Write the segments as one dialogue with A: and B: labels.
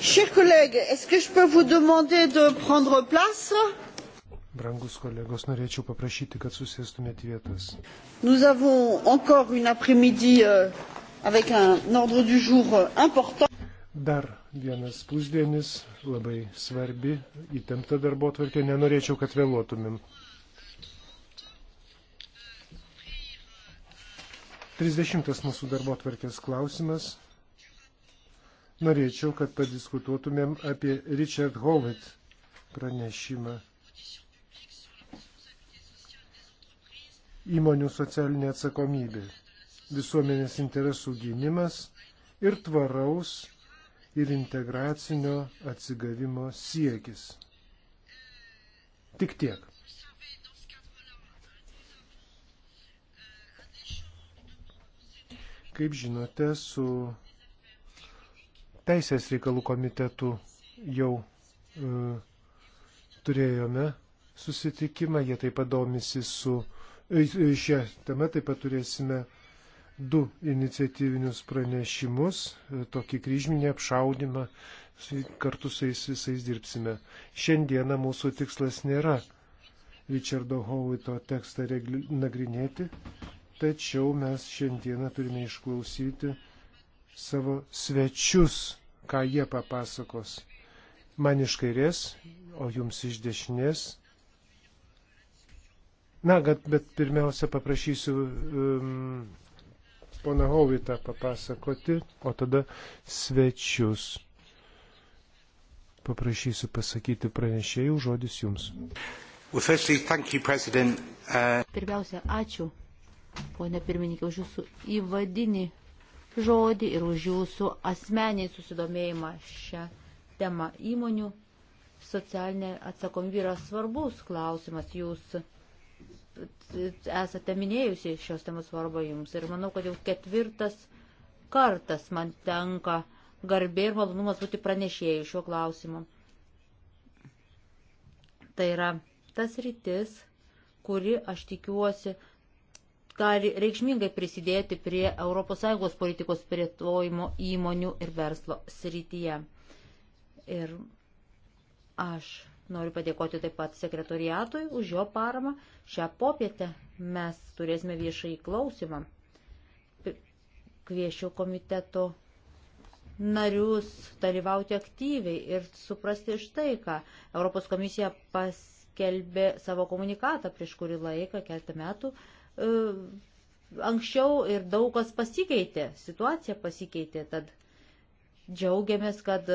A: Chers collègues, est-ce que je peux vous demander de prendre place
B: Brangus kolegos, norėčiau paprašyti, kad susėstumėte vietas.
A: Nous avons encore une après-midi euh, avec un ordre du jour euh, important.
B: Dar vienas pusdienis, labai svarbi, įtempta darbo tvarkė, nenorėčiau, kad vėluotumėm. 30 mūsų darbo tvarkės klausimas norėčiau, kad padiskutuotumėm apie Richard Howitt pranešimą. Įmonių socialinė atsakomybė, visuomenės interesų gynimas ir tvaraus ir integracinio atsigavimo siekis. Tik tiek. Kaip žinote, su Teisės reikalų komitetų jau e, turėjome susitikimą, jie taip pat domisi su e, šią temą, taip pat turėsime du iniciatyvinius pranešimus, e, tokį kryžminį apšaudimą, kartu su jais visais dirbsime. Šiandieną mūsų tikslas nėra Richardo Howito tekstą nagrinėti, tačiau mes šiandieną turime išklausyti savo svečius, ką jie papasakos. Man iš kairės, o jums iš dešinės. Na, kad, bet pirmiausia paprašysiu um, pona Hovitą papasakoti, o tada svečius. Paprašysiu pasakyti pranešėjų žodis jums. Well,
C: firstly, you, uh...
D: Pirmiausia, ačiū, ponė pirmininkė, už jūsų įvadinį žodį ir už jūsų asmenį susidomėjimą šią temą įmonių. Socialinė atsakomybė yra svarbus klausimas. Jūs esate minėjusi šios temos svarbą jums. Ir manau, kad jau ketvirtas kartas man tenka garbė ir malonumas būti pranešėjai šiuo klausimu. Tai yra tas rytis, kuri, aš tikiuosi, gali reikšmingai prisidėti prie ES politikos plėtojimo įmonių ir verslo srityje. Ir aš noriu padėkoti taip pat sekretoriatui už jo paramą. Šią popietę mes turėsime viešai klausimą. Kviešiu komiteto narius dalyvauti aktyviai ir suprasti štai, ką Europos komisija paskelbė savo komunikatą prieš kurį laiką, keltą metų, uh, E, anksčiau ir daug kas pasikeitė, situacija pasikeitė, tad džiaugiamės, kad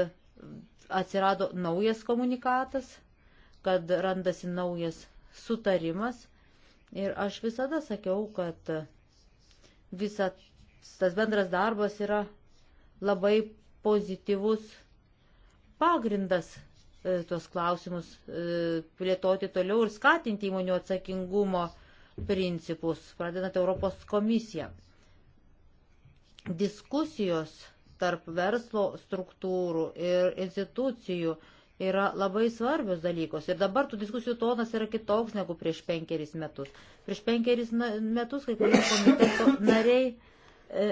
D: atsirado naujas komunikatas, kad randasi naujas sutarimas. Ir aš visada sakiau, kad visas tas bendras darbas yra labai pozityvus pagrindas e, tuos klausimus e, plėtoti toliau ir skatinti įmonių atsakingumo principus, pradedant Europos komisiją. Diskusijos tarp verslo struktūrų ir institucijų yra labai svarbios dalykos. Ir dabar tų diskusijų tonas yra kitoks negu prieš penkeris metus. Prieš penkeris metus kai kurie komiteto nariai e,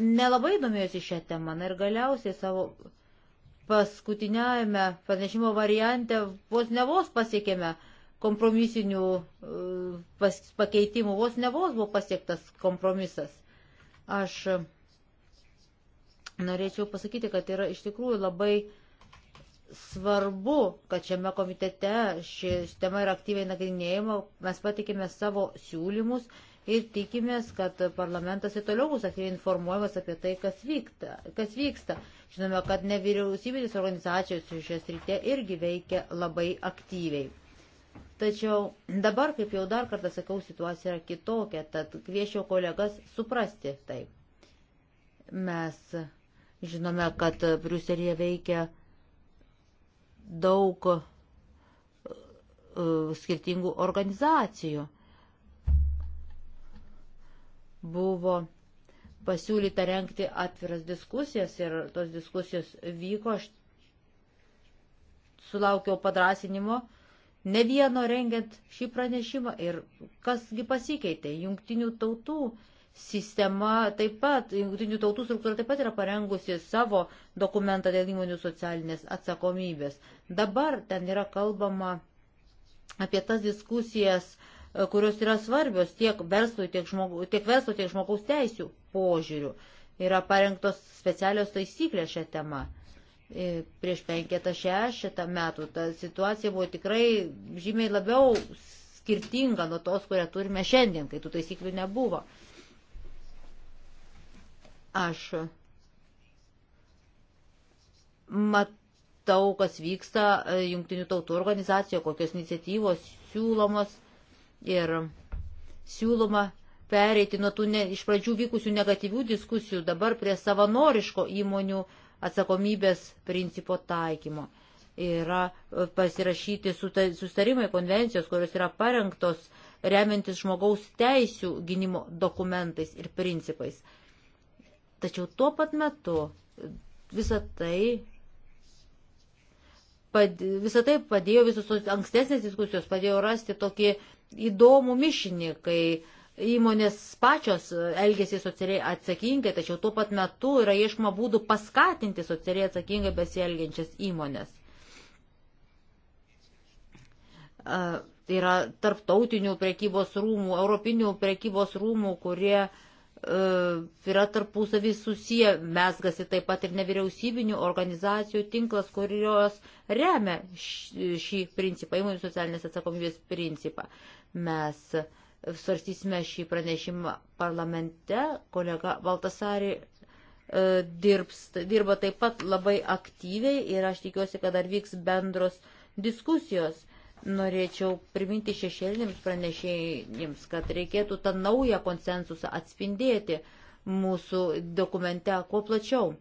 D: nelabai domėjosi šią temą. Na ir galiausiai savo paskutiniajame pranešimo variante vos ne vos pasiekėme kompromisinių e, pas, pakeitimų, vos ne vos buvo pasiektas kompromisas. Aš e, norėčiau pasakyti, kad yra iš tikrųjų labai svarbu, kad šiame komitete ši tema yra aktyviai nagrinėjama, mes patikime savo siūlymus ir tikimės, kad parlamentas ir toliau bus aktyviai informuojamas apie tai, kas vyksta. Kas vyksta. Žinome, kad nevyriausybinės organizacijos šioje srityje irgi veikia labai aktyviai. Tačiau dabar, kaip jau dar kartą sakau, situacija yra kitokia, tad kviečiau kolegas suprasti tai. Mes žinome, kad Briuselėje veikia daug e, skirtingų organizacijų. Buvo pasiūlyta renkti atviras diskusijas ir tos diskusijos vyko. Aš sulaukiau padrasinimo ne vieno rengiant šį pranešimą ir kasgi pasikeitė. Jungtinių tautų sistema taip pat, jungtinių tautų struktūra taip pat yra parengusi savo dokumentą dėl įmonių socialinės atsakomybės. Dabar ten yra kalbama apie tas diskusijas, e, kurios yra svarbios tiek verslo, tiek, žmogu, tiek, verslo, tiek žmogaus teisių požiūrių. Yra parengtos specialios taisyklės šią temą. E, prieš penketą šešetą metų ta situacija buvo tikrai žymiai labiau skirtinga nuo tos, kurią turime šiandien, kai tų taisyklių nebuvo. Aš matau, kas vyksta e, jungtinių tautų organizacijoje, kokios iniciatyvos siūlomos ir siūloma pereiti nuo tų ne, iš pradžių vykusių negatyvių diskusijų dabar prie savanoriško įmonių uh, atsakomybės principo taikymo. Yra e, pasirašyti sustarimai konvencijos, kurios yra parengtos remiantis žmogaus teisų gynimo dokumentais ir principais. Tačiau tuo pat metu visą tai, pad, visą tai padėjo, visos ankstesnės diskusijos padėjo rasti tokį įdomų mišinį, kai uh, Įmonės pačios e, elgesi socialiai atsakingai, tačiau tuo pat metu yra ieškoma būdų paskatinti socialiai atsakingai besielgiančias įmonės. E, yra tarptautinių prekybos rūmų, europinių prekybos rūmų, kurie e, yra tarpusavį susiję, mesgasi taip pat ir nevyriausybinių organizacijų tinklas, kurios remia šį principą, įmonių socialinės atsakomybės principą. Mes uh, svarstysime šį pranešimą parlamente. Kolega Valtasari e, dirbs, dirba taip pat labai aktyviai ir aš tikiuosi, kad dar vyks bendros diskusijos. Norėčiau priminti šešėlinėms pranešėjams, kad reikėtų tą naują konsensusą atspindėti mūsų dokumente kuo plačiau.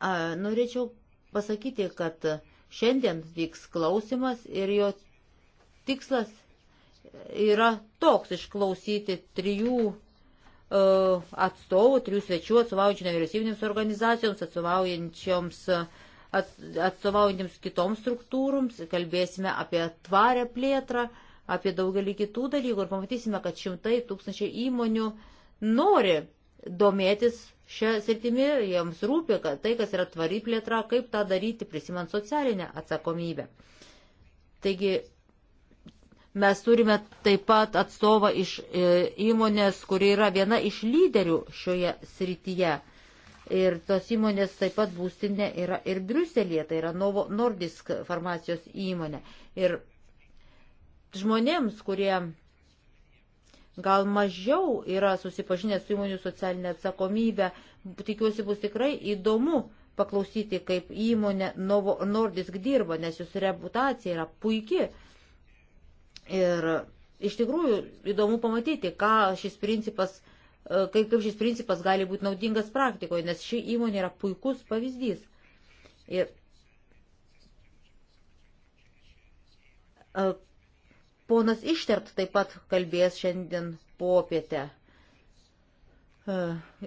D: A, norėčiau pasakyti, kad Šiandien vyks klausimas ir jo tikslas yra toks išklausyti trijų e, atstovų, trijų svečių atstovaujančių nevyriausybinėms organizacijoms, atstovaujančioms, atstovaujantiems kitoms struktūroms, kalbėsime apie tvarę plėtrą, apie daugelį kitų dalykų ir pamatysime, kad šimtai tūkstančiai įmonių nori domėtis šią sritimį, jiems rūpi, kad tai, kas yra tvari plėtra, kaip tą daryti, prisimant socialinę atsakomybę. Taigi mes turime taip pat atstovą iš e, įmonės, kuri yra viena iš lyderių šioje srityje. Ir tos įmonės taip pat būstinė yra ir Briuselėje, tai yra Novo Nordisk farmacijos įmonė. Ir žmonėms, kurie gal mažiau yra susipažinęs su įmonių socialinė atsakomybė. Tikiuosi bus tikrai įdomu paklausyti, kaip įmonė Novo Nordisk dirba, nes jūsų reputacija yra puikia. Ir iš tikrųjų įdomu pamatyti, ką šis principas, e, kaip, kaip šis principas gali būti naudingas praktikoje, nes ši įmonė yra puikus pavyzdys. Ir e, Ponas Ištert taip pat kalbės šiandien popietę. E,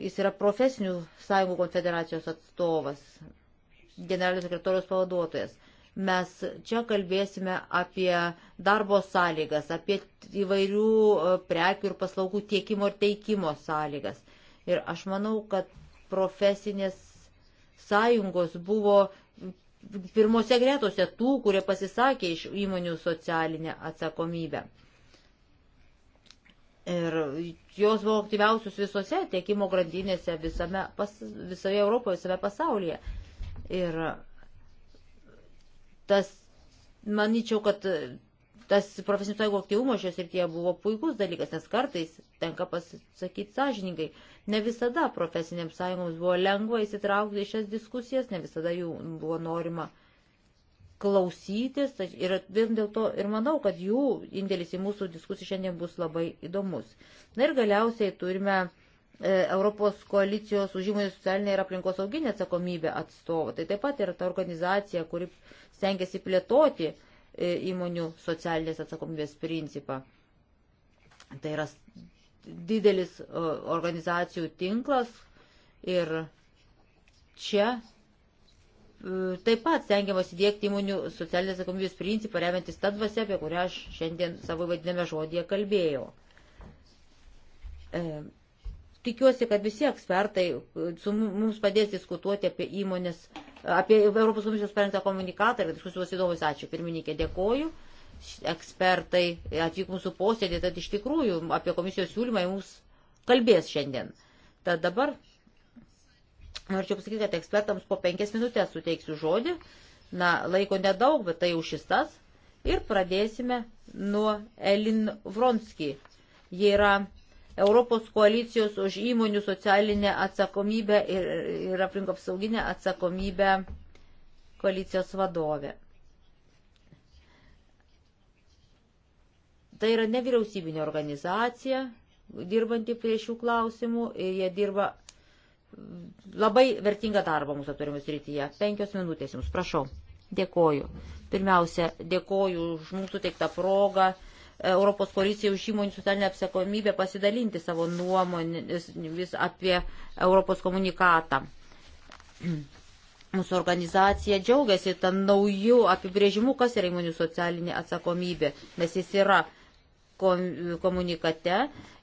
D: jis yra profesinių sąjungų konfederacijos atstovas, generalinio sekretorijos pavaduotojas. Mes čia kalbėsime apie darbo sąlygas, apie įvairių e, prekių ir paslaugų tiekimo ir teikimo sąlygas. Ir aš manau, kad profesinės sąjungos buvo pirmose gretose tų, kurie pasisakė iš įmonių socialinę atsakomybę. Ir jos buvo aktyviausius visose tiekimo grandinėse visame, pas, visoje Europoje, visame pasaulyje. Ir tas, manyčiau, kad tas profesinių sąjungų aktyvumas šios ir tie buvo puikus dalykas, nes kartais tenka pasakyti sąžininkai, Ne visada profesinėms sąjungoms buvo lengva įsitraukti į šias diskusijas, ne visada jų buvo norima klausytis. Ir vien dėl to ir manau, kad jų indėlis į mūsų diskusiją šiandien bus labai įdomus. Na ir galiausiai turime e, Europos koalicijos užimojų socialinę ir aplinkos auginę atsakomybę atstovą. Tai taip pat yra ta organizacija, kuri stengiasi plėtoti e, įmonių socialinės atsakomybės principą. Tai yra didelis organizacijų tinklas ir čia e, taip pat stengiamas įdėkti įmonių socialinės atsakomybės principą, remiantis tą dvasę, apie kurią aš šiandien savo vadiname žodėje kalbėjau. E, tikiuosi, kad visi ekspertai e, su mums padės diskutuoti apie įmonės, apie Europos komisijos parengtą komunikatą ir diskusijos įdomus. Ačiū pirmininkė, dėkoju ekspertai atvyk mūsų posėdį, tad iš tikrųjų apie komisijos siūlymą mums kalbės šiandien. Tad dabar norėčiau pasakyti, kad ekspertams po penkias minutės suteiksiu žodį. Na, laiko nedaug, bet tai už šis tas. Ir pradėsime nuo Elin Vronski. Jie yra Europos koalicijos už įmonių socialinę atsakomybę ir, ir aplinkapsauginę atsakomybę koalicijos vadovė. Tai yra nevyriausybinė organizacija, dirbanti prie šių klausimų ir jie dirba labai vertingą darbą mūsų aptarimus rytyje. Penkios minutės jums, prašau. Dėkoju. Pirmiausia, dėkoju už mūsų teiktą progą. E, Europos policija už įmonių socialinę apsakomybę pasidalinti savo nuomonės vis apie Europos komunikatą. Mūsų organizacija džiaugiasi tą naujų apibrėžimų, kas yra įmonių socialinė atsakomybė, nes jis yra komunikate.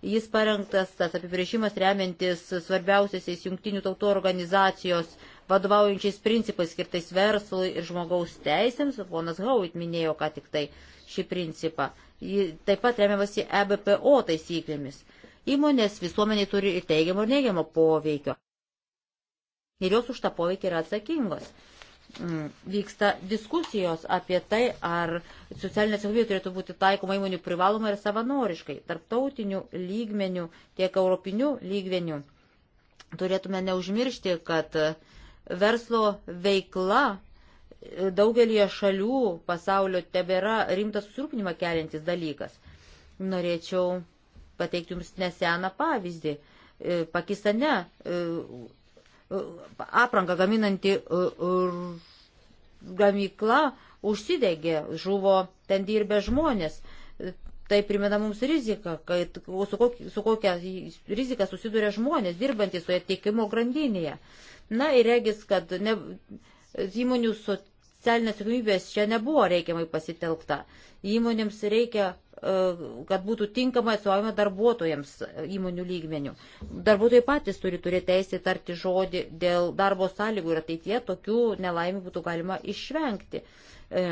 D: Jis parengtas tas apibrėžimas remiantis svarbiausiais jungtinių tautų organizacijos vadovaujančiais principais skirtais verslui ir žmogaus teisėms. Ponas Hauit minėjo ką tik tai šį principą. Jis taip pat remiamasi EBPO taisyklėmis. Įmonės visuomeniai turi ir teigiamo ir neigiamo poveikio. Ir jos už tą poveikį yra atsakingos. Mm, vyksta diskusijos apie tai, ar socialinė atsakomybė turėtų būti taikoma įmonių privaloma ir savanoriškai, tarptautinių lygmenių, tiek europinių lygmenių. Turėtume neužmiršti, kad e, verslo veikla e, daugelį šalių pasaulio tebėra rimtas susirūpinimą keliantis dalykas. Norėčiau pateikti Jums neseną pavyzdį. E, Pakistane aprangą gaminanti e, e, gamykla užsidegė, žuvo ten dirbę žmonės. Tai primena mums riziką, kad su, kokia, su kokia rizika susiduria žmonės dirbantys toje tiekimo grandinėje. Na ir regis, kad ne, įmonių so, socialinės atsakomybės čia nebuvo reikiamai pasitelkta. Įmonėms reikia e, kad būtų tinkamai atsuojama darbuotojams e, įmonių lygmenių. Darbuotojai patys turi turėti teisę tarti žodį dėl darbo sąlygų ir ateitie tokių nelaimių būtų galima išvengti. E,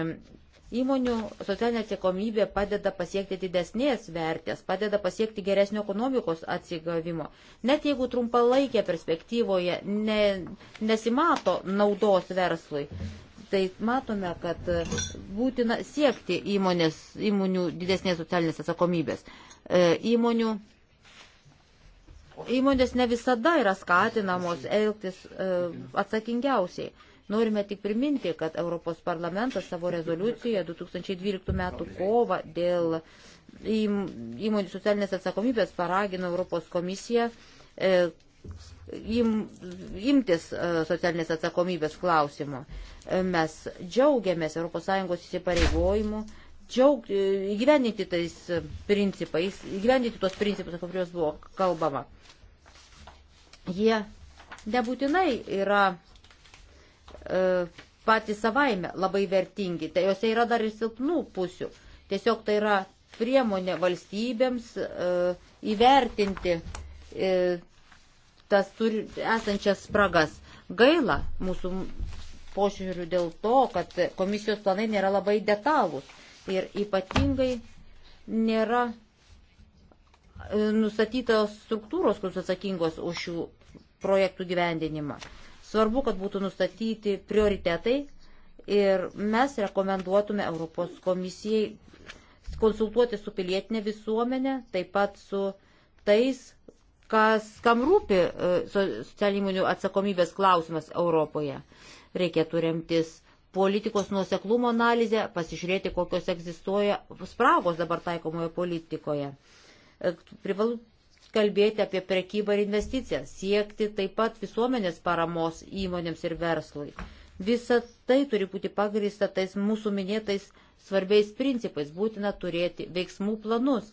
D: įmonių socialinė atsakomybė padeda pasiekti didesnės vertės, padeda pasiekti geresnio ekonomikos atsigavimo. Net jeigu trumpalaikė perspektyvoje ne, nesimato naudos verslui, tai matome, kad būtina siekti įmonės, įmonių didesnės socialinės atsakomybės. E, įmonių, įmonės ne visada yra skatinamos elgtis e, atsakingiausiai. Norime tik priminti, kad Europos parlamentas savo rezoliucijoje 2012 m. kovą dėl įmonių socialinės atsakomybės paragino Europos komisiją e, im, imtis e, socialinės atsakomybės klausimo. E, mes džiaugiamės ES įsipareigojimu džiaug, e, įgyvendinti tais principais, įgyvendinti tuos principus, apie kuriuos buvo kalbama. Jie nebūtinai yra e, patys savaime labai vertingi, tai juose yra dar ir silpnų pusių. Tiesiog tai yra priemonė valstybėms e, įvertinti e, tas turi esančias spragas. Gaila mūsų požiūrių dėl to, kad komisijos planai nėra labai detalūs ir ypatingai nėra e, nustatytos struktūros, kurios atsakingos už šių projektų gyvendinimą. Svarbu, kad būtų nustatyti prioritetai ir mes rekomenduotume Europos komisijai konsultuoti su pilietinė visuomenė, taip pat su tais, kas, kam rūpi e, socialinių įmonių atsakomybės klausimas Europoje. Reikėtų remtis politikos nuoseklumo analizę, pasižiūrėti, kokios egzistuoja spragos dabar taikomoje politikoje. E, privalu kalbėti apie prekybą ir investiciją, siekti taip pat visuomenės paramos įmonėms ir verslui. Visa tai turi būti pagrįsta tais mūsų minėtais svarbiais principais, būtina turėti veiksmų planus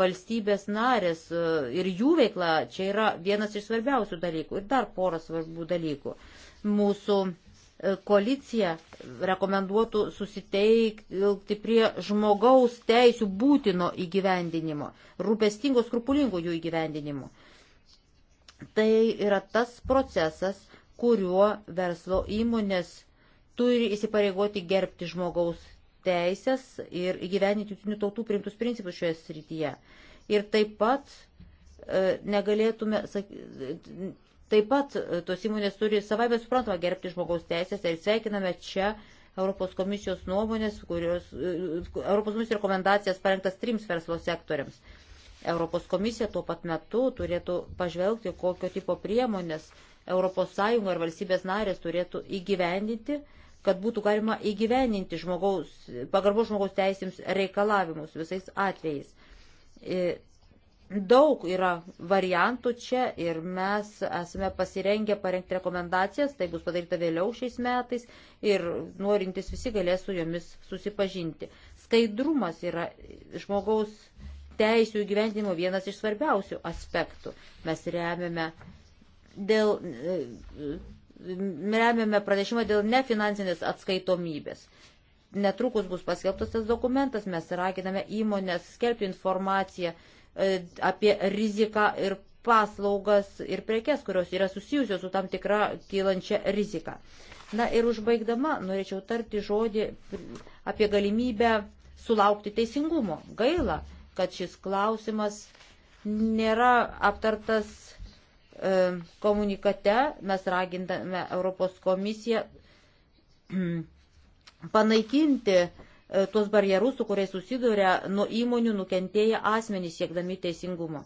D: valstybės narės e, ir jų veikla čia yra vienas iš svarbiausių dalykų ir dar poras svarbių dalykų. Mūsų e, koalicija rekomenduotų susiteikti prie žmogaus teisų būtino įgyvendinimo, rūpestingo, skrupulingo jų įgyvendinimo. Tai yra tas procesas, kuriuo verslo įmonės turi įsipareigoti gerbti žmogaus teisės ir įgyveninti jungtinių tautų priimtus principus šioje srityje. Ir taip pat e, negalėtume, sak, taip pat e, tos įmonės turi savai bet suprantama gerbti žmogaus teisės ir sveikiname čia Europos komisijos nuomonės, kurios, e, Europos komisijos rekomendacijas parengtas trims verslo sektoriams. Europos komisija tuo pat metu turėtų pažvelgti, kokio tipo priemonės ES ir valstybės narės turėtų įgyvendinti, kad būtų galima įgyveninti žmogaus, pagarbos žmogaus teisėms reikalavimus visais atvejais. E, daug yra variantų čia ir mes esame pasirengę parengti rekomendacijas, tai bus padaryta vėliau šiais metais ir norintys visi galės su jomis susipažinti. Skaidrumas yra žmogaus teisų įgyvendinimo vienas iš svarbiausių aspektų. Mes remiame dėl e, remiame pranešimą dėl nefinansinės atskaitomybės. Netrukus bus paskelbtas tas dokumentas, mes raginame įmonės skelbti informaciją e, apie riziką ir paslaugas ir prekes, kurios yra susijusios su tam tikra kylančia rizika. Na ir užbaigdama norėčiau tarti žodį apie galimybę sulaukti teisingumo. Gaila, kad šis klausimas nėra aptartas E, komunikate mes ragindame Europos komisiją panaikinti e, tuos barjerus, su kuriais susiduria nuo įmonių nukentėję asmenys siekdami teisingumo.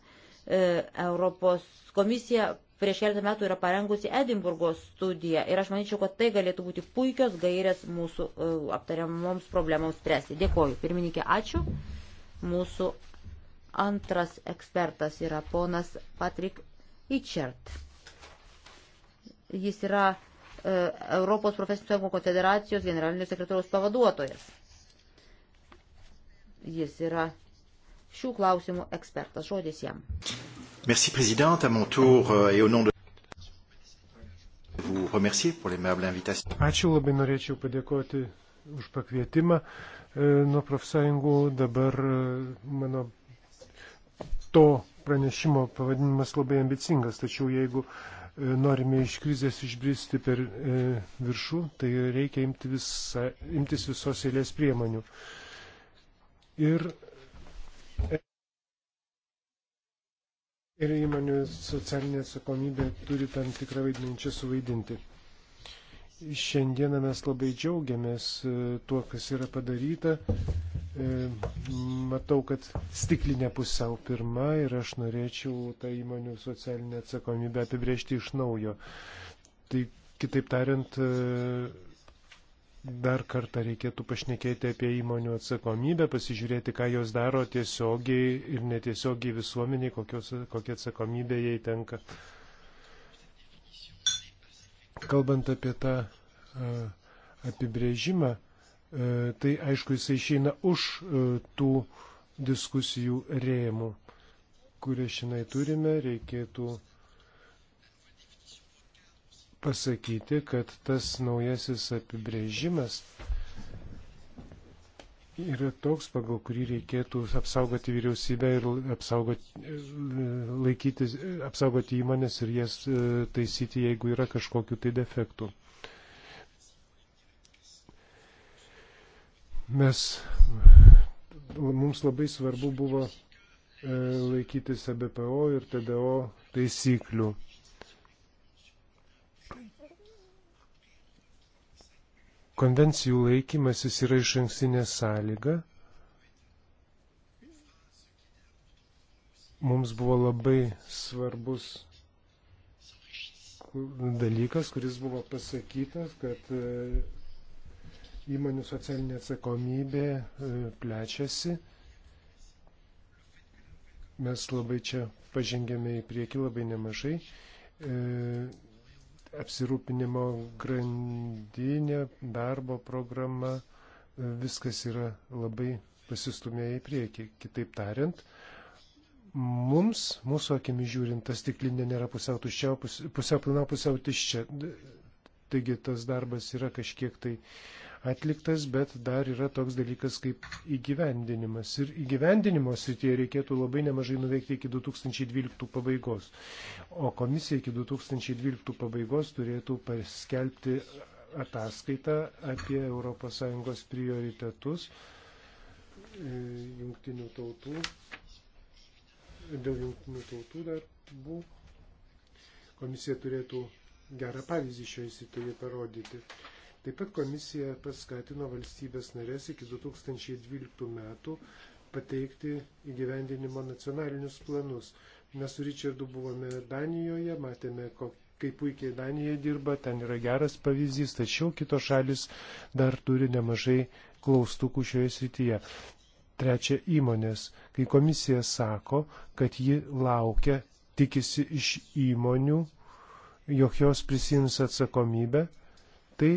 D: E, Europos komisija prieš keletą metų yra parengusi Edinburgo studiją ir aš manyčiau, kad tai galėtų būti puikios gairės mūsų aptariamoms problemams spręsti. Dėkoju. Pirmininkė, ačiū. Mūsų antras ekspertas yra ponas Patrik Ičert. Jis yra e, Europos profesinių sąjungų konfederacijos generalinio sekretoriaus pavaduotojas. Jis yra šių klausimų ekspertas. Žodis jam.
E: Merci, prezident, à mon tour euh, et au nom de.
B: Ačiū labai norėčiau padėkoti už pakvietimą. E, nuo profsąjungų dabar e, mano to pranešimo pavadinimas labai ambicingas, tačiau jeigu e, norime iš krizės išbristi per e, viršų, tai reikia imti visa, imtis visos eilės priemonių. Ir, e, ir įmonių socialinė atsakomybė turi tam tikrą vaidmenį čia suvaidinti. Šiandieną mes labai džiaugiamės e, tuo, kas yra padaryta. E, matau, kad stiklinė pusiau pirma ir aš norėčiau tą įmonių socialinę atsakomybę apibriežti iš naujo. Tai kitaip tariant, e, dar kartą reikėtų pašnekėti apie įmonių atsakomybę, pasižiūrėti, ką jos daro tiesiogiai ir netiesiogiai visuomeniai, kokios, kokia atsakomybė jai tenka. Kalbant apie tą e, apibrėžimą, E, tai aišku jisai išeina už e, tų diskusijų rėmų, kurie šiandien turime, reikėtų pasakyti, kad tas naujasis apibrėžimas yra toks, pagal kurį reikėtų apsaugoti vyriausybę ir apsaugoti, e, laikytis, apsaugoti įmonės ir jas taisyti, jeigu yra kažkokiu tai defektu. Mes, mums labai svarbu buvo e, laikytis ABPO e ir TDO taisyklių. Konvencijų laikymasis yra iš ankstinė sąlyga. Mums buvo labai svarbus dalykas, kuris buvo pasakytas, kad e, Įmonių socialinė atsakomybė e, plečiasi. Mes labai čia pažengėme į priekį labai nemažai. E, apsirūpinimo grandinė, darbo programa, e, viskas yra labai pasistumėję į priekį. Kitaip tariant, mums, mūsų akimi žiūrint, ta stiklinė nėra pusiau tuščia, pusiau pilna, pusiau tuščia. Taigi tas darbas yra kažkiek tai atliktas, bet dar yra toks dalykas kaip įgyvendinimas. Ir įgyvendinimo srityje reikėtų labai nemažai nuveikti iki 2012 pabaigos. O komisija iki 2012 pabaigos turėtų paskelbti ataskaitą apie ES prioritetus e, jungtinių tautų, dėl jungtinių tautų darbų. Komisija turėtų gerą pavyzdį šioje srityje parodyti. Taip pat komisija paskatino valstybės narės iki 2012 metų pateikti įgyvendinimo nacionalinius planus. Mes su Richardu buvome Danijoje, matėme, kaip puikiai Danija dirba, ten yra geras pavyzdys, tačiau kitos šalis dar turi nemažai klaustukų šioje srityje. Trečia įmonės, kai komisija sako, kad ji laukia, tikisi iš įmonių, jog jos prisims atsakomybę, tai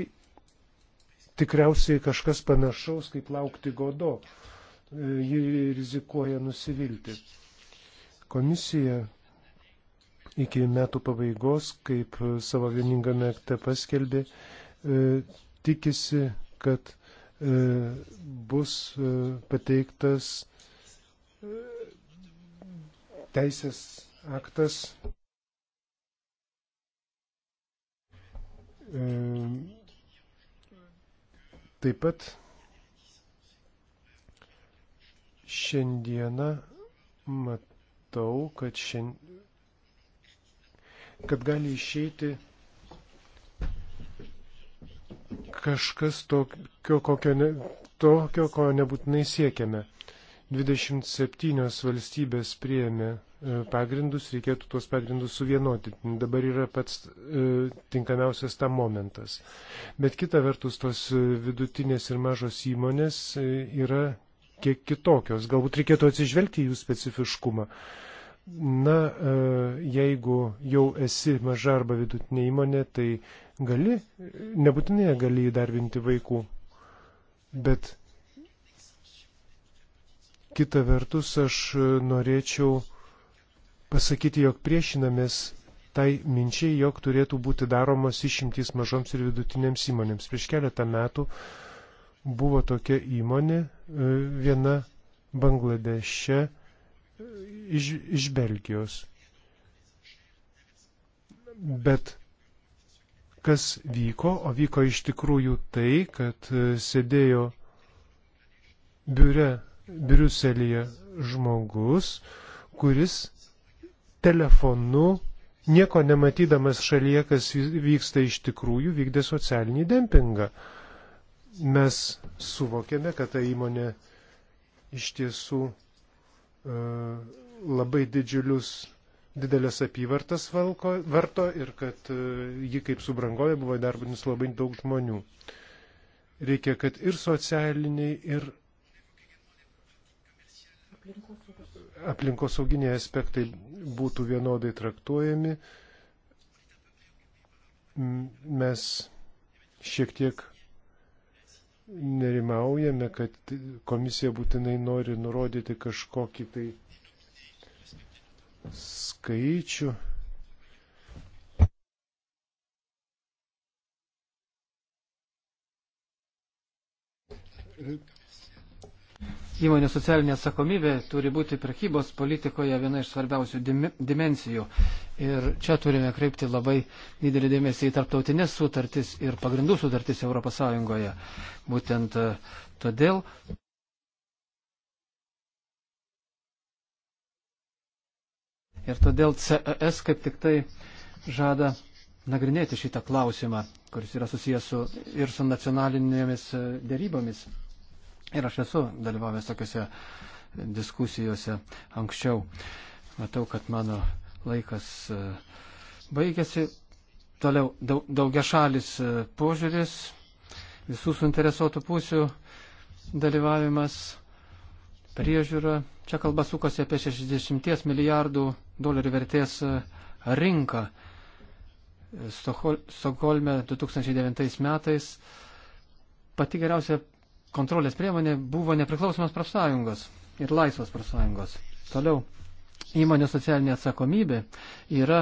B: tikriausiai kažkas panašaus kaip laukti godo. E, ji rizikuoja nusivilti. Komisija iki metų pabaigos, kaip savo vieningame akte paskelbė, e, tikisi, kad e, bus pateiktas teisės aktas Taip pat šiandieną matau, kad, šiand... kad gali išeiti kažkas tokio, kokio, ne... tokio, ko nebūtinai siekiame. 27 valstybės priėmė E, pagrindus, reikėtų tuos pagrindus suvienodinti. Dabar yra pats e, tinkamiausias tam momentas. Bet kita vertus, tos vidutinės ir mažos įmonės e, yra kiek kitokios. Galbūt reikėtų atsižvelgti jų specifiškumą. Na, jeigu jau esi maža arba vidutinė įmonė, tai gali, nebūtinai gali įdarbinti vaikų, bet kita vertus aš norėčiau pasakyti, jog priešinamės tai minčiai, jog turėtų būti daromos išimtys mažoms ir vidutinėms įmonėms. Prieš keletą metų buvo tokia įmonė, e, viena Bangladeše e, iš, iš Belgijos. Bet kas vyko, o vyko iš tikrųjų tai, kad e, sėdėjo biure Briuselėje žmogus, kuris telefonu, nieko nematydamas šalyje, kas vyksta iš tikrųjų, vykdė socialinį dempingą. Mes suvokėme, kad ta įmonė iš tiesų uh, labai didžiulius, didelės apyvartas valko, varto ir kad uh, ji kaip subrangovė buvo darbinis labai daug žmonių. Reikia, kad ir socialiniai, ir aplinkos aplinkosauginiai aspektai būtų vienodai traktuojami. Mes šiek tiek nerimaujame, kad komisija būtinai nori nurodyti kažkokį tai skaičių.
F: Įmonių socialinė atsakomybė turi būti prekybos politikoje viena iš svarbiausių dim dimensijų. Ir čia turime kreipti labai didelį dėmesį į tarptautinės sutartis ir pagrindų sutartis ES. Būtent e, todėl. Ir todėl CES kaip tik tai žada nagrinėti šitą klausimą, kuris yra susijęs su, ir su nacionalinėmis e, dėrybomis. Ir aš esu dalyvavęs tokiuose diskusijose anksčiau. Matau, kad mano laikas e, baigėsi. Toliau daugia šalis e, požiūris, visų suinteresuotų pusių dalyvavimas, priežiūra. Čia kalba sukosi apie 60 milijardų dolerių vertės e, rinką. Stokholme 2009 metais pati geriausia kontrolės priemonė buvo nepriklausomas profsąjungos ir laisvos profsąjungos. Toliau, įmonės socialinė atsakomybė yra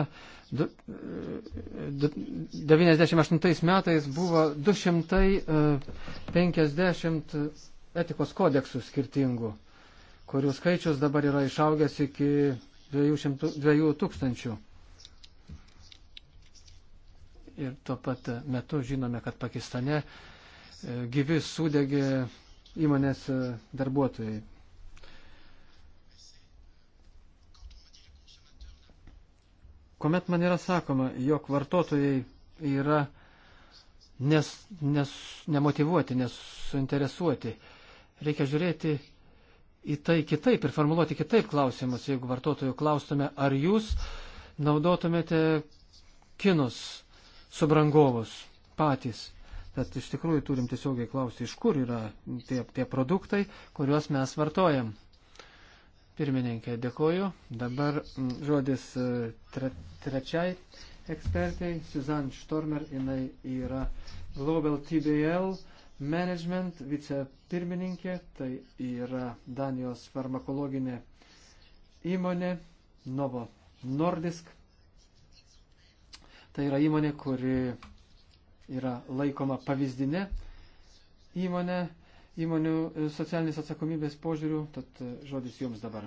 F: 98 metais buvo 250 e, etikos kodeksų skirtingų, kurių skaičius dabar yra išaugęs iki 200, 2000. Ir tuo pat metu žinome, kad Pakistane uh, E, gyvi sudegė įmonės e, darbuotojai. Komet man yra sakoma, jog vartotojai yra nes, nes, nemotivuoti, nesuinteresuoti. Reikia žiūrėti į tai kitaip ir formuluoti kitaip klausimus. Jeigu vartotojų klaustume, ar jūs naudotumėte kinus subrangovus patys, Tad iš tikrųjų turim tiesiogiai klausti, iš kur yra tie, tie produktai, kuriuos mes vartojam. Pirmininkė, dėkoju. Dabar mm, žodis e, tre, trečiai ekspertai, Suzanne Stormer, jinai yra Global TBL Management vicepirmininkė, tai yra Danijos farmakologinė įmonė Novo Nordisk. Tai yra įmonė, kuri yra laikoma pavyzdinė įmonė, įmonių e,
D: socialinės atsakomybės požiūrių, tad e, žodis jums dabar.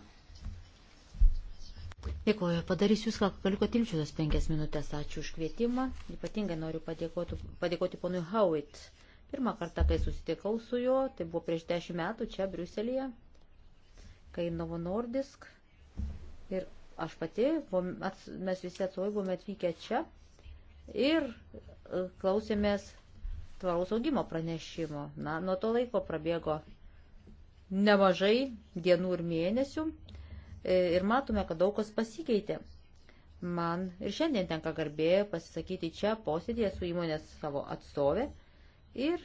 D: Dėkuoju, padarysiu viską, ką galiu, kad ilčiu tas penkias minutės. Ačiū už kvietimą. Ypatingai noriu padėkoti, padėkoti ponui Howitt. Pirmą kartą, kai susitikau su juo, tai buvo prieš dešimt metų čia Briuselėje, kai Novo Nordisk ir aš pati, mes visi atsovai buvome atvykę čia ir klausėmės tvaraus augimo pranešimo. Na, nuo to laiko prabėgo nemažai dienų ir mėnesių e, ir matome, kad daug kas pasikeitė. Man ir šiandien tenka garbė pasisakyti čia posėdėje su įmonės savo atstovė ir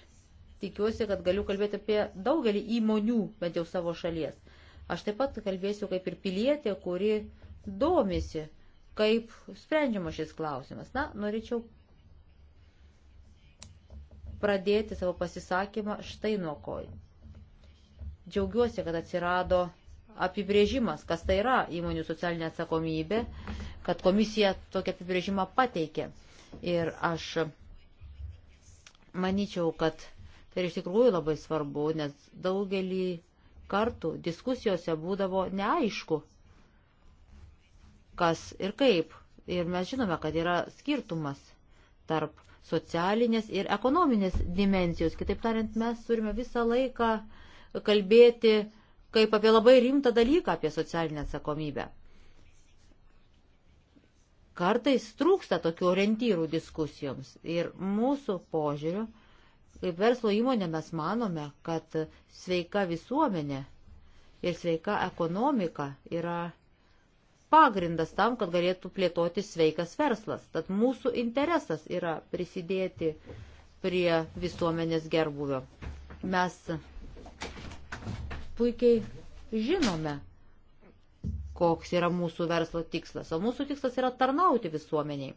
D: tikiuosi, kad galiu kalbėti apie daugelį įmonių, bent jau savo šalies. Aš taip pat kalbėsiu kaip ir pilietė, kuri domisi, kaip sprendžiama šis klausimas. Na, norėčiau pradėti savo pasisakymą štai nuo ko. Džiaugiuosi, kad atsirado apibrėžimas, kas tai yra įmonių socialinė atsakomybė, kad komisija tokį apibrėžimą pateikė. Ir aš manyčiau, kad tai iš tikrųjų labai svarbu, nes daugelį kartų diskusijose būdavo neaišku, kas ir kaip. Ir mes žinome, kad yra skirtumas tarp socialinės ir ekonominės dimensijos. Kitaip tariant, mes turime visą laiką kalbėti kaip apie labai rimtą dalyką, apie socialinę atsakomybę. Kartais trūksta tokių orientyrų diskusijoms ir mūsų požiūriu, kaip verslo įmonė mes manome, kad sveika visuomenė ir sveika ekonomika yra pagrindas tam, kad galėtų plėtoti sveikas verslas. Tad mūsų interesas yra prisidėti prie visuomenės gerbuvio. Mes puikiai žinome, koks yra mūsų verslo tikslas, o mūsų tikslas yra tarnauti visuomeniai.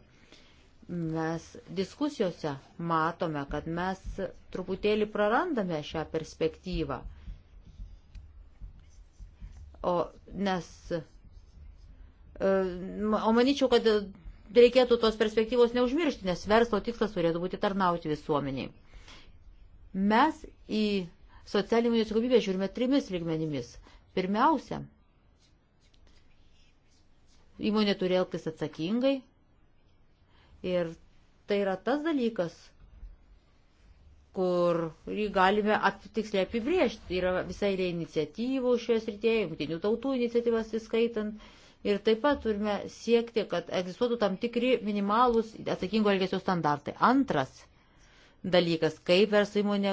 D: Mes diskusijose matome, kad mes truputėlį prarandame šią perspektyvą. O nes Ehm, o manyčiau, kad e, reikėtų tos perspektyvos neužmiršti, nes verslo tikslas turėtų būti tarnauti visuomeniai. Mes į socialinį atsakomybę žiūrime trimis lygmenimis. Pirmiausia, įmonė turi elgtis atsakingai ir tai yra tas dalykas, kur jį galime tiksliai apibriežti. Yra visai yra iniciatyvų šioje srityje, jungtinių tautų iniciatyvas įskaitant Ir taip pat turime siekti, kad egzistuotų tam tikri minimalūs atsakingo elgesio standartai. Antras dalykas, kaip verslo įmonė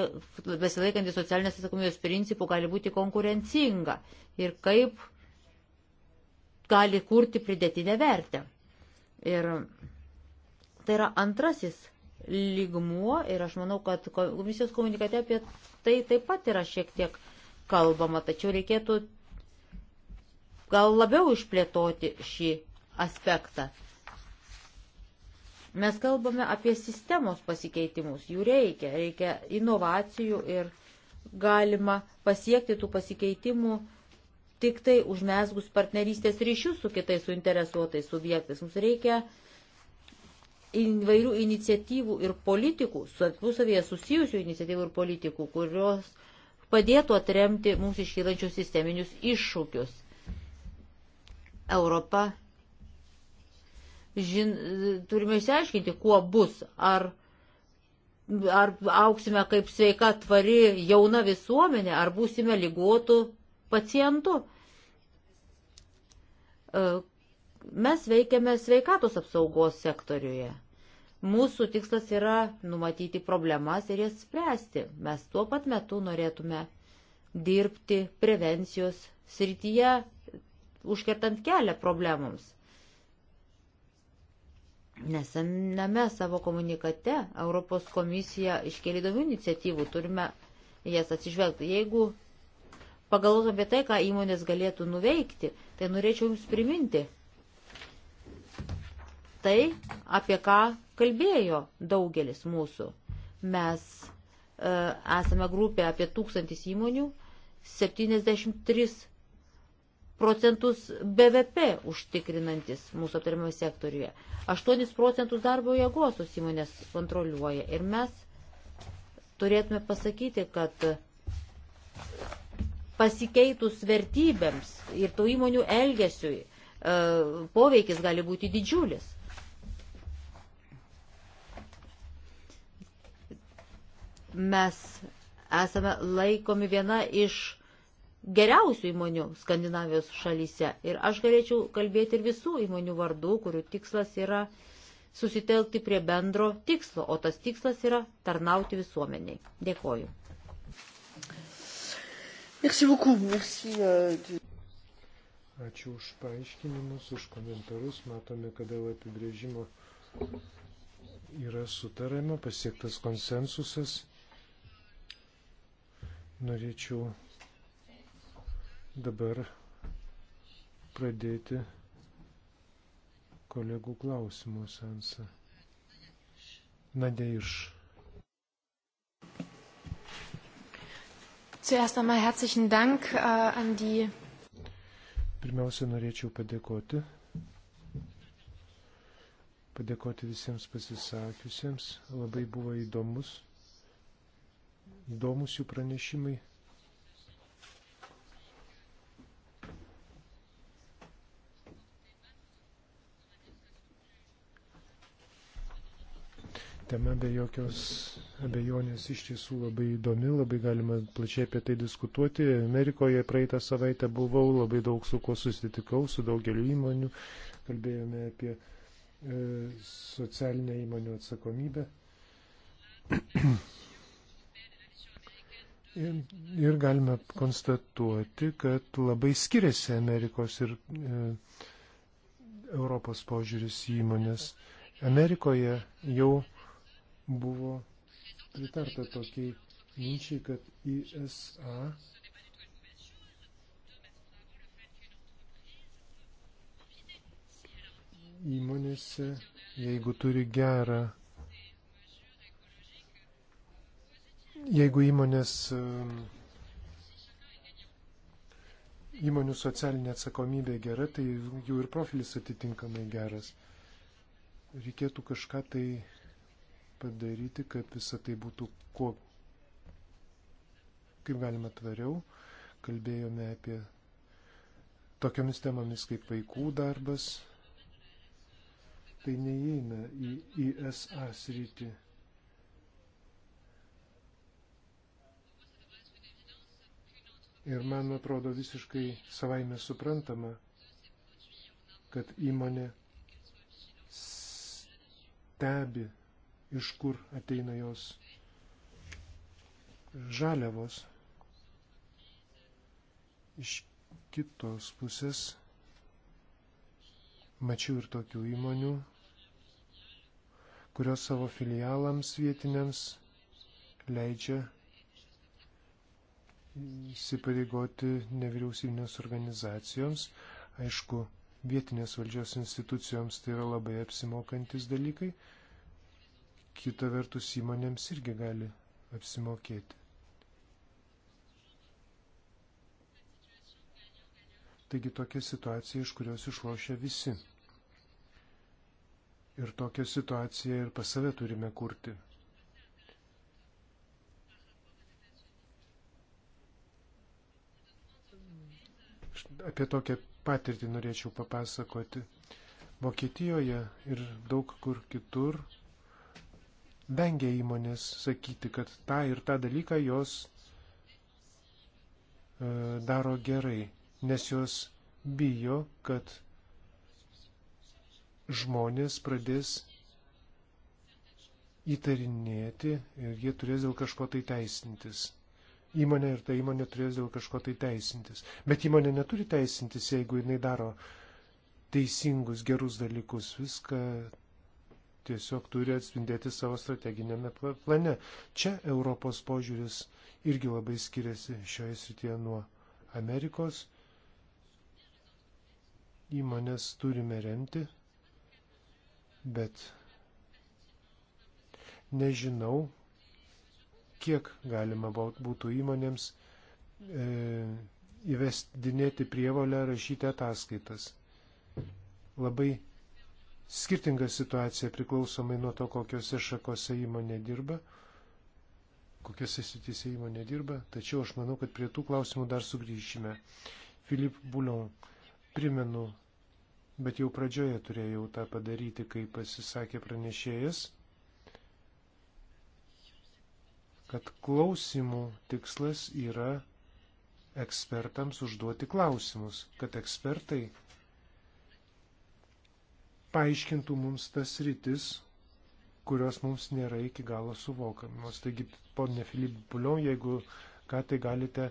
D: besilaikantį socialinės atsakomybės principų gali būti konkurencinga ir kaip gali kurti pridėtinę vertę. Ir tai yra antrasis lygmuo ir aš manau, kad komisijos komunikate apie tai taip pat yra šiek tiek kalbama, tačiau reikėtų gal labiau išplėtoti šį aspektą. Mes kalbame apie sistemos pasikeitimus, jų reikia, reikia inovacijų ir galima pasiekti tų pasikeitimų tik tai užmesgus partnerystės ryšius su kitais suinteresuotais subjektais. Mums reikia įvairių iniciatyvų ir politikų, tarpusavėje susijusių iniciatyvų ir politikų, kurios padėtų atremti mums iškylančius sisteminius iššūkius. Europa. Žin, turime išsiaiškinti, kuo bus. Ar, ar auksime kaip sveika, tvari, jauna visuomenė, ar būsime lygotų pacientų. E, mes veikiame sveikatos apsaugos sektoriuje. Mūsų tikslas yra numatyti problemas ir jas spręsti. Mes tuo pat metu norėtume dirbti prevencijos srityje, užkertant kelią problemams. Nesename savo komunikate Europos komisija iškėlė įdomių iniciatyvų, turime jas atsižvelgti. Jeigu pagalvotum apie tai, ką įmonės galėtų nuveikti, tai norėčiau Jums priminti tai, apie ką kalbėjo daugelis mūsų. Mes e, esame grupė apie tūkstantis įmonių, 73 procentus BVP užtikrinantis mūsų aptariamame sektoriuje. 8 procentus darbo jėgos tos įmonės kontroliuoja. Ir mes turėtume pasakyti, kad pasikeitus vertybėms ir tų įmonių elgesiui e, poveikis gali būti didžiulis. Mes esame laikomi viena iš geriausių įmonių Skandinavijos šalyse. Ir aš galėčiau kalbėti ir visų įmonių vardų, kurių tikslas yra susitelkti prie bendro tikslo, o tas tikslas yra tarnauti visuomeniai. Dėkoju.
B: Merci beaucoup. Merci, uh, Ačiū už paaiškinimus, už komentarus. Matome, kad dėl apibrėžimo yra sutarama, pasiektas konsensusas. Norėčiau dabar pradėti kolegų klausimų sensą. Nadė iš.
D: Zuerst einmal herzlichen Dank äh, an die.
B: Pirmiausia, norėčiau padėkoti. Padėkoti visiems pasisakiusiems. Labai buvo įdomus. Įdomus jų pranešimai. tema be jokios abejonės iš tiesų labai įdomi, labai galima plačiai apie tai diskutuoti. Amerikoje praeitą savaitę buvau, labai daug su kuo susitikau, su daugeliu įmonių, kalbėjome apie e, socialinę įmonių atsakomybę. Ir, ir galime konstatuoti, kad labai skiriasi Amerikos ir e, Europos požiūris į įmonės. Amerikoje jau buvo pritarta tokiai minčiai, kad ISA įmonėse, jeigu turi gerą, jeigu įmonės um, įmonių socialinė atsakomybė gera, tai jų ir profilis atitinkamai geras. Reikėtų kažką tai padaryti, kad visa tai būtų kuo, kaip galima tvariau. Kalbėjome apie tokiamis temomis kaip vaikų darbas. Tai neįeina į ISA sritį. Ir man atrodo visiškai savaime suprantama, kad įmonė stebi iš kur ateina jos žaliavos. Iš kitos pusės mačiau ir tokių įmonių, kurios savo filialams vietiniams leidžia įsipareigoti nevyriausybinės organizacijoms. Aišku, vietinės valdžios institucijoms tai yra labai apsimokantis dalykai, kita vertus įmonėms irgi gali apsimokėti. Taigi tokia situacija, iš kurios išlošia visi. Ir tokią situaciją ir pas save turime kurti. Apie tokią patirtį norėčiau papasakoti. Vokietijoje ir daug kur kitur vengia įmonės sakyti, kad tą ir tą dalyką jos e, daro gerai, nes jos bijo, kad žmonės pradės įtarinėti ir jie turės dėl kažko tai teisintis. Įmonė ir ta įmonė turės dėl kažko tai teisintis. Bet įmonė neturi teisintis, jeigu jinai daro teisingus, gerus dalykus. Viską tiesiog turi atspindėti savo strateginėme plane. Čia Europos požiūris irgi labai skiriasi šioje srityje nuo Amerikos. Įmonės turime remti, bet nežinau, kiek galima būtų įmonėms e, įvestinėti prievalę rašyti ataskaitas. Labai skirtinga situacija priklausomai nuo to, kokiuose šakose įmonė dirba, kokiuose sitise įmonė dirba, tačiau aš manau, kad prie tų klausimų dar sugrįšime. Filip Bulon, primenu, bet jau pradžioje turėjau tą padaryti, kai pasisakė pranešėjas, kad klausimų tikslas yra ekspertams užduoti klausimus, kad ekspertai paaiškintų mums tas rytis, kurios mums nėra iki galo suvokamos. Taigi, ponė Filip Bulion, jeigu ką, tai galite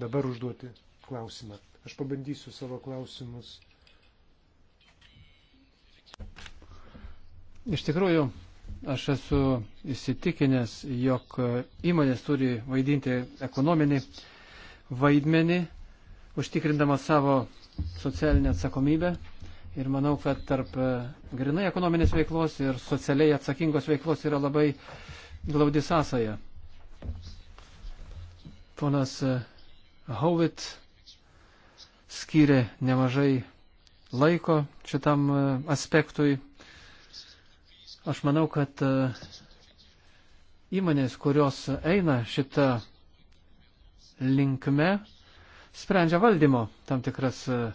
B: dabar užduoti klausimą. Aš pabandysiu savo klausimus.
F: Iš tikrųjų, aš esu įsitikinęs, jog įmonės turi vaidinti ekonominį vaidmenį, užtikrindama savo socialinę atsakomybę Ir manau, kad tarp e, grinai ekonominės veiklos ir socialiai atsakingos veiklos yra labai glaudi sąsaja. Ponas e, Howitt skyrė nemažai laiko šitam e, aspektui. Aš manau, kad įmonės, kurios eina šitą linkme, sprendžia valdymo tam tikras uh,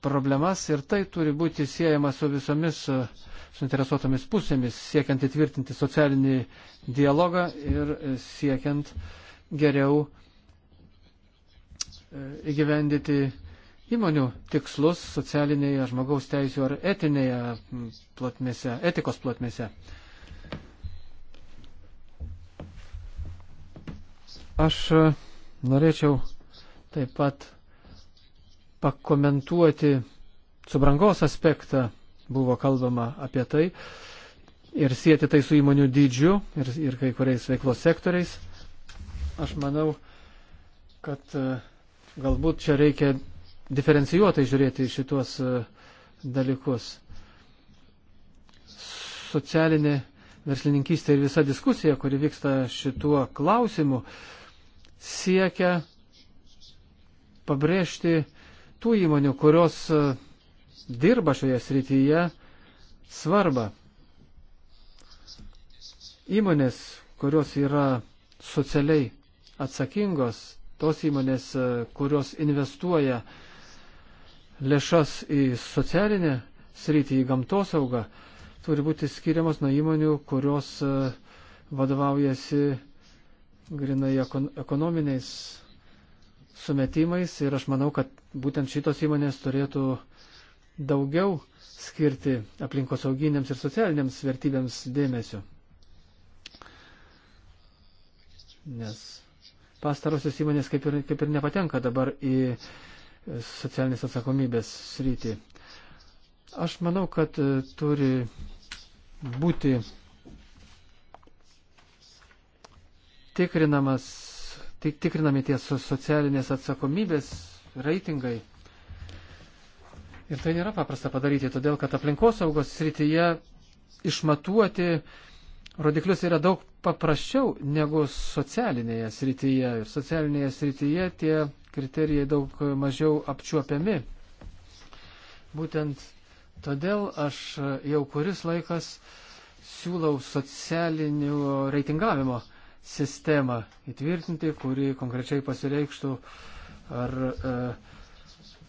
F: problemas ir tai turi būti siejama su visomis e, suinteresuotomis pusėmis, siekiant įtvirtinti socialinį dialogą ir e, siekiant geriau e, įgyvendyti įmonių tikslus socialinėje žmogaus teisų ar etinėje plotmėse, etikos plotmėse. Aš norėčiau taip pat pakomentuoti subrangos aspektą, buvo kalbama apie tai, ir sieti tai su įmonių dydžiu ir, ir kai kuriais veiklos sektoriais. Aš manau, kad e, galbūt čia reikia diferencijuotai žiūrėti šitos e, dalykus. Socialinė verslininkystė ir visa diskusija, kuri vyksta šituo klausimu, siekia pabrėžti tų įmonių, kurios e, dirba šioje srityje, svarbą. Įmonės, kurios yra socialiai atsakingos, tos įmonės, e, kurios investuoja lėšas į socialinę sritį, į gamtosaugą, turi būti skiriamos nuo įmonių, kurios e, vadovaujasi grinai ekonominiais sumetimais ir aš manau, kad būtent šitos įmonės turėtų daugiau skirti aplinkosauginiams ir socialiniams vertybėms dėmesio. Nes pastarosios įmonės kaip ir, kaip ir nepatenka dabar į socialinės atsakomybės sritį. Aš manau, kad e, turi būti tikrinamas, tik, tikrinami tie socialinės atsakomybės reitingai. Ir tai nėra paprasta padaryti, todėl kad aplinkosaugos srityje išmatuoti rodiklius yra daug paprasčiau negu socialinėje srityje. Ir socialinėje srityje tie kriterijai daug mažiau apčiuopiami. Būtent todėl aš jau kuris laikas siūlau socialinio reitingavimo sistemą įtvirtinti, kuri konkrečiai pasireikštų uh, ar e,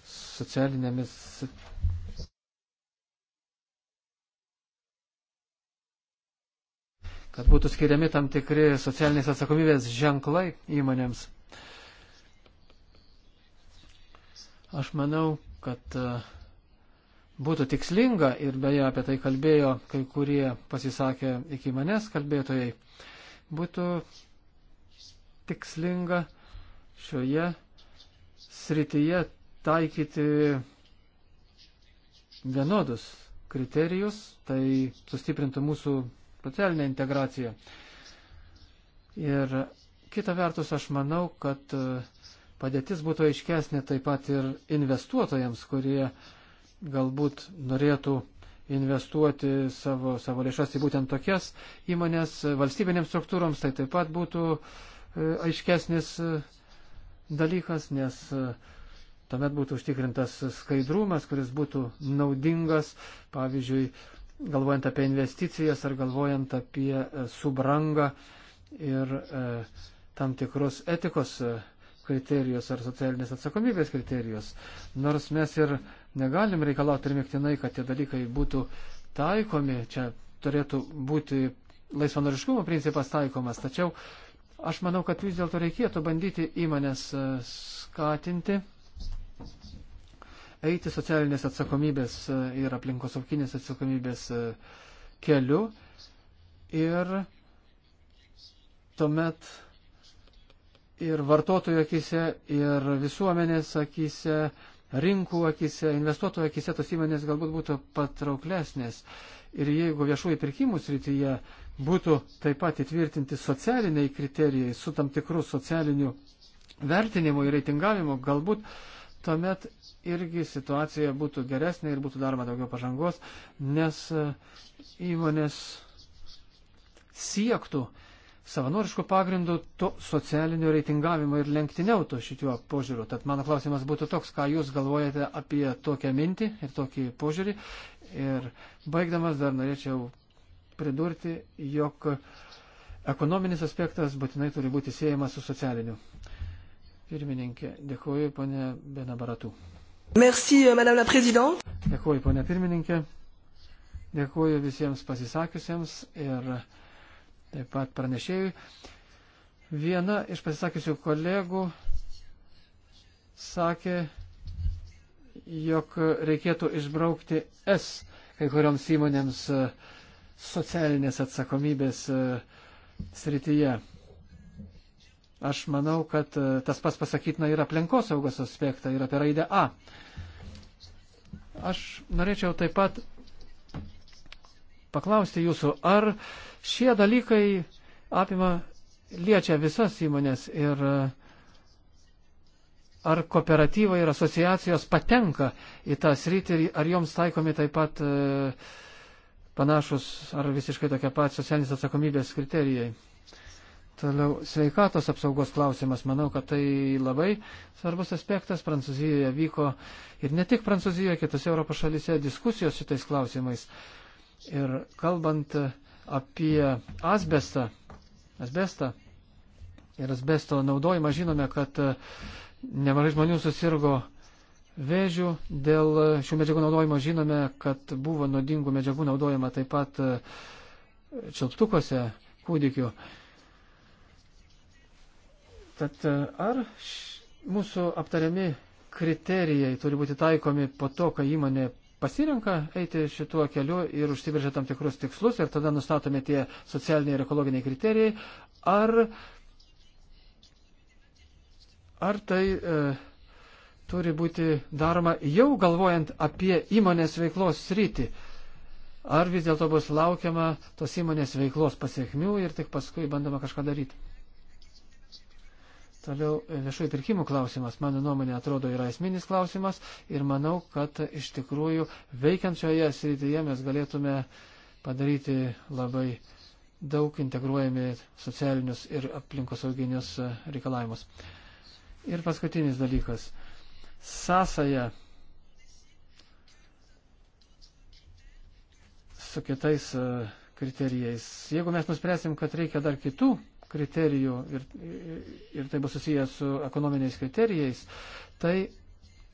F: socialinėmis. kad būtų skiriami tam tikri socialinės atsakomybės ženklai įmonėms. Aš manau, kad e, būtų tikslinga ir beje apie tai kalbėjo kai kurie pasisakė iki manęs kalbėtojai, būtų tikslinga šioje srityje taikyti vienodus kriterijus, tai sustiprintų mūsų socialinę integraciją. Ir kita vertus, aš manau, kad e, padėtis būtų aiškesnė taip pat ir investuotojams, kurie galbūt norėtų investuoti savo, savo lėšas į būtent tokias įmonės valstybinėms struktūroms, tai taip pat būtų e, aiškesnis e, dalykas, nes e, tuomet būtų užtikrintas skaidrumas, kuris būtų naudingas, pavyzdžiui, galvojant apie investicijas ar galvojant apie e, subrangą ir e, tam tikrus etikos e, kriterijus ar socialinės atsakomybės kriterijus. Nors mes ir negalim reikalauti ir mėgtinai, kad tie dalykai būtų taikomi, čia turėtų būti laisvanoriškumo principas taikomas, tačiau Aš manau, kad vis dėlto reikėtų bandyti įmonės e, skatinti, eiti socialinės atsakomybės e, ir aplinkosaukinės atsakomybės e, keliu ir tuomet ir vartotojų akise, ir visuomenės akise, rinkų akise, investuotojų akise tos įmonės galbūt būtų patrauklesnės. Ir jeigu viešųjų pirkimų srityje uh, būtų taip pat įtvirtinti socialiniai kriterijai su tam tikrų socialinių vertinimų ir reitingavimų, galbūt tuomet irgi situacija būtų geresnė ir būtų daroma daugiau pažangos, nes e, įmonės siektų savanoriškų pagrindų to socialinio reitingavimo ir lenktyniautų šituo požiūriu. Tad mano klausimas būtų toks, ką Jūs galvojate apie tokią mintį ir tokį požiūrį. Ir baigdamas dar norėčiau pridurti, jog ekonominis aspektas būtinai turi būti siejamas su socialiniu. Pirmininkė, dėkuoju, ponė Benabaratų. Merci, euh, madame la présidente. Dėkuoju, ponė pirmininkė. Dėkuoju visiems pasisakiusiems ir taip pat pranešėjui. Viena iš pasisakiusių kolegų sakė, jog reikėtų išbraukti S kai kurioms įmonėms uh, socialinės atsakomybės e, srityje. Aš manau, kad e, tas pas pasakytina ir aplinkos saugos aspektą, ir apie raidę A. Aš norėčiau taip pat paklausti jūsų, ar šie dalykai apima, liečia visas įmonės ir e, ar kooperatyvai ir asociacijos patenka į tą sritį, ar joms taikomi taip pat uh, panašus ar visiškai tokia pat socialinės atsakomybės kriterijai. Toliau sveikatos apsaugos klausimas. Manau, kad tai labai svarbus aspektas. Prancūzijoje vyko ir ne tik Prancūzijoje, kitose Europos šalise diskusijos šitais klausimais. Ir kalbant apie asbestą, asbestą ir asbesto naudojimą, žinome, kad nemažai žmonių susirgo Vėžių dėl šių medžiagų naudojimo žinome, kad buvo nuodingų medžiagų naudojama taip pat e, čiulptukuose kūdikių. Tad e, ar mūsų aptariami kriterijai turi būti taikomi po to, kai įmonė pasirenka eiti šituo keliu ir užsibrėžia tam tikrus tikslus ir tada nustatomi tie socialiniai ir ekologiniai kriterijai, ar, ar tai e, turi būti daroma jau galvojant apie įmonės veiklos sritį. Ar vis dėlto bus laukiama tos įmonės veiklos pasiekmių ir tik paskui bandoma kažką daryti. Toliau e, viešųjų pirkimų klausimas, mano nuomonė, atrodo yra esminis klausimas ir manau, kad iš tikrųjų veikiančioje srityje mes galėtume padaryti labai daug integruojami socialinius ir aplinkosauginius e, reikalavimus. Ir paskutinis dalykas sąsaja su kitais e, kriterijais. Jeigu mes nuspręsim, kad reikia dar kitų kriterijų ir, ir tai bus susijęs su ekonominiais kriterijais, tai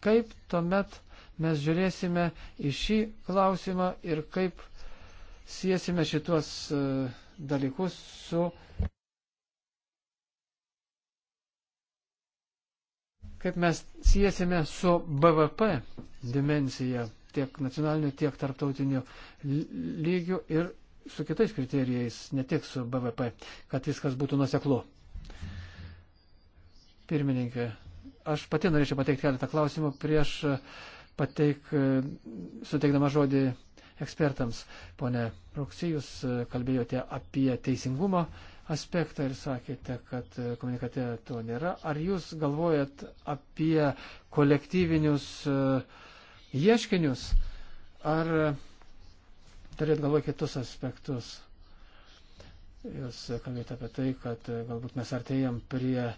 F: kaip tuomet mes žiūrėsime į šį klausimą ir kaip siesime šitos e, dalykus su kaip mes siesime su BVP dimencija tiek nacionaliniu, tiek tarptautiniu lygiu ir su kitais kriterijais, ne tik su BVP, kad viskas būtų nuseklu. Pirmininkė, aš pati norėčiau pateikti keletą klausimų prieš e, pateik, e, suteikdama žodį ekspertams. Pone Ruksijus, e, kalbėjote apie teisingumo aspektą ir sakėte, kad e, komunikate to nėra. Ar jūs galvojat apie kolektyvinius e, ieškinius, ar e, turėt galvoj kitus aspektus? Jūs kalbėjote apie tai, kad galbūt mes artėjam prie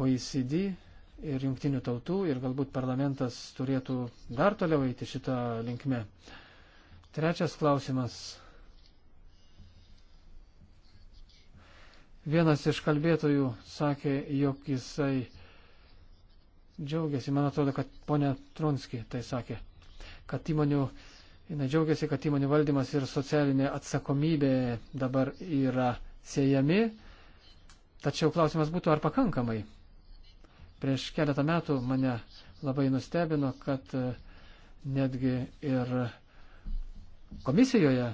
F: OECD ir jungtinių tautų ir galbūt parlamentas turėtų dar toliau eiti šitą linkmę. Trečias klausimas Vienas iš kalbėtojų sakė, jog jisai džiaugiasi, man atrodo, kad ponė Trunski tai sakė, kad įmonių, jinai džiaugiasi, kad įmonių valdymas ir socialinė atsakomybė dabar yra siejami, tačiau klausimas būtų, ar pakankamai. Prieš keletą metų mane labai nustebino, kad e, netgi ir komisijoje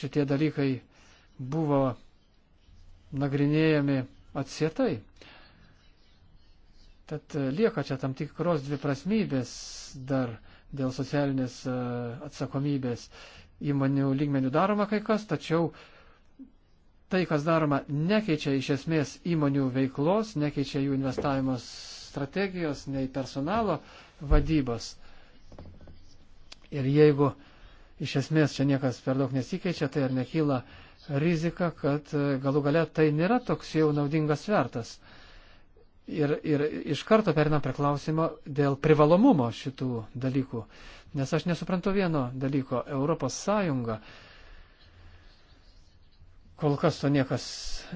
F: šitie dalykai buvo nagrinėjami atsietai. Tad e, lieka čia tam tikros dviprasmybės dar dėl socialinės e, atsakomybės įmonių lygmenių daroma kai kas, tačiau tai, kas daroma, nekeičia iš esmės įmonių veiklos, nekeičia jų investavimo strategijos, nei personalo vadybos. Ir jeigu iš esmės čia niekas per daug nesikeičia, tai ar nekyla uh, rizika, kad e, galų gale tai nėra toks jau naudingas svertas. Ir, ir iš karto perinam prie klausimo dėl privalomumo šitų dalykų. Nes aš nesuprantu vieno dalyko. Europos Sąjunga kol kas to niekas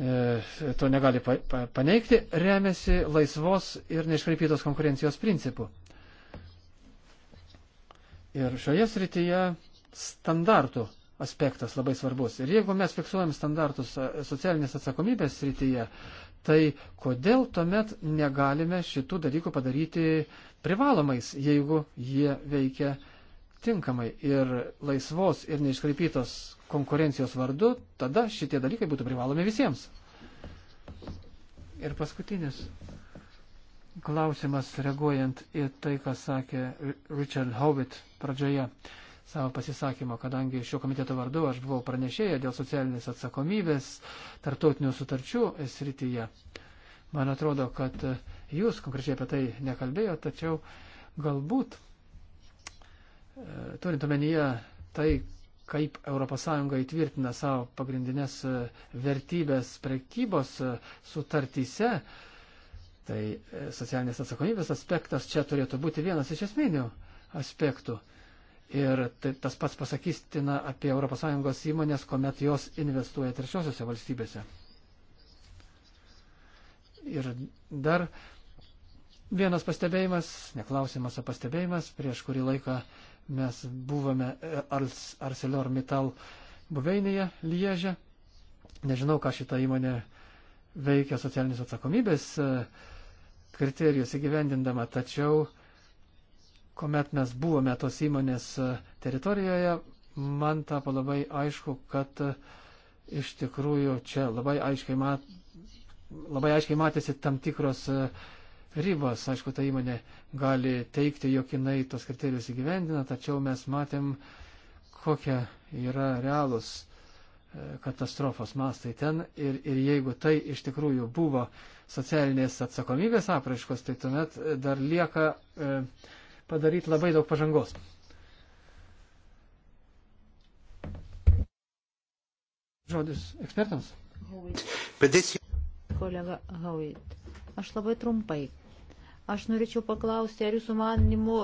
F: e, to negali pa, pa, paneigti, remiasi laisvos ir neiškreipytos konkurencijos principų. Ir šioje srityje standartų aspektas labai svarbus. Ir jeigu mes fiksuojam standartus e, socialinės atsakomybės srityje, tai kodėl tuomet negalime šitų dalykų padaryti privalomais, jeigu jie veikia tinkamai ir laisvos ir neiškreipytos konkurencijos vardu, tada šitie dalykai būtų privalomi visiems. Ir paskutinis klausimas, reaguojant į tai, ką sakė Richard Howitt pradžioje. Uh, savo pasisakymo, kadangi šio komiteto vardu aš buvau pranešėję dėl socialinės atsakomybės tartautinių sutarčių srityje. Man atrodo, kad jūs konkrečiai apie tai nekalbėjote, tačiau galbūt e, turint omenyje tai, kaip ES įtvirtina savo pagrindinės e, vertybės prekybos e, sutartyse, tai socialinės atsakomybės aspektas čia turėtų būti vienas iš esminių aspektų. Ir tai, tas pats pasakystina apie ES įmonės, kuomet jos investuoja trečiosiuose valstybėse. Ir dar vienas pastebėjimas, neklausimas, o pastebėjimas. Prieš kurį laiką mes buvome e, Arcelor Metal buveinėje Liežė. Nežinau, ką šitą įmonę veikia socialinės atsakomybės e, kriterijus įgyvendindama, tačiau kuomet mes buvome tos įmonės e, teritorijoje, man tapo labai aišku, kad e, iš tikrųjų čia labai aiškiai, mat, labai aiškiai matėsi tam tikros e, ribos. Aišku, ta įmonė gali teikti, jog jinai tos kriterijus įgyvendina, tačiau mes matėm, kokie yra realūs katastrofos mastai ten ir, ir jeigu tai iš tikrųjų buvo socialinės atsakomybės apraiškos, tai tuomet dar lieka e, padaryti labai daug pažangos. Žodis ekspertams.
D: Kolega Hauit, aš labai trumpai. Aš norėčiau paklausti, ar jūsų manimų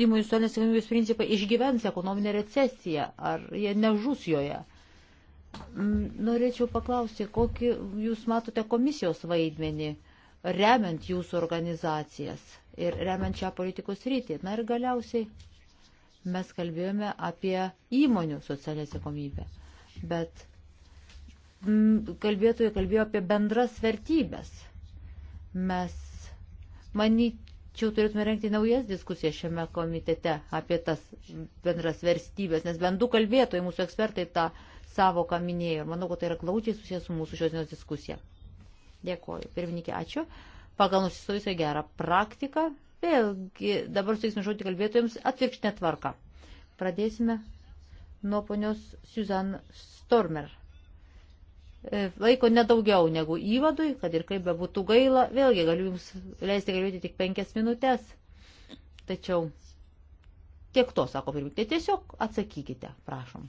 D: įmonių socialinės atsakomybės principai išgyvens ekonominę recesiją, ar jie nežus joje. Mm, norėčiau paklausti, kokį jūs matote komisijos vaidmenį remiant jūsų organizacijas ir remiant šią politikos rytį. Na ir galiausiai mes kalbėjome apie įmonių socialinę atsakomybę, bet mm, kalbėtojai kalbėjo apie bendras vertybės. Mes, manyčiau, turėtume renkti naujas diskusijas šiame komitete apie tas bendras vertybės, nes bendų kalbėtojai, mūsų ekspertai tą savoką minėjo ir manau, kad tai yra glaučiai susijęs su mūsų šios diskusija. Dėkoju. Pirmininkė, ačiu. Pagal nusistojusią gerą praktiką, vėlgi dabar suteiksime žodį kalbėtojams atvirkštinę tvarką. Pradėsime nuo ponios Susan Stormer. E, laiko nedaugiau negu įvadui, kad ir kaip bebūtų gaila, vėlgi galiu Jums leisti kalbėti tik penkias minutės. Tačiau tiek to, sako pirmininkė, tiesiog atsakykite, prašom.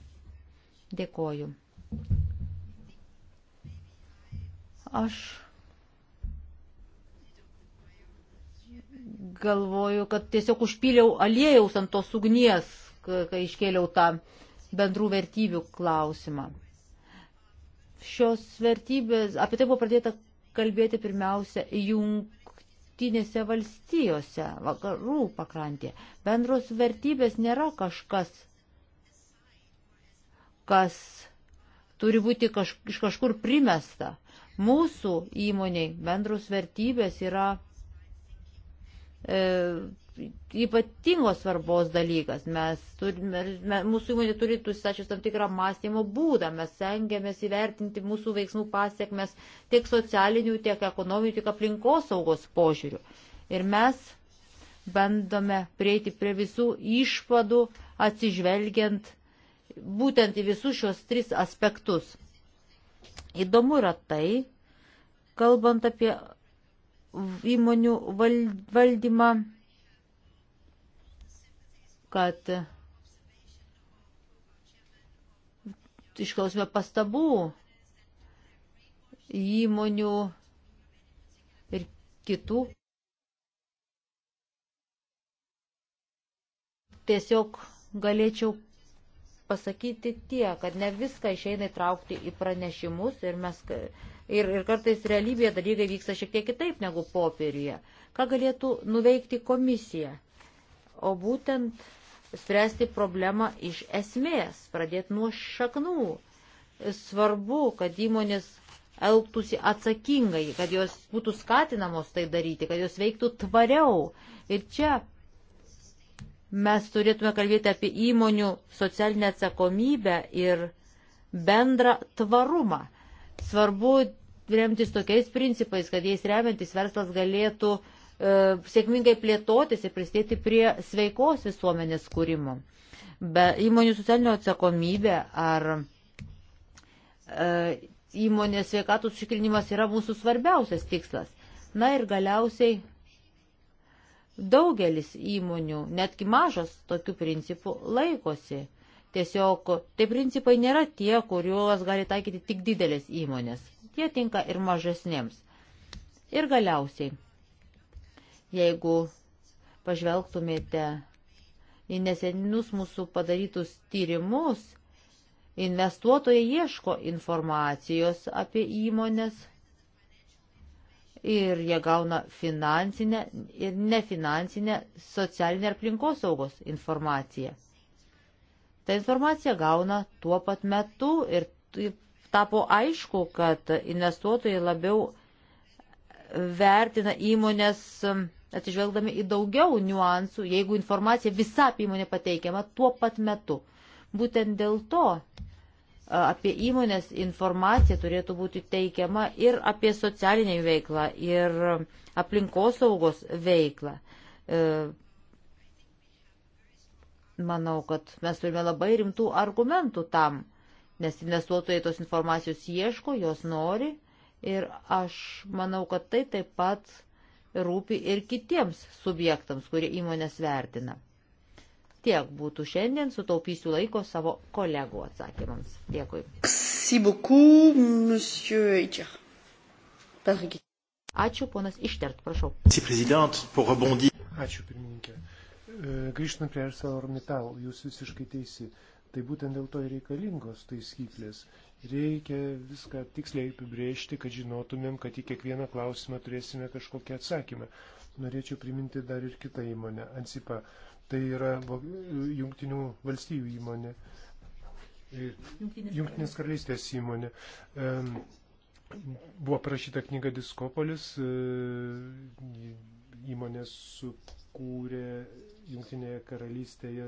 D: Dėkoju. Aš galvoju, kad tiesiog užpyliau aliejaus ant tos ugnies, kai iškėliau tą bendrų vertybių klausimą. Šios vertybės, apie tai buvo pradėta kalbėti pirmiausia jungtinėse valstijose, vakarų pakrantėje. Bendros vertybės nėra kažkas, kas turi būti kaž, iš kažkur primesta. Mūsų įmoniai bendrus vertybės yra e, ypatingos svarbos dalykas. Mes turime, mes, mūsų įmonė turi susistačius tam tikrą mąstymo būdą. Mes stengiamės įvertinti mūsų veiksmų pasiekmes tiek socialinių, tiek ekonominių, tiek aplinkos saugos požiūrių. Ir mes bandome prieiti prie visų išvadų, atsižvelgiant būtent į visus šios tris aspektus. Įdomu yra tai, kalbant apie įmonių valdymą, kad išklausime pastabų įmonių ir kitų. Tiesiog galėčiau pasakyti tie, kad ne viską išeina įtraukti į pranešimus ir, mes, ir, ir kartais realybėje dalykai vyksta šiek tiek kitaip negu popieriuje. Ką galėtų nuveikti komisija? O būtent spręsti problemą iš esmės, pradėti nuo šaknų. Svarbu, kad įmonės elgtųsi atsakingai, kad jos būtų skatinamos tai daryti, kad jos veiktų tvariau. Ir čia Mes turėtume kalbėti apie įmonių socialinę atsakomybę ir bendrą tvarumą. Svarbu remtis tokiais principais, kad jais remiantis verslas galėtų e, sėkmingai plėtotis ir pristėti prie sveikos visuomenės kūrimo. Be įmonių socialinio atsakomybė ar e, įmonės sveikatos užtikrinimas yra mūsų svarbiausias tikslas. Na ir galiausiai Daugelis įmonių, netgi mažos, tokių principų laikosi. Tiesiog tai principai nėra tie, kuriuos gali taikyti tik didelės įmonės. Tie tinka ir mažesnėms. Ir galiausiai, jeigu pažvelgtumėte į nesenus mūsų padarytus tyrimus, investuotojai ieško informacijos apie įmonės ir jie gauna finansinę ir nefinansinę socialinę ir aplinkos saugos informaciją. Ta informacija gauna tuo pat metu ir tapo aišku, kad investuotojai labiau vertina įmonės atsižvelgdami į daugiau niuansų, jeigu informacija visą apie įmonę pateikiama tuo pat metu. Būtent dėl to apie įmonės informacija turėtų būti teikiama ir apie socialinę veiklą, ir aplinkosaugos veiklą. E, manau, kad mes turime labai rimtų argumentų tam, nes investuotojai tos informacijos ieško, jos nori ir aš manau, kad tai taip pat rūpi ir kitiems subjektams, kurie įmonės vertina. Tiek būtų šiandien, sutaupysiu laiko savo kolegų atsakymams. Dėkui. Ačiū, ponas
B: Ištert, prašau.
E: Ačiū,
B: pirmininkė. E, grįžtant prie ArcelorMittal, jūs visiškai teisi. Tai būtent dėl to ir reikalingos taisyklės. Reikia viską tiksliai apibrėžti, kad žinotumėm, kad į kiekvieną klausimą turėsime kažkokį atsakymą. Norėčiau priminti dar ir kitą įmonę, Ansipa. Uh, tai yra jungtinių valstybių įmonė, jungtinės karalystės įmonė. Buvo parašyta knyga Diskopolis, e, įmonė sukūrė jungtinėje karalystėje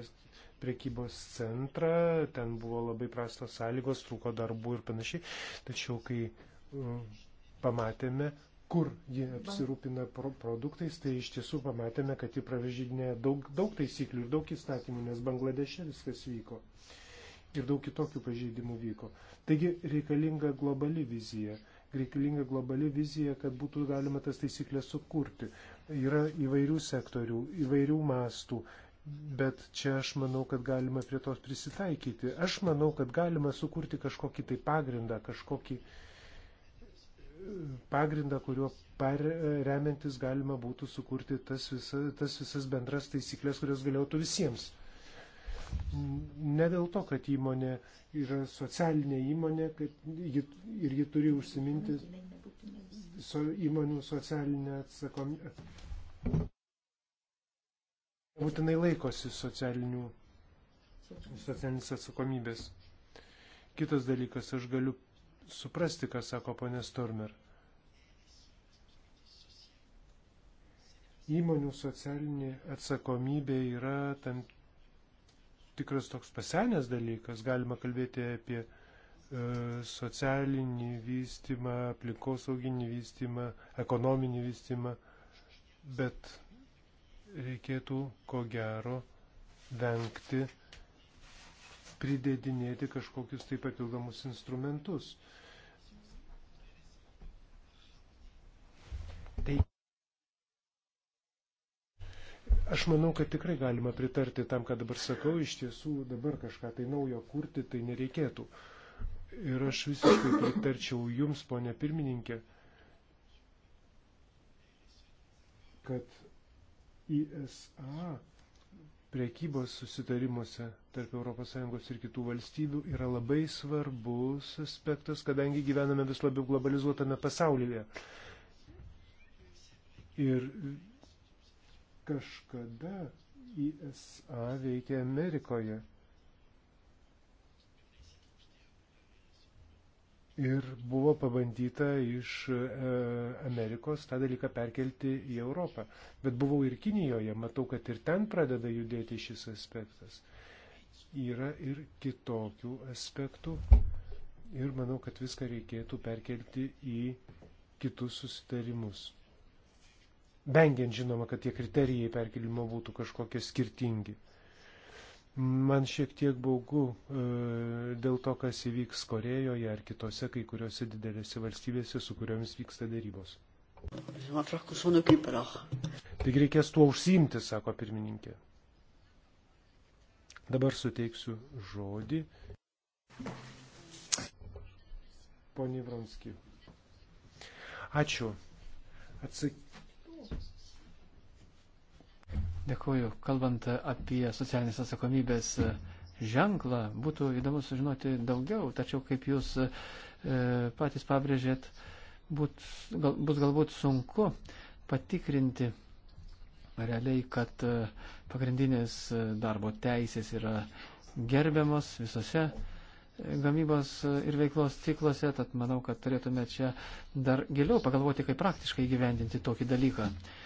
B: priekybos centrą, ten buvo labai prastos sąlygos, trūko darbų ir panašiai. Tačiau kai e, pamatėme, kur ji apsirūpina produktais, tai iš tiesų pamatėme, kad ji pravežinėja daug, daug taisyklių ir daug įstatymų, nes Bangladeše viskas vyko. Ir daug kitokių pažeidimų vyko. Taigi reikalinga globali vizija. Reikalinga globali vizija, kad būtų galima tas taisyklės sukurti. Yra įvairių sektorių, įvairių mastų, bet čia aš manau, kad galima prie tos prisitaikyti. Aš manau, kad galima sukurti kažkokį tai pagrindą, kažkokį uh, pagrindą, kuriuo remiantis galima būtų sukurti tas, visa, tas visas bendras taisyklės, kurios galėtų visiems. Ne dėl to, kad įmonė yra socialinė įmonė ji, ir ji turi užsiminti so, įmonių socialinę atsakomybę. Būtinai laikosi socialinių, socialinės atsakomybės. Kitas dalykas, aš galiu suprasti, ką sako ponė Stormer. Įmonių socialinė atsakomybė yra tam tikras toks pasenęs dalykas. Galima kalbėti apie e, socialinį vystimą, aplinkosauginį vystimą, ekonominį vystimą, bet reikėtų ko gero vengti pridėdinėti kažkokius tai papildomus instrumentus. Tai aš manau, kad tikrai galima pritarti tam, ką dabar sakau, iš tiesų dabar kažką tai naujo kurti, tai nereikėtų. Ir aš visiškai pritarčiau Jums, ponė pirmininkė, kad ISA priekybos susitarimuose tarp ES ir kitų valstybių yra labai svarbus aspektas, kadangi gyvename vis labiau globalizuotame pasaulyje. Ir kažkada ISA veikė Amerikoje. Ir buvo pabandyta iš e, Amerikos tą dalyką perkelti į Europą. Bet buvau ir Kinijoje, matau, kad ir ten pradeda judėti šis aspektas. Yra ir kitokių aspektų. Ir manau, kad viską reikėtų perkelti į kitus susitarimus. Bengiant žinoma, kad tie kriterijai perkelimo būtų kažkokie skirtingi. Man šiek tiek baugu e, dėl to, kas įvyks Korejoje ar kitose kai kuriuose didelėse valstybėse, su kuriomis vyksta dėrybos. Tik reikės tuo užsiimti, sako pirmininkė. Dabar suteiksiu žodį. Pone Vronski. Ačiū. Atsakysiu
F: Dėkuoju. Kalbant apie socialinės atsakomybės ženklą, būtų įdomu sužinoti daugiau, tačiau kaip jūs e, patys pabrėžėt, būt, gal, bus galbūt sunku patikrinti realiai, kad e, pagrindinės e, darbo teisės yra gerbiamos visose e, gamybos ir veiklos cikluose, tad manau, kad turėtume čia dar giliau pagalvoti, kaip praktiškai gyvendinti tokį dalyką. Mm.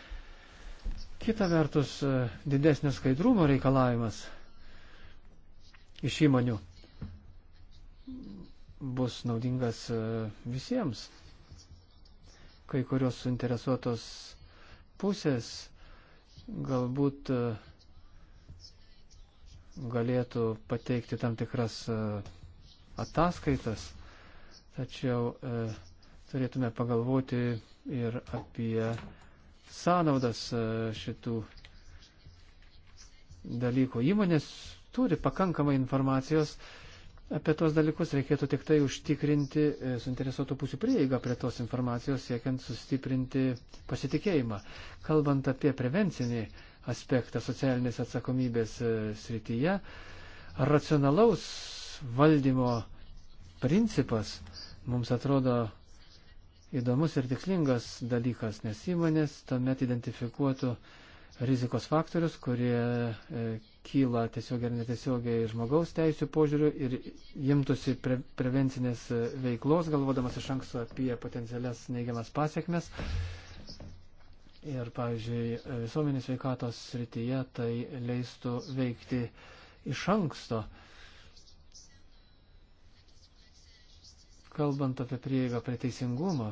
F: Kita vertus, e, didesnio skaidrumo reikalavimas iš įmonių bus naudingas e, visiems. Kai kurios suinteresuotos pusės galbūt e, galėtų pateikti tam tikras ataskaitas, tačiau turėtume pagalvoti ir apie sąnaudas e, šitų dalykų. Įmonės turi pakankamai informacijos apie tos dalykus, reikėtų tik tai užtikrinti e, suinteresuotų pusių prieigą prie tos informacijos, siekiant sustiprinti pasitikėjimą. Kalbant apie prevencinį aspektą socialinės atsakomybės e, srityje, racionalaus valdymo principas mums atrodo įdomus ir tikslingas dalykas, nes įmonės tuomet identifikuotų rizikos faktorius, kurie e, kyla tiesiog ir netiesiogiai žmogaus teisų požiūrių ir imtųsi pre prevencinės e, veiklos, galvodamas iš anksto apie potencialias neigiamas pasiekmes. Ir, pavyzdžiui, visuomenės veikatos srityje tai leistų veikti iš anksto. Uh, Kalbant apie prieigą prie teisingumo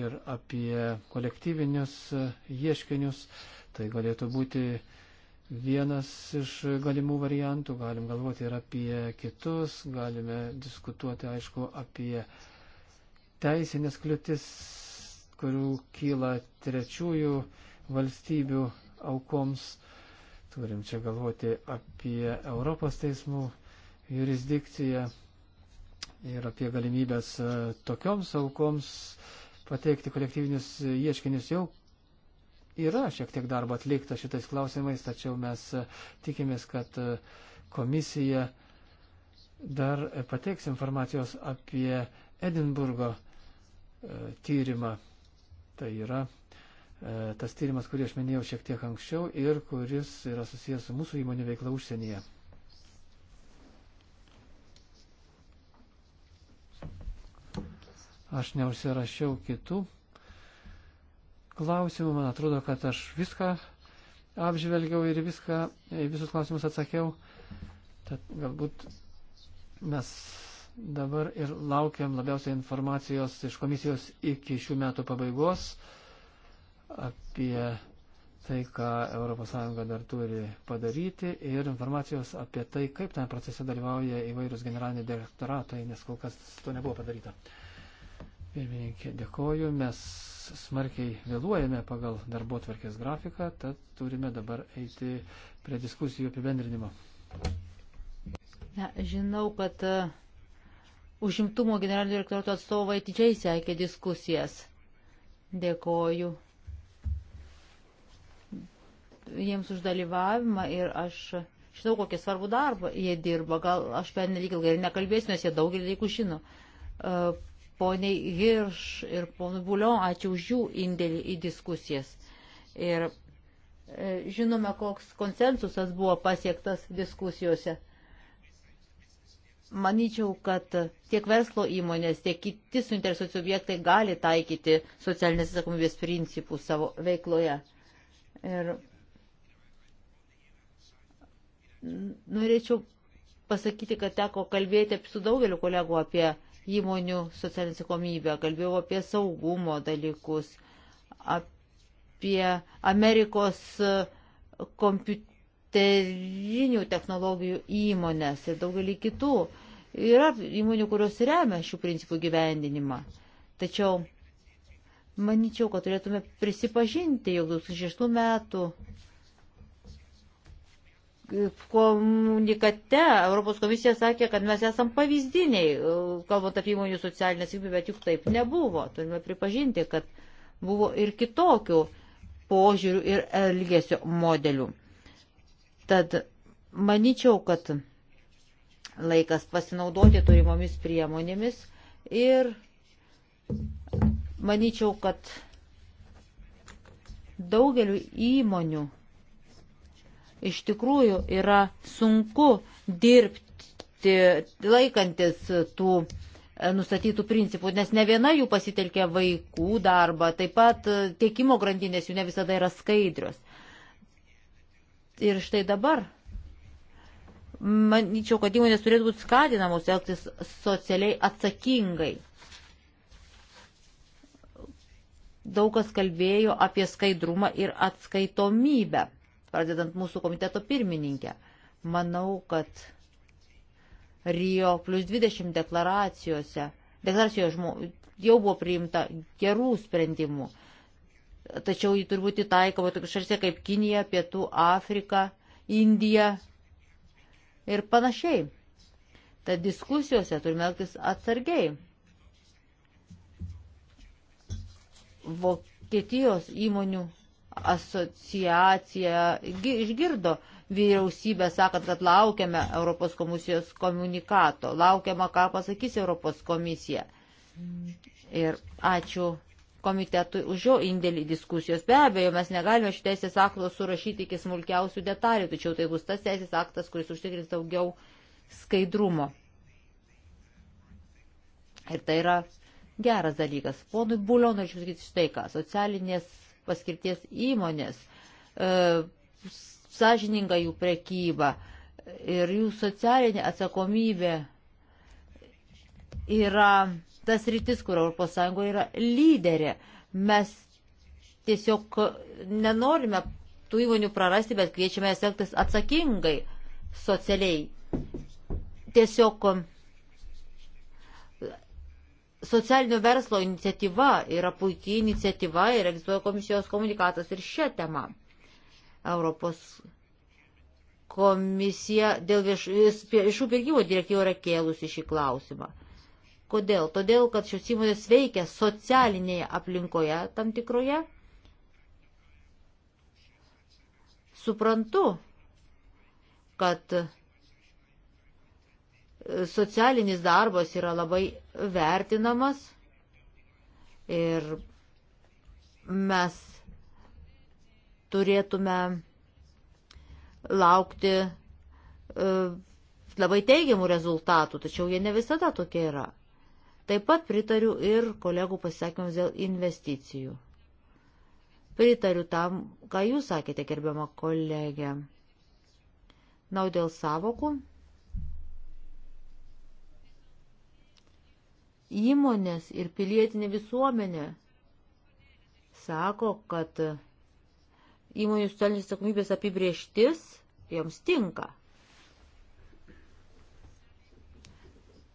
F: ir apie kolektyvinius e, ieškinius, tai galėtų būti vienas iš galimų variantų, galim galvoti ir apie kitus, galime diskutuoti, aišku, apie teisinės kliūtis, kurių kyla trečiųjų valstybių aukoms. Turim čia galvoti apie Europos teismų jurisdikciją ir apie galimybės e, tokioms aukoms pateikti kolektyvinius ieškinius jau yra šiek tiek darbo atlikta šitais klausimais, tačiau mes e, tikimės, kad e, komisija dar pateiks informacijos apie Edinburgo tyrimą. Tai yra tas tyrimas, kurį aš minėjau šiek tiek anksčiau ir kuris yra susijęs su mūsų įmonių veikla užsienyje. Aš neužsirašiau kitų klausimų. Man atrodo, kad aš viską apžvelgiau ir viską, visus klausimus atsakiau. Tad galbūt mes dabar ir laukiam labiausiai informacijos iš komisijos iki šių metų pabaigos apie tai, ką ES dar turi padaryti ir informacijos apie tai, kaip ten procese dalyvauja įvairūs generaliniai direktoratai, nes kol kas to nebuvo padaryta. Pirmininkė, dėkoju. Mes smarkiai vėluojame pagal darbo tvarkės grafiką, tad turime dabar eiti prie diskusijų apibendrinimo.
D: Na, žinau, kad uh, užimtumo generalinio direktorato atstovai didžiai sekė diskusijas. Dėkoju jiems už dalyvavimą ir aš žinau, kokį svarbų darbą jie dirba. Gal aš per nelik ilgai nekalbėsiu, nes jie daugelį dalykų žino. Uh, poniai Hirš ir ponui Bulio, ačiū už jų indėlį į diskusijas. Ir e, žinome, koks konsensusas buvo pasiektas diskusijose. Manyčiau, kad tiek verslo įmonės, tiek kiti suinteresuoti subjektai gali taikyti socialinės atsakomybės principų savo veikloje. Ir norėčiau pasakyti, kad teko kalbėti su daugeliu kolegų apie įmonių socialinę atsakomybę, kalbėjau apie saugumo dalykus, apie Amerikos e, kompiuterinių technologijų įmonės ir daugelį kitų. Yra įmonių, kurios remia šių principų gyvendinimą. Tačiau manyčiau, kad turėtume prisipažinti, jog 2006 metų komunikate Europos komisija sakė, kad mes esam pavyzdiniai, e, kalbant apie įmonių socialinę sėkmę, bet juk taip nebuvo. Turime pripažinti, kad buvo ir kitokių požiūrių ir elgesio modelių. Tad manyčiau, kad laikas pasinaudoti turimomis priemonėmis ir manyčiau, kad daugeliu įmonių iš tikrųjų yra sunku dirbti laikantis tų e, nustatytų principų, nes ne viena jų pasitelkia vaikų darbą, taip pat e, tiekimo grandinės jų ne visada yra skaidrios. Ir štai dabar, manyčiau, kad įmonės turėtų būti skatinamos elgtis socialiai atsakingai. Daug kas kalbėjo apie skaidrumą ir atskaitomybę pradedant mūsų komiteto pirmininkę. Manau, kad Rio plus 20 deklaracijose, deklaracijoje žmo, jau buvo priimta gerų sprendimų. Tačiau jį turbūt įtaikoma tokiuose šalyse kaip Kinija, Pietų Afrika, Indija ir panašiai. Tad diskusijose turime elgtis atsargiai. Vokietijos įmonių asociacija išgirdo vyriausybę sakant, kad laukiame Europos komisijos komunikato, laukiama, ką pasakys Europos komisija. Ir ačiū komitetui už jo indėlį diskusijos. Be abejo, mes negalime šį teisės aktą surašyti iki smulkiausių detalių, tačiau tai bus tas teisės aktas, kuris užtikrins daugiau skaidrumo. Ir tai yra geras dalykas. Ponui Bulio norėčiau sakyti štai ką. Socialinės paskirties įmonės, e, sąžininga jų prekyba ir jų socialinė atsakomybė yra tas rytis, kur ES yra lyderė. Mes tiesiog nenorime tų įmonių prarasti, bet kviečiame jas elgtis atsakingai, socialiai. Tiesiog Socialinio verslo iniciatyva yra puikiai iniciatyva ir egzistuoja komisijos komunikatas ir šią temą. Europos komisija dėl viešų pirkimų direktyvų yra kėlusi šį klausimą. Kodėl? Todėl, kad šios įmonės veikia socialinėje aplinkoje tam tikroje. Suprantu, kad socialinis darbas yra labai vertinamas ir mes turėtume laukti e, labai teigiamų rezultatų, tačiau jie ne visada tokie yra. Taip pat pritariu ir kolegų pasisakymams dėl investicijų. Pritariu tam, ką jūs sakėte, gerbiama kolegė. Na, o dėl savokų. Įmonės ir pilietinė visuomenė sako, kad įmonių socialinės atsakomybės apibrieštis joms tinka.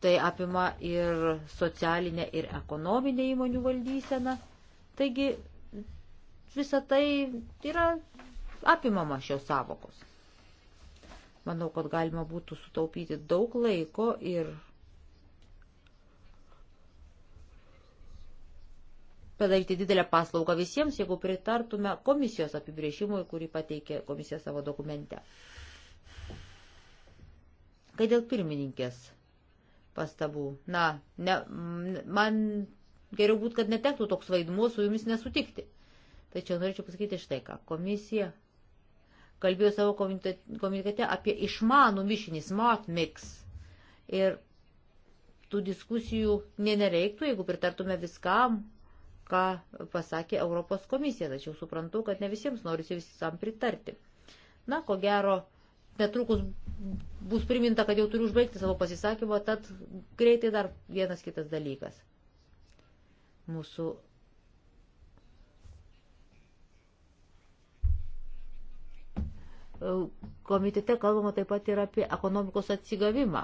D: Tai apima ir socialinę, ir ekonominę įmonių valdyseną. Taigi visa tai yra apimama šios savokos. Manau, kad galima būtų sutaupyti daug laiko ir padaryti didelę paslaugą visiems, jeigu pritartume komisijos apibrėžimui, kurį pateikė komisija savo dokumente. Kai dėl pirmininkės pastabų, na, ne, man geriau būt, kad netektų toks vaidmuo su jumis nesutikti. Tačiau norėčiau pasakyti štai ką. Komisija kalbėjo savo komunikate apie išmanų mišinį Smart Mix. Ir tų diskusijų nereiktų, jeigu pritartume viskam, ką pasakė Europos komisija, tačiau suprantu, kad ne visiems norisi visam pritarti. Na, ko gero, netrukus bus priminta, kad jau turiu užbaigti savo pasisakymą, tad greitai dar vienas kitas dalykas. Mūsų komitete kalbama taip pat ir apie ekonomikos atsigavimą.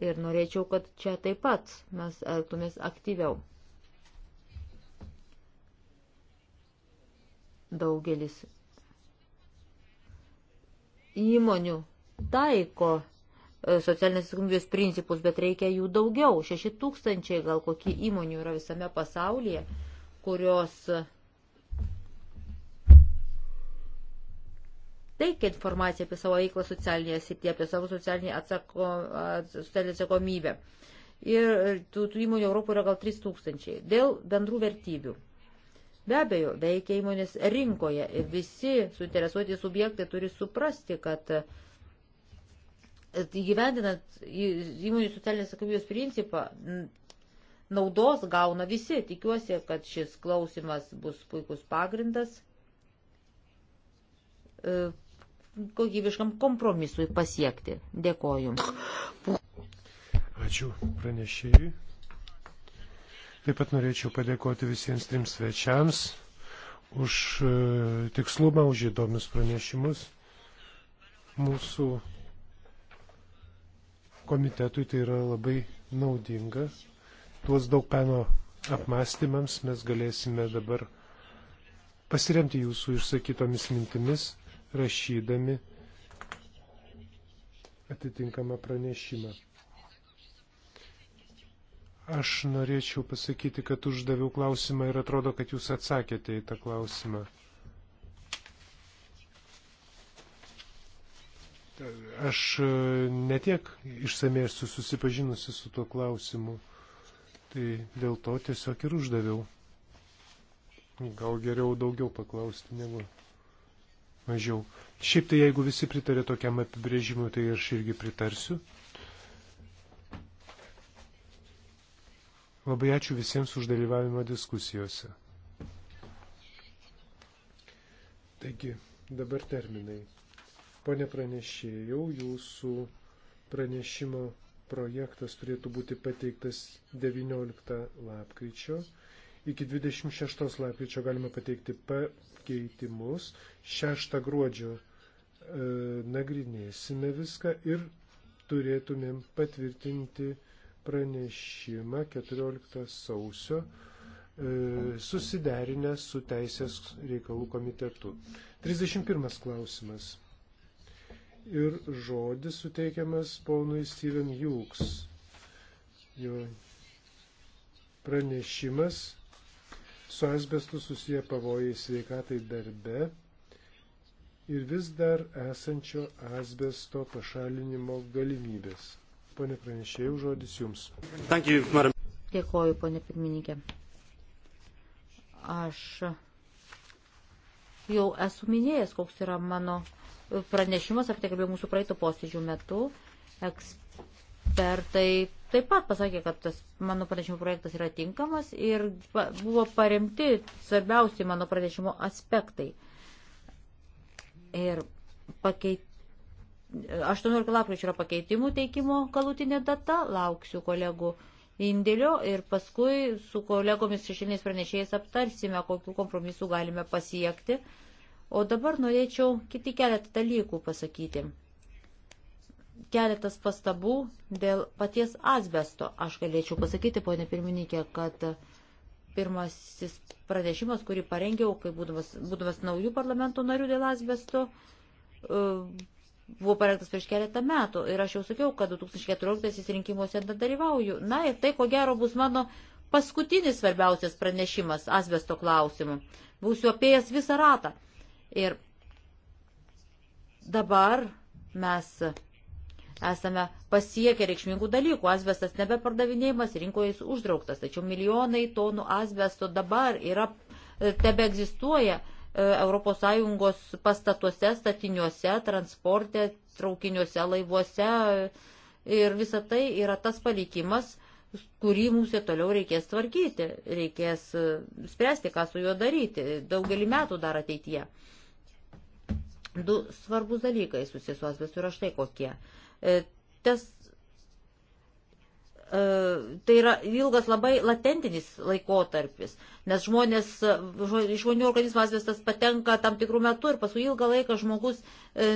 D: Ir norėčiau, kad čia taip pat mes elgtumės aktyviau. Daugelis įmonių taiko e, socialinės atsakomybės principus, bet reikia jų daugiau. 6 tūkstančiai gal kokie įmonių yra visame pasaulyje, kurios teikia informaciją apie savo veiklą socialinėje srityje, apie savo socialinę atsako, socialinę atsakomybę. Ir tų, tų įmonių Europoje yra gal 3 tūkstančiai. Dėl bendrų vertybių. Be abejo, veikia įmonės rinkoje ir visi suinteresuoti subjektai turi suprasti, kad įgyvendinant įmonių socialinės atsakomybės principą, naudos gauna visi. Tikiuosi, kad šis klausimas bus puikus pagrindas e, kokybiškam kompromisui pasiekti. Dėkoju. Ačiū pranešėjui.
B: Taip pat norėčiau padėkoti visiems trims svečiams už e, tikslumą, už įdomius pranešimus. Mūsų komitetui tai yra labai naudinga. Tuos daug peno apmąstymams mes galėsime dabar pasiremti jūsų išsakytomis mintimis, rašydami atitinkamą pranešimą. Aš norėčiau pasakyti, kad uždaviau klausimą ir atrodo, kad jūs atsakėte į tą klausimą. Aš e, netiek išsamei esu susipažinusi su tuo klausimu, tai dėl to tiesiog ir uždaviau. Gal geriau daugiau paklausti negu mažiau. Šiaip tai jeigu visi pritarė tokiam apibrėžimui, tai aš irgi pritarsiu. Labai ačiū visiems už dalyvavimą diskusijose. Taigi, dabar terminai. Pone pranešėjau, jūsų pranešimo projektas turėtų būti pateiktas 19 lapkričio. Iki 26 lapkričio galima pateikti pakeitimus. 6 gruodžio e, nagrinėsime viską ir turėtumėm patvirtinti pranešimą 14 sausio e, susiderinę su Teisės reikalų komitetu. 31 klausimas. Ir žodis suteikiamas ponui Steven Hughes. Jo pranešimas su asbestu susiję pavojai sveikatai darbe ir vis dar esančio asbesto pašalinimo galimybės. Pane pranešėjau, žodis Jums.
G: You,
D: Dėkoju, pane pirmininkė. Aš jau esu minėjęs, koks yra mano pranešimas, apie tai kalbėjau mūsų praeito posėdžių metu. Ekspertai taip pat pasakė, kad tas mano pranešimo projektas yra tinkamas ir buvo paremti svarbiausi mano pranešimo aspektai. Ir pakeit, 18 lapkričio yra pakeitimų teikimo galutinė data, lauksiu kolegų indėlio ir paskui su kolegomis šešiniais pranešėjais aptarsime, kokiu kompromisu galime pasiekti. O dabar norėčiau kiti keletą dalykų pasakyti. Keletas pastabų dėl paties asbesto. Aš galėčiau pasakyti, ponė pirmininkė, kad pirmasis pranešimas, kurį parengiau, kai būdamas, būdamas naujų parlamento narių dėl asbesto, uh, buvo parengtas prieš keletą metų ir aš jau sakiau, kad 2014 rinkimuose nedalyvauju. Na ir tai, ko gero, bus mano paskutinis svarbiausias pranešimas asbesto klausimu. Būsiu apėjęs visą ratą. Ir dabar mes esame pasiekę reikšmingų dalykų. Asbestas nebepardavinėjimas, rinkoje jis uždrauktas, tačiau milijonai tonų asbesto dabar yra, tebe egzistuoja ES pastatuose, statiniuose, transporte, traukiniuose, laivuose. Ir visa tai yra tas palikimas, kurį mums ir toliau reikės tvarkyti, reikės e, spręsti, ką su juo daryti daugelį metų dar ateityje. Du svarbus dalykai susisuos visur štai kokie. E, tas E, tai yra ilgas labai latentinis laikotarpis, nes žmonės, žmonių organizmas vis tas patenka tam tikrų metų ir paskui ilgą laiką žmogus, e,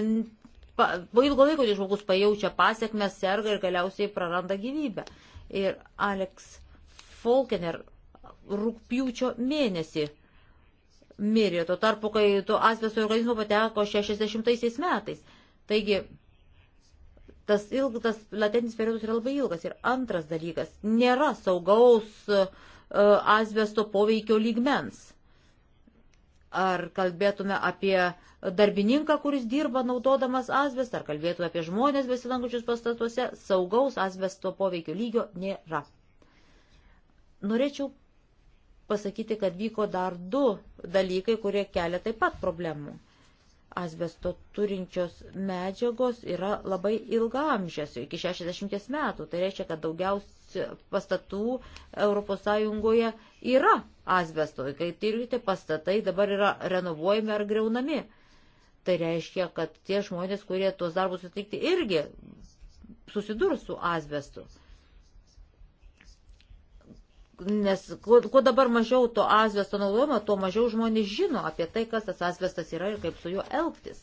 D: po ilgo laiko tai žmogus pajaučia pasiekmes, serga ir galiausiai praranda gyvybę. Ir Alex Falkener rūpjūčio mėnesį mirė, tuo tarpu, kai tuo asbesto organizmu pateko 60 metais. Taigi, tas, ilg, tas latentinis periodas yra labai ilgas. Ir antras dalykas, nėra saugaus uh, asbesto poveikio lygmens. Ar kalbėtume apie darbininką, kuris dirba naudodamas asbestą, ar kalbėtume apie žmonės besilankučius pastatuose, saugaus asbesto poveikio lygio nėra. Norėčiau pasakyti, kad vyko dar du dalykai, kurie kelia taip pat problemų asbesto turinčios medžiagos yra labai ilgamžės, iki 60 metų. Tai reiškia, kad daugiausia pastatų ES yra asbesto. Kai tyrite pastatai, dabar yra renovuojami ar greunami. Tai reiškia, kad tie žmonės, kurie tuos darbus atlikti, irgi susidurs su asbestu. Nes kuo, kuo dabar mažiau to asbesto naudojama, tuo mažiau žmonės žino apie tai, kas tas asbestas yra ir kaip su juo elgtis.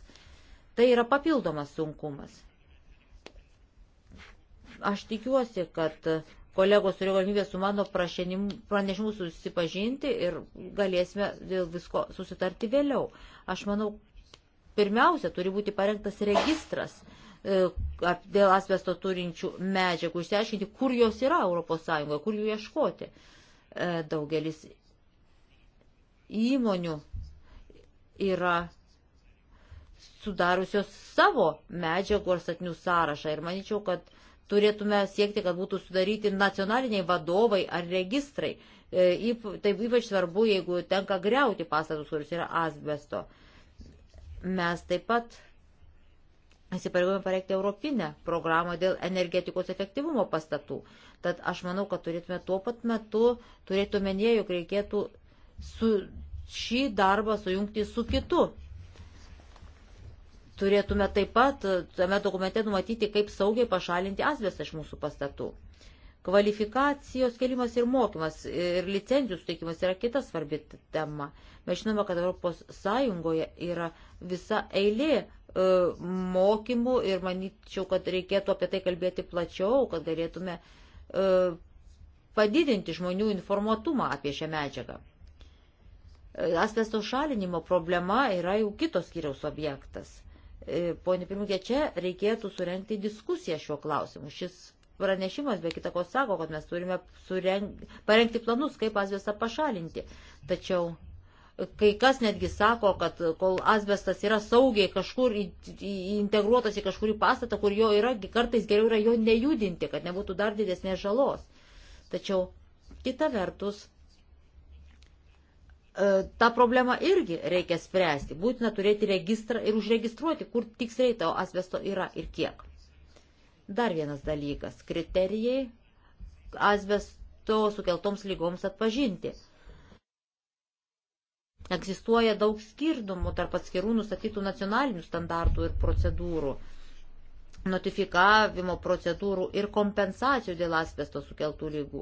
D: Tai yra papildomas sunkumas. Aš tikiuosi, kad kolegos turi galimybę su mano pranešimu susipažinti ir galėsime dėl visko susitarti vėliau. Aš manau, pirmiausia, turi būti parengtas registras E, dėl asbesto turinčių medžiagų, išsiaiškinti, kur jos yra ES, kur jų ieškoti. E, daugelis įmonių yra sudariusios savo medžiagų ar statinių sąrašą ir manyčiau, kad turėtume siekti, kad būtų sudaryti nacionaliniai vadovai ar registrai. E, taip ypač svarbu, jeigu tenka greuti pastatus, kuris yra asbesto. Mes taip pat įsipareigojame pareikti Europinę programą dėl energetikos efektyvumo pastatų. Tad aš manau, kad turėtume tuo pat metu turėtumėnė, jog reikėtų su šį darbą sujungti su kitu. Turėtume taip pat e, tame dokumente numatyti, kaip saugiai pašalinti asbestą iš mūsų pastatų. Kvalifikacijos kelimas ir mokymas ir licencijų suteikimas yra kita svarbi tema. Mes žinome, kad ES yra visa eilė E, mokymų ir manyčiau, kad reikėtų apie tai kalbėti plačiau, kad galėtume e, padidinti žmonių informuotumą apie šią medžiagą. E, asbesto šalinimo problema yra jau kitos skyriaus objektas. Pone pirmininkė, čia reikėtų surenkti diskusiją šiuo klausimu. Šis pranešimas, be kitako, sako, kad mes turime sureng... parengti planus, kaip asbestą pašalinti. Tačiau Kai kas netgi sako, kad kol asbestas yra saugiai kažkur integruotas į kažkurį pastatą, kur jo yra, kartais geriau yra jo nejudinti, kad nebūtų dar didesnės žalos. Tačiau kita vertus, e, tą problemą irgi reikia spręsti. Būtina turėti registrą ir užregistruoti, kur tiksliai to asbesto yra ir kiek. Dar vienas dalykas - kriterijai asbesto sukeltoms lygoms atpažinti. Egzistuoja daug skirtumų tarp atskirų nustatytų nacionalinių standartų ir procedūrų, notifikavimo procedūrų ir kompensacijų dėl asbesto sukeltų lygų.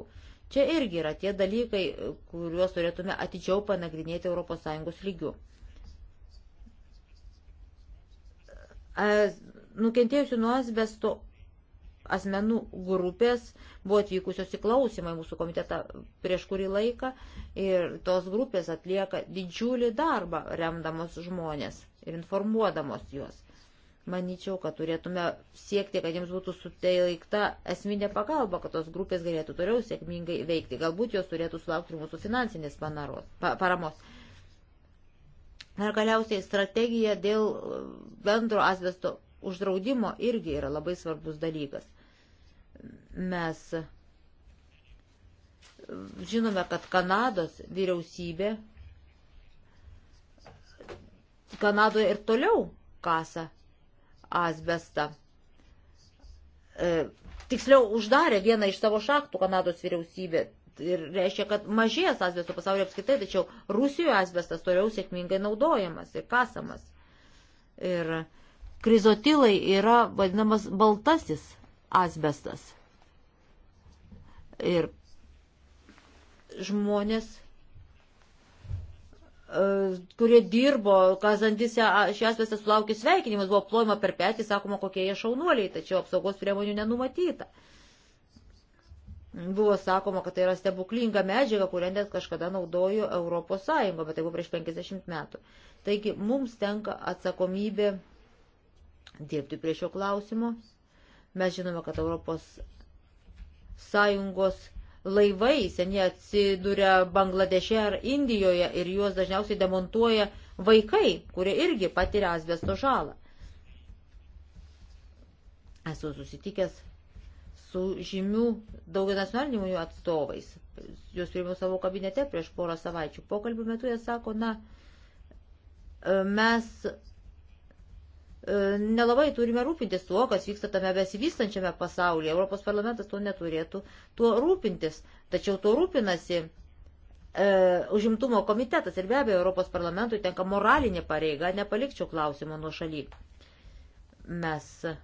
D: Čia irgi yra tie dalykai, kuriuos turėtume atidžiau panagrinėti ES lygių. Nukentėjusių nuo asbesto asmenų grupės buvo atvykusios į klausimą į mūsų komitetą prieš kurį laiką ir tos grupės atlieka didžiulį darbą remdamos žmonės ir informuodamos juos. Manyčiau, kad turėtume siekti, kad jiems būtų suteikta esminė pagalba, kad tos grupės galėtų toliau sėkmingai veikti. Galbūt jos turėtų sulaukti mūsų finansinės panaros, pa, paramos. Ir galiausiai strategija dėl bendro asbesto uždraudimo irgi yra labai svarbus dalykas. Mes žinome, kad Kanados vyriausybė Kanadoje ir toliau kasa asbestą. E, tiksliau uždarė vieną iš savo šaktų Kanados vyriausybė. Ir reiškia, kad mažės asbesto pasaulio apskaitai, tačiau Rusijoje asbestas toliau sėkmingai naudojamas ir kasamas. Ir krizotilai yra vadinamas baltasis asbestas. Ir žmonės, e, kurie dirbo, kazandysė, šį asbestą sulaukė sveikinimas, buvo plojama per petį, sakoma, kokie jie šaunuoliai, tačiau apsaugos priemonių nenumatyta. Buvo sakoma, kad tai yra stebuklinga medžiaga, kurią net kažkada naudojo Europos Sąjunga, bet tai buvo prieš 50 metų. Taigi mums tenka atsakomybė dirbti prie šio klausimo Mes žinome, kad Europos Sąjungos laivai seniai atsiduria Bangladeše ar Indijoje ir juos dažniausiai demontuoja vaikai, kurie irgi patiria asbesto žalą. Esu susitikęs su žymių daugianacionalinių įmonių atstovais. Jūs priėmiau savo kabinete prieš porą savaičių. Pokalbių metu jie sako, na, mes E, nelabai turime rūpintis tuo, kas vyksta tame besivystančiame pasaulyje. Europos parlamentas to neturėtų tuo rūpintis. Tačiau tuo rūpinasi e, užimtumo komitetas ir be abejo Europos parlamentui tenka moralinė pareiga, nepalikčiau klausimo nuo šaly. Mes e,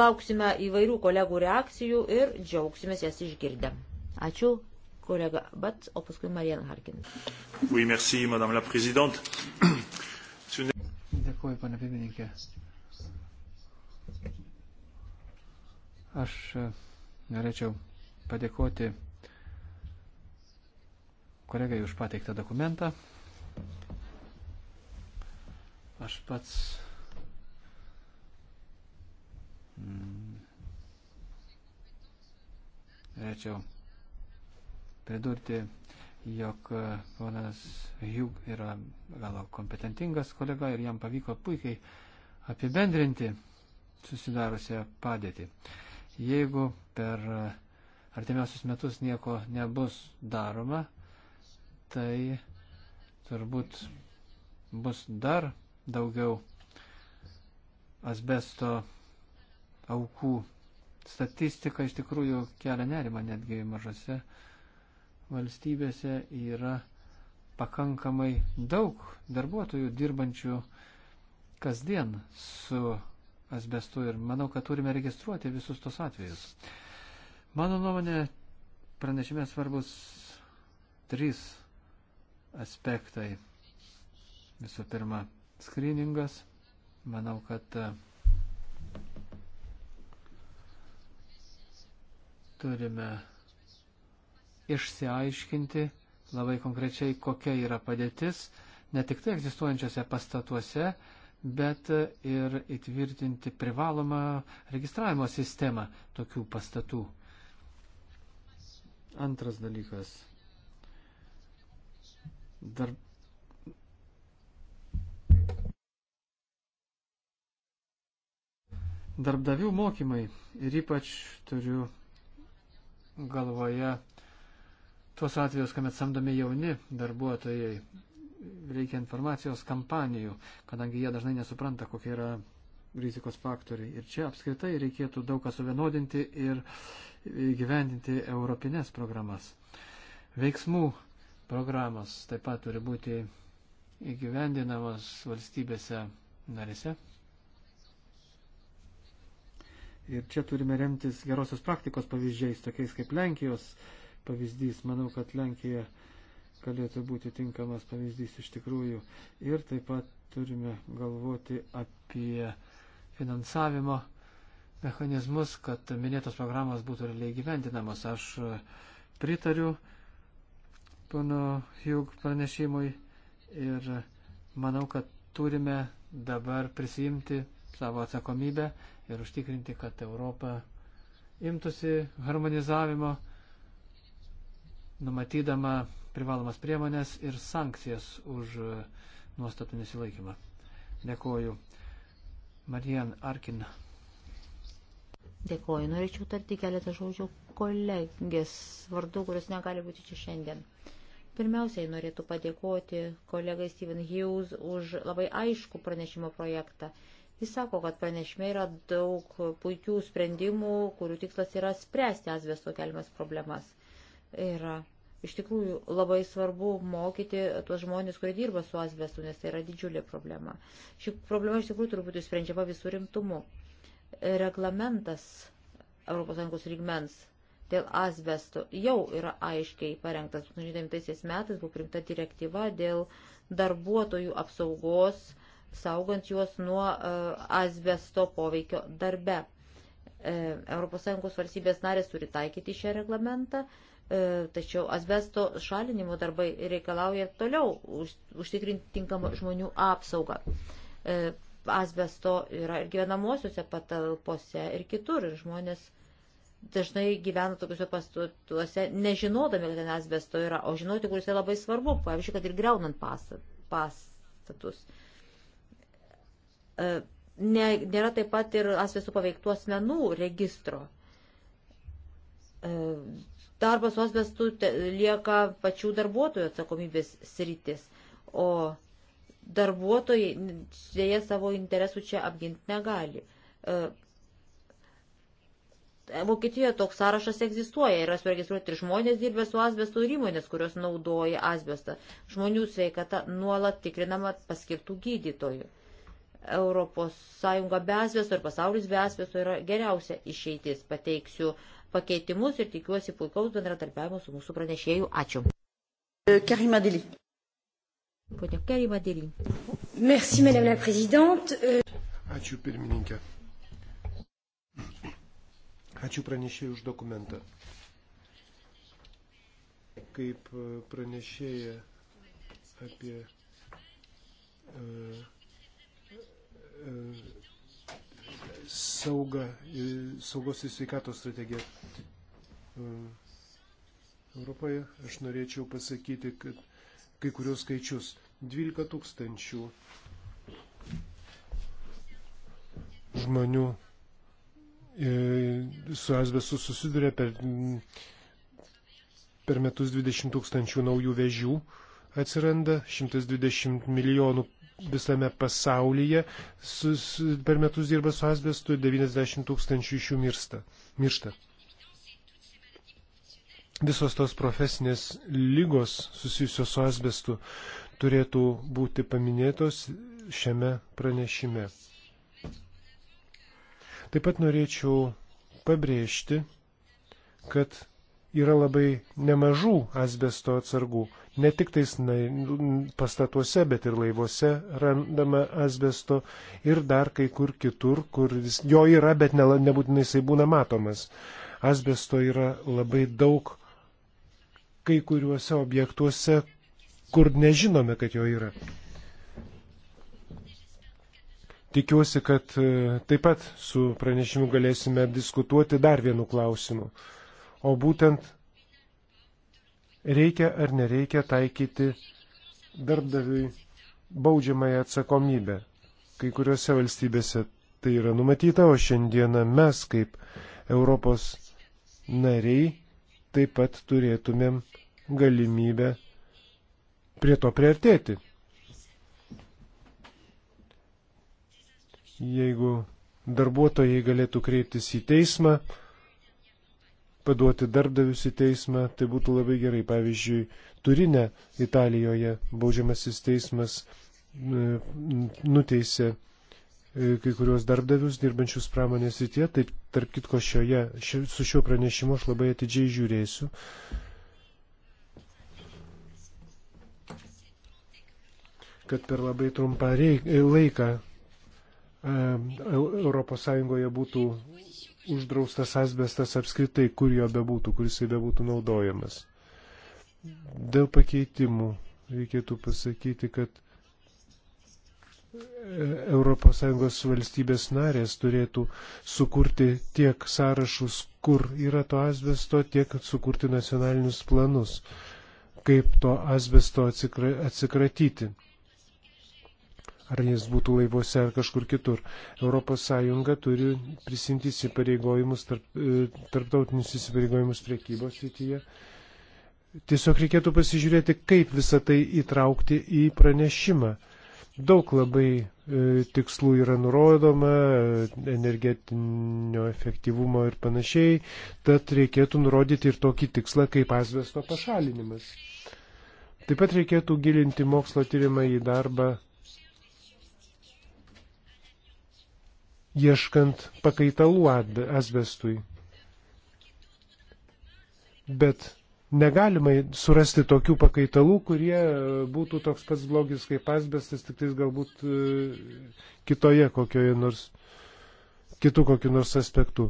D: lauksime įvairių kolegų reakcijų ir džiaugsimės jas išgirdę. Ačiū kolega Bat, o paskui Marijan Harkin.
G: Oui, merci, madame la présidente.
F: Dėkuoju, pane pirmininkė. Aš e, norėčiau padėkoti kolegai už pateiktą dokumentą. Aš pats mm, norėčiau pridurti jog e, ponas Hugh yra galo kompetentingas kolega ir jam pavyko puikiai apibendrinti susidariusią padėtį. Jeigu per e, artimiausius metus nieko nebus daroma, tai turbūt bus dar daugiau asbesto aukų. Statistika iš tikrųjų kelia nerima netgi mažose valstybėse yra pakankamai daug darbuotojų dirbančių kasdien su asbestu ir manau, kad turime registruoti visus tos atvejus. Mano nuomonė, pranešime svarbus trys aspektai. Visų pirma, skriningas. Manau, kad e, turime išsiaiškinti labai konkrečiai, kokia yra padėtis ne tik tai egzistuojančiose pastatuose, bet ir įtvirtinti privalomą registravimo sistemą tokių pastatų. Antras dalykas. Dar... Darbdavių mokymai ir ypač turiu galvoje tuos atvejus, kuomet samdomi jauni darbuotojai, reikia informacijos kampanijų, kadangi jie dažnai nesupranta, kokie yra rizikos faktoriai. Ir čia apskritai reikėtų daug ką suvienodinti ir gyvendinti europinės programas. Veiksmų programos taip pat turi būti įgyvendinamas valstybėse narėse. Ir čia turime remtis gerosios praktikos pavyzdžiais, tokiais kaip Lenkijos uh, pavyzdys. Manau, kad Lenkija galėtų būti tinkamas pavyzdys iš tikrųjų. Ir taip pat turime galvoti apie finansavimo mechanizmus, kad minėtos programos būtų realiai gyvendinamos. Aš e, pritariu pono Hug pranešimui ir manau, kad turime dabar prisijimti savo atsakomybę ir užtikrinti, kad Europa imtųsi harmonizavimo numatydama privalomas priemonės ir sankcijas už e, nuostatų nesilaikymą. Dėkoju. Marijan Arkin.
D: Dėkoju. Norėčiau tarti keletą žodžių kolegės vardu, kuris negali būti čia šiandien. Pirmiausiai norėtų padėkoti kolegai Steven Hughes už labai aišku pranešimo projektą. Jis sako, kad pranešime yra daug puikių sprendimų, kurių tikslas yra spręsti asbesto keliamas problemas yra iš tikrųjų labai svarbu mokyti tuos žmonės, kurie dirba su asbestu, nes tai yra didžiulė problema. Ši problema iš tikrųjų turbūt sprendžiama visų rimtumu. Reglamentas ES lygmens dėl asbesto jau yra aiškiai parengtas. 2009 metais buvo primta direktyva dėl darbuotojų apsaugos, saugant juos nuo uh, asbesto poveikio darbe. ES valstybės narės turi taikyti šią reglamentą. Uh, E, tačiau asbesto šalinimo darbai reikalauja toliau užtikrinti tinkamą žmonių apsaugą. E, asbesto yra ir gyvenamosiuose patalpose ir kitur ir žmonės dažnai gyvena tokiuose pastatuose, nežinodami, kad ten asbesto yra, o žinoti, kuris yra tai labai svarbu, pavyzdžiui, kad ir greunant pastatus. E, ne, nėra taip pat ir asbestų paveiktų asmenų registro darbas su asbestu lieka pačių darbuotojų atsakomybės sritis, o darbuotojai dėja savo interesų čia apginti negali. E, Vokietijoje toks sąrašas egzistuoja, yra suregistruoti ir žmonės dirbę su asbestu ir įmonės, kurios naudoja asbestą. Žmonių sveikata nuolat tikrinama paskirtų gydytojų. Europos Sąjunga be asbesto ir pasaulis be asbesto yra geriausia išeitis. Pateiksiu uh, pakeitimus ir tikiuosi puikaus bendradarbiavimo su mūsų pranešėjų. Ačiū. Karima Deli. Ponia Karima Deli. Merci, Madame la Présidente.
B: Ačiū pirmininkė. Ačiū pranešėjai už dokumentą. Kaip e, pranešėja apie. Uh, uh, saugą, saugos ir sveikatos strategiją. E, Europoje aš norėčiau pasakyti, kad kai kurios skaičius 12 tūkstančių žmonių e, su asbestu susiduria per, per metus 20 tūkstančių naujų vėžių atsiranda, 120 milijonų visame pasaulyje sus, per metus dirba su asbestu ir 90 tūkstančių iš jų mirsta, miršta. Visos tos profesinės lygos susijusios su asbestu turėtų būti paminėtos šiame pranešime. Taip pat norėčiau pabrėžti, kad yra labai nemažų asbesto atsargų. Ne tik tais pastatuose, bet ir laivuose randama asbesto ir dar kai kur kitur, kur vis, jo yra, bet ne, nebūtinai jisai būna matomas. Asbesto yra labai daug kai kuriuose objektuose, kur nežinome, kad jo yra. Tikiuosi, kad e, taip pat su pranešimu galėsime diskutuoti dar vienu klausimu o būtent reikia ar nereikia taikyti darbdaviui baudžiamąją atsakomybę. Kai kuriuose valstybėse tai yra numatyta, o šiandieną mes kaip Europos nariai taip pat turėtumėm galimybę prie to priartėti. Jeigu darbuotojai galėtų kreiptis į teismą, paduoti darbdavius į teismą, tai būtų labai gerai. Pavyzdžiui, Turinė Italijoje baudžiamasis teismas e, nuteisė e, kai kuriuos darbdavius dirbančius pramonės rytie, tai tarp kitko šioje, šio, su šiuo pranešimu aš labai atidžiai žiūrėsiu. kad per labai trumpą reiką e, ES būtų uždraustas asbestas apskritai, kur jo bebūtų, kuris jį bebūtų naudojamas. Dėl pakeitimų reikėtų pasakyti, kad ES valstybės narės turėtų sukurti tiek sąrašus, kur yra to asbesto, tiek sukurti nacionalinius planus, kaip to asbesto atsikratyti ar jis būtų laivuose ar kažkur kitur. ES turi prisimti įsipareigojimus, tarp, e, tarptautinius įsipareigojimus priekybos rytyje. Tiesiog reikėtų pasižiūrėti, kaip visą tai įtraukti į pranešimą. Daug labai e, tikslų yra nurodoma, energetinio efektyvumo ir panašiai, tad reikėtų nurodyti ir tokį tikslą kaip asbesto pašalinimas. Taip pat reikėtų gilinti mokslo tyrimą į darbą ieškant pakaitalų asbestui. Bet negalima surasti tokių pakaitalų, kurie e, būtų toks pats blogis kaip asbestas, tik tais galbūt e, kitoje kokioje nors, kitų kokiu nors aspektu.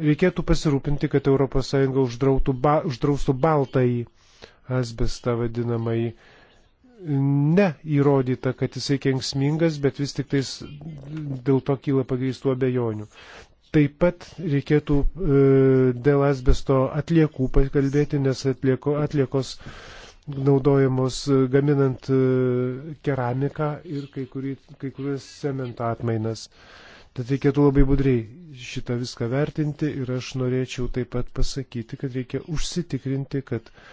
B: Reikėtų pasirūpinti, kad ES uždraustų baltąjį asbestą vadinamąjį neįrodyta, kad jisai kenksmingas, bet vis tik tais dėl to kyla pagrįstų abejonių. Taip pat reikėtų e, dėl asbesto atliekų pakalbėti, nes atlieko, atliekos naudojamos e, gaminant e, keramiką ir kai, kurį, kai kurias cemento atmainas. Tad reikėtų labai budriai šitą viską vertinti ir aš norėčiau taip pat pasakyti, kad reikia užsitikrinti, kad e,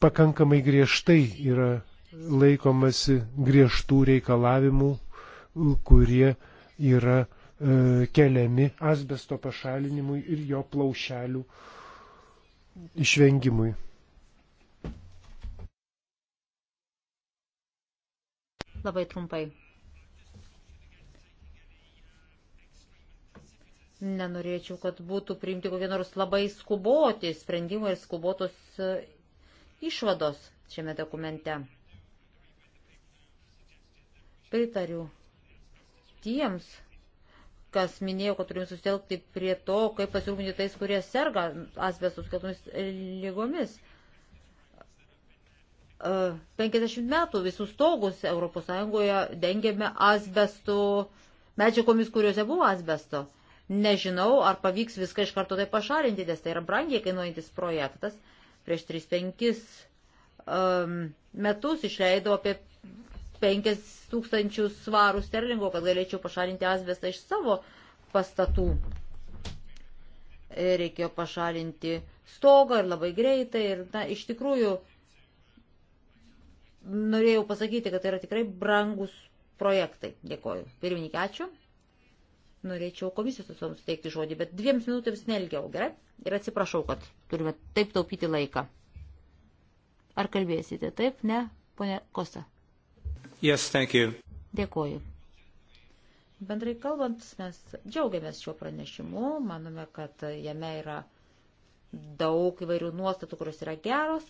B: pakankamai griežtai yra laikomasi griežtų reikalavimų, kurie yra e, keliami asbesto pašalinimui ir jo plaušelių išvengimui.
D: Labai trumpai. Nenorėčiau, kad būtų priimti kokie nors labai skuboti sprendimai ir skubotos išvados šiame dokumente. Pritariu tiems, kas minėjo, kad turim susitelkti prie to, kaip pasirūpinti tais, kurie serga asbestus keltomis lygomis. 50 e, metų visus stogus ES dengėme asbestų medžiagomis, kuriuose buvo asbesto. Nežinau, ar pavyks viską iš karto tai pašalinti, nes tai yra brangiai kainuojantis projektas. Prieš 3-5 um, metus išleidau apie 5 tūkstančius svarų sterlingo, kad galėčiau pašalinti asbestą iš savo pastatų. Ir reikėjo pašalinti stogą ir labai greitai. Ir na, iš tikrųjų norėjau pasakyti, kad tai yra tikrai brangus projektai. Dėkoju. Pirmininkė, ačiū norėčiau komisijos atstovams teikti žodį, bet dviems minutėms nelgiau, gerai? Ir atsiprašau, kad turime taip taupyti laiką. Ar kalbėsite taip, ne, ponė Kosta?
H: Yes, thank you.
D: Dėkoju. Bendrai kalbant, mes džiaugiamės šiuo pranešimu, manome, kad jame yra daug įvairių nuostatų, kurios yra geros.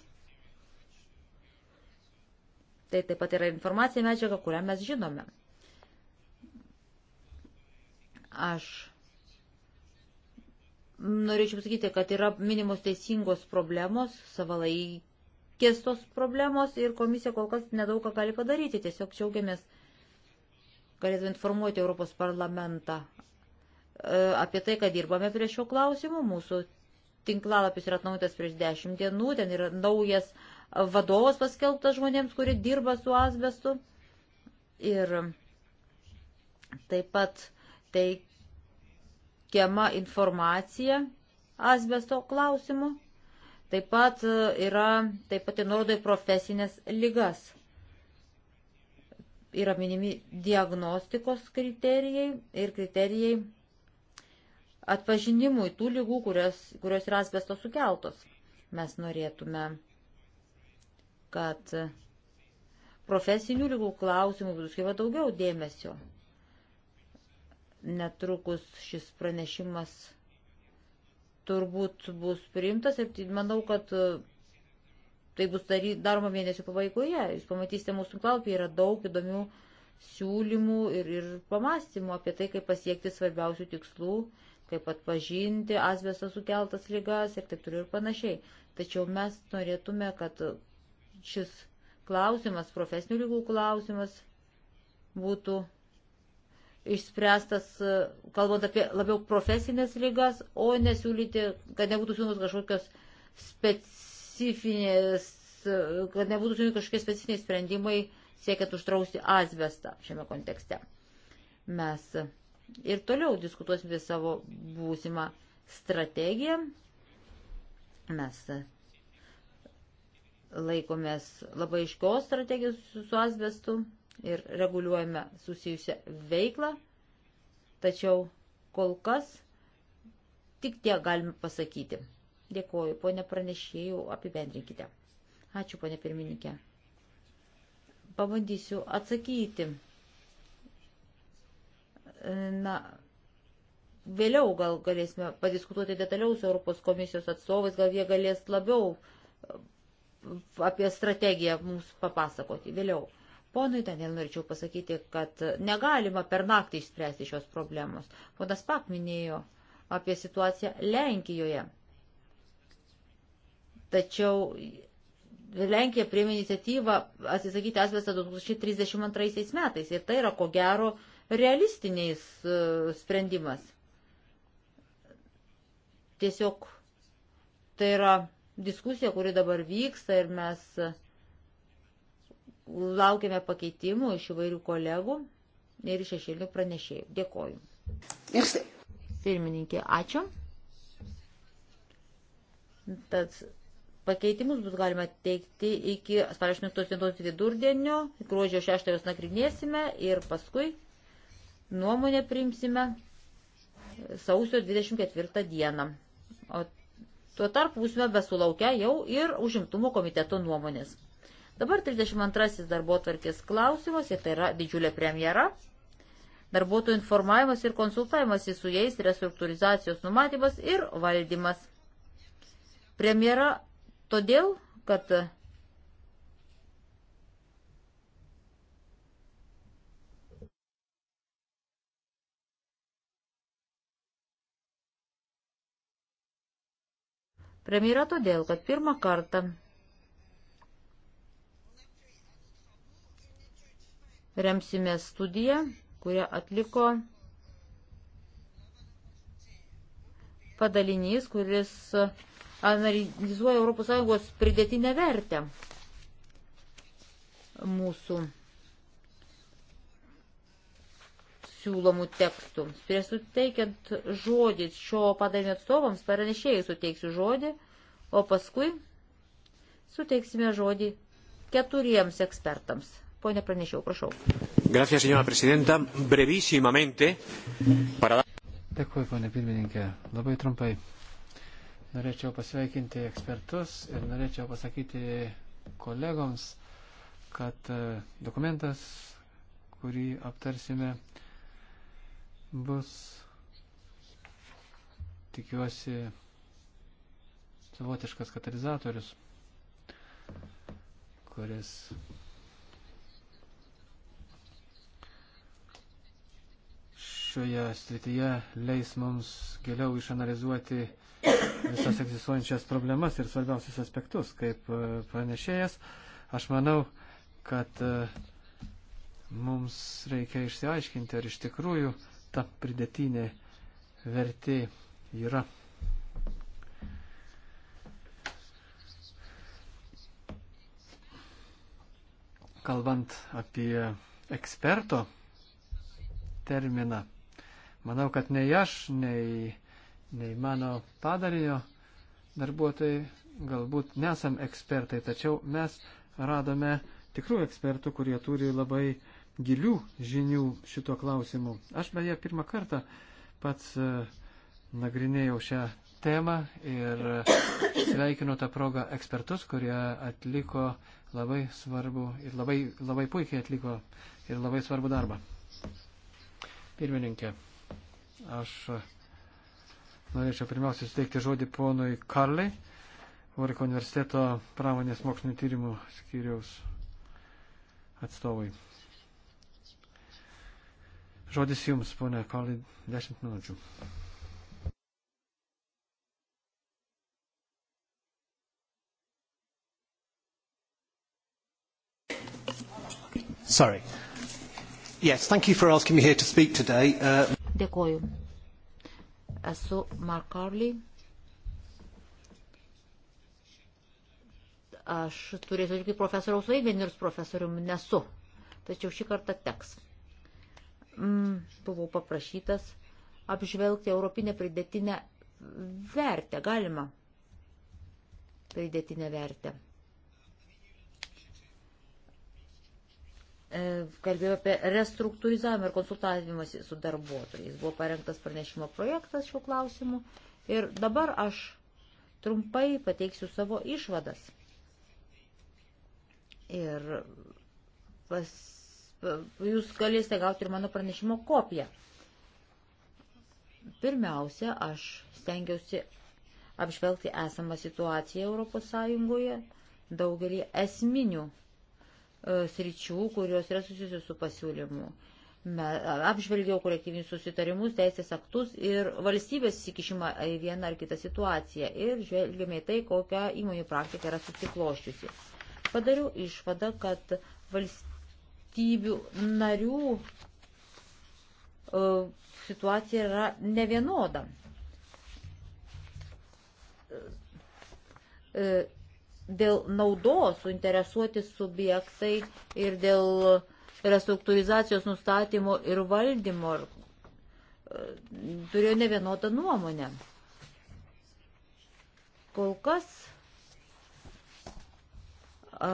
D: Tai taip pat yra informacija medžiaga, kurią mes žinome. Aš norėčiau pasakyti, kad yra minimos teisingos problemos, savalaikės tos problemos ir komisija kol kas nedaug ką gali padaryti. Tiesiog džiaugiamės, galėtume informuoti Europos parlamentą e, apie tai, kad dirbame prie šio klausimų. Mūsų tinklalapis yra atnaujintas prieš dešimt dienų, ten yra naujas vadovas paskelbtas žmonėms, kurie dirba su asbestu. Ir taip pat teikiama informacija asbesto klausimu. Taip pat e, yra taip pat nuoroda į profesinės lygas. Yra minimi diagnostikos kriterijai ir kriterijai atpažinimui tų lygų, kurios, kurios yra asbesto sukeltos. Mes norėtume, kad profesinių lygų klausimų būtų skirta daugiau dėmesio netrukus šis pranešimas turbūt bus priimtas ir manau, kad e, tai bus daroma mėnesio pabaigoje. Jūs pamatysite mūsų tinklalapį, yra daug įdomių siūlymų ir, ir pamastymų apie tai, kaip pasiekti svarbiausių tikslų, kaip atpažinti asbesto sukeltas lygas ir taip turiu ir panašiai. Tačiau mes norėtume, kad šis klausimas, profesinių lygų klausimas, būtų išspręstas, e, kalbant apie labiau profesinės lygas, o nesiūlyti, kad nebūtų siūlomas kažkokios specifinės, e, kad nebūtų siūlomi kažkokie specifiniai sprendimai siekiant uždrausti asbestą šiame kontekste. Mes ir toliau diskutuosime savo būsimą strategiją. Mes laikomės labai iškios strategijos su asbestu ir reguliuojame susijusią veiklą, tačiau kol kas tik tiek galime pasakyti. Dėkuoju, ponė pranešėjų, apibendrinkite. Ačiū, ponė pirmininkė. Pabandysiu atsakyti. Na, vėliau gal galėsime padiskutuoti detaliau su Europos komisijos atstovais, gal jie galės labiau apie strategiją mums papasakoti vėliau. Ponui Daniel norėčiau pasakyti, kad negalima per naktį išspręsti šios problemos. Ponas Pak minėjo apie situaciją Lenkijoje. Tačiau Lenkija priėmė iniciatyvą atsisakyti asbestą 2032 metais ir tai yra ko gero realistiniais e, sprendimas. Tiesiog tai yra diskusija, kuri dabar vyksta ir mes Laukime pakeitimų iš įvairių kolegų ir iš šešėlių pranešėjų. Dėkoju. Merci. Pirmininkė, ačiū. Tad pakeitimus bus galima teikti iki spalio 8 dienos vidurdienio, gruodžio 6 jos nagrinėsime ir paskui nuomonę priimsime sausio 24 dieną. O tuo tarpu būsime besulaukę jau ir užimtumo komiteto nuomonės. Dabar 32 darbo tvarkės klausimas, ir tai yra didžiulė premjera. Darbuotojų informavimas ir konsultavimas su jais, restruktūrizacijos numatymas ir valdymas. Premjera todėl, kad Premjera todėl, kad pirmą kartą remsime studiją, kurią atliko padalinys, kuris analizuoja ES pridėtinę vertę mūsų siūlomų tekstų. Prieš suteikiant žodį šio padalinio atstovams, paranešėjai suteiksiu žodį, o paskui suteiksime žodį keturiems ekspertams. Pone pranešiau, prašau.
I: Gracias, señora presidenta. Brevísimamente. Para...
F: Dėkuoju, ponė pirmininkė. Labai trumpai. Norėčiau pasveikinti ekspertus ir norėčiau pasakyti kolegoms, kad e, dokumentas, kurį aptarsime, bus, tikiuosi, savotiškas katalizatorius, kuris šioje srityje leis mums giliau išanalizuoti visas egzistuojančias problemas ir svarbiausius aspektus kaip e, pranešėjas. Aš manau, kad e, mums reikia išsiaiškinti, ar iš tikrųjų ta pridėtinė vertė yra. Kalbant apie eksperto terminą, Manau, kad nei aš, nei, nei mano padarinio darbuotojai galbūt nesam ekspertai, tačiau mes radome tikrų ekspertų, kurie turi labai gilių žinių šito klausimu. Aš beje pirmą kartą pats e, nagrinėjau šią temą ir e, sveikinu tą progą ekspertus, kurie atliko labai svarbu ir labai, labai puikiai atliko ir labai svarbu darbą. Pirmininkė. Aš e, norėčiau pirmiausia suteikti žodį ponui Karlai, Voriko universiteto pramonės mokslinio tyrimų skyriaus atstovui. Žodis jums, ponė Karlai, 10 minučių.
C: Sorry. Yes, thank you for asking me here to speak today.
H: Uh...
D: Dėkoju. Esu Mark Carly. Aš turėsiu tik profesoriaus vaidmenį ir profesorium nesu. Tačiau šį kartą teks. Mm, buvau paprašytas apžvelgti europinę pridėtinę vertę. Galima pridėtinę vertę. E, kalbėjome apie restruktūrizavimą ir konsultavimąsi su darbuotojais. Buvo parengtas pranešimo projektas šiuo klausimu ir dabar aš trumpai pateiksiu savo išvadas. Ir pas, jūs galėsite gauti ir mano pranešimo kopiją. Pirmiausia, aš stengiausi apžvelgti esamą situaciją Europos Sąjungoje daugelį esminių E, sričių, kurios yra susijusios su pasiūlymu. Apžvelgiau kolektyvinius susitarimus, teisės aktus ir valstybės įsikišimą į vieną ar kitą situaciją ir žvelgėme į tai, kokią įmonių praktiką yra susikloščiusi. Padariau išvadą, kad valstybių narių e, situacija yra nevienoda e, dėl naudos suinteresuoti subjektai ir dėl restruktūrizacijos nustatymo ir valdymo e, turėjo ne vienodą nuomonę. Kol kas a,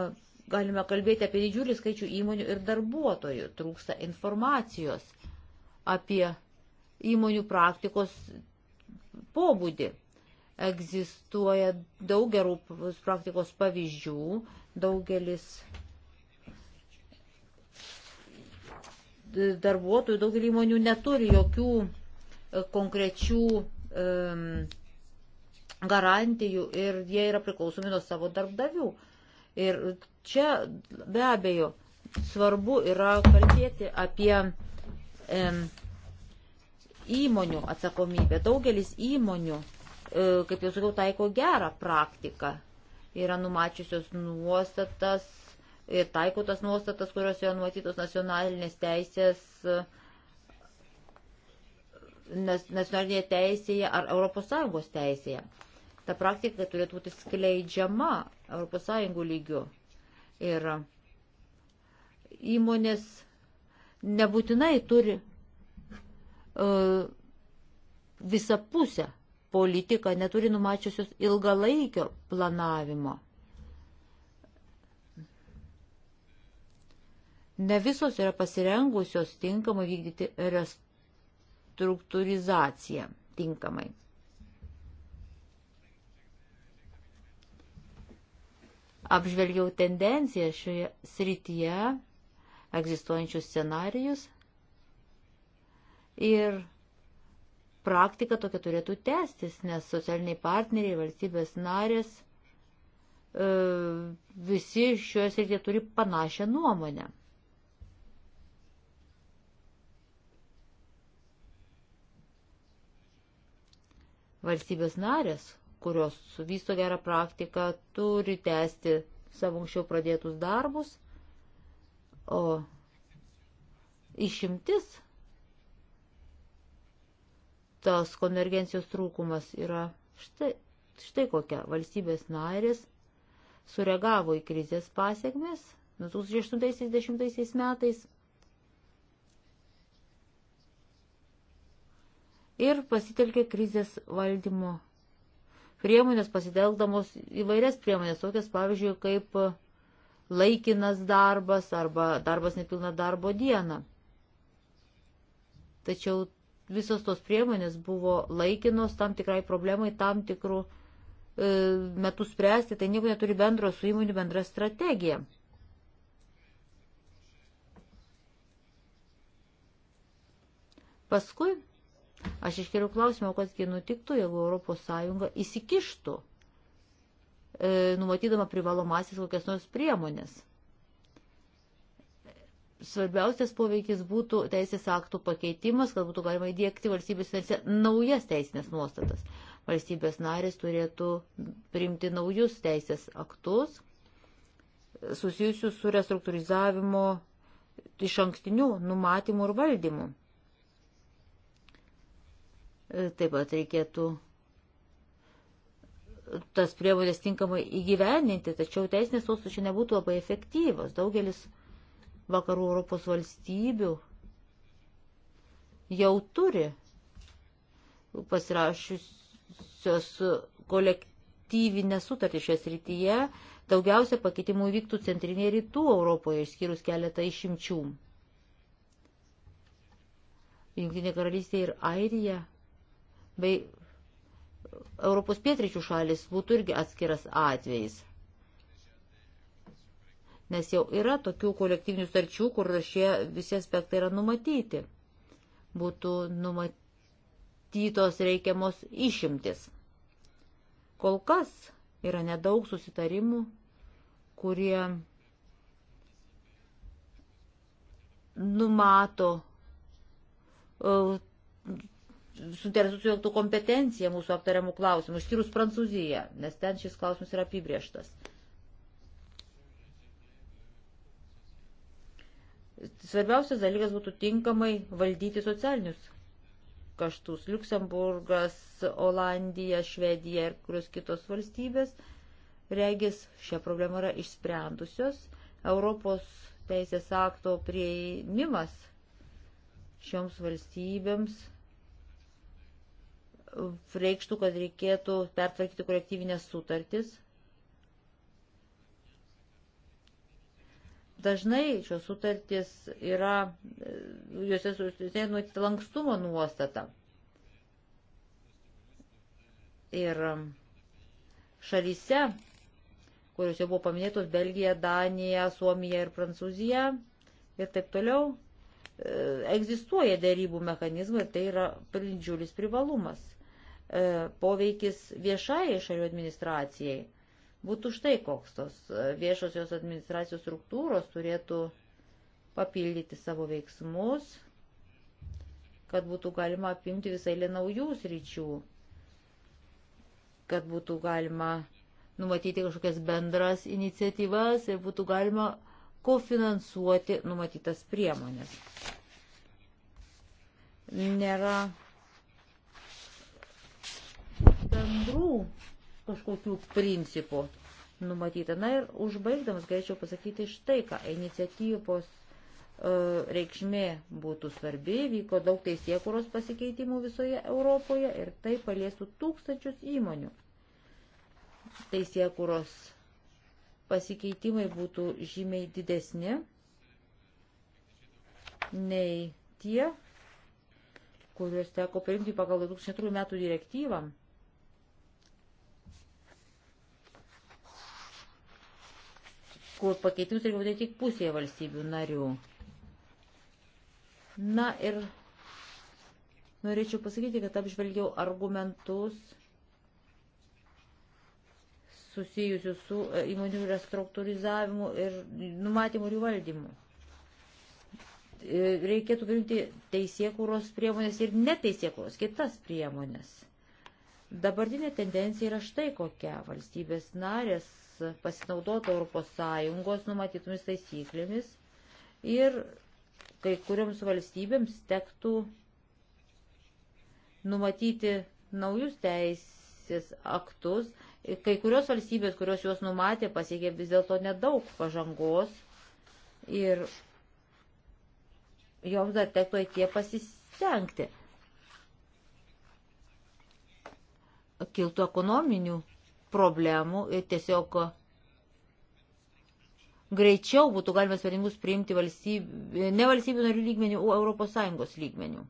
D: galime kalbėti apie didžiulį skaičių įmonių ir darbuotojų. Trūksta informacijos apie įmonių praktikos pobūdį. Egzistuoja daug gerų praktikos pavyzdžių, daugelis darbuotojų, daugelį įmonių neturi jokių e, konkrečių um, garantijų ir jie yra priklausomi nuo savo darbdavių. Ir čia be abejo svarbu yra kalbėti apie um, įmonių atsakomybę. Daugelis įmonių E, kaip jau sakiau, taiko gerą praktiką. Yra numačiusios nuostatas ir taiko tas nuostatas, kurios yra numatytos nacionalinės teisės, nacionalinėje teisėje ar ES teisėje. Ta praktika turėtų būti skleidžiama ES lygiu. Ir įmonės nebūtinai turi uh, e, visą pusę politika neturi numačiusios ilgalaikio planavimo. Ne visos yra pasirengusios tinkamai vykdyti restruktūrizaciją tinkamai. Apžvelgiau tendenciją šioje srityje, egzistuojančius scenarius ir praktika tokia turėtų tęstis, nes socialiniai partneriai, valstybės narės, e, visi šioje srityje turi panašią nuomonę. Valstybės narės, kurios vysto gerą praktiką, turi tęsti savo anksčiau pradėtus darbus, o išimtis tas konvergencijos trūkumas yra štai, štai kokia valstybės narės sureagavo į krizės pasiekmes 2080 metais ir pasitelkė krizės valdymo priemonės, pasitelkdamos įvairias priemonės, tokias pavyzdžiui kaip laikinas darbas arba darbas nepilna darbo diena. Tačiau visos tos priemonės buvo laikinos tam tikrai problemai, tam tikrų e, metų spręsti, tai nieko neturi bendro su įmonių bendra strategija. Paskui aš iškeliu klausimą, kasgi nutiktų, jeigu ES įsikištų, e, numatydama privalomasis kokias nors priemonės svarbiausias poveikis būtų teisės aktų pakeitimas, kad būtų galima įdėkti valstybės narėse naujas teisinės nuostatas. Valstybės narės turėtų priimti naujus teisės aktus susijusius su restruktūrizavimo iš ankstinių numatymų ir valdymų. Taip pat reikėtų tas prievolės tinkamai įgyvendinti, tačiau teisinės nuostatos čia nebūtų labai efektyvos. Daugelis vakarų Europos valstybių jau turi pasirašiusios kolektyvinę sutartį šią srityje, daugiausia pakeitimų vyktų centrinėje rytų Europoje, išskyrus keletą išimčių. Junktinė karalystė ir Airija bei Europos pietryčių šalis būtų irgi atskiras atvejis nes jau yra tokių kolektyvinių starčių, kur šie visi aspektai yra numatyti. Būtų numatytos reikiamos išimtis. Kol kas yra nedaug susitarimų, kurie numato e, suinteresuotų kompetenciją mūsų aptariamų klausimų, išskyrus Prancūziją, nes ten šis klausimas yra apibrieštas. Svarbiausias dalykas būtų tinkamai valdyti socialinius kaštus. Luksemburgas, Olandija, Švedija ir kurios kitos valstybės, regis, šią problemą yra išsprendusios. Europos teisės akto prieimimas šioms valstybėms reikštų, kad reikėtų pertvarkyti kolektyvinės sutartis, Dažnai šios sutartys yra, e, juose sutartys nuotyti lankstumo nuostata. Ir e, šalyse, kuriuose buvo paminėtos Belgija, Danija, Suomija ir Prancūzija ir taip toliau, e, egzistuoja dėrybų mechanizmai ir tai yra didžiulis privalumas. Poveikis viešai šalių administracijai būtų štai koks tos e, viešosios administracijos struktūros turėtų papildyti savo veiksmus, kad būtų galima apimti visai lė naujų sričių, kad būtų galima numatyti kažkokias bendras iniciatyvas ir būtų galima kofinansuoti numatytas priemonės. Nėra bendrų kažkokių principų numatyta. Na ir užbaigdamas galėčiau pasakyti štai, ką iniciatyvos e, reikšmė būtų svarbi, vyko daug teisėkuros pasikeitimų visoje Europoje ir tai paliestų tūkstančius įmonių. Teisėkuros pasikeitimai būtų žymiai didesni nei tie, kuriuos teko priimti pagal 2002 metų direktyvą. aišku, pakeitimus reikia būti tik pusėje valstybių narių. Na ir norėčiau pasakyti, kad apžvelgiau argumentus susijusių su e, įmonių restruktūrizavimu ir numatymu ir jų valdymu. E, reikėtų priimti teisėkūros priemonės ir neteisėkūros, kitas priemonės. Dabartinė tendencija yra štai kokia. Valstybės narės pasinaudotų ES numatytomis taisyklėmis ir kai kurioms valstybėms tektų numatyti naujus teisės aktus. Kai kurios valstybės, kurios juos numatė, pasiekė vis dėlto nedaug pažangos ir joms dar tektų ateitie pasistengti. Kiltų ekonominių problemų ir tiesiog greičiau būtų galima sprendimus priimti valstybių, ne valstybių narių lygmenių, o Europos Sąjungos lygmenių.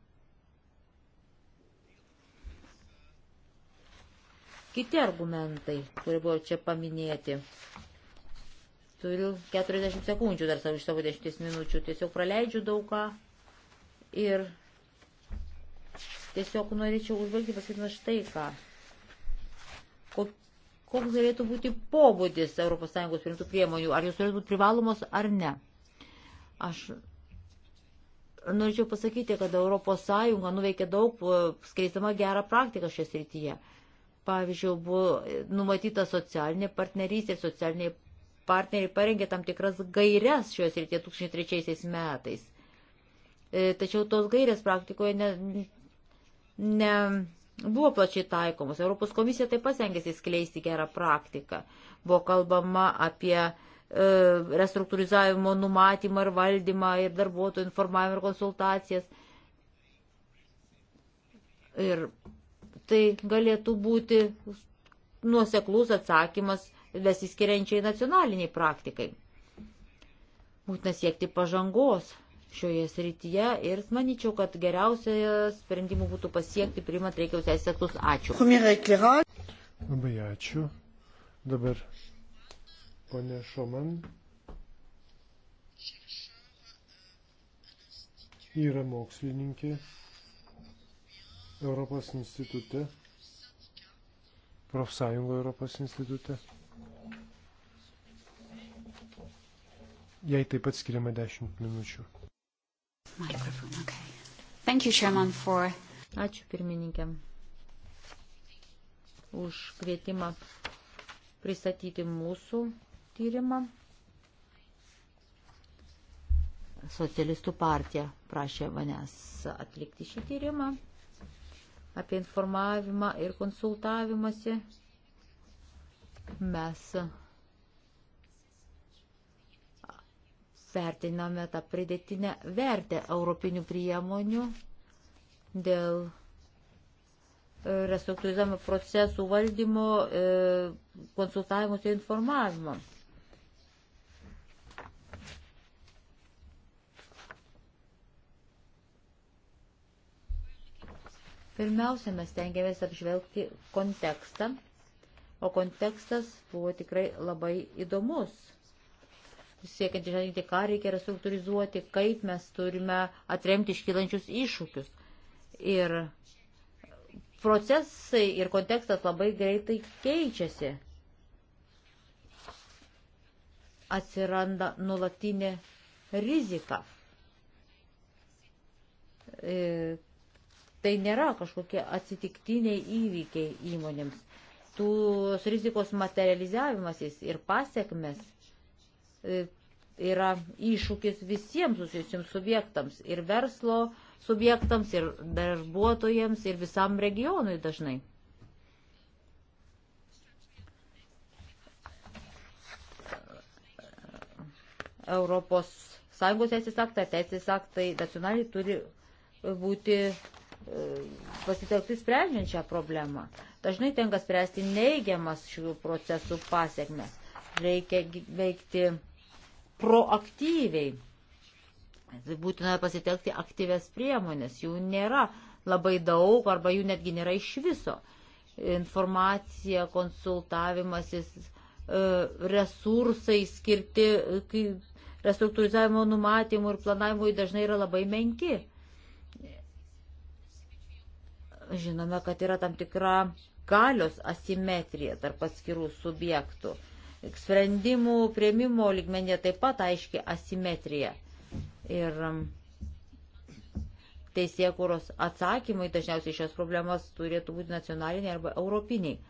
D: Kiti argumentai, kurie buvo čia paminėti. Turiu 40 sekundžių dar savo iš savo 10 minučių. Tiesiog praleidžiu daugą ir tiesiog norėčiau užbaigti pasakyti štai ką. Kok koks galėtų būti pobūdis ES priimtų priemonių, ar jūs turėtų būti privalomos ar ne. Aš norėčiau pasakyti, kad ES nuveikė daug e, skleisdama gerą praktiką šią srityje. Pavyzdžiui, buvo numatyta socialinė partnerystė ir socialiniai partneriai parengė tam tikras gairias šioje srityje 2003 metais. E, tačiau tos gairės praktikoje ne, ne buvo plačiai taikomos. Europos komisija taip pat stengiasi skleisti gerą praktiką. Buvo kalbama apie e, restruktūrizavimo numatymą ir valdymą ir darbuotojų informavimą ir konsultacijas. Ir tai galėtų būti nuoseklus atsakymas besiskiriančiai nacionaliniai praktikai. Būtina siekti pažangos šioje srityje ir manyčiau, kad geriausia sprendimų būtų pasiekti, priimant reikiaus teisės aktus. Ačiū.
B: Labai ačiū. Dabar ponė Šoman yra mokslininkė Europos institute, profsąjungo Europos institute. Jei taip pat skiriama 10 minučių.
D: Microphone, okay. Thank you, Chairman, for... Ačiū pirmininkė už kvietimą pristatyti mūsų tyrimą. Socialistų partija prašė manęs atlikti šį tyrimą apie informavimą ir konsultavimąsi. Mes vertiname tą pridėtinę vertę europinių priemonių dėl e, restruktūrizavimo procesų valdymo, e, konsultavimus ir informavimo. Pirmiausia, mes tengiamės apžvelgti kontekstą, o kontekstas buvo tikrai labai įdomus siekiant išaiškinti, ką reikia restruktūrizuoti, kaip mes turime atremti iškylančius iššūkius. Ir procesai ir kontekstas labai greitai keičiasi. Atsiranda nulatinė rizika. E, tai nėra kažkokie atsitiktiniai įvykiai įmonėms. Tos rizikos materializavimasis ir pasiekmes E, yra iššūkis visiems susijusiems subjektams ir verslo subjektams, ir darbuotojams, ir visam regionui dažnai. Europos Sąjungos teisės aktai, teisės aktai nacionaliai turi būti e, pasitelkti sprendžiant šią problemą. Dažnai tenka spręsti neigiamas šių procesų pasiekmes. Reikia veikti proaktyviai. Būtina pasitelkti aktyves priemonės, jų nėra labai daug arba jų netgi nėra iš viso. Informacija, konsultavimasis, e, resursai skirti restruktūrizavimo numatymų ir planavimui dažnai yra labai menki. Žinome, kad yra tam tikra galios asimetrija tarp atskirų subjektų sprendimų prieimimo lygmenyje taip pat aiški asimetrija. Ir um, teisėkūros atsakymai dažniausiai šios problemas turėtų būti nacionaliniai arba europiniai.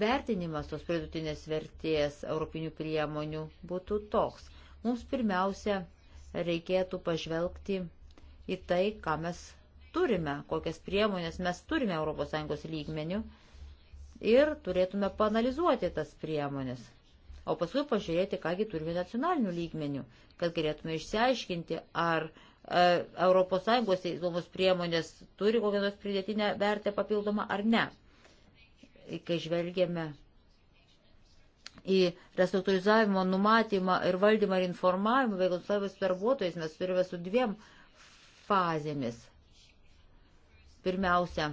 D: Vertinimas tos pridėtinės vertės europinių priemonių būtų toks. Mums pirmiausia reikėtų pažvelgti į tai, ką mes turime, kokias priemonės mes turime ES lygmenių ir turėtume panalizuoti tas priemonės, o paskui pažiūrėti, kągi turime nacionalinių lygmenių, kad galėtume išsiaiškinti, ar e, ES įdomos priemonės turi kokią nors pridėtinę vertę papildomą ar ne. Kai žvelgėme į restruktūrizavimo numatymą ir valdymą ir informavimą veiklos savais darbuotojais mes turime su dviem fazėmis. Pirmiausia,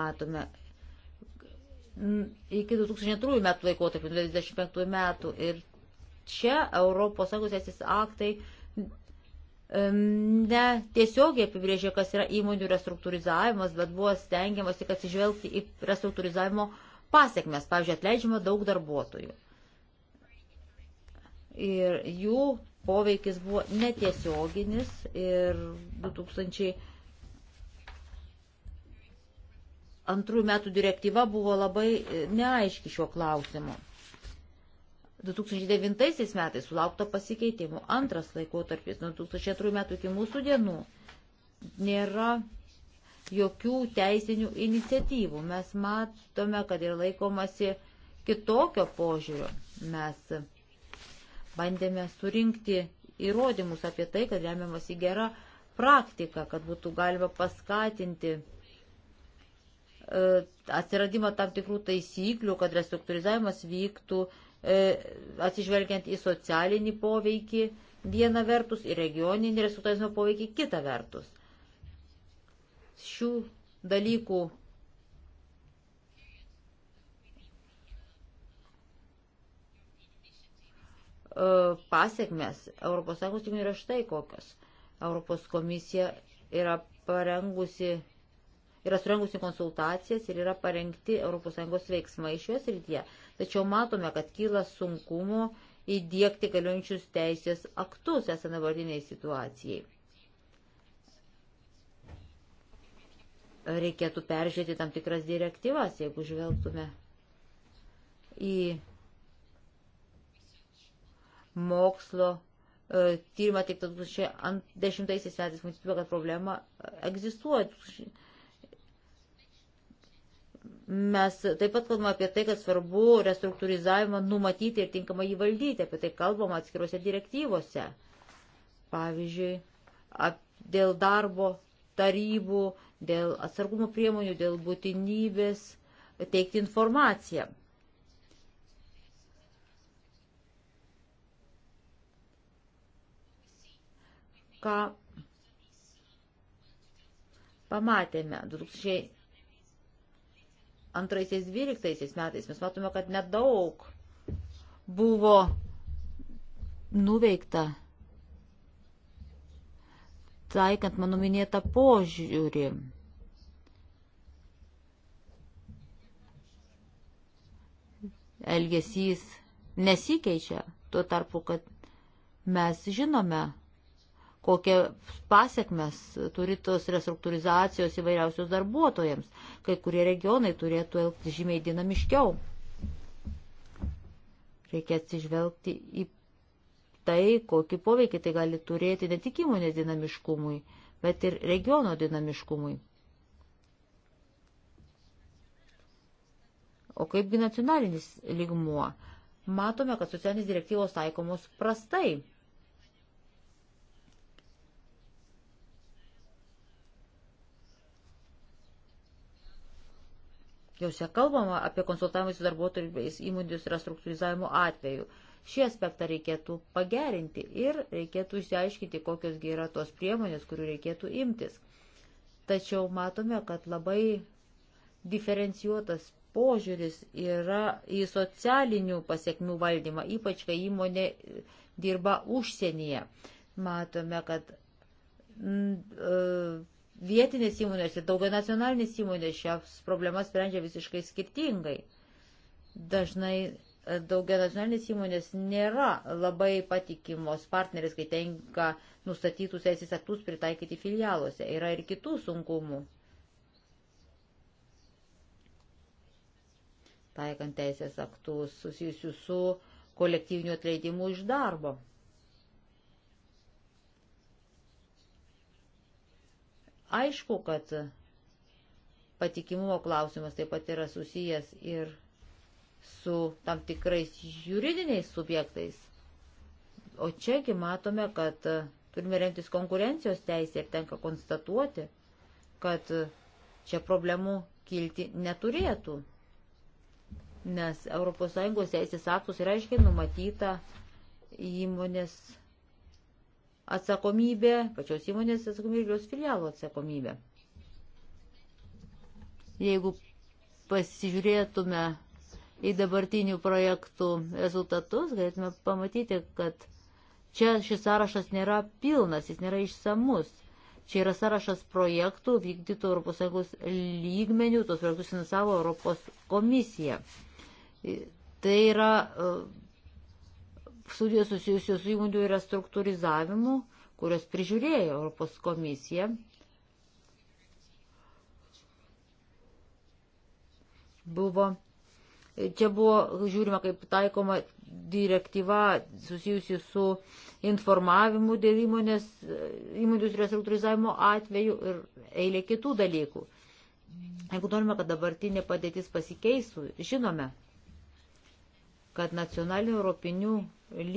D: matome iki 2002 metų laikotarpį, 25 metų ir čia Europos Sąjungos teisės aktai ne tiesiogiai apibrėžė, kas yra įmonių restruktūrizavimas, bet buvo stengiamasi atsižvelgti į restruktūrizavimo uh, pasiekmes, pavyzdžiui, atleidžiama daug darbuotojų. Ir jų poveikis buvo netiesioginis ir 2002 metų direktyva buvo labai e, neaiški šiuo klausimu. 2009 metais sulaukta pasikeitimų. Antras laikotarpis nuo 2002 metų iki mūsų dienų nėra jokių teisinių iniciatyvų. Mes matome, kad ir laikomasi kitokio požiūrio. Mes bandėme surinkti įrodymus apie tai, kad remiamas į gerą praktiką, kad būtų galima paskatinti e, atsiradimą tam tikrų taisyklių, kad restruktūrizavimas vyktų e, atsižvelgiant į socialinį poveikį vieną vertus ir regioninį restruktūrizavimo poveikį kitą vertus šių dalykų e, pasiekmes ES lygmenių yra štai kokios. Europos komisija yra parengusi, yra surengusi konsultacijas ir yra parengti ES veiksmai šioje srityje. Tačiau matome, kad kyla sunkumu įdėkti galiojančius teisės aktus esant dabartiniai situacijai. reikėtų peržiūrėti tam tikras direktyvas, jeigu žvelgtume į mokslo e, tyrimą tik 2010 metais, matytume, kad problema egzistuoja. Mes taip pat kalbame apie tai, kad svarbu restruktūrizavimą numatyti ir tinkamai jį valdyti. Apie tai kalbama atskiruose direktyvose. Pavyzdžiui, ap, dėl darbo tarybų dėl atsargumo priemonių, dėl būtinybės teikti informaciją. Ką pamatėme 2002-2012 metais, mes matome, kad nedaug buvo nuveikta taikant mano minėtą požiūrį. Elgesys nesikeičia, tuo tarpu, kad mes žinome, kokie pasiekmes turi tos restruktūrizacijos įvairiausios darbuotojams. Kai kurie regionai turėtų elgtis žymiai dinamiškiau. Reikia atsižvelgti į tai, kokį poveikį tai gali turėti ne tik įmonės dinamiškumui, bet ir regiono dinamiškumui. O kaipgi nacionalinis lygmuo? Matome, kad socialinės direktyvos taikomos prastai. Jose kalbama apie konsultavimus su darbuotojais įmonių restruktūrizavimo atveju. Šį aspektą reikėtų pagerinti ir reikėtų išsiaiškinti, kokiosgi yra tos priemonės, kurių reikėtų imtis. Tačiau matome, kad labai diferencijuotas požiūris yra į socialinių pasiekmių valdymą, ypač kai įmonė dirba užsienyje. Matome, kad e, vietinės įmonės ir daugia nacionalinės įmonės šias problemas sprendžia visiškai skirtingai. Dažnai daugia nacionalinės įmonės nėra labai patikimos partneris, kai tenka nustatytus teisės aktus pritaikyti filialuose. Yra ir kitų sunkumų. Taikant teisės aktus susijusius su kolektyviniu atleidimu iš darbo. Aišku, kad patikimumo klausimas taip pat yra susijęs ir su tam tikrais juridiniais subjektais. O čiagi matome, kad turime remtis konkurencijos teisė ir tenka konstatuoti, kad čia problemų kilti neturėtų. Nes ES teisės aktus yra aiškiai numatyta įmonės atsakomybė, pačios įmonės atsakomybė ir jos filialo atsakomybė. Jeigu pasižiūrėtume į dabartinių projektų rezultatus, galėtume pamatyti, kad čia šis sąrašas nėra pilnas, jis nėra išsamus. Čia yra sąrašas projektų vykdytų ES lygmenių, tos projektus finansavo Europos komisija. Tai yra e, studijos susijusios su įmonių restruktūrizavimu, kurios prižiūrėjo Europos komisija. Buvo Čia buvo žiūrima, kaip taikoma direktyva susijusi su informavimu dėl įmonės, įmonių restruktūrizavimo atveju ir eilė kitų dalykų. Jeigu norime, kad dabartinė padėtis pasikeistų, žinome, kad nacionalinių europinių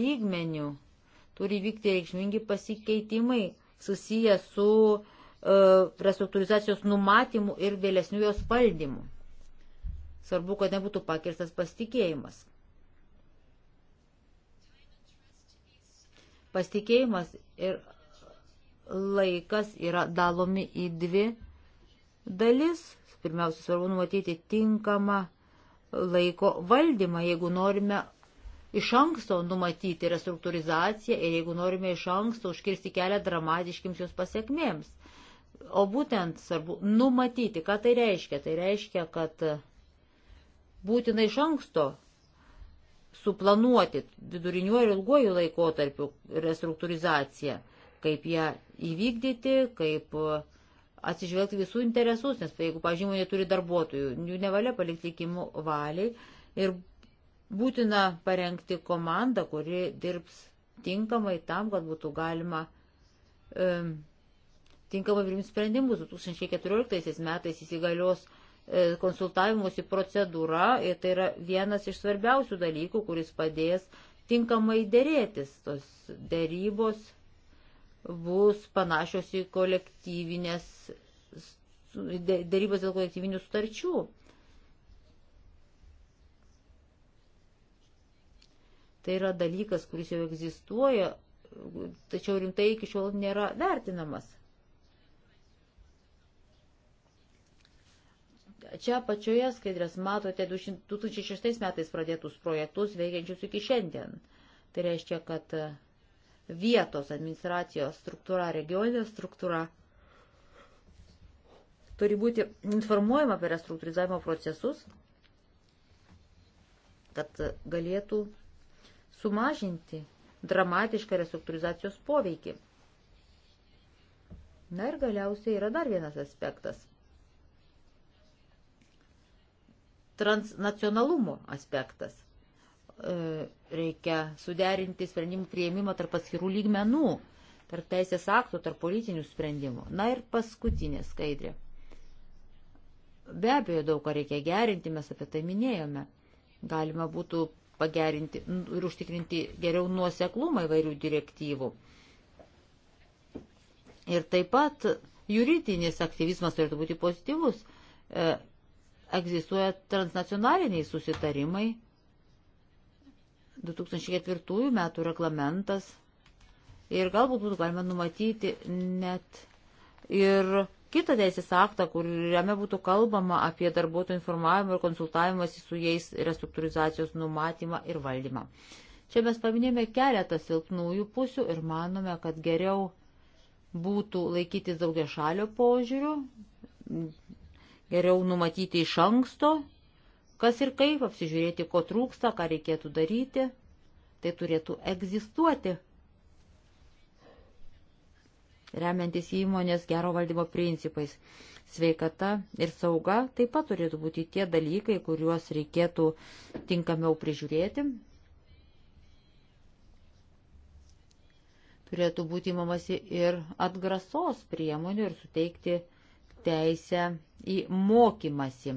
D: lygmenių turi vykti reikšmingi pasikeitimai susiję su e, restruktūrizacijos numatymu ir vėlesniu jos valdymu. Svarbu, kad nebūtų pakirstas pasitikėjimas. Pasitikėjimas ir laikas yra dalomi į dvi dalis. Pirmiausia, svarbu numatyti tinkamą laiko valdymą, jeigu norime iš anksto numatyti restruktūrizaciją ir jeigu norime iš anksto užkirsti kelią dramatiškiams jos pasiekmėms. O būtent svarbu numatyti, ką tai reiškia. Tai reiškia, kad būtina iš anksto suplanuoti viduriniuoju ir ilguoju laikotarpiu restruktūrizaciją, kaip ją įvykdyti, kaip e, atsižvelgti visų interesus, nes jeigu, pažiūrėjau, jie turi darbuotojų, jų nevalia palikti likimų valiai ir būtina parengti komandą, kuri dirbs tinkamai tam, kad būtų galima um, tinkamai priimti sprendimus. 2014 metais įsigalios E, konsultavimusi procedūra ir tai yra vienas iš svarbiausių dalykų, kuris padės tinkamai dėrėtis. Tos dėrybos bus panašios į kolektyvinės, dėrybos dėl kolektyvinių sutarčių. Tai yra dalykas, kuris jau egzistuoja, tačiau rimtai iki šiol nėra vertinamas. Čia pačioje skaidrės matote 2006 metais pradėtus projektus veikiančius iki šiandien. Tai reiškia, kad e, vietos administracijos struktūra, regioninė struktūra turi būti informuojama apie restruktūrizavimo procesus, kad e, galėtų sumažinti dramatišką restruktūrizacijos poveikį. Na ir galiausiai yra dar vienas aspektas. transnacionalumo aspektas. E, reikia suderinti sprendimų prieimimą tarp atskirų lygmenų, tarp teisės aktų, tarp politinių sprendimų. Na ir paskutinė skaidrė. Be abejo, daug ką reikia gerinti, mes apie tai minėjome. Galima būtų pagerinti ir užtikrinti geriau nuoseklumą įvairių direktyvų. Ir taip pat juridinis aktyvizmas turėtų būti pozityvus. E, egzistuoja transnacionaliniai susitarimai. 2004 metų reglamentas ir galbūt būtų galima numatyti net ir kitą teisės aktą, kuriame būtų kalbama apie darbuotojų informavimą ir konsultavimąsi su jais restruktūrizacijos numatymą ir valdymą. Čia mes paminėjome keletą silpnųjų pusių ir manome, kad geriau būtų laikytis daugia šalio požiūrių, Geriau numatyti iš anksto, kas ir kaip, apsižiūrėti, ko trūksta, ką reikėtų daryti. Tai turėtų egzistuoti. Remiantis įmonės gero valdymo principais. Sveikata ir sauga taip pat turėtų būti tie dalykai, kuriuos reikėtų tinkamiau prižiūrėti, turėtų būti įmamasi ir atgrasos priemonių ir suteikti teisę į mokymasi,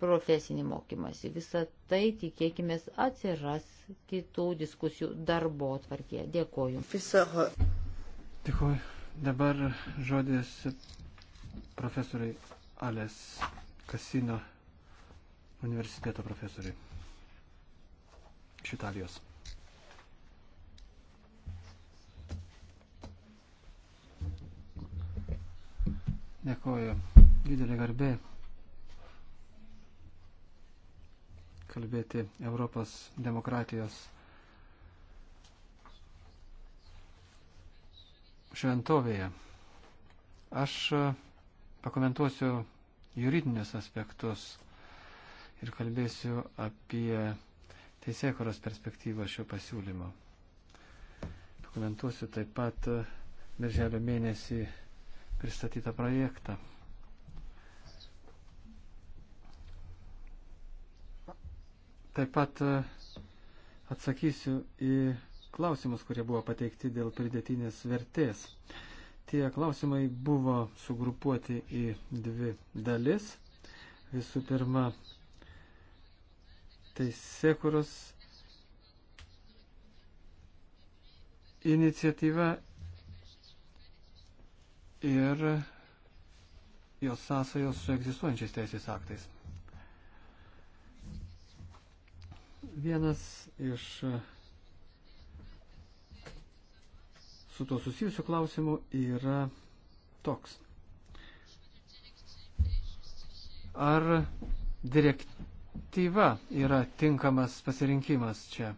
D: profesinį mokymasi. Visą tai, tikėkime, atsiras kitų diskusijų darbo atvarkė. Dėkoju.
F: Dėkoju. Dabar žodis profesoriai Alės Kasino universiteto profesoriai iš Italijos. Dėkoju. Didelė garbė kalbėti Europos demokratijos šventovėje. Aš pakomentuosiu juridinius aspektus ir kalbėsiu apie teisėkuros perspektyvą šio pasiūlymo. Pakomentuosiu taip pat birželio mėnesį pristatytą projektą. Taip pat e, atsakysiu į klausimus, kurie buvo pateikti dėl pridėtinės vertės. Tie klausimai buvo sugrupuoti į dvi dalis. Visų pirma, teisėkuros iniciatyva ir jos sąsajos su egzistuojančiais teisės aktais. Vienas iš su to susijusių klausimų yra toks. Ar direktyva yra tinkamas pasirinkimas čia?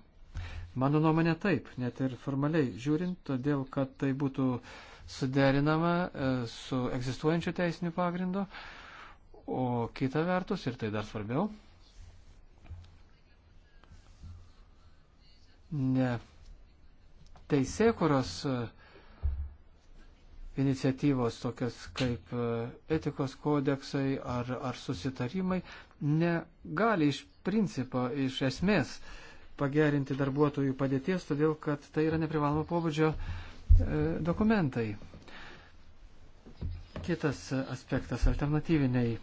F: Mano nuomonė taip, net ir formaliai žiūrint, todėl kad tai būtų uh, suderinama e, su egzistuojančiu teisiniu pagrindu, o kita vertus, ir tai dar svarbiau, ne teisėkuros e, iniciatyvos tokios kaip e, etikos kodeksai ar, ar susitarimai negali iš principo, iš esmės pagerinti darbuotojų padėties, todėl kad tai yra neprivaloma pobūdžio uh, E, dokumentai. Kitas aspektas - alternatyviniai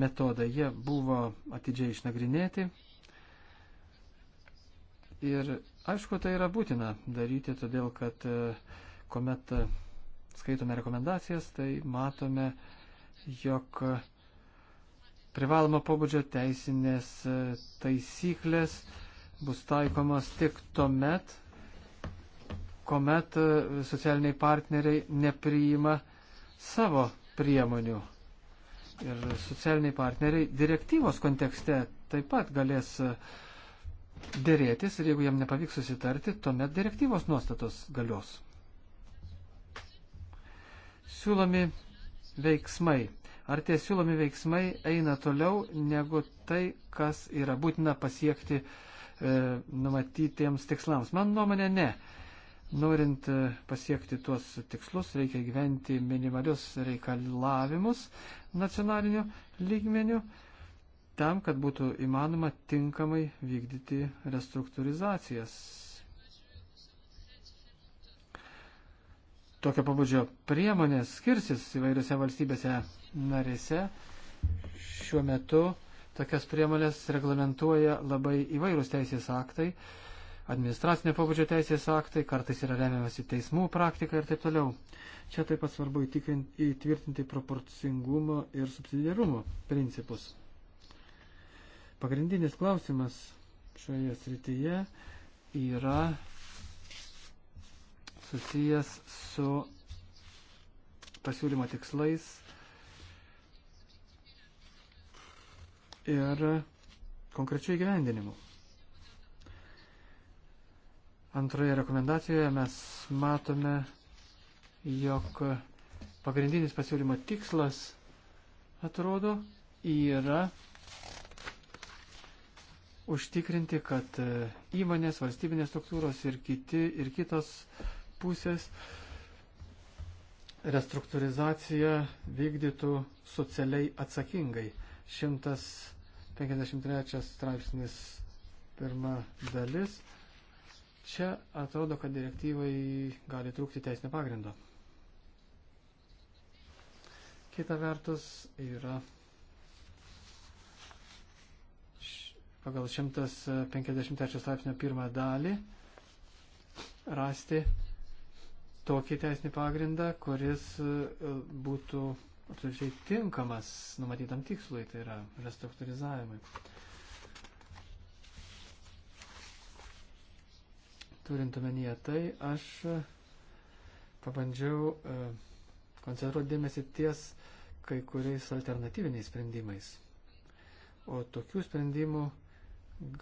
F: metodai. Jie buvo atidžiai išnagrinėti. Ir aišku, tai yra būtina daryti, todėl kad e, kuomet skaitome rekomendacijas, tai matome, jog privaloma pobūdžio teisinės e, taisyklės bus taikomas tik tuo met, kuomet e, socialiniai partneriai nepriima savo priemonių. Ir socialiniai partneriai direktyvos kontekste taip pat galės e, dėrėtis ir jeigu jam nepavyks susitarti, tuomet direktyvos nuostatos galios. Siūlomi veiksmai. Ar tie siūlomi veiksmai eina toliau negu tai, kas yra būtina pasiekti e, numatytiems tikslams? Man nuomonė ne. E, Norint e, pasiekti tuos tikslus, reikia gyventi minimalius reikalavimus nacionaliniu lygmeniu tam, kad būtų įmanoma tinkamai vykdyti restruktūrizacijas. Tokio pabudžio priemonės skirsis įvairiose valstybėse narėse. Šiuo metu tokias priemonės reglamentuoja labai įvairūs teisės aktai administracinio pabudžio teisės aktai, kartais yra remiamasi teismų praktika ir taip toliau. Čia taip pat svarbu įtvirtinti proporcingumo ir subsidiarumo principus. Pagrindinis klausimas šioje srityje yra susijęs su pasiūlymo tikslais ir konkrečiai gyvendinimu. Antroje rekomendacijoje mes matome, jog pagrindinis pasiūlymo tikslas, atrodo, yra užtikrinti, kad įmonės, valstybinės struktūros ir, kiti, ir kitos pusės restruktūrizaciją vykdytų socialiai atsakingai. 153 straipsnis pirma dalis Čia atrodo, kad direktyvai gali trūkti teisinio pagrindo. Kita vertus yra pagal 153 straipsnio pirmą dalį rasti tokį teisinį pagrindą, kuris e, būtų absoliučiai tinkamas numatytam tikslui, tai yra restruktūrizavimui. turint omenyje tai, aš e, pabandžiau e, koncentruoti dėmesį ties kai kuriais alternatyviniais sprendimais. O tokių sprendimų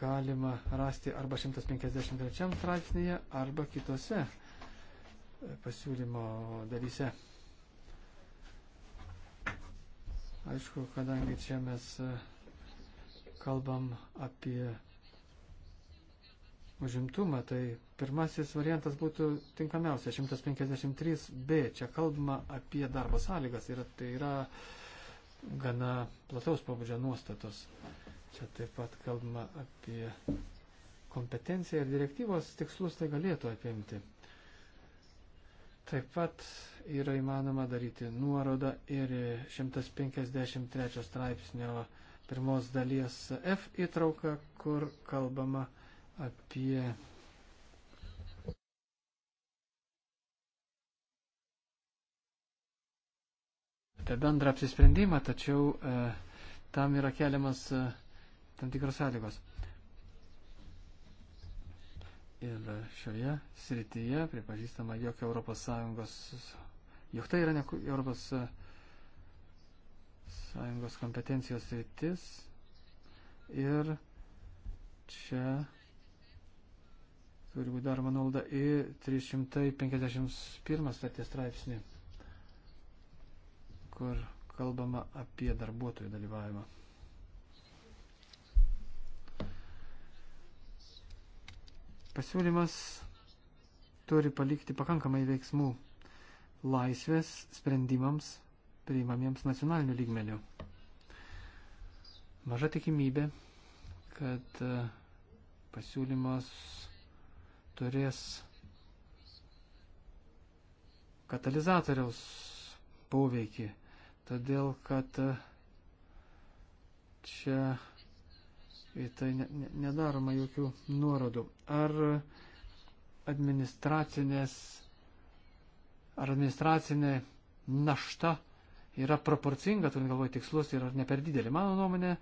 F: galima rasti arba 153 straipsnėje, arba kitose e, pasiūlymo dalyse. Aišku, kadangi čia mes kalbam apie užimtumą, tai pirmasis variantas būtų tinkamiausias 153b. Čia kalbama apie darbo sąlygas ir tai yra gana plataus pabudžio nuostatos. Čia taip pat kalbama apie kompetenciją ir direktyvos tikslus tai galėtų apimti. Taip pat yra įmanoma daryti nuorodą ir 153 straipsnio pirmos dalies F įtrauką, kur kalbama apie apie apie bendrą apsisprendimą, tačiau e, tam yra keliamas e, tam tikros sąlygos. Ir šioje srityje pripažįstama, jog Europos Sąjungos, jog tai yra ne Europos e, Sąjungos kompetencijos sritis. Ir čia turi būti daroma nuolda į 351 statės straipsnį, kur kalbama apie darbuotojų dalyvavimą. Pasiūlymas turi palikti pakankamai veiksmų laisvės sprendimams priimamiems nacionaliniu lygmeniu. Maža tikimybė, kad e, pasiūlymas turės katalizatoriaus poveikį, todėl kad čia į tai ne, ne, nedaroma jokių nuorodų. Ar administracinės, ar administracinė našta yra proporcinga, turint galvoje tikslus, ir ar ne per didelė. Mano nuomonė,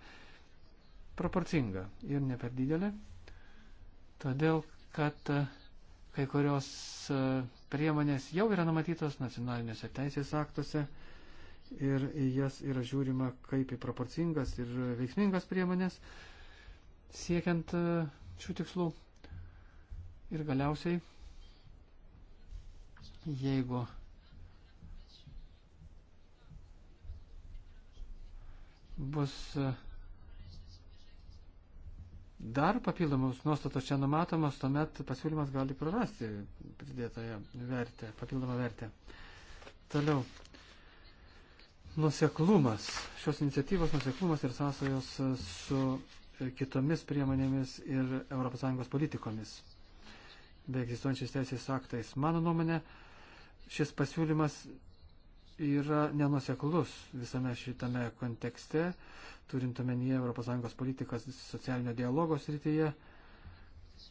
F: proporcinga ir ne per didelė. Todėl, kad e, kai kurios e, priemonės jau yra numatytos nacionaliniuose teisės aktuose ir į jas yra žiūrima kaip į proporcingas ir veiksmingas priemonės siekiant e, šių tikslų. Ir galiausiai, jeigu bus uh, dar papildomos nuostatos čia numatomos, tuomet pasiūlymas gali prarasti pridėtąją vertę, papildomą vertę. Toliau. Nuseklumas. Šios iniciatyvos nuseklumas ir sąsajos su kitomis priemonėmis ir ES politikomis bei egzistuojančiais teisės aktais. Mano nuomonė, šis pasiūlymas yra nenuseklus visame šitame kontekste, turint omenyje ES politikas socialinio dialogo srityje,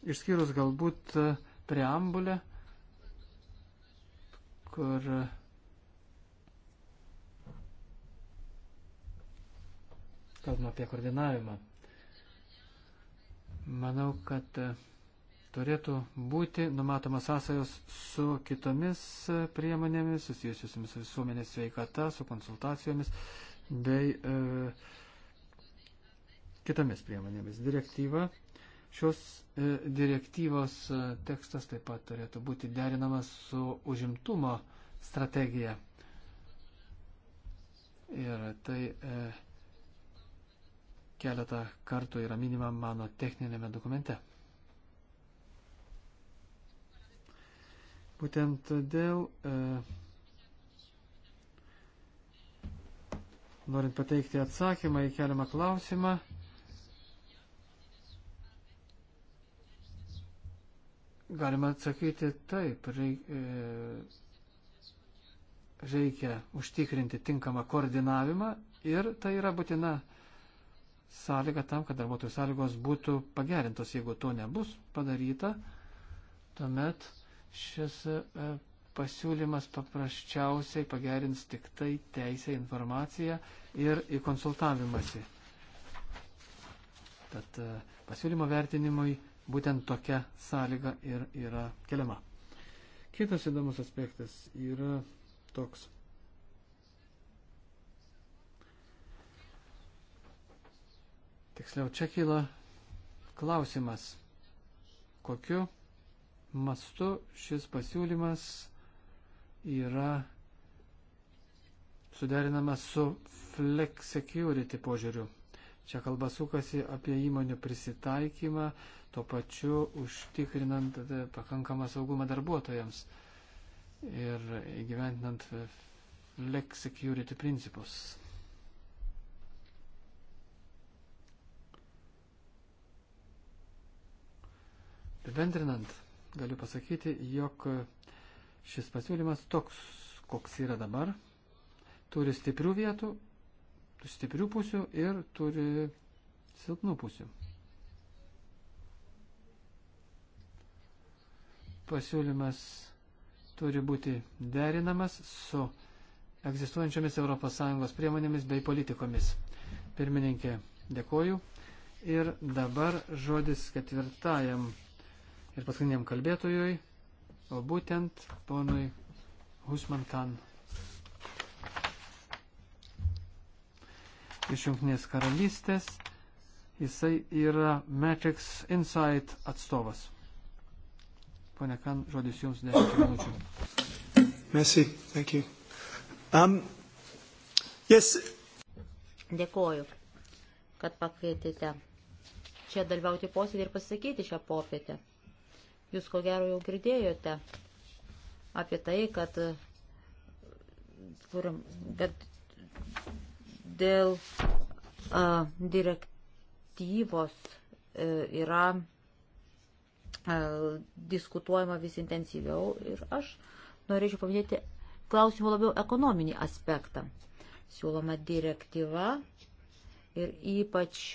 F: išskyrus galbūt e, preambulę, kur e, kalbama apie koordinavimą. Manau, kad e, turėtų būti numatomas sąsajos su kitomis e, priemonėmis, susijusiusiamis su visuomenės sveikata, su konsultacijomis bei e, kitomis priemonėmis. Direktyva. Šios e, direktyvos e, tekstas taip pat turėtų būti derinamas su užimtumo strategija. Ir tai. E, keletą kartų yra minima mano techninėme dokumente. Būtent todėl, e, norint pateikti atsakymą į keliamą klausimą, galima atsakyti taip, e, reikia užtikrinti tinkamą koordinavimą ir tai yra būtina sąlyga tam, kad darbuotojų sąlygos būtų pagerintos. Jeigu to nebus padaryta, tuomet Šis e, pasiūlymas paprasčiausiai pagerins tik tai teisę informaciją ir į konsultavimąsi. Tad e, pasiūlymo vertinimui būtent tokia sąlyga ir yra keliama. Kitas įdomus aspektas yra toks. Tiksliau, čia kyla klausimas, kokiu mastu šis pasiūlymas yra suderinamas su flex security požiūriu. Čia kalba sukasi apie įmonių prisitaikymą, tuo pačiu užtikrinant pakankamą saugumą darbuotojams ir įgyventinant flex security principus. Apibendrinant, galiu pasakyti, jog šis pasiūlymas toks, koks yra dabar, turi stiprių vietų, stiprių pusių ir turi silpnų pusių. Pasiūlymas turi būti derinamas su egzistuojančiomis ES priemonėmis bei politikomis. Pirmininkė, dėkoju. Ir dabar žodis ketvirtajam ir paskutiniam kalbėtojui, o būtent ponui Husman Khan. Iš Junktinės karalystės jisai yra Matrix Insight atstovas. Pone Kan, žodis jums 10 minučių.
B: Merci, thank you. Um,
D: yes. Dėkoju, kad pakvietėte čia dalyvauti posėdį ir pasakyti šią popietę. Jūs ko gero jau girdėjote apie tai, kad, kur, kad dėl a, direktyvos e, yra a, diskutuojama vis intensyviau ir aš norėčiau paminėti klausimų labiau ekonominį aspektą. Siūloma direktyva ir ypač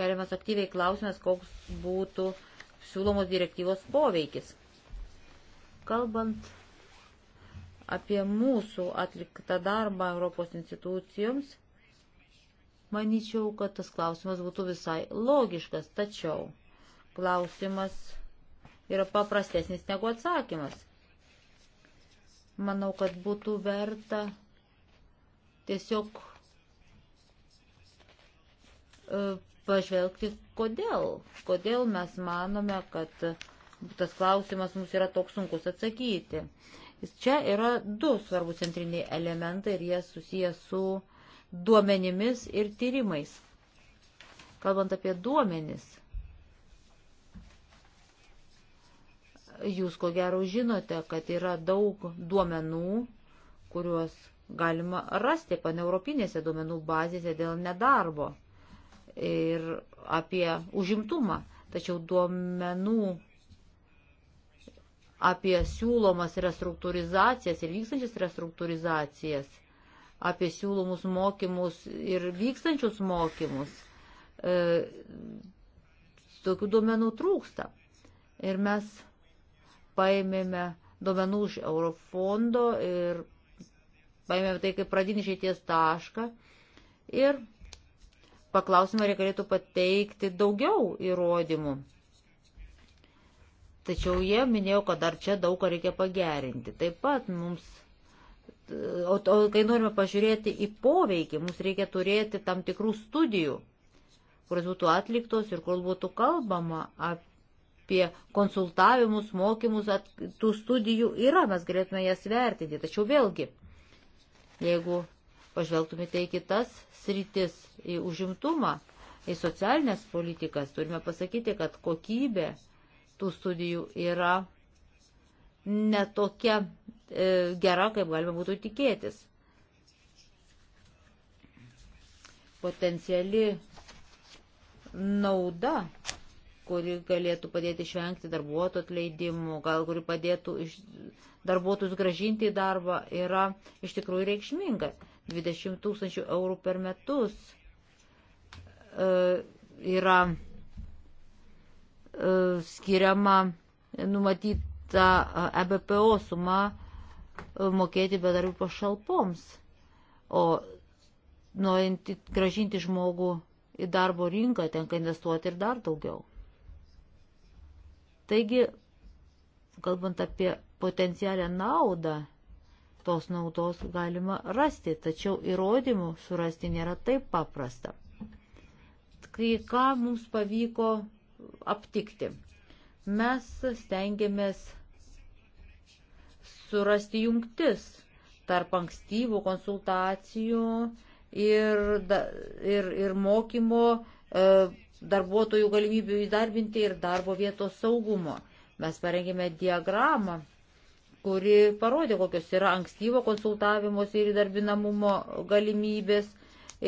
D: keliamas aktyviai klausimas, koks būtų siūlomos direktyvos poveikis. Kalbant apie mūsų atliktą darbą Europos institucijoms, manyčiau, kad tas klausimas būtų visai logiškas, tačiau klausimas yra paprastesnis negu atsakymas. Manau, kad būtų verta tiesiog e, pažvelgti, kodėl. Kodėl mes manome, kad tas klausimas mums yra toks sunkus atsakyti. Čia yra du svarbus centriniai elementai ir jie susiję su duomenimis ir tyrimais. Kalbant apie duomenis, jūs ko gero žinote, kad yra daug duomenų, kuriuos galima rasti paneuropinėse duomenų bazėse dėl nedarbo ir apie užimtumą. Tačiau duomenų apie siūlomas restruktūrizacijas ir vykstančias restruktūrizacijas, apie siūlomus mokymus ir vykstančius mokymus, e, tokių duomenų trūksta. Ir mes paėmėme duomenų iš Eurofondo ir paėmėme tai kaip pradinį išėties tašką ir paklausimą reikėtų pateikti daugiau įrodymų. Tačiau jie minėjo, kad dar čia daug ką reikia pagerinti. Taip pat mums, o, o kai norime pažiūrėti į poveikį, mums reikia turėti tam tikrų studijų, kurios būtų atliktos ir kur būtų kalbama apie konsultavimus, mokymus, at, tų studijų yra, mes galėtume jas vertinti. Tačiau vėlgi, jeigu pažvelgtumėte į kitas sritis, į užimtumą, į socialinės politikas, turime pasakyti, kad kokybė tų studijų yra netokia e, gera, kaip galima būtų tikėtis. Potenciali nauda, kuri galėtų padėti išvengti darbuotojų atleidimų, gal kuri padėtų iš, darbuotojus gražinti į darbą, yra iš tikrųjų reikšminga. 20 tūkstančių eurų per metus e, yra e, skiriama numatyta EBPO e suma mokėti bedarbių pašalpoms. O norint gražinti žmogų į darbo rinką, tenka investuoti ir dar daugiau. Taigi, kalbant apie potencialią naudą, tos naudos galima rasti, tačiau įrodymų surasti nėra taip paprasta. Kai ką mums pavyko aptikti, mes stengiamės surasti jungtis tarp ankstyvų konsultacijų ir, ir, ir mokymo e, darbuotojų galimybių įdarbinti ir darbo vietos saugumo. Mes parengėme diagramą kuri parodė, kokios yra ankstyvo konsultavimos ir įdarbinamumo galimybės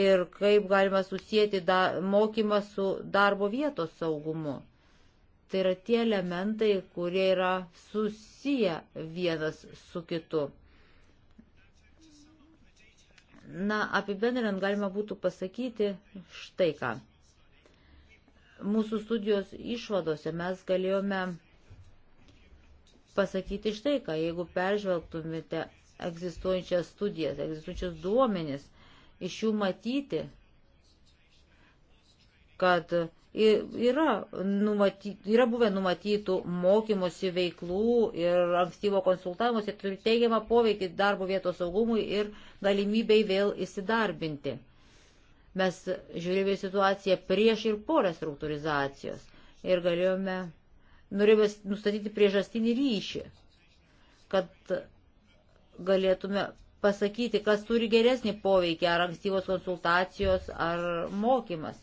D: ir kaip galima susijęti da, mokymą su darbo vietos saugumu. Tai yra tie elementai, kurie yra susiję vienas su kitu. Na, apibendrinant galima būtų pasakyti štai ką. Mūsų studijos išvadose mes galėjome pasakyti štai ką, jeigu peržvelgtumėte egzistuojančias studijas, egzistuojančius duomenis, iš jų matyti, kad yra, numaty, yra buvę numatytų mokymosi veiklų ir ankstyvo konsultavimus ir turi teigiamą poveikį darbo vietos saugumui ir galimybei vėl įsidarbinti. Mes žiūrėjome situaciją prieš ir po restruktūrizacijos ir galėjome norėjome nustatyti priežastinį ryšį, kad galėtume pasakyti, kas turi geresnį poveikį, ar ankstyvos konsultacijos, ar mokymas.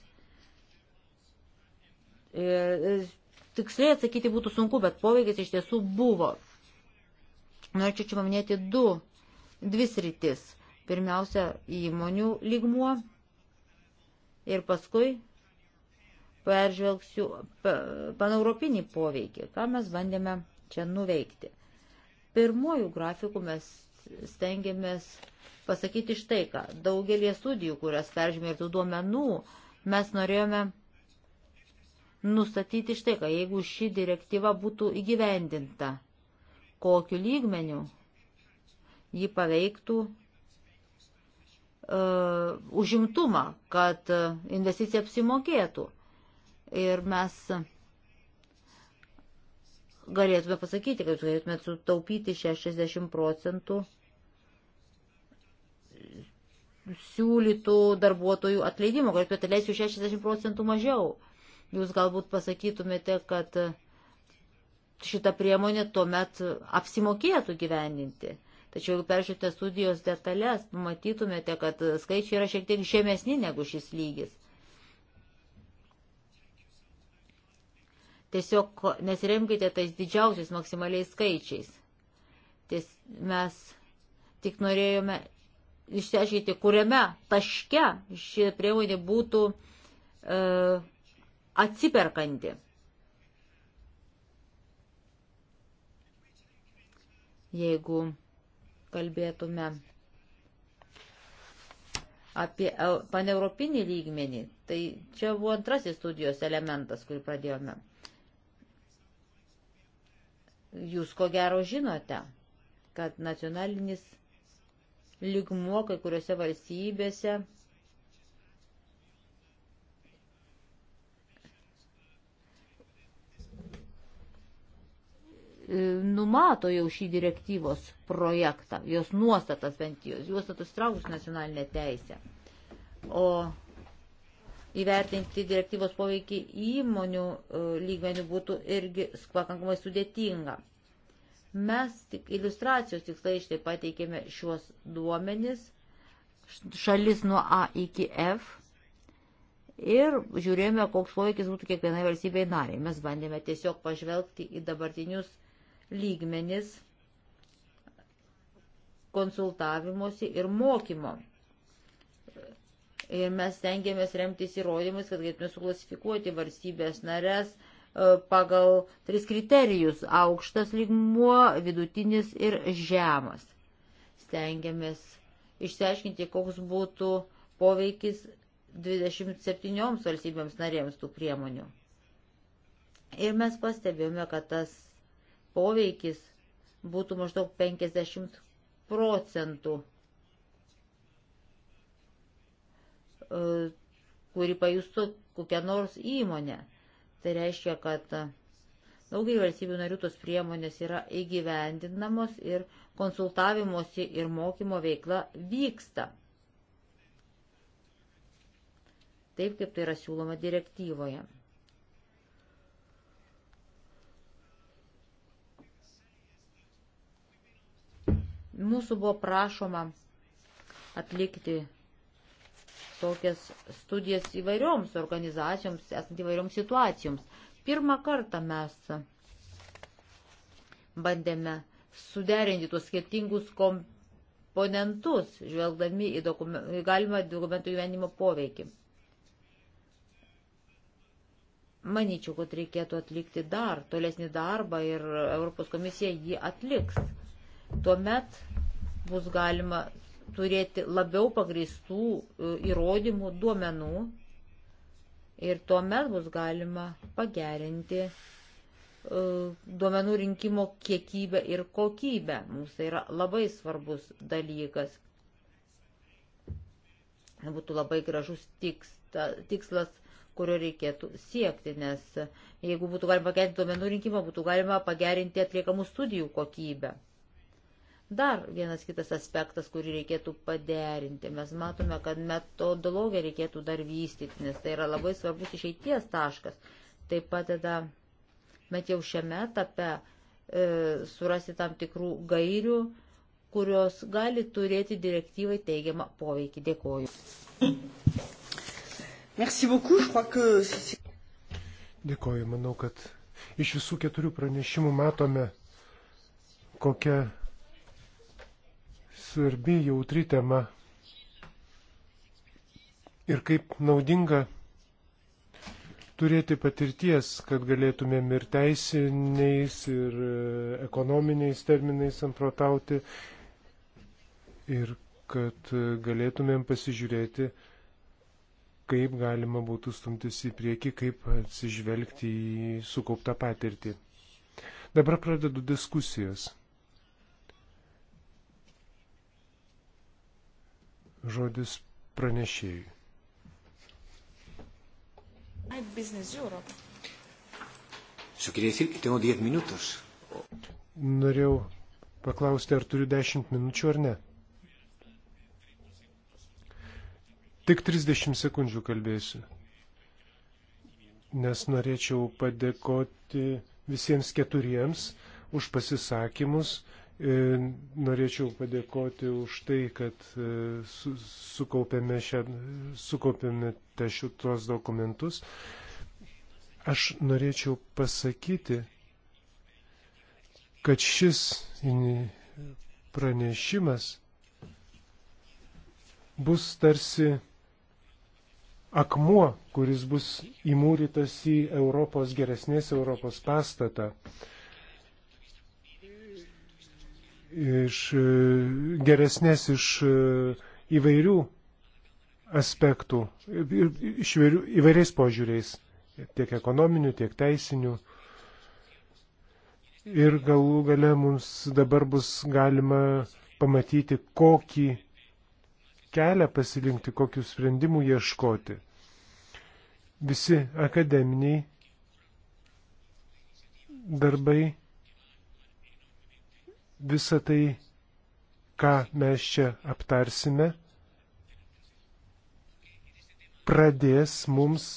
D: Ir e, tiksliai atsakyti būtų sunku, bet poveikis iš tiesų buvo. Norėčiau čia paminėti du, dvi sritis. Pirmiausia, įmonių lygmuo ir paskui peržvelgsiu paneuropinį poveikį, ką mes bandėme čia nuveikti. Pirmojų grafikų mes stengiamės pasakyti štai ką. Daugelį studijų, kurias peržymė ir tų duomenų, mes norėjome nustatyti štai ką, jeigu ši direktyva būtų įgyvendinta, kokiu lygmeniu ji paveiktų uh, užimtumą, kad investicija apsimokėtų ir mes galėtume pasakyti, kad jūs galėtumėte sutaupyti 60 procentų siūlytų darbuotojų atleidimo, galėtumėte atleisti 60 procentų mažiau. Jūs galbūt pasakytumėte, kad šitą priemonę tuomet apsimokėtų gyveninti. Tačiau jeigu peržiūrite studijos detalės, matytumėte, kad skaičiai yra šiek tiek žemesni negu šis lygis. Tiesiog nesiremkite tais didžiausiais maksimaliais skaičiais. Ties, mes tik norėjome išsiaiškinti, kuriame taške ši priemonė būtų e, atsiperkanti. Jeigu kalbėtume apie paneuropinį lygmenį, tai čia buvo antrasis studijos elementas, kurį pradėjome. Jūs ko gero žinote, kad nacionalinis lygmuo kai kuriuose valstybėse numato jau šį direktyvos projektą, jos nuostatas bent jos, nuostatus traukus nacionalinę teisę. O įvertinti direktyvos poveikį įmonių e, lygmenių būtų irgi pakankamai sudėtinga. Mes tik iliustracijos tikslai štai pateikėme šiuos duomenis, šalis nuo A iki F ir žiūrėjome, koks poveikis būtų kiekvienai valstybei nariai. Mes bandėme tiesiog pažvelgti į dabartinius lygmenis konsultavimuose ir mokymo Ir mes tengiamės remtis įrodymais, kad galėtume suklasifikuoti valstybės narės e, pagal tris kriterijus - aukštas lygmuo, vidutinis ir žemas. Stengiamės išsiaiškinti, koks būtų poveikis 27 valstybėms narėms tų priemonių. Ir mes pastebėjome, kad tas poveikis būtų maždaug 50 procentų E, kurį pajustų kokią nors įmonę. Tai reiškia, kad daugelį valstybių narių tos priemonės yra įgyvendinamos ir konsultavimosi ir mokymo veikla vyksta. Taip kaip tai yra siūloma direktyvoje. Mūsų buvo prašoma atlikti tokias studijas įvairioms organizacijoms, esant įvairioms situacijoms. Pirmą kartą mes bandėme suderinti tuos skirtingus komponentus, žvelgdami į dokumen, galimą dokumentų gyvenimo poveikį. Manyčiau, kad reikėtų atlikti dar tolesnį darbą ir Europos komisija jį atliks. Tuomet bus galima turėti labiau pagristų e, įrodymų duomenų ir tuomet bus galima pagerinti e, duomenų rinkimo kiekybę ir kokybę. Mums tai yra labai svarbus dalykas. Būtų labai gražus tikslas, kurio reikėtų siekti, nes jeigu būtų galima pagerinti duomenų rinkimą, būtų galima pagerinti atliekamų studijų kokybę. Dar vienas kitas aspektas, kurį reikėtų paderinti. Mes matome, kad metodologiją reikėtų dar vystyti, nes tai yra labai svarbus išeities taškas. Tai padeda, bet jau šiame etape e, surasti tam tikrų gairių, kurios gali turėti direktyvai teigiamą poveikį. Dėkoju. Merci beaucoup, je crois que...
B: Dėkoju, manau, kad iš visų keturių pranešimų matome, kokia svarbi jautri tema ir kaip naudinga turėti patirties, kad galėtumėm ir teisiniais, ir e, ekonominiais terminais samprotauti ir kad e, galėtumėm pasižiūrėti, kaip galima būtų stumtis į priekį, kaip atsižvelgti į sukauptą patirtį. Dabar pradedu diskusijas. žodis pranešėjui. Norėjau paklausti, ar turiu 10 minučių ar ne. Tik 30 sekundžių kalbėsiu, nes norėčiau padėkoti visiems keturiems už pasisakymus E, norėčiau padėkoti už tai, kad e, su, sukaupėme, šią, sukaupėme te šitos dokumentus. Aš norėčiau pasakyti, kad šis pranešimas bus tarsi akmuo, kuris bus įmūrytas į Europos geresnės Europos pastatą iš e, geresnės iš e, įvairių aspektų, iš įvairių, įvairiais požiūriais, tiek ekonominių, tiek teisinių. Ir galų gale mums dabar bus galima pamatyti, kokį kelią pasirinkti, kokių sprendimų ieškoti. Visi akademiniai darbai visą tai, ką mes čia aptarsime, pradės mums,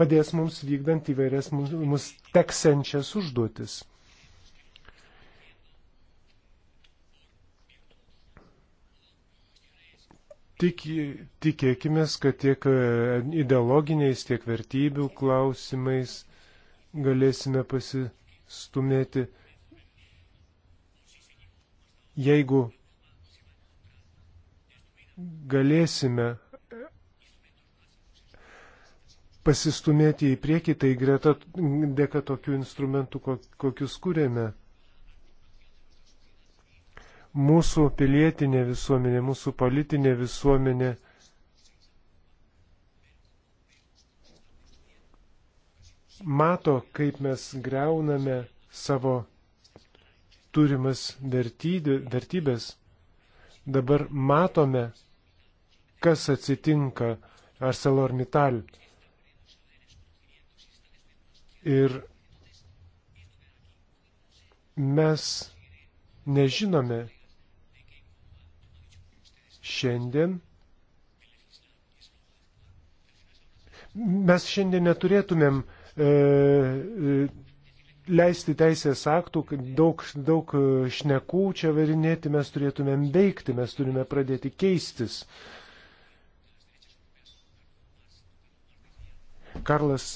B: padės mums vykdant įvairias mus teksenčias užduotis. Tik, tikėkime, kad tiek e, ideologiniais, tiek vertybių klausimais galėsime pasistumėti. Jeigu galėsime pasistumėti į priekį, tai greta dėka tokių instrumentų, kokius kūrėme. Mūsų pilietinė visuomenė, mūsų politinė visuomenė mato, kaip mes greuname savo turimas vertybė, vertybės. Dabar matome, kas atsitinka ArcelorMittal. Ir mes nežinome šiandien, mes šiandien neturėtumėm e, e leisti teisės aktų, daug, daug e, šnekų čia varinėti, mes turėtumėm veikti, mes turime pradėti keistis. Karlas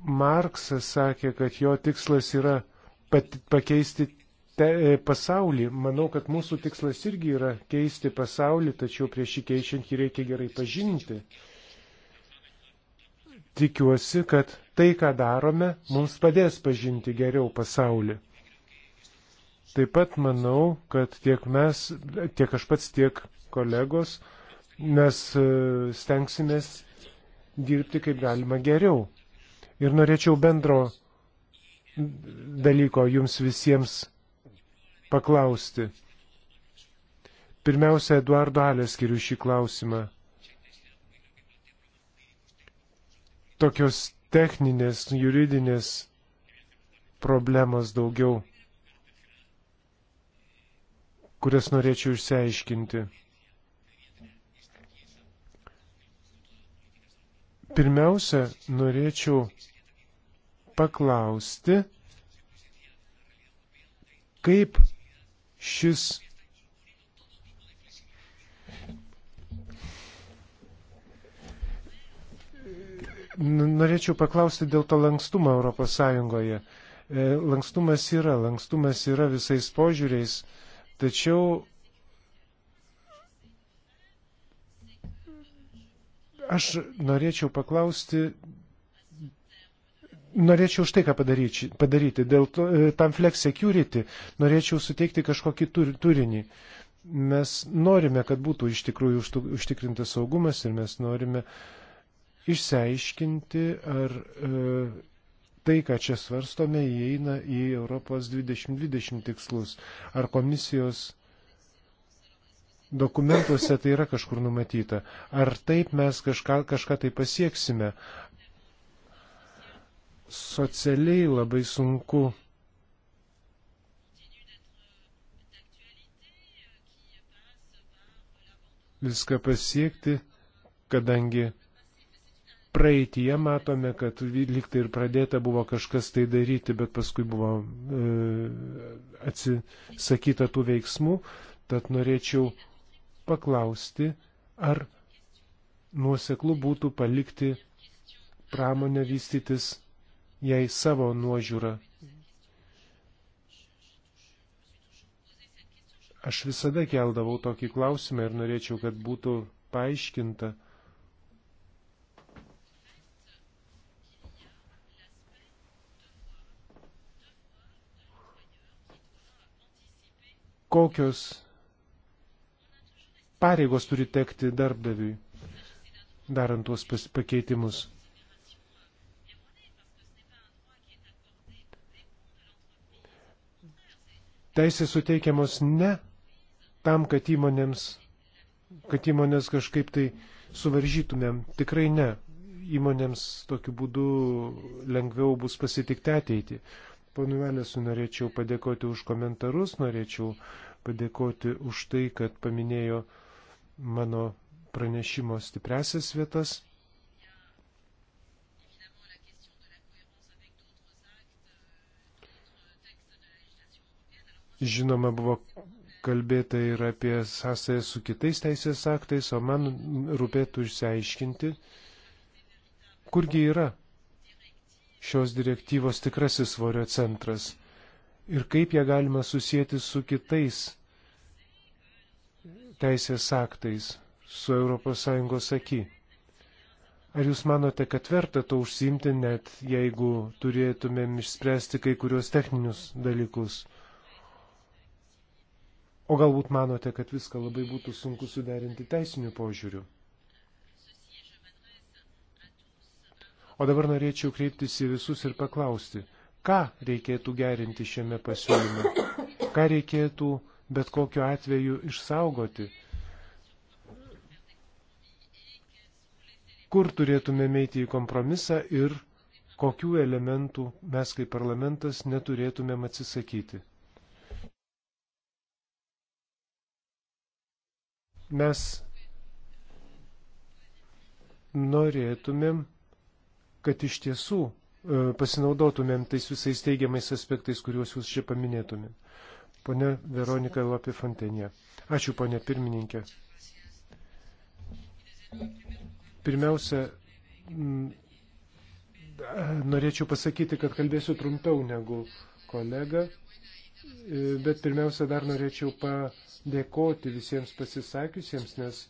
B: Marksas sakė, kad jo tikslas yra pat, pakeisti te, e, pasaulį. Manau, kad mūsų tikslas irgi yra keisti pasaulį, tačiau prieš jį keičiant jį reikia gerai pažinti. Tikiuosi, kad tai, ką darome, mums padės pažinti geriau pasaulį. Taip pat manau, kad tiek mes, tiek aš pats, tiek kolegos, mes e, stengsimės dirbti kaip galima geriau. Ir norėčiau bendro dalyko jums visiems paklausti. Pirmiausia, Eduardo Alė skiriu šį klausimą. Tokios techninės, juridinės problemos daugiau, kurias norėčiau išsiaiškinti. Pirmiausia, norėčiau paklausti, kaip šis Norėčiau paklausti dėl to lankstumo Europos Sąjungoje. E, lankstumas yra, lankstumas yra visais požiūriais, tačiau aš norėčiau paklausti, norėčiau štai ką padaryti, padaryti. dėl to, e, tam flex security norėčiau suteikti kažkokį tur, turinį. Mes norime, kad būtų iš tikrųjų užtikrintas saugumas ir mes norime uh, išsiaiškinti, ar e, tai, ką čia svarstome, įeina į Europos 2020 tikslus, ar komisijos dokumentuose tai yra kažkur numatyta, ar taip mes kažką, kažką tai pasieksime. Socialiai labai sunku viską pasiekti, kadangi praeitie matome, kad liktai ir pradėta buvo kažkas tai daryti, bet paskui buvo e, atsisakyta tų veiksmų. Tad norėčiau paklausti, ar nuoseklu būtų palikti pramonę vystytis jai savo nuožiūrą. Aš visada keldavau tokį klausimą ir norėčiau, kad būtų paaiškinta, kokios pareigos turi tekti darbdaviui, darant tuos pakeitimus. Teisės suteikiamos ne tam, kad įmonėms, kad įmonės kažkaip tai suvaržytumėm. Tikrai ne. Įmonėms tokiu būdu lengviau bus pasitikti ateitį. Panu Velesu norėčiau padėkoti už komentarus, norėčiau padėkoti už tai, kad paminėjo mano pranešimo stipresias vietas. Žinoma, buvo kalbėta ir apie sąsąją su kitais teisės aktais, o man rūpėtų išsiaiškinti, kurgi yra šios direktyvos tikrasis svorio centras ir kaip ją galima susijęti su kitais teisės aktais, su ES aki. Ar jūs manote, kad verta to užsimti, net jeigu turėtumėm išspręsti kai kurios techninius dalykus? O galbūt manote, kad viską labai būtų sunku suderinti teisiniu požiūriu? O dabar norėčiau kreiptis į visus ir paklausti, ką reikėtų gerinti šiame pasiūlyme, ką reikėtų bet kokiu atveju išsaugoti, kur turėtumėme eiti į kompromisą ir kokių elementų mes kaip parlamentas neturėtumėm atsisakyti. Mes norėtumėm kad iš tiesų e, pasinaudotumėm tais visais teigiamais aspektais, kuriuos jūs čia paminėtumėm. Pone Veronika Lopė Fontenė. Ačiū, ponė pirmininkė. Pirmiausia, norėčiau pasakyti, kad kalbėsiu trumpiau negu kolega, e, bet pirmiausia, dar norėčiau padėkoti visiems pasisakiusiems, nes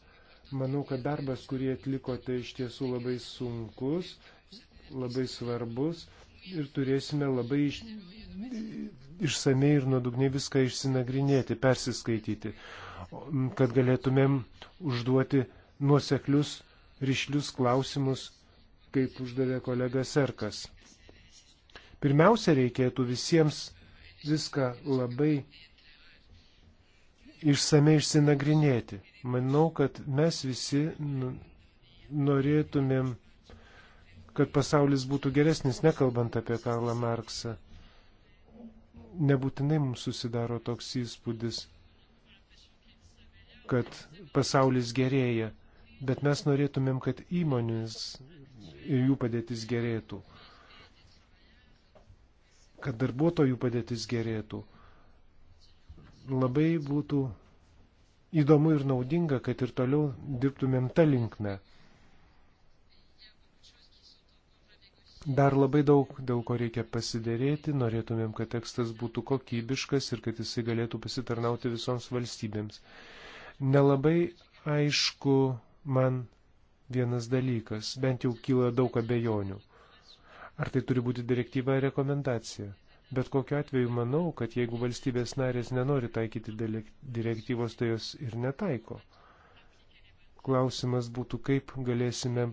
B: manau, kad darbas, kurį atlikote, iš tiesų labai sunkus labai svarbus ir turėsime labai iš, išsamei ir nuodugniai viską išsinagrinėti, persiskaityti, kad galėtumėm užduoti nuoseklius, ryšlius klausimus, kaip uždavė kolega Serkas. Pirmiausia, reikėtų visiems viską labai išsamei išsinagrinėti. Manau, kad mes visi nu, norėtumėm kad pasaulis būtų geresnis, nekalbant apie Karlą Marksą. Nebūtinai mums susidaro toks įspūdis, kad pasaulis gerėja, bet mes norėtumėm, kad įmonės ir jų padėtis gerėtų, kad darbuotojų padėtis gerėtų. Labai būtų įdomu ir naudinga, kad ir toliau dirbtumėm tą linkmę. Dar labai daug, daug ko reikia pasidėrėti, norėtumėm, kad tekstas būtų kokybiškas ir kad jisai galėtų pasitarnauti visoms valstybėms. Nelabai aišku man vienas dalykas, bent jau kyla daug abejonių. Ar tai turi būti direktyva ar rekomendacija? Bet kokiu atveju manau, kad jeigu valstybės narės nenori taikyti direktyvos, tai jos ir netaiko. Klausimas būtų, kaip galėsime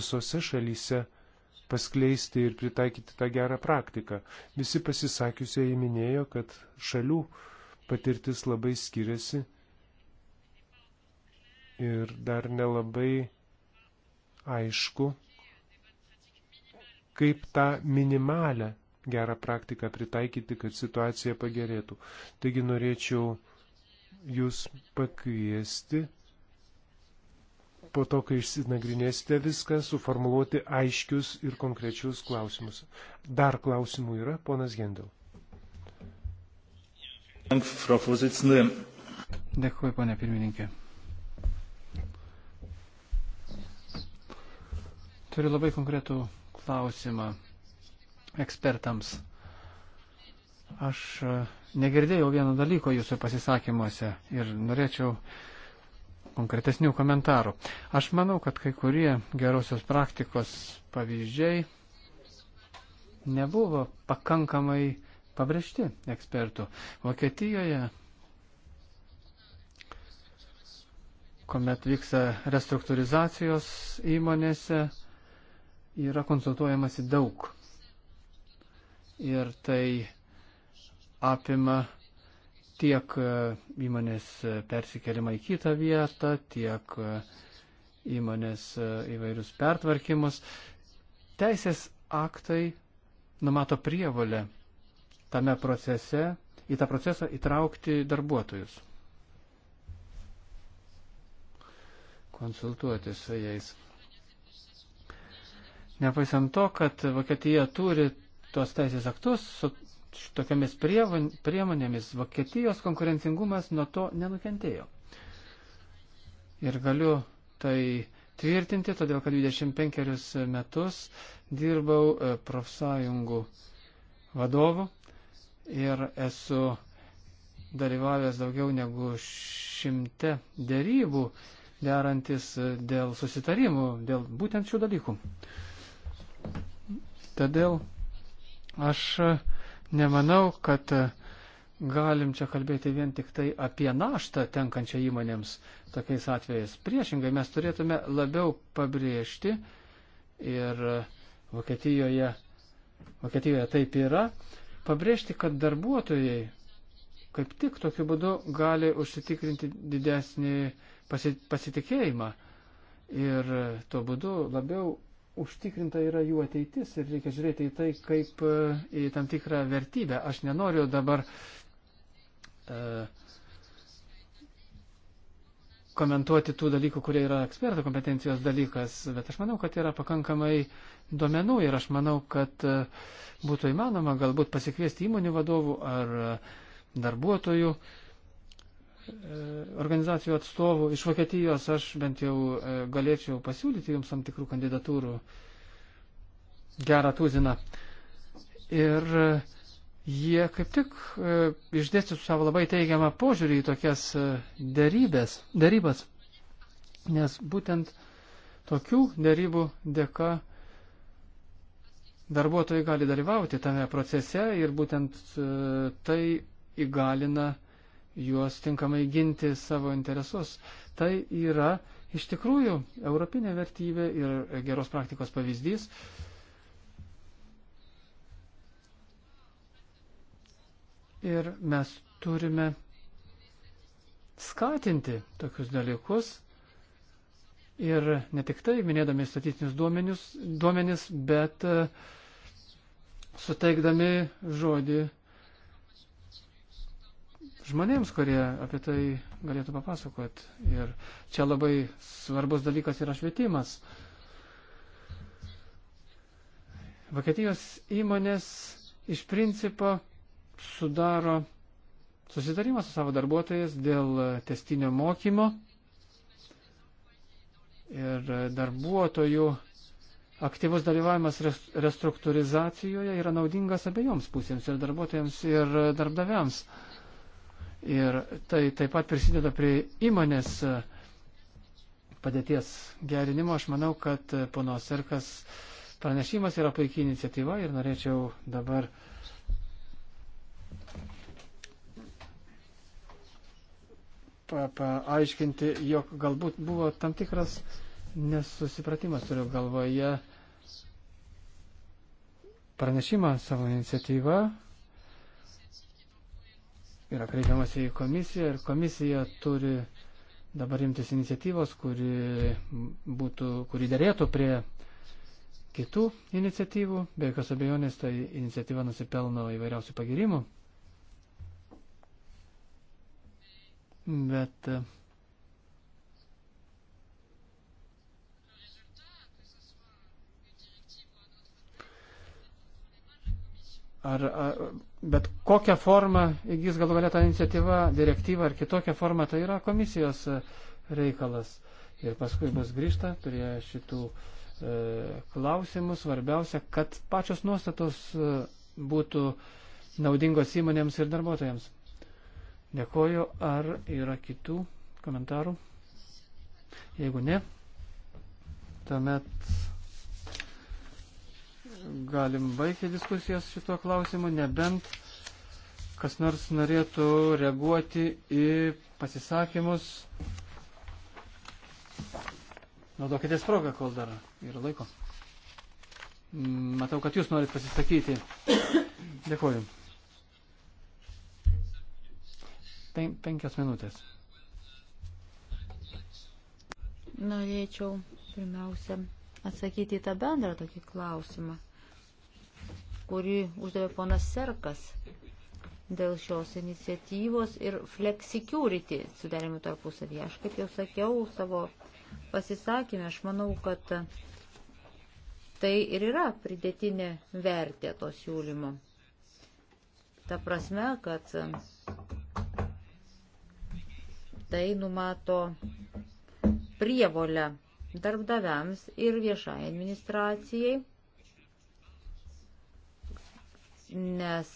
B: visose šalyse paskleisti ir pritaikyti tą gerą praktiką. Visi pasisakiusieji minėjo, kad šalių patirtis labai skiriasi ir dar nelabai aišku, kaip tą minimalę gerą praktiką pritaikyti, kad situacija pagerėtų. Taigi norėčiau jūs pakviesti po to, kai išsinagrinėsite viską, suformuluoti aiškius ir konkrečius klausimus. Dar klausimų yra, ponas Gendel.
F: Dėkui, ponė pirmininkė. Turiu labai konkretų klausimą ekspertams. Aš negirdėjau vieno dalyko jūsų pasisakymuose ir norėčiau uh, konkretesnių komentarų. Aš manau, kad kai kurie gerosios praktikos pavyzdžiai nebuvo pakankamai pabrėžti ekspertų. Vokietijoje, kuomet vyksta restruktūrizacijos įmonėse, yra konsultuojamasi daug. Ir tai apima tiek e, įmonės e, persikeliama į kitą vietą, tiek e, įmonės įvairius pertvarkymus. Teisės aktai numato prievalę tame procese, į tą procesą įtraukti darbuotojus. Konsultuoti su jais. Nepaisant to, kad Vokietija turi tuos teisės aktus, su tokiamis priemonėmis Vokietijos konkurencingumas nuo to nenukentėjo. Ir galiu tai tvirtinti, todėl kad 25 metus dirbau e, profsąjungų vadovu ir esu dalyvavęs daugiau negu šimte dėrybų, derantis e, dėl susitarimų, dėl būtent šių dalykų. Todėl aš Nemanau, kad e, galim čia kalbėti vien tik tai apie naštą tenkančią įmonėms tokiais atvejais. Priešingai, mes turėtume labiau pabrėžti ir e, Vokietijoje, Vokietijoje taip yra, pabrėžti, kad darbuotojai kaip tik tokiu būdu gali užsitikrinti didesnį pasitikėjimą ir tuo būdu labiau užtikrinta yra jų ateitis ir reikia žiūrėti į tai kaip e, į tam tikrą vertybę. Aš nenoriu dabar e, komentuoti tų dalykų, kurie yra ekspertų kompetencijos dalykas, bet aš manau, kad yra pakankamai duomenų ir aš manau, kad e, būtų įmanoma galbūt pasikviesti įmonių vadovų ar e, darbuotojų. E, E, organizacijų atstovų iš Vokietijos aš bent jau e, galėčiau pasiūlyti jums tam tikrų kandidatūrų gerą tuziną. Ir e, jie kaip tik išdėstytų savo labai teigiamą požiūrį į tokias dėrybės, dėrybas. Nes būtent tokių dėrybų dėka darbuotojai gali dalyvauti tame procese ir būtent tai įgalina juos tinkamai ginti savo interesus. Tai yra iš tikrųjų europinė vertybė ir geros praktikos pavyzdys. Ir mes turime skatinti tokius dalykus ir ne tik tai minėdami statistinius duomenis, duomenis bet e, suteikdami žodį žmonėms, kurie apie tai galėtų papasakoti. Ir čia labai svarbus dalykas yra švietimas. Vokietijos įmonės iš principo sudaro susitarimą su savo darbuotojais dėl testinio mokymo ir darbuotojų aktyvus dalyvavimas restruktūrizacijoje yra naudingas abiejoms pusėms ir darbuotojams ir darbdaviams. Uh, Ir tai taip pat prisideda prie įmonės e, padėties gerinimo. Aš manau, kad e, ponos Serkas pranešimas yra puikiai iniciatyva ir norėčiau dabar pa paaiškinti, jog galbūt buvo tam tikras nesusipratimas, turiu galvoje pranešimą savo iniciatyvą yra kreipiamas į komisiją ir komisija turi dabar imtis iniciatyvos, kuri, būtų, kuri dėrėtų prie kitų iniciatyvų. Be jokios abejonės, tai iniciatyva nusipelno įvairiausių pagirimų. Bet uh, Ar, ar, bet kokią formą įgys galų galę tą iniciatyvą, direktyvą ar kitokią formą, tai yra komisijos e, reikalas. Ir paskui bus grįžta prie šitų e, klausimų. Svarbiausia, kad pačios nuostatos e, būtų naudingos įmonėms ir darbuotojams. Dėkoju. Ar yra kitų komentarų? Jeigu ne, tuomet galim baigti diskusijas šituo klausimu, nebent kas nors norėtų reaguoti į pasisakymus. Naudokitės progą, kol dar yra laiko. Matau, kad jūs norit pasisakyti. Dėkuoju. Pen, penkias minutės.
D: Norėčiau pirmiausia atsakyti į tą bendrą tokį klausimą kurį uždavė ponas Serkas dėl šios iniciatyvos ir flexicurity sudarėme tarpusavyje. Aš kaip jau sakiau savo pasisakymę, aš manau, kad tai ir yra pridėtinė vertė to siūlymo. Ta prasme, kad tai numato prievolę darbdaviams ir viešai administracijai nes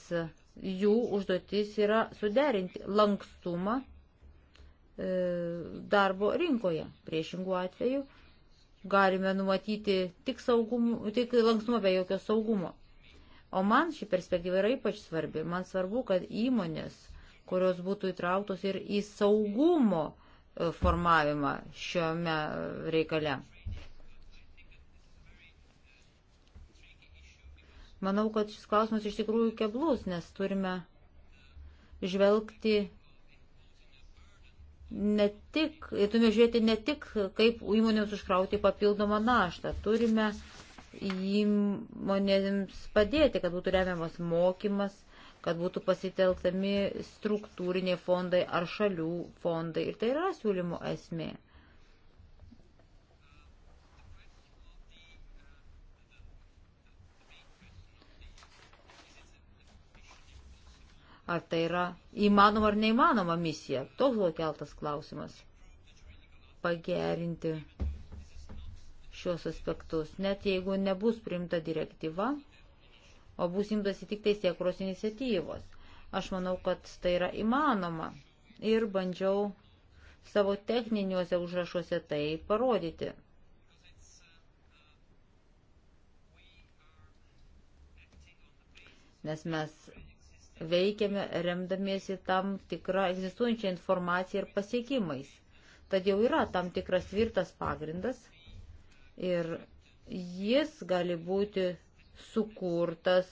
D: jų užduotis yra suderinti lankstumą e, darbo rinkoje. Priešingų atveju galime numatyti tik, saugumų, tik lankstumą be jokio saugumo. O man ši perspektyva yra ypač svarbi. Man svarbu, kad įmonės, kurios būtų įtrauktos ir į saugumo e, formavimą šiame reikale. Manau, kad šis klausimas iš tikrųjų keblus, nes turime žvelgti ne tik, turime žiūrėti ne tik, kaip įmonėms užkrauti papildomą naštą, turime įmonėms padėti, kad būtų remiamas mokymas, kad būtų pasitelktami struktūriniai fondai ar šalių fondai. Ir tai yra siūlymo esmė. Ar tai yra įmanoma ar neįmanoma misija? Toks buvo keltas klausimas. Pagerinti šios aspektus, net jeigu nebus priimta direktyva, o bus imtasi tik tai siekros iniciatyvos. Aš manau, kad tai yra įmanoma ir bandžiau savo techniniuose užrašuose tai parodyti. Nes mes veikiame remdamiesi tam tikrą egzistuojančią informaciją ir pasiekimais. Tad jau yra tam tikras tvirtas pagrindas ir jis gali būti sukurtas,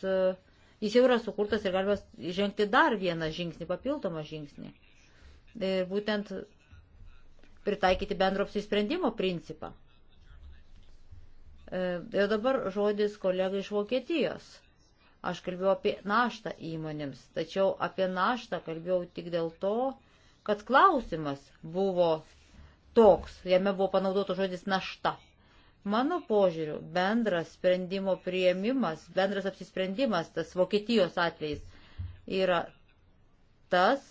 D: jis jau yra sukurtas ir galima žengti dar vieną žingsnį, papildomą žingsnį. Ir būtent pritaikyti bendro apsisprendimo principą. E, ir dabar žodis kolega iš Vokietijos. Aš kalbėjau apie naštą įmonėms, tačiau apie naštą kalbėjau tik dėl to, kad klausimas buvo toks, jame buvo panaudoto žodis našta. Mano požiūriu, bendras sprendimo prieimimas, bendras apsisprendimas, tas Vokietijos atvejs yra tas,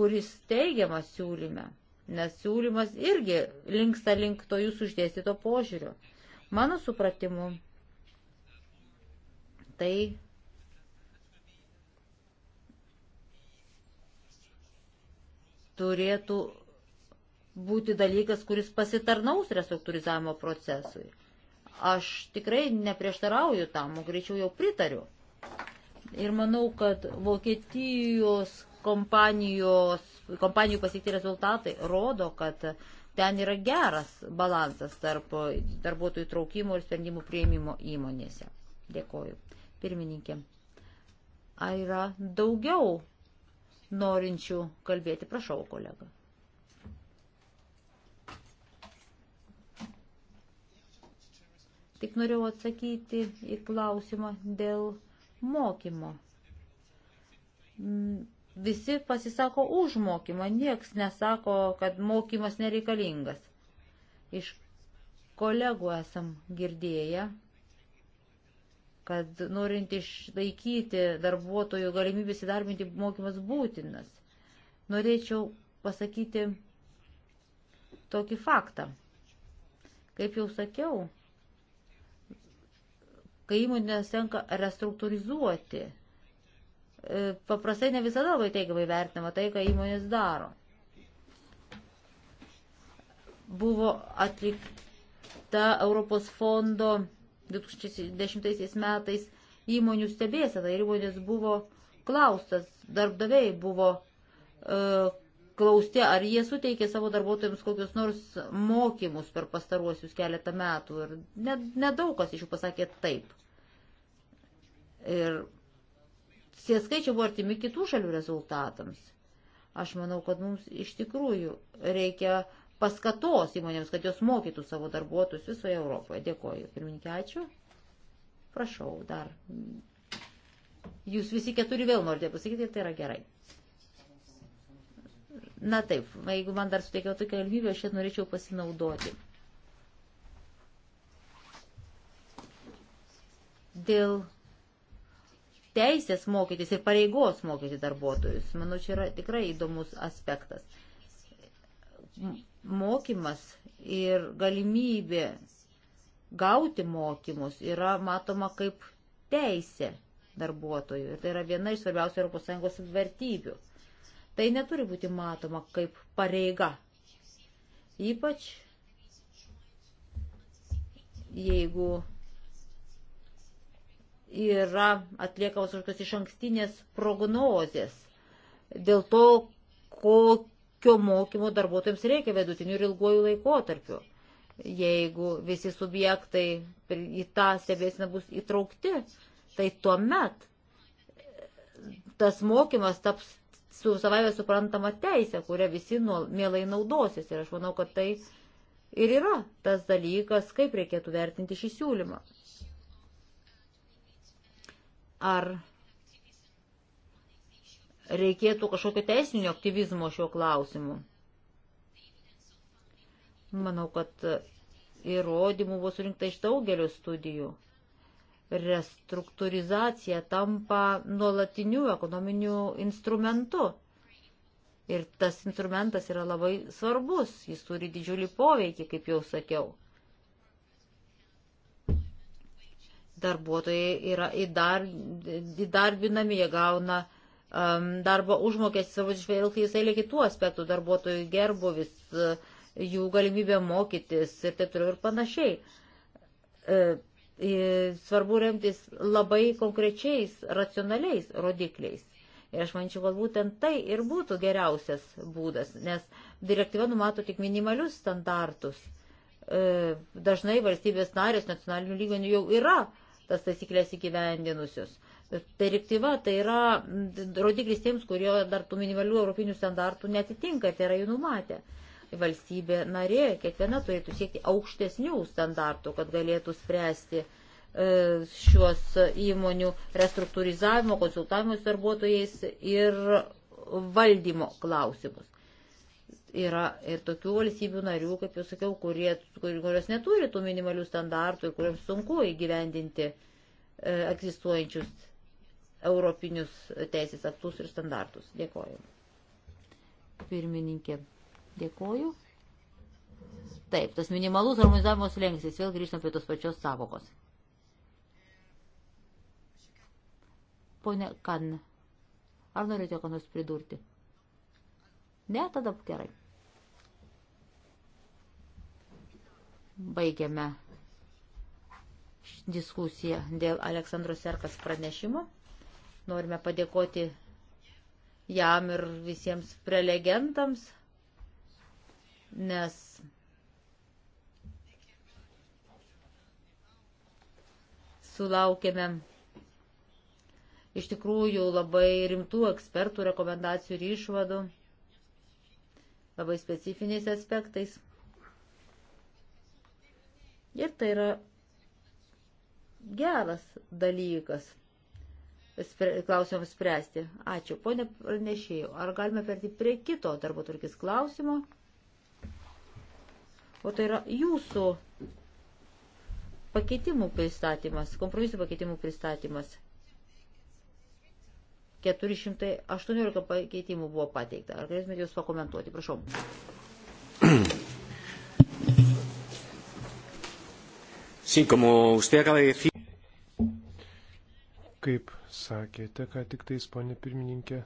D: kuris teigiamas siūlyme, nes siūlymas irgi linksta link to jūsų išdėstyto požiūrio. Mano supratimu, tai turėtų būti dalykas, kuris pasitarnaus restruktūrizavimo procesui. Aš tikrai neprieštarauju tam, o greičiau jau pritariu. Ir manau, kad Vokietijos kompanijos, kompanijų pasiekti rezultatai rodo, kad Ten yra geras balansas tarp darbuotojų traukimo ir sprendimų prieimimo įmonėse. Dėkoju. Pirmininkė. Ar yra daugiau norinčių kalbėti? Prašau, kolega. Tik norėjau atsakyti į klausimą dėl mokymo. Mm, visi pasisako už mokymą, nieks nesako, kad mokymas nereikalingas. Iš kolegų esam girdėję, kad norint išlaikyti darbuotojų galimybę įsidarbinti, mokymas būtinas. Norėčiau pasakyti tokį faktą. Kaip jau sakiau, kai įmonės tenka restruktūrizuoti E, paprastai ne visada labai teigiamai vertinama tai, ką įmonės daro. Buvo atlikta Europos fondo 2010 metais įmonių stebėsena ir įmonės buvo klaustas, darbdaviai buvo e, klausti, ar jie suteikė savo darbuotojams kokius nors mokymus per pastaruosius keletą metų ir nedaug ne kas iš jų pasakė taip. Ir tie skaičiai buvo artimi kitų šalių rezultatams. Aš manau, kad mums iš tikrųjų reikia paskatos įmonėms, kad jos mokytų savo darbuotojus visoje Europoje. Dėkoju. Pirmininkė, ačiū. Prašau, dar. Jūs visi keturi vėl norite pasakyti, tai yra gerai. Na taip, jeigu man dar suteikiau tokią galimybę, aš šiandien norėčiau pasinaudoti. Dėl teisės mokytis ir pareigos mokyti darbuotojus. Manau, čia yra tikrai įdomus aspektas. Mokymas ir galimybė gauti mokymus yra matoma kaip teisė darbuotojų. Ir tai yra viena iš svarbiausių ES vertybių. Tai neturi būti matoma kaip pareiga. Ypač jeigu yra atliekamos kažkokios iš ankstinės prognozės dėl to, kokio mokymo darbuotojams reikia vidutiniu ir ilguoju laikotarpiu. Jeigu visi subjektai į tą stebėsiną bus įtraukti, tai tuomet tas mokymas taps su savai suprantama teisė, kurią visi nuo, mielai naudosis. Ir aš manau, kad tai ir yra tas dalykas, kaip reikėtų vertinti šį siūlymą. Ar reikėtų kažkokio teisinio aktyvizmo šiuo klausimu? Manau, kad įrodymų buvo surinkta iš daugelio studijų. Restruktūrizacija tampa nuolatiniu ekonominiu instrumentu. Ir tas instrumentas yra labai svarbus, jis turi didžiulį poveikį, kaip jau sakiau. darbuotojai yra įdar, įdarbinami, jie gauna um, darbo užmokestį savo žvelgti visai lė kitų aspektų, darbuotojų gerbuvis, uh, jų galimybė mokytis ir taip toliau ir panašiai. E, svarbu remtis labai konkrečiais, racionaliais rodikliais. Ir aš manyčiau, kad būtent tai ir būtų geriausias būdas, nes direktyva numato tik minimalius standartus e, dažnai valstybės narės nacionalinių lygmenių jau yra tas taisyklės įgyvendinusius. Periktyva tai yra rodiklis tiems, kurie dar tų minimalių europinių standartų netitinka, tai yra jų numatę. Valstybė narė kiekviena turėtų siekti aukštesnių standartų, kad galėtų spręsti e, šiuos įmonių restruktūrizavimo, konsultavimo su darbuotojais ir valdymo klausimus yra ir tokių valstybių narių, kaip jau sakiau, kurie, kurios neturi tų minimalių standartų ir kuriems sunku įgyvendinti e, egzistuojančius europinius teisės aktus ir standartus. Dėkoju. Pirmininkė, dėkoju. Taip, tas minimalus harmonizavimo slengsis, vėl grįžtam prie tos pačios savokos. Pone Kan, ar norite ką nors pridurti? Ne, tada gerai. Baigiame diskusiją dėl Aleksandros Serkas pranešimo. Norime padėkoti jam ir visiems prelegentams, nes sulaukėme iš tikrųjų labai rimtų ekspertų rekomendacijų ir išvadų labai specifiniais aspektais. Ir tai yra geras dalykas klausimams spręsti. Ačiū, ponė pranešėjau. Ar galime perti prie kito darbo turkis klausimo? O tai yra jūsų pakeitimų pristatymas, kompromisų pakeitimų pristatymas. 418 pakeitimų buvo pateikta. Ar galėtumėte jūs pakomentuoti? Prašau.
I: Sí, como usted acaba de decir.
B: Kaip sakėte, ką tik tais, ponė pirmininkė.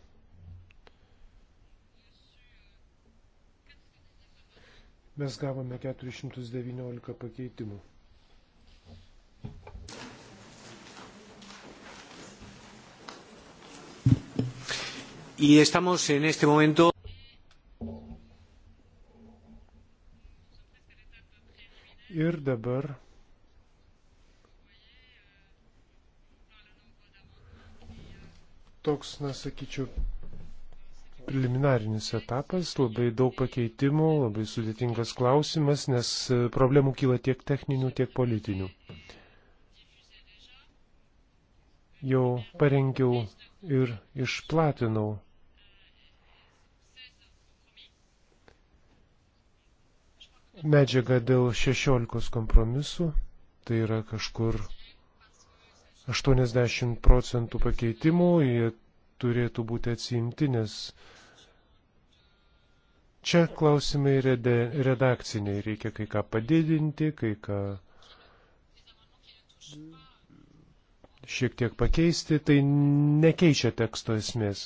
B: Mes gavome 419 pakeitimų.
I: Y estamos en este momento.
B: Ir dabar toks, na, sakyčiau, preliminarinis etapas, labai daug pakeitimų, labai sudėtingas klausimas, nes e, problemų kyla tiek techninių, tiek politinių. Jau parengiau ir išplatinau. Medžiaga dėl 16 kompromisų, tai yra kažkur 80 procentų pakeitimų jie turėtų būti atsiimti, nes čia klausimai rede, redakciniai, reikia kai ką padidinti, kai ką šiek tiek pakeisti, tai nekeičia teksto esmės.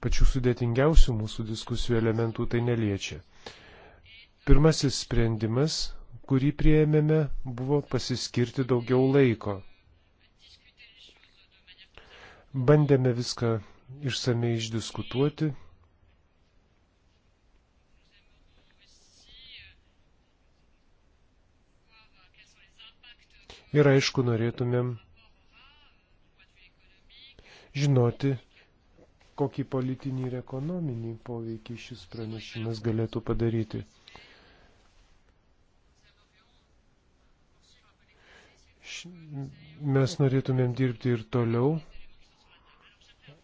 B: Pačių sudėtingiausių mūsų diskusijų elementų tai neliečia. Pirmasis sprendimas, kurį prieėmėme, buvo pasiskirti daugiau laiko. Bandėme viską išsamei išdiskutuoti. Ir aišku, norėtumėm žinoti, kokį politinį ir ekonominį poveikį šis pranešimas galėtų padaryti. Mes norėtumėm dirbti ir toliau,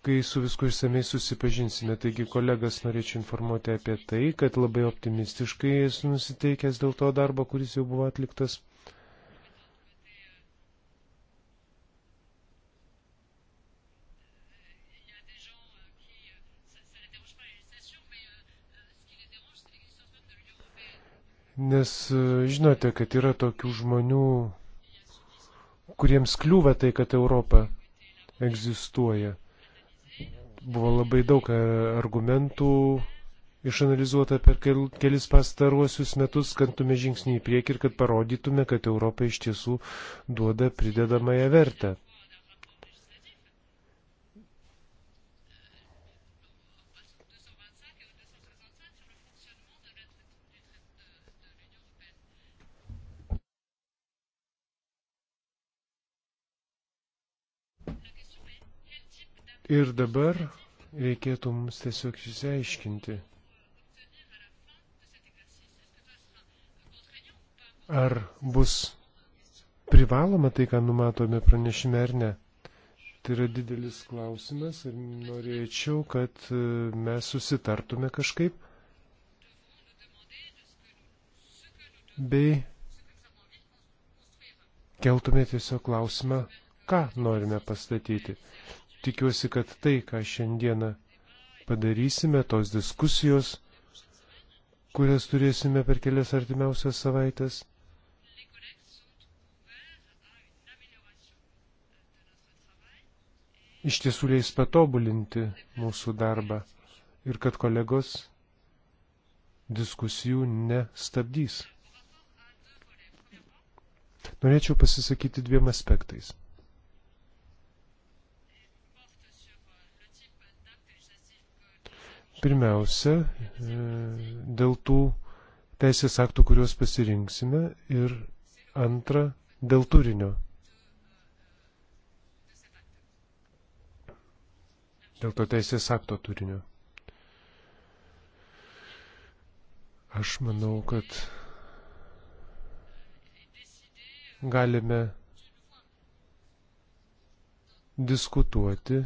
B: kai su visku išsamei susipažinsime. Taigi kolegas norėčiau informuoti apie tai, kad labai optimistiškai esu nusiteikęs dėl to darbo, kuris jau buvo atliktas. Nes žinote, kad yra tokių žmonių, kuriems kliūva tai, kad Europa egzistuoja. Buvo labai daug argumentų išanalizuota per kelis pastaruosius metus, kad tume žingsnį į priekį ir kad parodytume, kad Europa iš tiesų duoda pridedamąją vertę. Ir dabar reikėtų mums tiesiog išsiaiškinti, ar bus privaloma tai, ką numatome pranešime ar ne. Tai yra didelis klausimas ir norėčiau, kad e, mes susitartume kažkaip. Bei keltume tiesiog klausimą, ką norime pastatyti tikiuosi, kad tai, ką šiandieną padarysime, tos diskusijos, kurias turėsime per kelias artimiausias savaitės, iš tiesų leis patobulinti mūsų darbą ir kad kolegos diskusijų nestabdys. Norėčiau pasisakyti dviem aspektais. Pirmiausia, e, dėl tų teisės aktų, kuriuos pasirinksime ir antra, dėl turinio. Dėl to teisės akto turinio. Aš manau, kad galime diskutuoti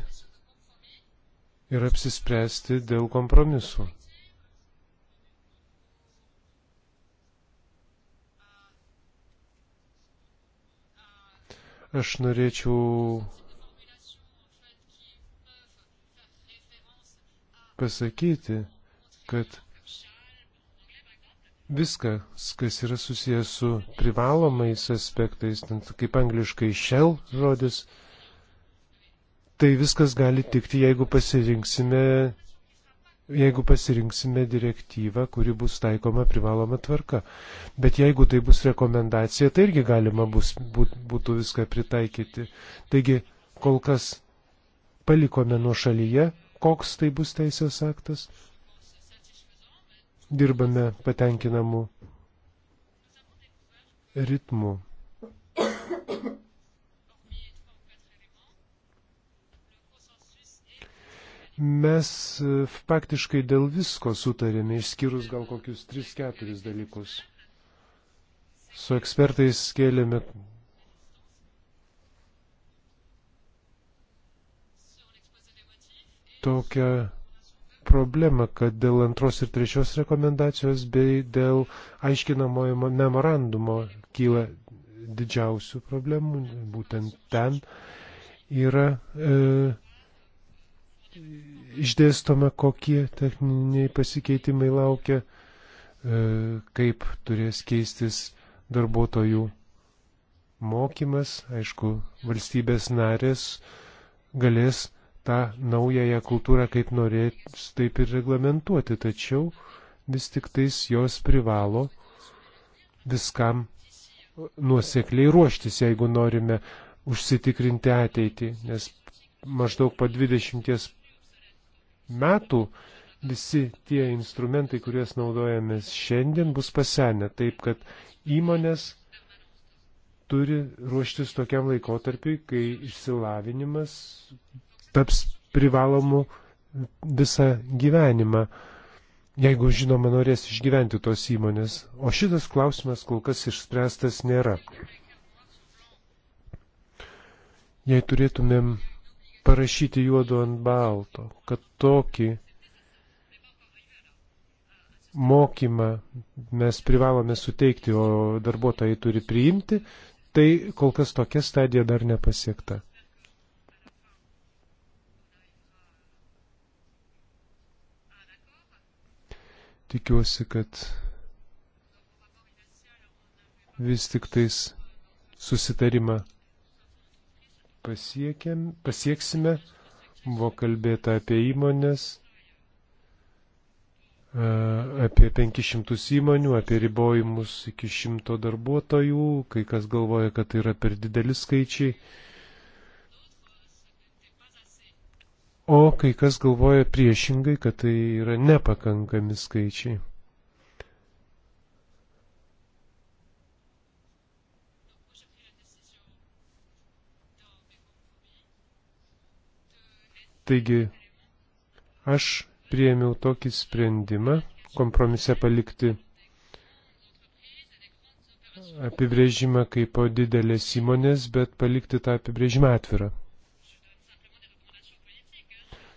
B: ir apsispręsti dėl kompromisų. Aš norėčiau pasakyti, kad viskas, kas yra susijęs su privalomais aspektais, kaip angliškai shell žodis, tai viskas gali tikti, jeigu pasirinksime, jeigu pasirinksime direktyvą, kuri bus taikoma privaloma tvarka. Bet jeigu tai bus rekomendacija, tai irgi galima bus, būt, būtų viską pritaikyti. Taigi kol kas palikome nuo šalyje, koks tai bus teisės aktas. Dirbame patenkinamu ritmu. Mes e, faktiškai dėl visko sutarėme, išskyrus gal kokius 3-4 dalykus. Su ekspertais kėlėme tokią problemą, kad dėl antros ir trečios rekomendacijos bei dėl aiškinamojo memorandumo kyla didžiausių problemų. Būtent ten yra e, išdėstoma, kokie techniniai pasikeitimai laukia, e, kaip turės keistis darbuotojų mokymas, aišku, valstybės narės galės tą naująją kultūrą kaip norės, taip ir reglamentuoti, tačiau vis tik tais jos privalo viskam nuosekliai ruoštis, jeigu norime užsitikrinti ateitį, nes maždaug po 20 metų visi tie instrumentai, kuriuos naudojamės šiandien, bus pasenę. Taip, kad įmonės turi ruoštis tokiam laikotarpiui, kai išsilavinimas taps privalomu visą gyvenimą, jeigu žinoma norės išgyventi tos įmonės. O šitas klausimas kol kas išspręstas nėra. Jei turėtumėm parašyti juodu ant balto, kad tokį mokymą mes privalome suteikti, o darbuotojai turi priimti, tai kol kas tokia stadija dar nepasiekta. Tikiuosi, kad vis tik tais susitarimą pasiekėm, pasieksime. Buvo kalbėta apie įmonės, e, apie 500 įmonių, apie ribojimus iki 100 darbuotojų, kai kas galvoja, kad tai yra per dideli skaičiai. O kai kas galvoja priešingai, kad tai yra nepakankami skaičiai. Taigi, aš priėmiau tokį sprendimą kompromise palikti apibrėžimą kaip po didelės įmonės, bet palikti tą apibrėžimą atvirą.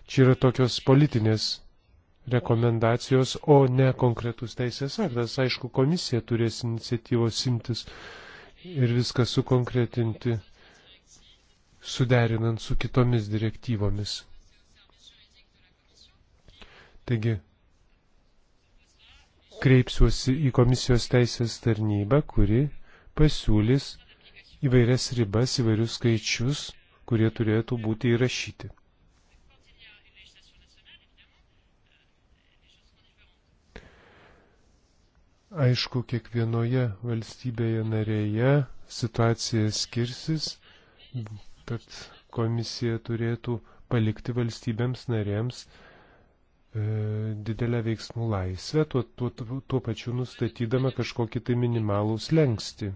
B: Čia yra tokios politinės rekomendacijos, o ne konkretus teisės aktas. Aišku, komisija turės iniciatyvos simtis ir viską sukonkretinti, suderinant su kitomis direktyvomis. Taigi, kreipsiuosi į komisijos teisės tarnybą, kuri pasiūlys įvairias ribas, įvairius skaičius, kurie turėtų būti įrašyti. Aišku, kiekvienoje valstybėje narėje situacija skirsis, tad komisija turėtų palikti valstybėms narėms E, didelę veiksmų laisvę, tuo, tuo, tuo pačiu nustatydama kažkokį tai minimalų slengsti.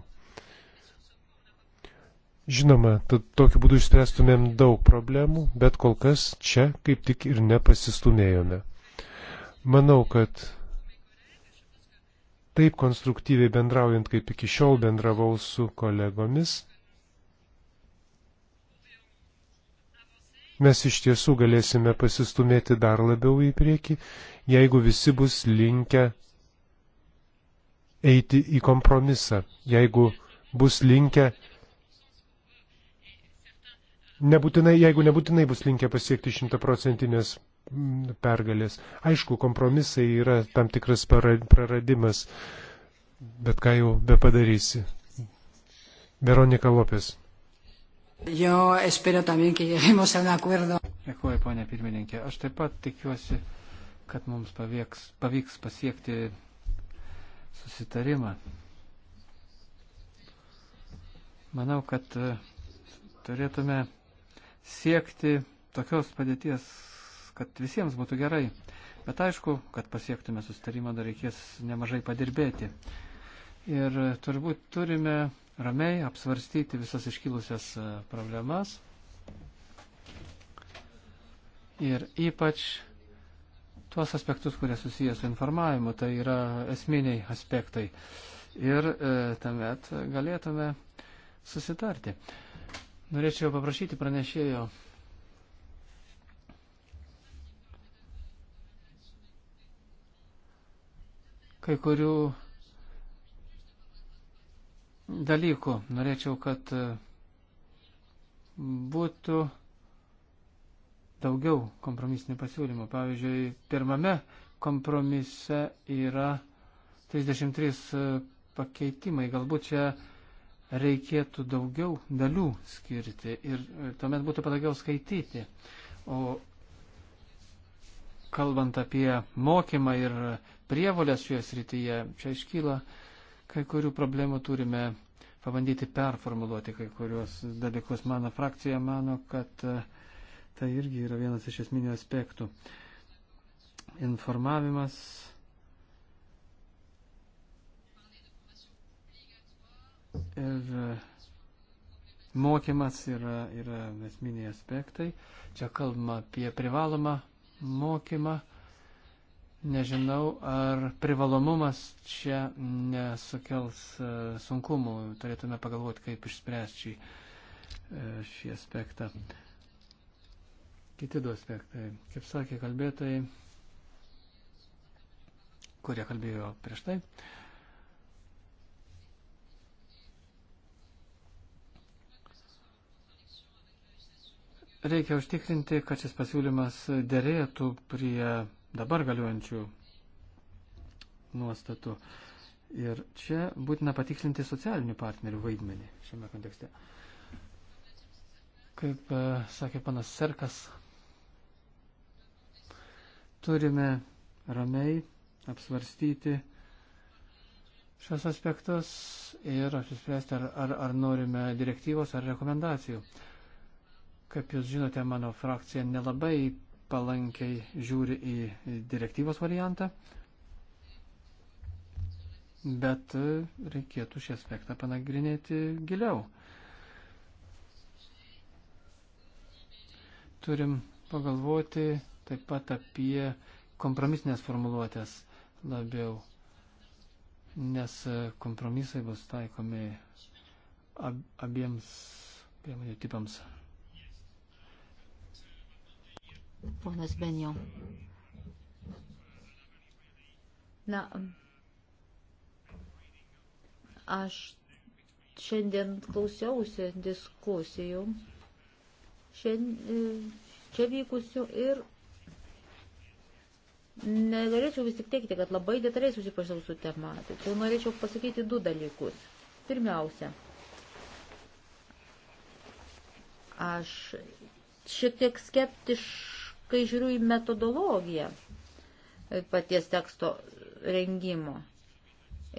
B: Žinoma, tokiu būdu išspręstumėm daug problemų, bet kol kas čia kaip tik ir nepasistumėjome. Manau, kad taip konstruktyviai bendraujant, kaip iki šiol bendravau su kolegomis, mes iš tiesų galėsime pasistumėti dar labiau į priekį, jeigu visi bus linkę eiti į kompromisą, jeigu bus linkę, nebūtinai, jeigu nebūtinai bus linkę pasiekti šimtaprocentinės mm, pergalės. Aišku, kompromisai yra tam tikras praradimas, bet ką jau be padarysi. Veronika Lopės.
F: Yo espero también que lleguemos a un acuerdo. Dėkuoju, ponė pirmininkė. Aš taip pat tikiuosi, kad mums pavyks, pavyks pasiekti susitarimą. Manau, kad e, turėtume siekti tokios padėties, kad visiems būtų gerai. Bet aišku, kad pasiektume susitarimą, dar reikės nemažai padirbėti. Ir turbūt turime ramiai apsvarstyti visas iškilusias e, problemas ir ypač tuos aspektus, kurie susijęs su informavimu, tai yra esminiai aspektai. Ir e, tamet galėtume susitarti. Norėčiau paprašyti pranešėjo kai kurių dalykų. Norėčiau, kad e, būtų daugiau kompromisinių pasiūlymų. Pavyzdžiui, pirmame kompromise yra 33 e, pakeitimai. Galbūt čia reikėtų daugiau dalių skirti ir e, tuomet būtų patogiau skaityti. O kalbant apie mokymą ir prievolės šioje srityje, čia iškyla uh, kai kurių problemų turime pabandyti performuluoti kai kuriuos dalykus. Mano frakcija mano, kad e, tai irgi yra vienas iš esminių aspektų. Informavimas. Ir e, mokymas yra, yra esminiai aspektai. Čia kalbama apie privalomą mokymą Nežinau, ar privalomumas čia nesukels e, sunkumų. Turėtume pagalvoti, kaip išspręsti šį, e, šį aspektą. Kiti du aspektai. Kaip sakė kalbėtojai, kurie kalbėjo prieš tai. Reikia užtikrinti, kad šis pasiūlymas dėrėtų prie dabar galiuojančių nuostatų. Ir čia būtina patikslinti socialinių partnerių vaidmenį šiame kontekste. Kaip e, sakė panas Serkas, turime ramiai apsvarstyti šios aspektus ir apsispręsti, ar, ar, ar norime direktyvos ar rekomendacijų. Kaip jūs žinote, mano frakcija nelabai palankiai žiūri į direktyvos variantą, bet reikėtų šį aspektą panagrinėti giliau. Turim pagalvoti taip pat apie kompromisinės formuluotės labiau, nes kompromisai bus taikomi ab, abiems priemonių tipams.
D: Ponas Benjo. Na, aš šiandien klausiausi diskusijų šiandien, čia vykusių ir negalėčiau vis tik teikti, kad labai detaliai susipažinau su tema. Tačiau norėčiau pasakyti du dalykus. Pirmiausia, aš šiek tiek skeptiškai kai žiūriu į metodologiją paties teksto rengimo.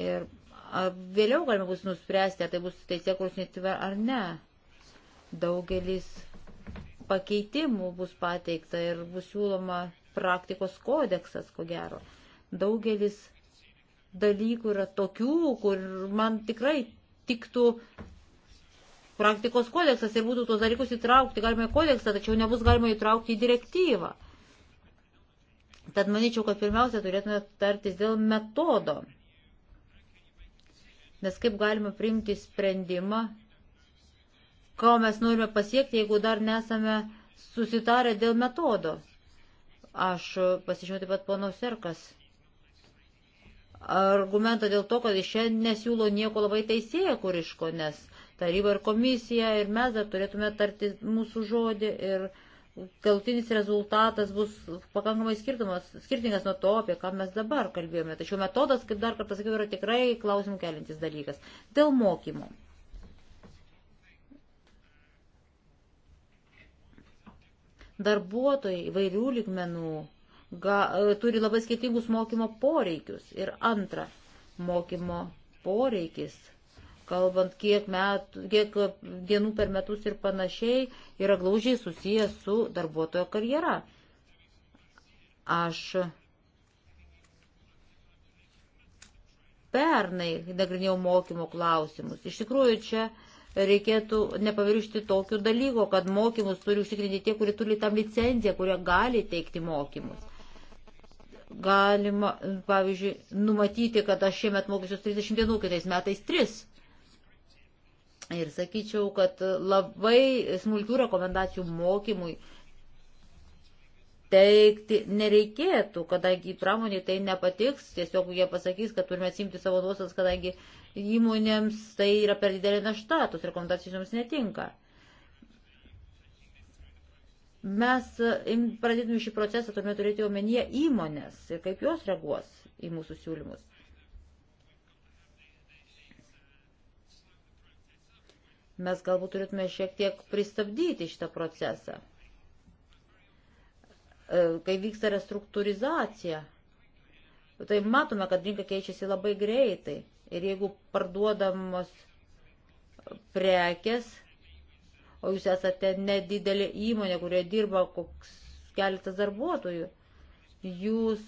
D: Ir vėliau galima bus nuspręsti, ar tai bus teisėkurus netver ar ne. Daugelis pakeitimų bus pateikta ir bus siūloma praktikos kodeksas, ko gero. Daugelis dalykų yra tokių, kur man tikrai tiktų praktikos kodeksas ir būtų tos dalykus įtraukti galima į kodeksą, tačiau nebus galima įtraukti į direktyvą. Tad manyčiau, kad pirmiausia turėtume tartis dėl metodo. Nes kaip galime priimti sprendimą, ko mes norime pasiekti, jeigu dar nesame susitarę dėl metodo. Aš pasižiūrėjau taip pat pono Serkas argumentą dėl to, kad iš čia nesiūlo nieko labai teisėje kuriško, nes taryba ir komisija, ir mes dar turėtume tarti mūsų žodį, ir galtinis rezultatas bus pakankamai skirtingas nuo to, apie ką mes dabar kalbėjome. Tačiau metodas, kaip dar kartą sakiau, yra tikrai klausimų kelintis dalykas. Dėl mokymo. Darbuotojai įvairių ligmenų ga, e, turi labai skirtingus mokymo poreikius. Ir antra, mokymo poreikis kalbant, kiek, metų, kiek dienų per metus ir panašiai, yra glaužiai susijęs su darbuotojo karjera. Aš pernai nagrinėjau mokymo klausimus. Iš tikrųjų, čia reikėtų nepaviršti tokių dalykų, kad mokymus turi užtikrinti tie, kurie turi tam licenciją, kurie gali teikti mokymus galima, pavyzdžiui, numatyti, kad aš šiemet mokysiu 30 dienų, kitais metais 3. Ir sakyčiau, kad labai smulkių rekomendacijų mokymui teikti nereikėtų, kadangi pramoniai tai nepatiks, tiesiog jie pasakys, kad turime atsimti savo nuostas, kadangi įmonėms tai yra per didelė našta, tos rekomendacijos joms netinka. Mes pradėtume šį procesą, turime turėti omenyje įmonės ir kaip jos reaguos į mūsų siūlymus. Mes galbūt turėtume šiek tiek pristabdyti šitą procesą. E, kai vyksta restruktūrizacija, tai matome, kad rinka keičiasi labai greitai. Ir jeigu parduodamos prekes, o jūs esate nedidelė įmonė, kurioje dirba koks keletas darbuotojų, jūs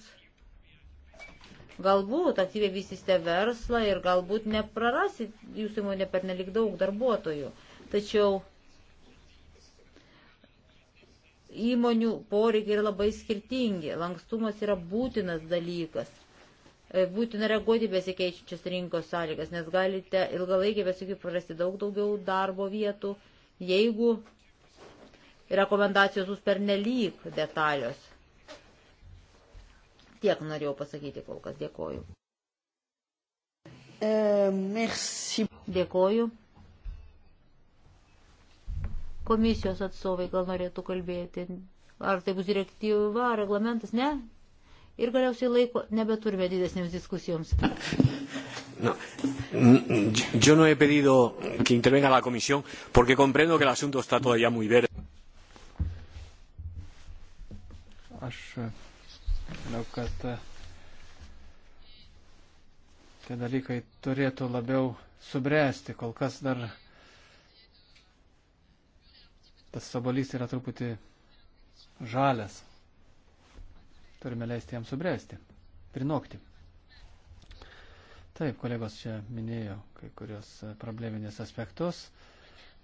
D: Galbūt aktyviai vystysite verslą ir galbūt neprarasit jūsų įmonė per nelik daug darbuotojų. Tačiau įmonių poreikiai yra labai skirtingi. Lankstumas yra būtinas dalykas. E, būtina reaguoti besikeičiančias rinkos sąlygas, nes galite ilgalaikiai besikeičiant prarasti daug daugiau darbo vietų, jeigu rekomendacijos bus pernelyg detalios. Tiek norėjau pasakyti kol kas. Dėkoju. E, merci. Dėkoju. Komisijos atstovai gal norėtų kalbėti. Ar tai bus direktyva, reglamentas? Ne? Ir galiausiai laiko nebeturime didesnėms diskusijoms.
I: No. Yo no he pedido que intervenga la comisión porque comprendo que el asunto está todavía muy verde.
F: Aš Manau, kad e, tie dalykai turėtų labiau subręsti. Kol kas dar tas sabolys yra truputį žalias. Turime leisti jam subręsti, prinokti. Taip, kolegos čia minėjo kai kurios e, probleminės aspektus.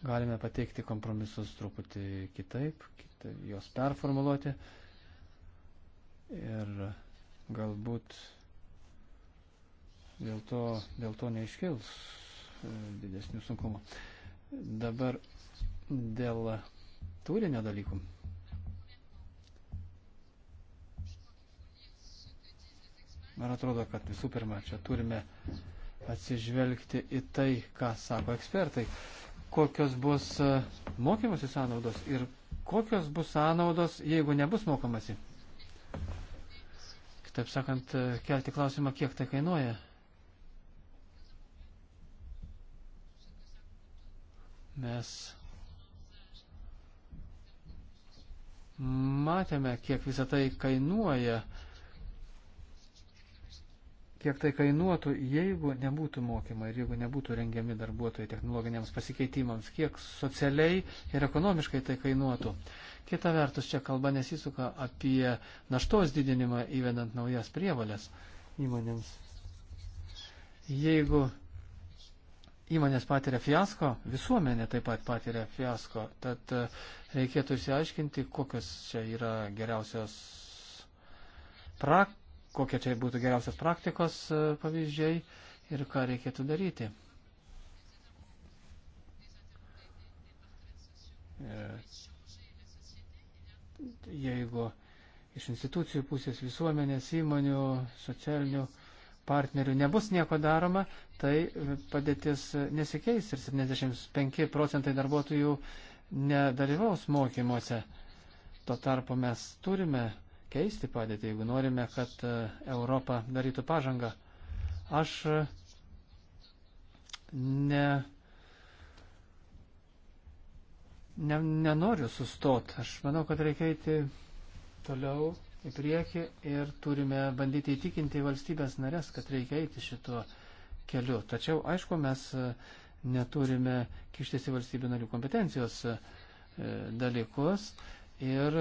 F: Galime pateikti kompromisus truputį kitaip, kitaip juos performuluoti. Ir galbūt dėl to, dėl to neiškils e, didesnių sunkumų. Dabar dėl turinio dalykų. Man atrodo, kad visų pirma, čia turime atsižvelgti į tai, ką sako ekspertai, kokios bus e, mokymosi sąnaudos ir kokios bus sąnaudos, jeigu nebus mokomasi. Kitaip sakant, kelti klausimą, kiek tai kainuoja. Mes matėme, kiek visą tai kainuoja kiek tai kainuotų, jeigu nebūtų mokymai ir jeigu nebūtų rengiami darbuotojai technologiniams pasikeitimams, kiek socialiai ir ekonomiškai tai kainuotų. Kita vertus, čia kalba nesisuka apie naštos didinimą įvedant naujas prievalės įmonėms. Jeigu įmonės patiria fiasko, visuomenė taip pat patiria fiasko, tad e, reikėtų išsiaiškinti, kokios čia yra geriausios praktikos kokie čia būtų geriausios praktikos e, pavyzdžiai ir ką reikėtų daryti. E, jeigu iš institucijų pusės visuomenės, įmonių, socialinių partnerių nebus nieko daroma, tai padėtis nesikeis ir 75 procentai darbuotojų nedalyvaus mokymuose. Tuo tarpu mes turime keisti padėtį, jeigu norime, kad e, Europa darytų pažangą. Aš e, ne, ne, nenoriu sustoti. Aš manau, kad reikia eiti toliau į priekį ir turime bandyti įtikinti valstybės narės, kad reikia eiti šituo keliu. Tačiau, aišku, mes e, neturime kištis į valstybių narių kompetencijos dalykus ir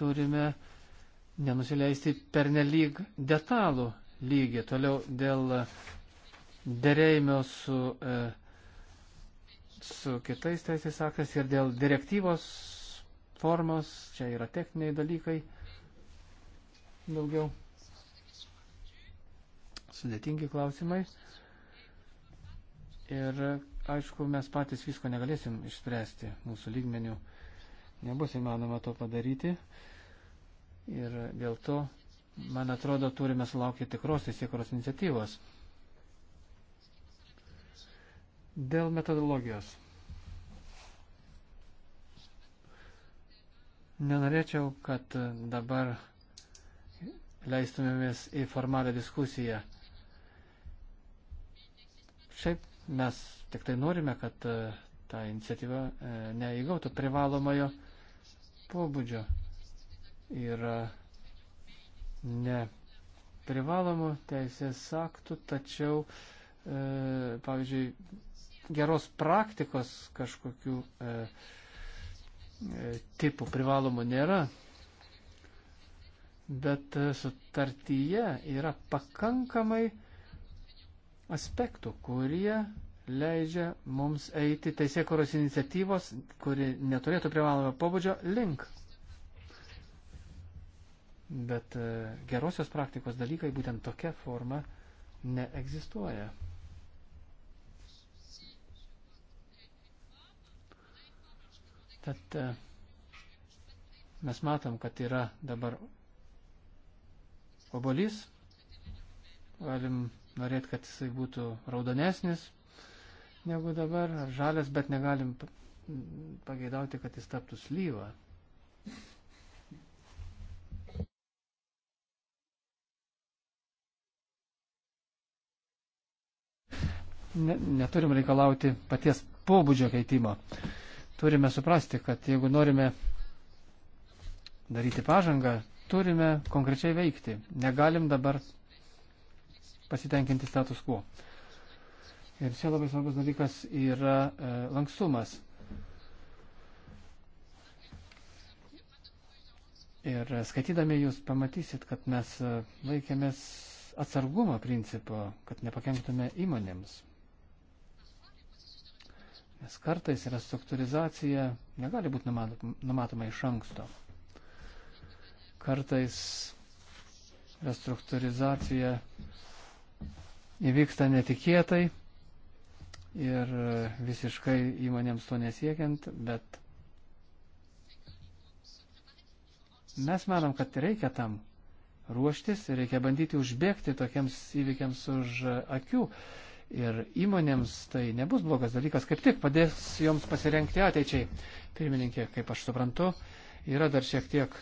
F: turime uh, nenusileisti per nelyg detalų lygį. Toliau dėl dėrėjimo su, e, su kitais teisės aktais ir dėl direktyvos formos, čia yra techniniai dalykai daugiau. Sudėtingi klausimai. Ir aišku, mes patys visko negalėsim išspręsti mūsų lygmenių. Nebus įmanoma to padaryti. Uh, Ir dėl to, man atrodo, turime sulaukti tikros teisėkuros iniciatyvos. Dėl metodologijos. Nenorėčiau, kad dabar leistumėmės į formalią diskusiją. Šiaip mes tik tai norime, kad e, ta iniciatyva e, neįgautų privalomojo pobūdžio yra ne privalomų teisės aktų, tačiau, e, pavyzdžiui, geros praktikos kažkokių e, e, tipų privalomų nėra, bet e, sutartyje yra pakankamai aspektų, kurie leidžia mums eiti teisėkuros iniciatyvos, kuri neturėtų privalomą pobūdžio link. Bet e, gerosios praktikos dalykai būtent tokia forma neegzistuoja. Tad e, mes matom, kad yra dabar obolys. Galim norėti, kad jisai būtų raudonesnis negu dabar, ar žalias, bet negalim pageidauti, kad jis taptų slyvą. ne, neturim reikalauti paties pobūdžio keitimo. Turime suprasti, kad jeigu norime daryti pažangą, turime konkrečiai veikti. Negalim dabar pasitenkinti status quo. Ir čia labai svarbus dalykas yra e, lankstumas. Ir skaitydami jūs pamatysit, kad mes e, laikėmės atsargumo principo, kad nepakenktume įmonėms. Nes kartais restruktūrizacija negali būti numatoma iš anksto. Kartais restruktūrizacija įvyksta netikėtai ir visiškai įmonėms to nesiekiant, bet mes manom, kad reikia tam ruoštis ir reikia bandyti užbėgti tokiems įvykiams už akių. Uh, ir įmonėms tai nebus blogas dalykas, kaip tik padės joms pasirenkti ateičiai. Pirmininkė, kaip aš suprantu, yra dar šiek tiek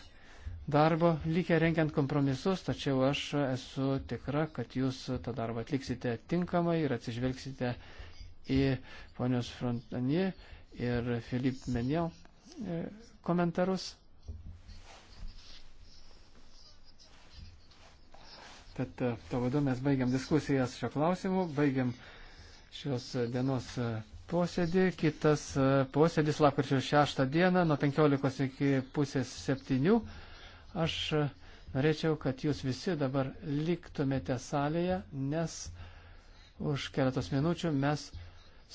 F: darbo likę renkiant kompromisus, tačiau aš esu tikra, kad jūs tą darbą atliksite tinkamai ir atsižvelgsite į ponios Frontani ir Filip Menio e, komentarus. Tad e, to vadu mes baigiam diskusijas šio klausimu, baigiam šios dienos e, posėdį. Kitas e, posėdis lapkričio 6 dieną nuo 15 iki pusės 7. Aš norėčiau, kad jūs visi dabar liktumėte salėje, nes už keletos minučių mes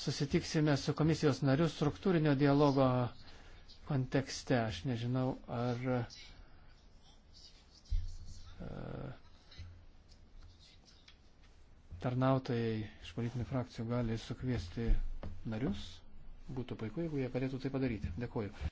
F: susitiksime su komisijos nariu struktūrinio dialogo kontekste. Aš nežinau, ar. Uh, tarnautojai iš politinių frakcijų gali sukviesti narius. Būtų puiku, jeigu jie galėtų tai padaryti. Dėkuoju.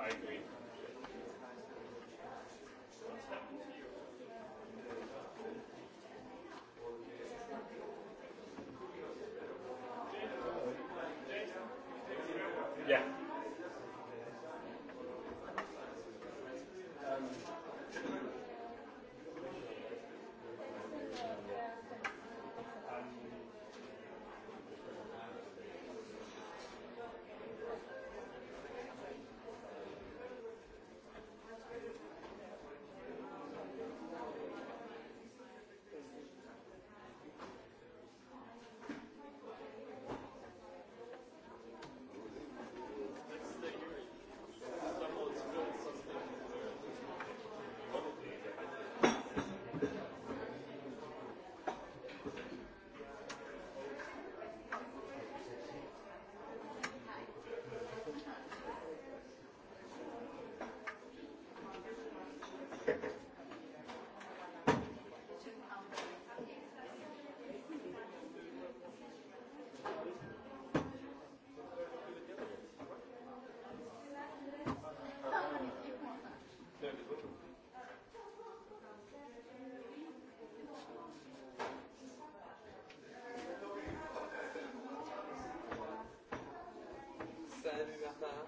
H: I agree.
J: 在那个啥。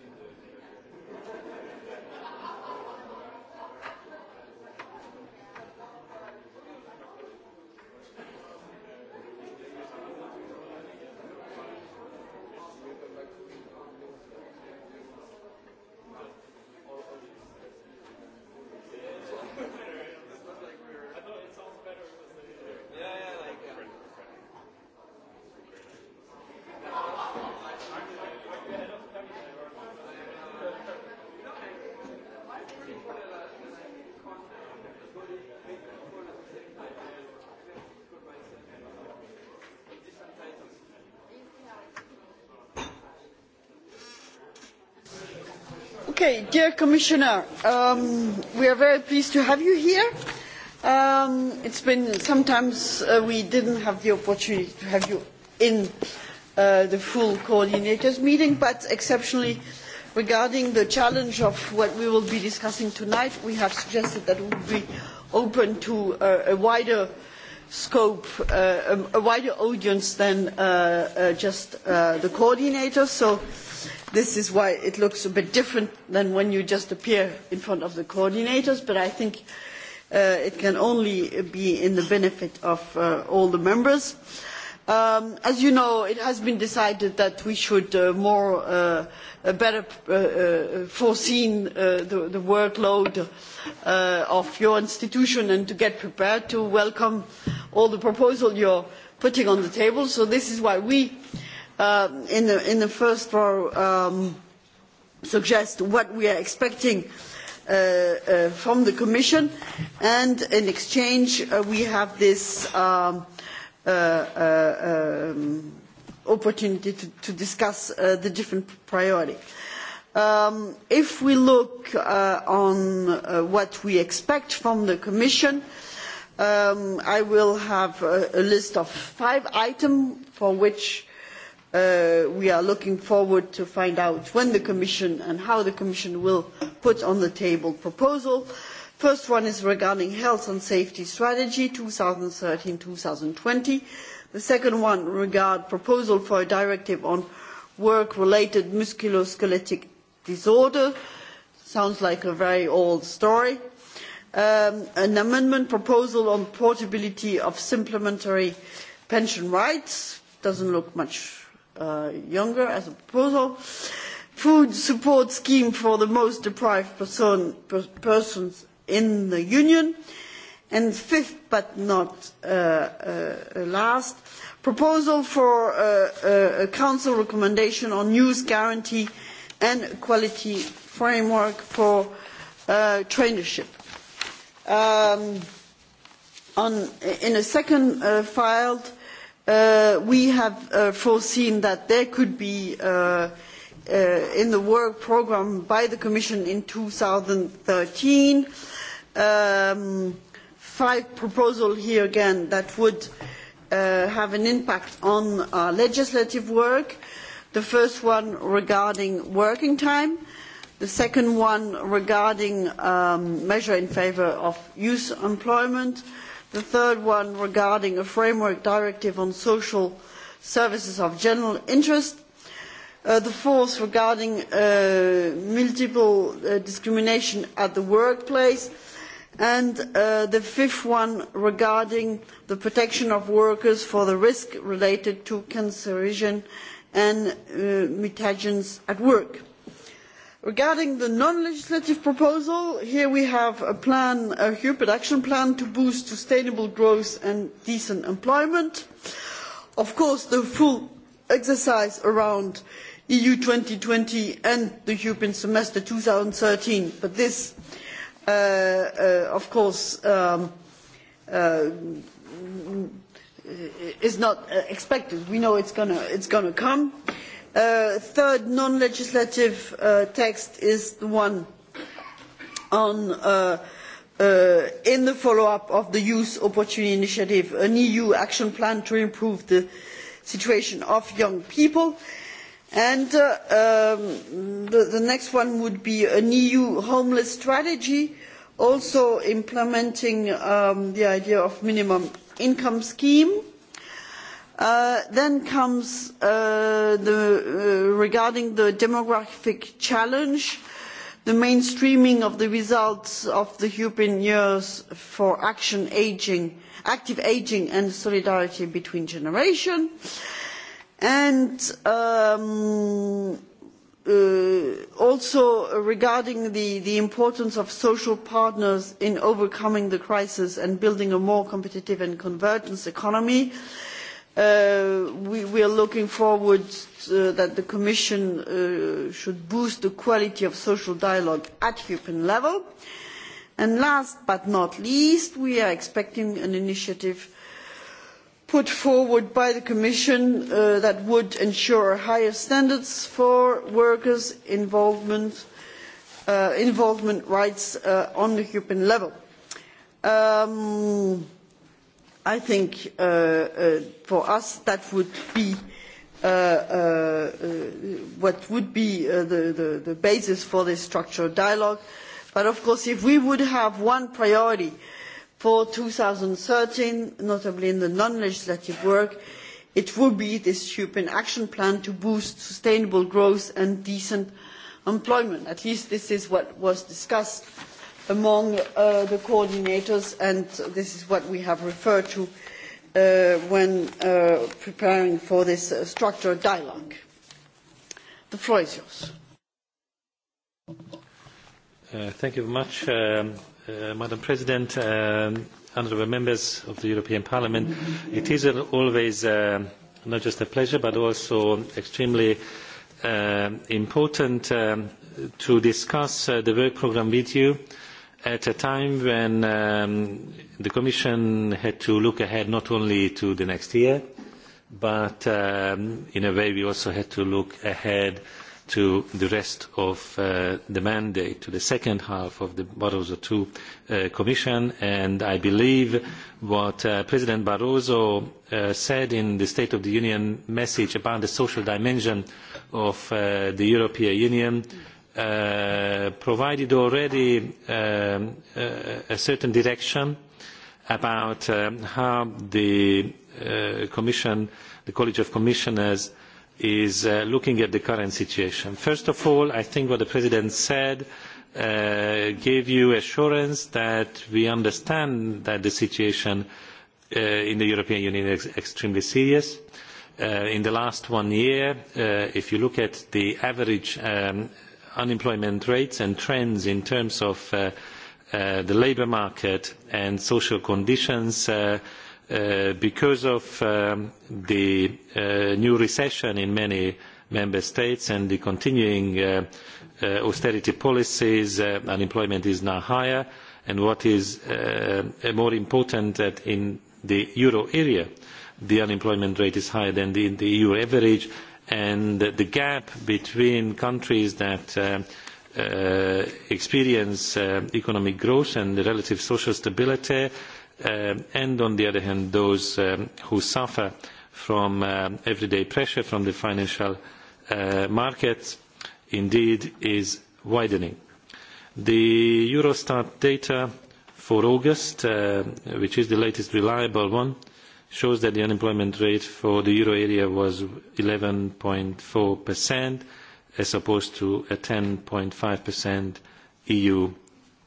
A: Okay, dear Commissioner, um, we are very pleased to have you here. Um, it's been sometimes uh, we didn't have the opportunity to have you in uh, the full coordinators meeting, but exceptionally regarding the challenge of what we will be discussing tonight, we have suggested that we would be open to uh, a wider scope, uh, um, a wider audience than uh, uh, just uh, the coordinators. So this is why it looks a bit different than when you just appear in front of the coordinators, but I think uh, it can only be in the benefit of uh, all the members. Um, as you know, it has been decided that we should uh, more, uh, better uh, uh, foreseen uh, the, the workload uh, of your institution and to get prepared to welcome all the proposals you're putting on the table. So this is why we uh, uh, in, the, in the first row um, suggest what we are expecting uh, uh, from the Commission, and in exchange uh, we have this um, uh, uh, um, opportunity to, to discuss uh, the different priorities. Um, if we look uh, on uh, what we expect from the Commission, um, I will have a, a list of five items for which Uh, we are looking forward to find out when the commission and how the commission will put on the table proposal. first one is regarding health and safety strategy two thousand and thirteen two thousand and twenty the second one regards proposal for a directive on work related musculoskeletal disorder sounds like a very old story um, an amendment proposal on portability of supplementary pension rights doesn't look much uh, Younger as a proposal. Food support scheme for the most deprived person, per, persons in the Union. And fifth but not uh, uh, last, proposal for uh, uh a council recommendation on youth guarantee and equality framework for uh, traineeship. Um, on, in a second uh, filed Uh, we have uh, foreseen that there could be uh, uh in the work programme by the commission in two thousand and thirteen um, five proposals here again that would uh, have an impact on our uh, legislative work the first one regarding working time the second one regarding a um, measure in favour of youth employment and the third one regarding a framework directive on social services of general interest uh, the fourth regarding uh, multiple uh, discrimination at the workplace and uh, the fifth one regarding the protection of workers for the risk related to cancerogen and uh, mutagens at work regarding the non legislative proposal here we have a plan a european action plan to boost sustainable growth and decent employment. of course the full exercise around eu two thousand and twenty and the european semester two thousand and thirteen but this uh, uh, of course um, uh, is not uh, expected. we know it is going to come. Uh, third non legislative uh, text is the one on uh, uh in the follow up of the youth opportunity initiative an eu action plan to improve the situation of young people and uh, um, the, the next one would be an eu homeless strategy also implementing um, the idea of minimum income scheme Uh, then comes uh, the, uh, regarding the demographic challenge the mainstreaming of the results of the european years for action, aging, active ageing and solidarity between generations and um, uh, also regarding the, the importance of social partners in overcoming the crisis and building a more competitive and convergent economy and Uh, we, we are looking forward to, uh, that the Commission uh, should boost the quality of social dialogue at European level. And last but not least, we are expecting an initiative put forward by the Commission uh, that would ensure higher standards for workers' involvement, uh, involvement rights uh, on the European level. Um, I think uh, uh, for us that would be uh, uh, uh, what would be uh, the, the, the basis for this structured dialogue. But of course, if we would have one priority for 2013, notably in the non-legislative work, it would be this European Action Plan to boost sustainable growth and decent employment. At least this is what was discussed uh, among uh, the coordinators, and this is what we have referred to uh, when uh, preparing for this uh, structured dialogue. The floor is yours.
E: Uh, thank you very much, um, uh, Madam President, um, honourable members of the European Parliament. It is always uh, not just a pleasure, but also extremely uh, important um, to discuss uh, the work programme with you. Uh, at a time when um, the Commission had to look ahead not only to the next year, but um, in a way we also had to look ahead to the rest of uh, the mandate, to the second half of the Barroso II uh, Commission. And I believe what uh, President Barroso uh, said in the State of the Union message about the social dimension of uh, the European Union mm -hmm uh, provided already um, uh, a certain direction about um, how the uh, commission the college of commissioners is uh, looking at the current situation. first of all i think what the president said gave you assurance that we understand that the situation in the european union is extremely serious. Uh, in the last one year uh, if you look at the average um, unemployment rates and trends in terms of uh, uh, the labour market and social conditions uh, uh, because of um, the uh, new recession in many member states and the continuing uh, uh, austerity policies, uh, unemployment is now higher. And what is uh, uh more important that in the euro area, the unemployment rate is higher than the, the EU average and the gap between countries that uh, uh, experience uh, economic growth and relative social stability uh, and on the other hand those um, who suffer from uh, everyday pressure from the financial uh, markets indeed is widening. the eurostat data for august which is the latest reliable one shows that the unemployment rate for the euro area was 11.4% as opposed to a 10.5% EU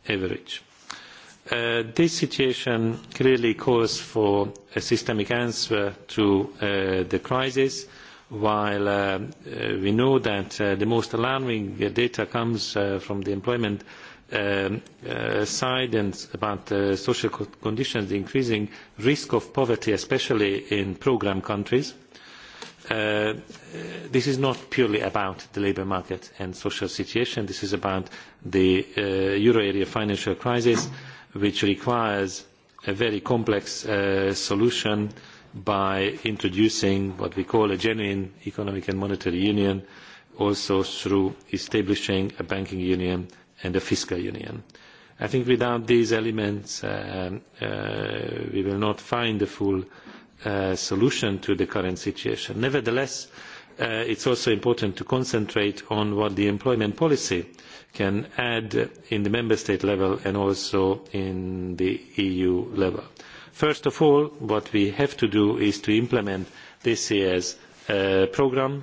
E: average. Uh, this situation clearly calls for a systemic answer to uh, the crisis while uh, uh we know that uh, the most alarming data comes uh, from the employment um, uh, side and about uh, social conditions, the increasing risk of poverty, especially in programme countries, uh, this is not purely about the labour market and social situation. This is about the uh, euro area financial crisis, which requires a very complex uh, solution by introducing what we call a genuine economic and monetary union, also through establishing a banking union and the fiscal union. I think without these elements, uh, um, uh, we will not find a full uh, solution to the current situation. Nevertheless, uh, it's also important to concentrate on what the employment policy can add in the member state level and also in the EU level. First of all, what we have to do is to implement this year's uh, programme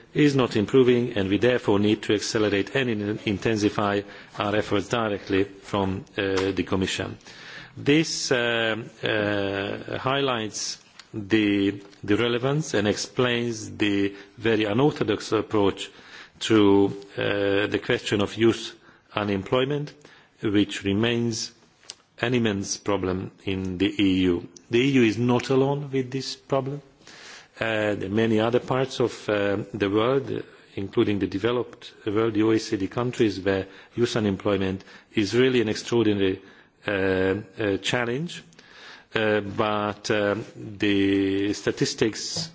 E: is not improving and we therefore need to accelerate and intensify our efforts directly from uh, the commission. this uh, uh, highlights the, the relevance and explains the very unorthodox approach to uh, the question of youth unemployment which remains an immense problem in the eu. the eu is not alone with this problem Uh, and many other parts of uh, the world including the developed world the oecd countries where youth unemployment is really an extraordinary uh, uh, challenge uh, but um, the statistics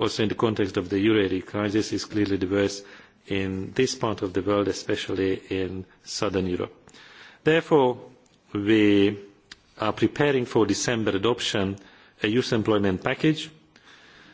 E: also in the context of the euro area crisis is clearly the worst in this part of the world especially in southern europe. therefore we are preparing for december adoption a youth employment package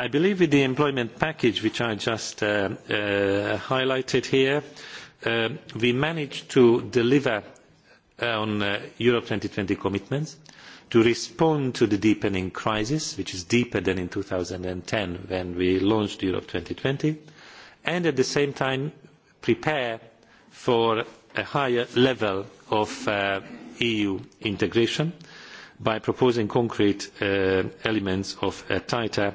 E: i believe with the employment package which i just uh, uh, highlighted here uh, we managed to deliver on uh, europe two thousand and twenty commitments to respond to the deepening crisis which is deeper than in two thousand and ten when we launched europe two thousand and twenty and at the same time prepare for a higher level of uh, eu integration by proposing concrete uh, elements of a tighter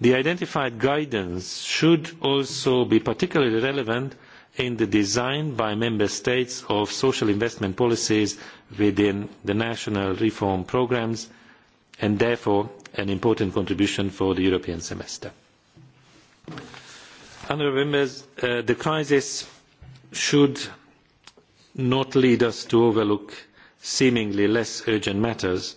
E: the identified guidance should also be particularly relevant in the design by member states of social investment policies within the national reform programmes and therefore an important contribution for the european semester. Members, uh, the crisis should not lead us to overlook seemingly less urgent matters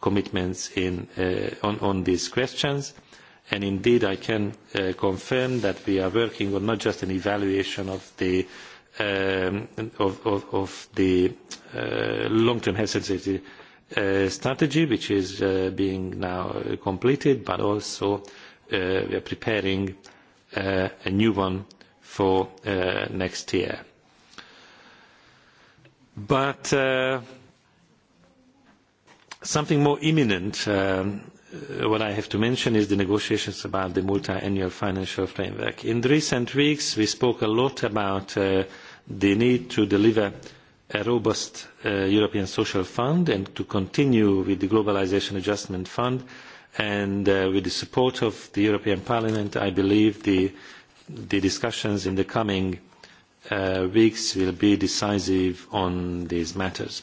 E: commitments in, uh, on, on these questions. And indeed, I can uh, confirm that we are working on not just an evaluation of the, um, of, of, of the uh, long-term health sensitivity uh, strategy, which is uh, being now uh, completed, but also uh, we are preparing uh, a new one for uh, next year. But uh, Something more imminent, um, what I have to mention is the negotiations about the multi-annual financial framework. In recent weeks, we spoke a lot about uh, the need to deliver a robust uh, European Social Fund and to continue with the Globalization Adjustment Fund. And uh, with the support of the European Parliament, I believe the, the discussions in the coming uh, weeks will be decisive on these matters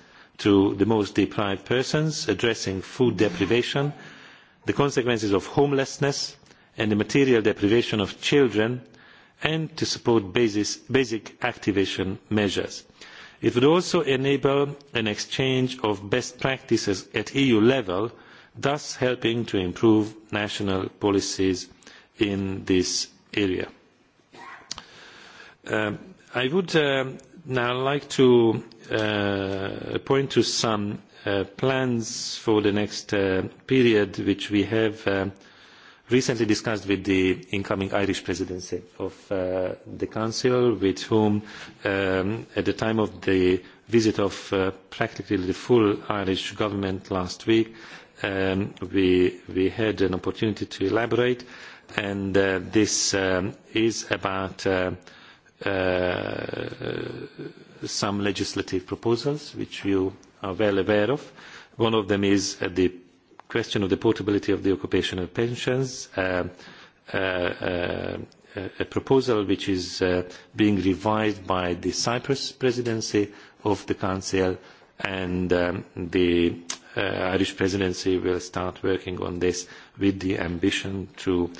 E: to the most deprived persons addressing food deprivation the consequences of homelessness and the material deprivation of children and to support basis, basic activation measures. it would also enable an exchange of best practices at eu level thus helping to improve national policies in this area. Um, i would um, now I'd like to uh, point to some uh, plans for the next uh, period which we have uh, recently discussed with the incoming Irish presidency of uh, the Council, with whom um, at the time of the visit of uh, practically the full Irish government last week, um, we, we had an opportunity to elaborate, and uh, this um, is about uh, Uh, uh, some legislative proposals which you are well aware of. One of them is uh, the question of the portability of the occupational pensions, uh, uh, uh, a proposal which is uh, being revised by the Cyprus presidency of the Council and um, the uh, Irish presidency will start working on this with the ambition to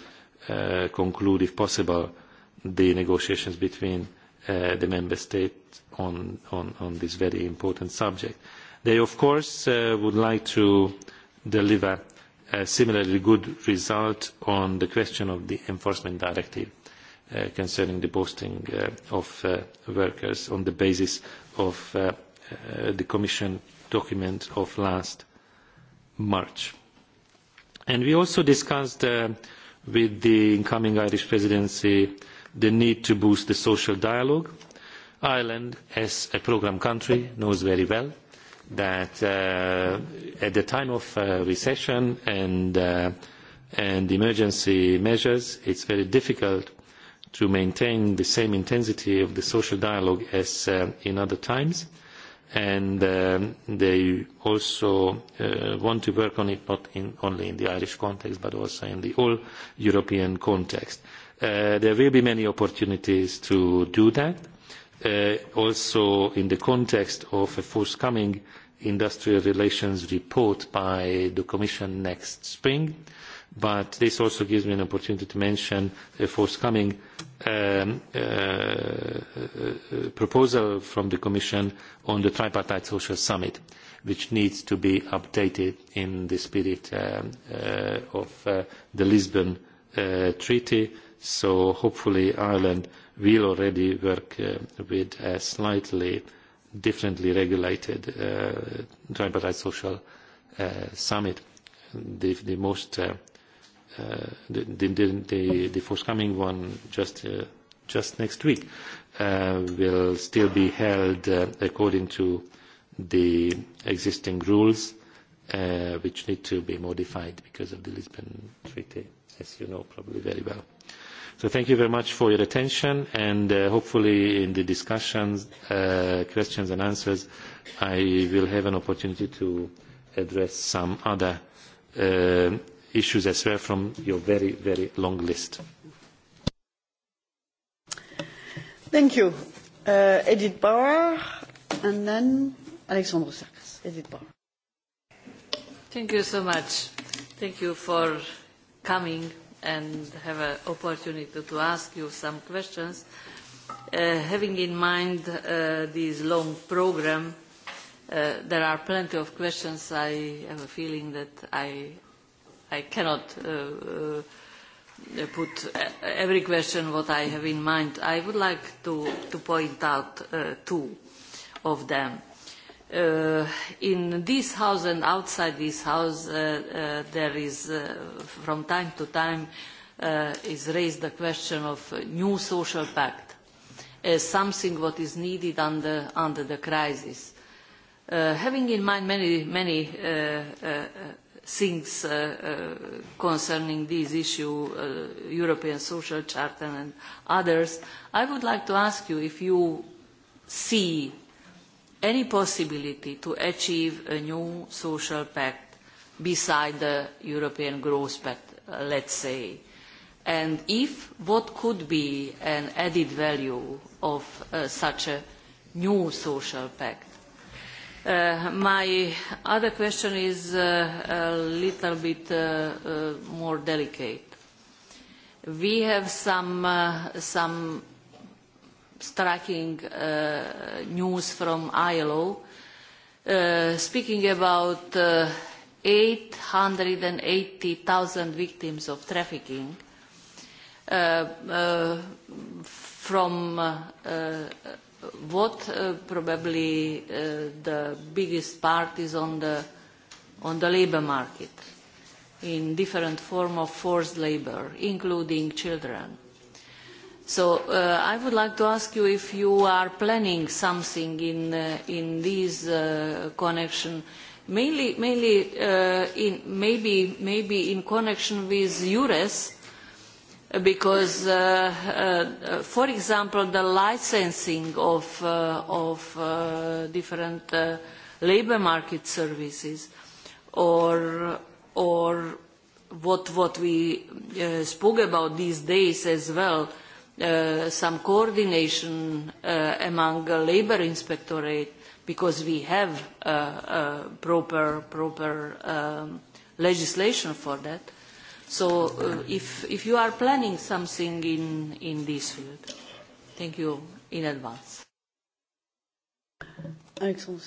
E: uh, conclude, if possible, the negotiations between uh, the member states on, on, on this very important subject. They, of course, uh, would like to deliver a similarly good result on the question of the enforcement directive uh, concerning the posting uh, of uh, workers on the basis of uh, uh, the Commission document of last March. And we also discussed uh, with the incoming Irish presidency uh, the need to boost the social dialogue. ireland as a programme country knows very well that uh, at the time of uh, recession and, uh, and emergency measures it is very difficult to maintain the same intensity of the social dialogue as uh, in other times and um, they also uh, want to work on it not in, only in the irish context but also in the all european context Uh, there will be many opportunities to do that uh, also in the context of a forthcoming industrial relations report by the commission next spring but this also gives me an opportunity to mention a forthcoming um, uh, uh proposal from the commission on the tripartite social summit which needs to be updated in the spirit um, uh, of uh, the lisbon treaty so hopefully ireland will already work uh, with a slightly differently regulated uh, tripartite social uh, summit. The, the most uh, uh, the, the, the, the forthcoming one just uh, just next week uh, will still be held uh, according to the existing rules, uh, which need to be modified because of the Lisbon Treaty, as you know probably very well. So thank you very much for your attention and uh, hopefully in the discussions, uh, questions and answers, I will have an opportunity to address some other uh, issues as well from your very, very long list.
A: Thank you. Uh, Edith Bauer and then Alexandre Sarkas. Edith Bauer.
K: Thank you so much. Thank you for coming and have an opportunity to ask you some questions. Uh, having in mind uh, this long program, uh, there are plenty of questions. I have a feeling that I, I cannot uh, uh, put every question what I have in mind. I would like to, to point out uh, two of them uh, in this house and outside this house, uh, uh, there is, uh, from time to time, uh, is raised the question of new social pact as uh, something what is needed under, under the crisis. Uh, having in mind many, many uh, uh, things uh, uh, concerning this issue, uh, European Social Charter and others, I would like to ask you if you see any possibility to achieve a new social pact beside the European growth pact, uh, let's say? And if, what could be an added value of uh, such a new social pact? Uh, my other question is uh, a little bit uh, uh, more delicate. We have some, uh, some striking uh, news from ILO, uh, speaking about uh, 880,000 victims of trafficking uh, uh, from uh, uh, what uh, probably uh, the biggest part is on the, on the labor market in different form of forced labor, including children So uh, I would like to ask you if you are planning something in, uh, in this uh, connection, mainly, mainly uh, in, maybe, maybe in connection with EURES, because, uh, uh, uh, for example, the licensing of, uh, of uh, different uh, labor market services or, or what, what we uh, spoke about these days as well, uh, uh, some coordination uh, among uh, labor inspectorate because we have uh, uh, proper, proper um, legislation for that. So uh, if, if you are planning something in, in this field, thank you in advance. Alexandre.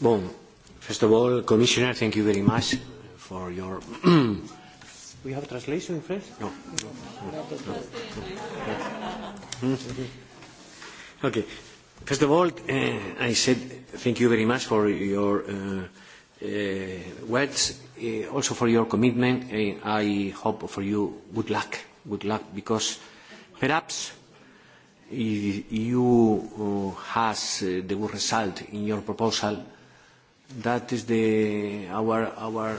I: Bon, first of all, Commissioner, thank you very much for your We have translation in French? No. No. No. no. no. no. okay. First of all, uh, I said thank you very much for your uh, uh, words, uh, also for your commitment. Uh, I hope for you good luck, good luck, because perhaps if you uh, has uh, the good result in your proposal, that is the our our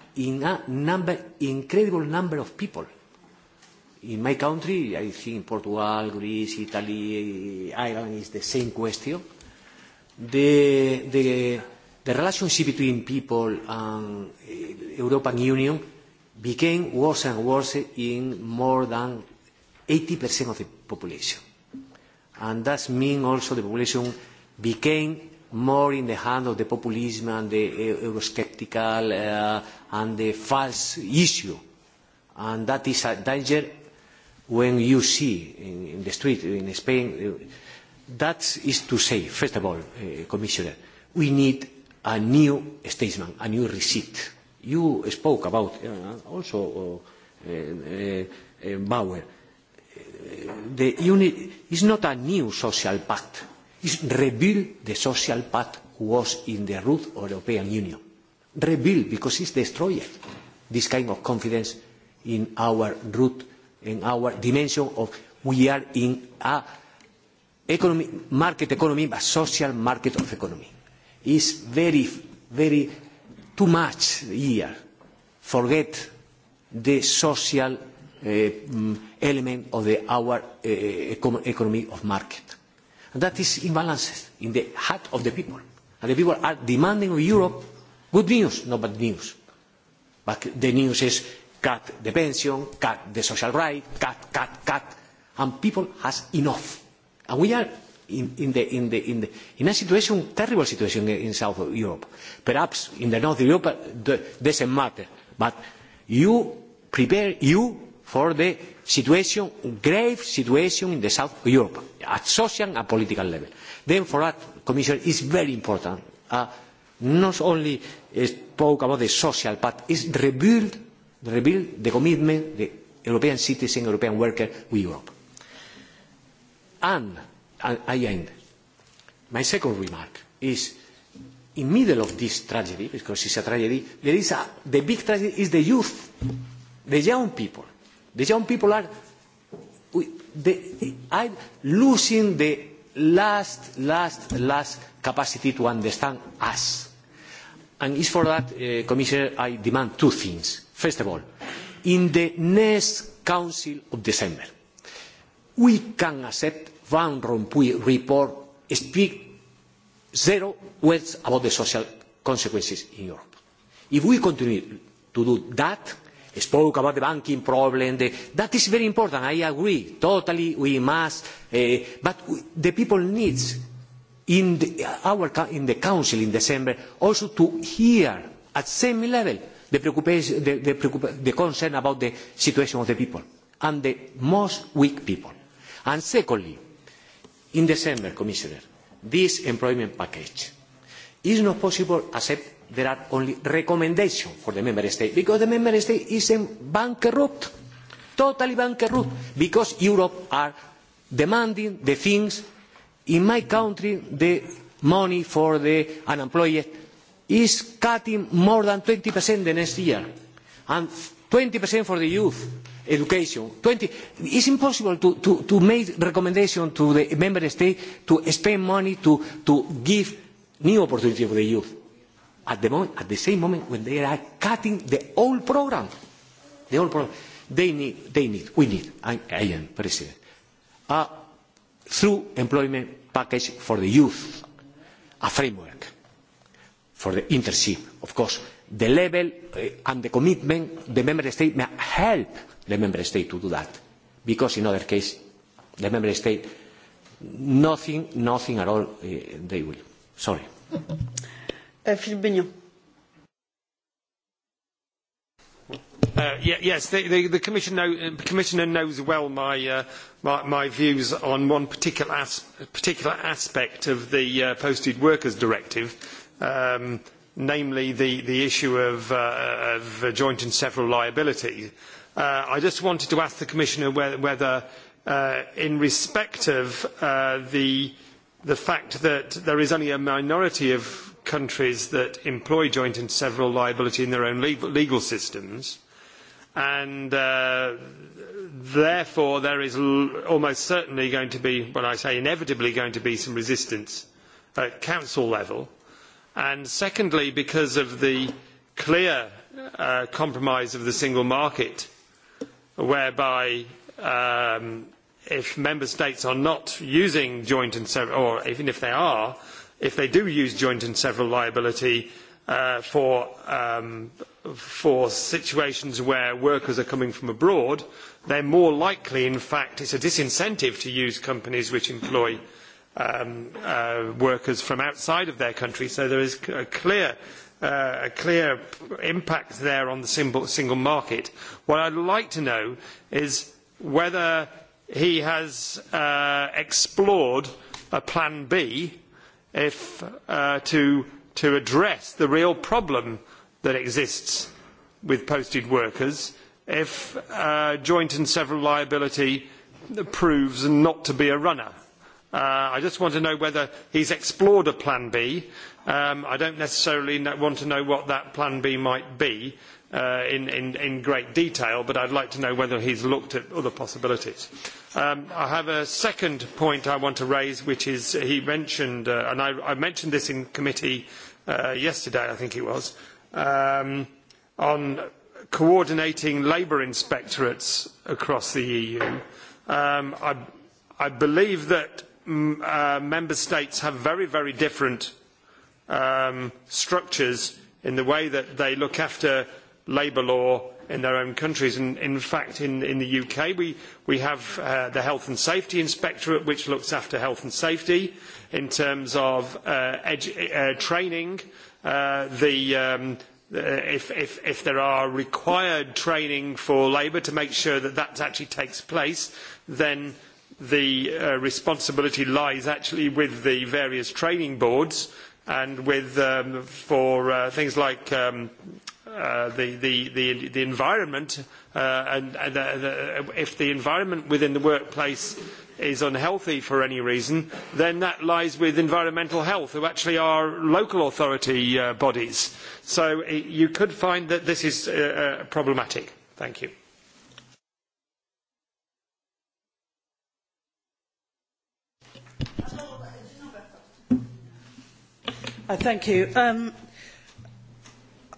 I: in a number, incredible number of people. In my country, I think Portugal, Greece, Italy, Ireland is the same question. The, the, the relationship between people and uh, European Union became worse and worse in more than 80% of the population. And that means also the population became more in the hand of the populism and the uh, Eurosceptical uh, and the false issue. And that is a danger when you see in, in the street in Spain. That is to say, first of all, uh, Commissioner, we need a new statement, a new receipt. You spoke about uh, also uh, uh, uh, Bauer. The unit is not a new social pact. It's rebuild the social pact was in the root of the European Union rebuild because it's destroyed this kind of confidence in our root, in our dimension of we are in a economy, market economy, but social market of economy. It's very, very too much here. Forget the social uh, element of the, our uh, eh, econ economy of market. And that is imbalances in the heart of the people. And the people are demanding of Europe Good news, not bad news. But the news is cut the pension, cut the social right, cut, cut, cut. And people has enough. And we are in, in, the, in, the, in, the, in a situation, terrible situation in South Europe. Perhaps in the North Europe it uh, doesn't matter. But you prepare you for the situation, grave situation in the South Europe, at social and political level. Then for that, Commissioner, it's very important. Uh, not only spoke about the social, but is rebuild, rebuild the commitment, the European citizen, European worker with Europe. And, and I end. My second remark is, in middle of this tragedy, because it's a tragedy, there is a, the big tragedy is the youth, the young people. The young people are, they are losing the last, last, last capacity to understand us And it's for that, uh, Commissioner, I demand two things. First of all, in the next Council of December, we can accept Van Rompuy report speak zero words about the social consequences in Europe. If we continue to do that, spoke about the banking problem, the, that is very important, I agree, totally, we must, uh, but we, the people needs in the, our, in the Council in December also to hear at same level the, preoccupation, the, the, the concern about the situation of the people and the most weak people. And secondly, in December, Commissioner, this employment package is not possible except there are only recommendations for the member state because the member state is bankrupt, totally bankrupt, because Europe are demanding the things in my country the money for the unemployed is cutting more than 20% the next year and 20% for the youth education. 20. It's impossible to, to, to make recommendations to the member state to spend money to, to give new opportunity for the youth. At the, moment, at the same moment when they are cutting the whole program, the whole program, they need, they need, we need, I, I am president, a uh, through employment package for the youth, a framework for the internship. Of course, the level uh, and the commitment, the member state may help the member state to do that, because in other case, the member state, nothing, nothing at all, uh, they will. Sorry.
A: Uh, Philippe Bignon.
G: Uh, yes, the, the, the commissioner, know, uh, commissioner knows well my, uh, my, my views on one particular, as, particular aspect of the uh, Posted Workers Directive, um, namely the, the issue of, uh, of joint and several liability. Uh, I just wanted to ask the Commissioner whether, whether uh, in respect of uh, the, the fact that there is only a minority of countries that employ joint and several liability in their own legal, legal systems. And uh, therefore, there is l- almost certainly going to be, well, I say inevitably going to be some resistance at council level. And secondly, because of the clear uh, compromise of the single market, whereby um, if member states are not using joint and several, or even if they are, if they do use joint and several liability uh, for, um, for situations where workers are coming from abroad, they're more likely, in fact, it's a disincentive to use companies which employ um, uh, workers from outside of their country. So there is a clear uh, a clear impact there on the single, single market. What I'd like to know is whether he has uh, explored a plan B if, uh, to, to address the real problem that exists with posted workers if uh, joint and several liability proves not to be a runner. Uh, I just want to know whether he's explored a plan B. Um, I don't necessarily want to know what that plan B might be, uh, in, in, in great detail, but I'd like to know whether he's looked at other possibilities. Um, I have a second point I want to raise, which is he mentioned, uh, and I, I mentioned this in committee uh, yesterday, I think it was, um, on coordinating labour inspectorates across the EU. Um, I, I believe that m- mm, uh, member states have very, very different um, structures in the way that they look after labour law in their own countries. And in fact, in, in the UK, we, we have uh, the Health and Safety Inspectorate, which looks after health and safety in terms of uh, edu- uh, training. Uh, the, um, if, if, if there are required training for labour to make sure that that actually takes place, then the uh, responsibility lies actually with the various training boards and with um, for uh, things like um, uh, the, the, the, the environment uh, and, and uh, the, if the environment within the workplace is unhealthy for any reason, then that lies with environmental health, who actually are local authority uh, bodies. So it, you could find that this is uh, uh, problematic. Thank you.
C: Uh, thank you. Um,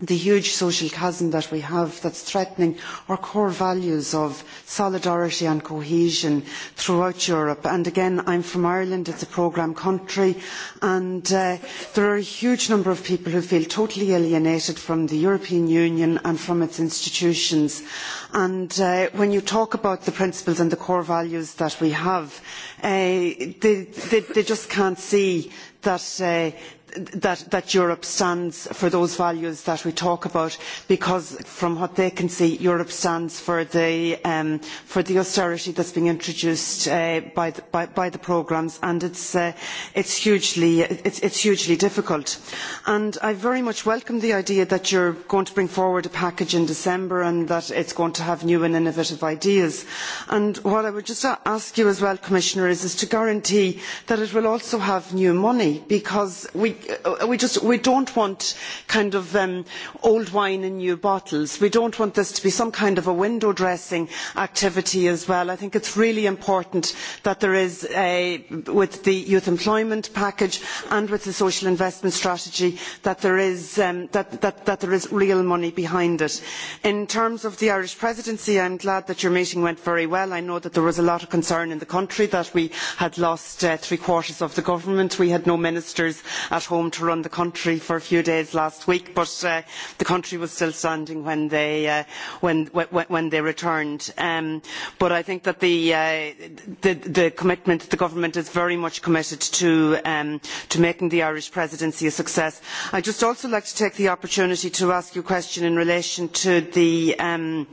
J: the huge social chasm that we have that's threatening our core values of solidarity and cohesion throughout Europe. And again, I'm from Ireland, it's a programme country, and uh, there are a huge number of people who feel totally alienated from the European Union and from its institutions. And uh, when you talk about the principles and the core values that we have, uh, they, they, they just can't see that uh, that, that Europe stands for those values that we talk about because from what they can see Europe stands for the, um, for the austerity that's being introduced uh, by, the, by, by the programmes and it's, uh, it's, hugely, it's, it's hugely difficult. And I very much welcome the idea that you're going to bring forward a package in December and that it's going to have new and innovative ideas. And what I would just ask you as well, Commissioner, is, is to guarantee that it will also have new money because we Uh, we just we don't want kind of um, old wine in new bottles. We don't want this to be some kind of a window dressing activity as well. I think it's really important that there is a, with the youth employment package and with the social investment strategy that there is um, that, that, that there is real money behind it. In terms of the Irish presidency, I'm glad that your meeting went very well. I know that there was a lot of concern in the country that we had lost uh, three quarters of the government. We had no ministers at home to run the country for a few days last week, but uh, the country was still standing when they uh, when, when when they returned. Um, but I think that the, uh, the the commitment the government is very much committed to um, to making the Irish presidency a success. I just also like to take the opportunity to ask you a question in relation to the. Um,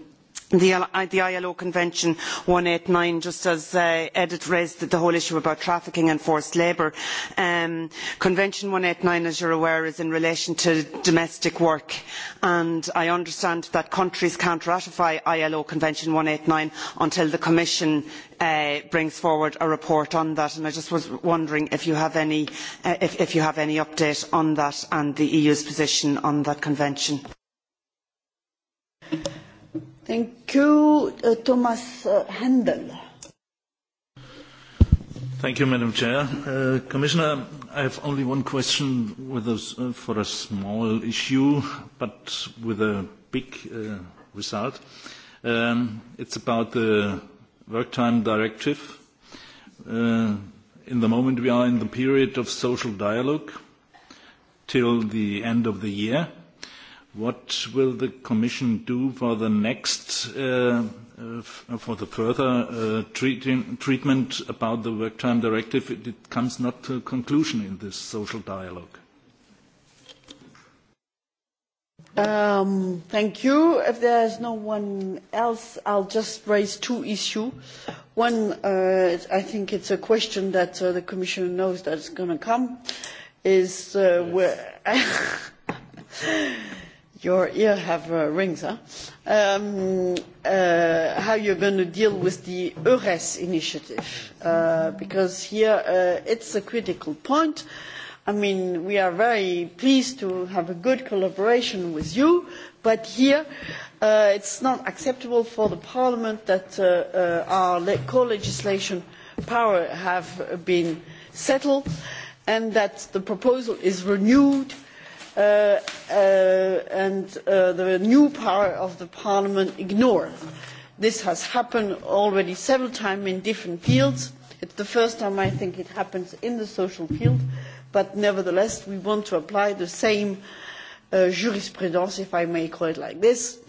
J: the, uh, the ILO Convention 189, just as uh, Edith raised the, the whole issue about trafficking and forced labour. Um, Convention 189, as you're aware, is in relation to domestic work. And I understand that countries can't ratify ILO Convention 189 until the Commission uh, brings forward a report on that. And I just was wondering if you have any, uh, if, if you have any update on that and the EU's position on that convention.
A: Thank you, uh, Thomas uh, Handel.
E: Thank you, Madam Chair. Uh, Commissioner, I have only one question with a, uh, for a small issue, but with a big uh, result. Um, it's about the work time directive. Uh, in the moment, we are in the period of social dialogue till the end of the year What will the Commission do for the next, uh, uh, for the further uh, treat treatment about the work time directive? It, it comes not to a conclusion in this social dialogue.
A: Um, thank you. If there's no one else, I'll just raise two issues. One, uh, I think it's a question that uh, the Commission knows that's going to come, is uh, yes. where... your ear have uh, rings, huh? Um, uh, how you're going to deal with the EURES initiative, uh, because here uh, it's a critical point. I mean, we are very pleased to have a good collaboration with you, but here uh, it's not acceptable for the Parliament that uh, uh, our le co-legislation power have been settled and that the proposal is renewed uh, uh, uh, and uh, the new power of the parliament ignored. This has happened already several times in different fields. It's the first time I think it happens in the social field, but nevertheless we want to apply the same uh, jurisprudence, if I may call it like this,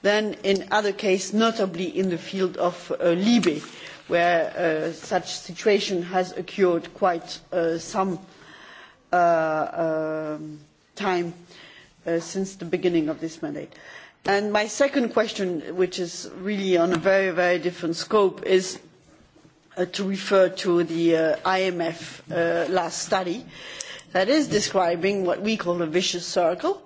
A: than in other cases, notably in the field of uh, Libya where uh, such situation has occurred quite uh, some uh, um, time uh, since the beginning of this mandate. And my second question, which is really on a very, very different scope, is uh, to refer to the uh, IMF uh, last study that is describing what we call a vicious circle,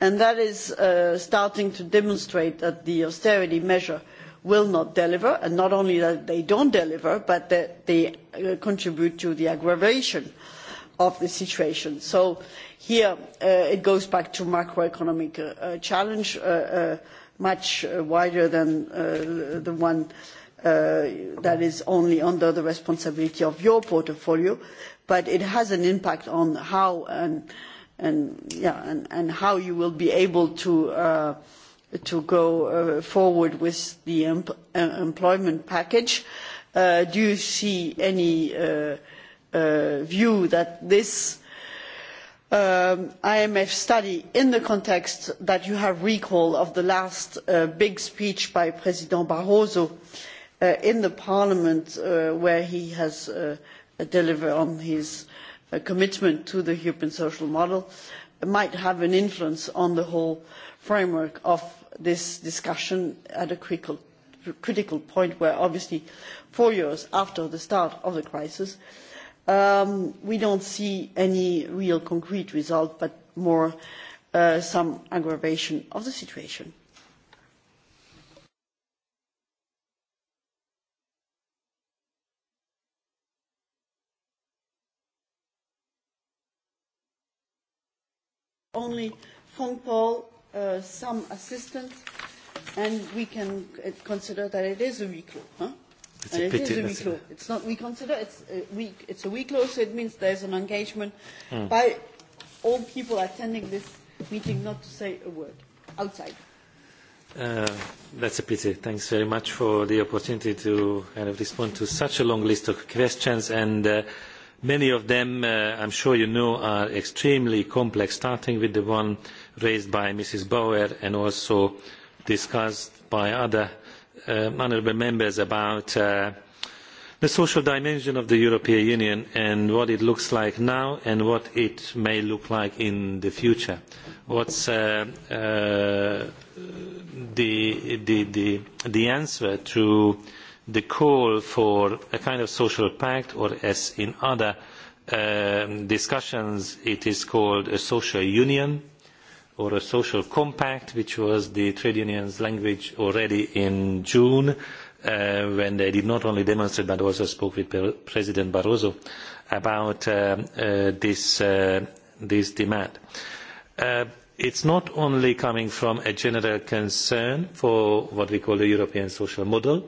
A: and that is uh, starting to demonstrate that the austerity measure will not deliver, and not only that they don't deliver, but that they uh, contribute to the aggravation uh, of the situation. so here uh, it goes back to macroeconomic uh, uh, challenge uh, uh, much uh, wider than uh, the one uh, that is only under the responsibility of your portfolio, but it has an impact on how and, and, yeah, and, and how you will be able to uh, to go uh, forward with the em uh, employment package. Uh, do you see any uh, uh, view that this um, imf study in the context that you have recalled of the last uh, big speech by president barroso uh, in the parliament uh, where he has uh, delivered on his uh, commitment to the european social model might have an influence on the whole framework of this discussion at a critical, critical point where obviously four years after the start of the crisis Um, we don't see any real concrete result, but more uh, some aggravation of the
H: situation.
A: Only phone call, uh, some assistance, and we can uh, consider that it is a recall. Huh?
H: It's and a it pity, is a week law.
A: It's not we consider it's a week. It's a week law, so it means there's an engagement mm. by all people attending this meeting not to say a word outside.
E: Uh, that's a pity. Thanks very much for the opportunity to kind of respond to such a long list of questions, and uh, many of them, uh, I'm sure you know, are extremely complex, starting with the one raised by Mrs. Bauer and also discussed by other um, uh, honourable members about uh, the social dimension of the european union and what it looks like now and what it may look like in the future what is uh, uh, the, the, the, the answer to the call for a kind of social pact or as in other um, discussions it is called a social union' or a social compact, which was the trade union's language already in June, uh, when they did not only demonstrate but also spoke with President Barroso about uh, uh, this, uh, this demand. Uh, it's not only coming from a general concern for what we call the European social model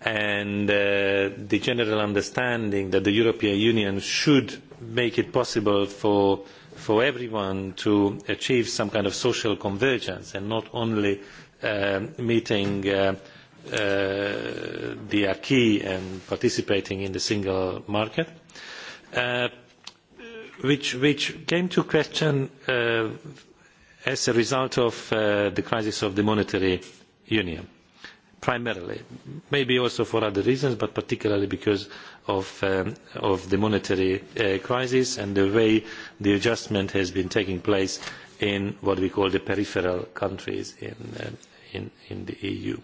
E: and uh, the general understanding that the European Union should make it possible for uh, for everyone to achieve some kind of social convergence and not only uh, meeting uh, uh, the acquis and participating in the single market, uh, which, which came to question uh, as a result of uh, the crisis of the monetary union primarily maybe also for other reasons but particularly because of, um, of the monetary uh, crisis and the way the adjustment has been taking place in what we call the peripheral countries in, uh, in, in the eu.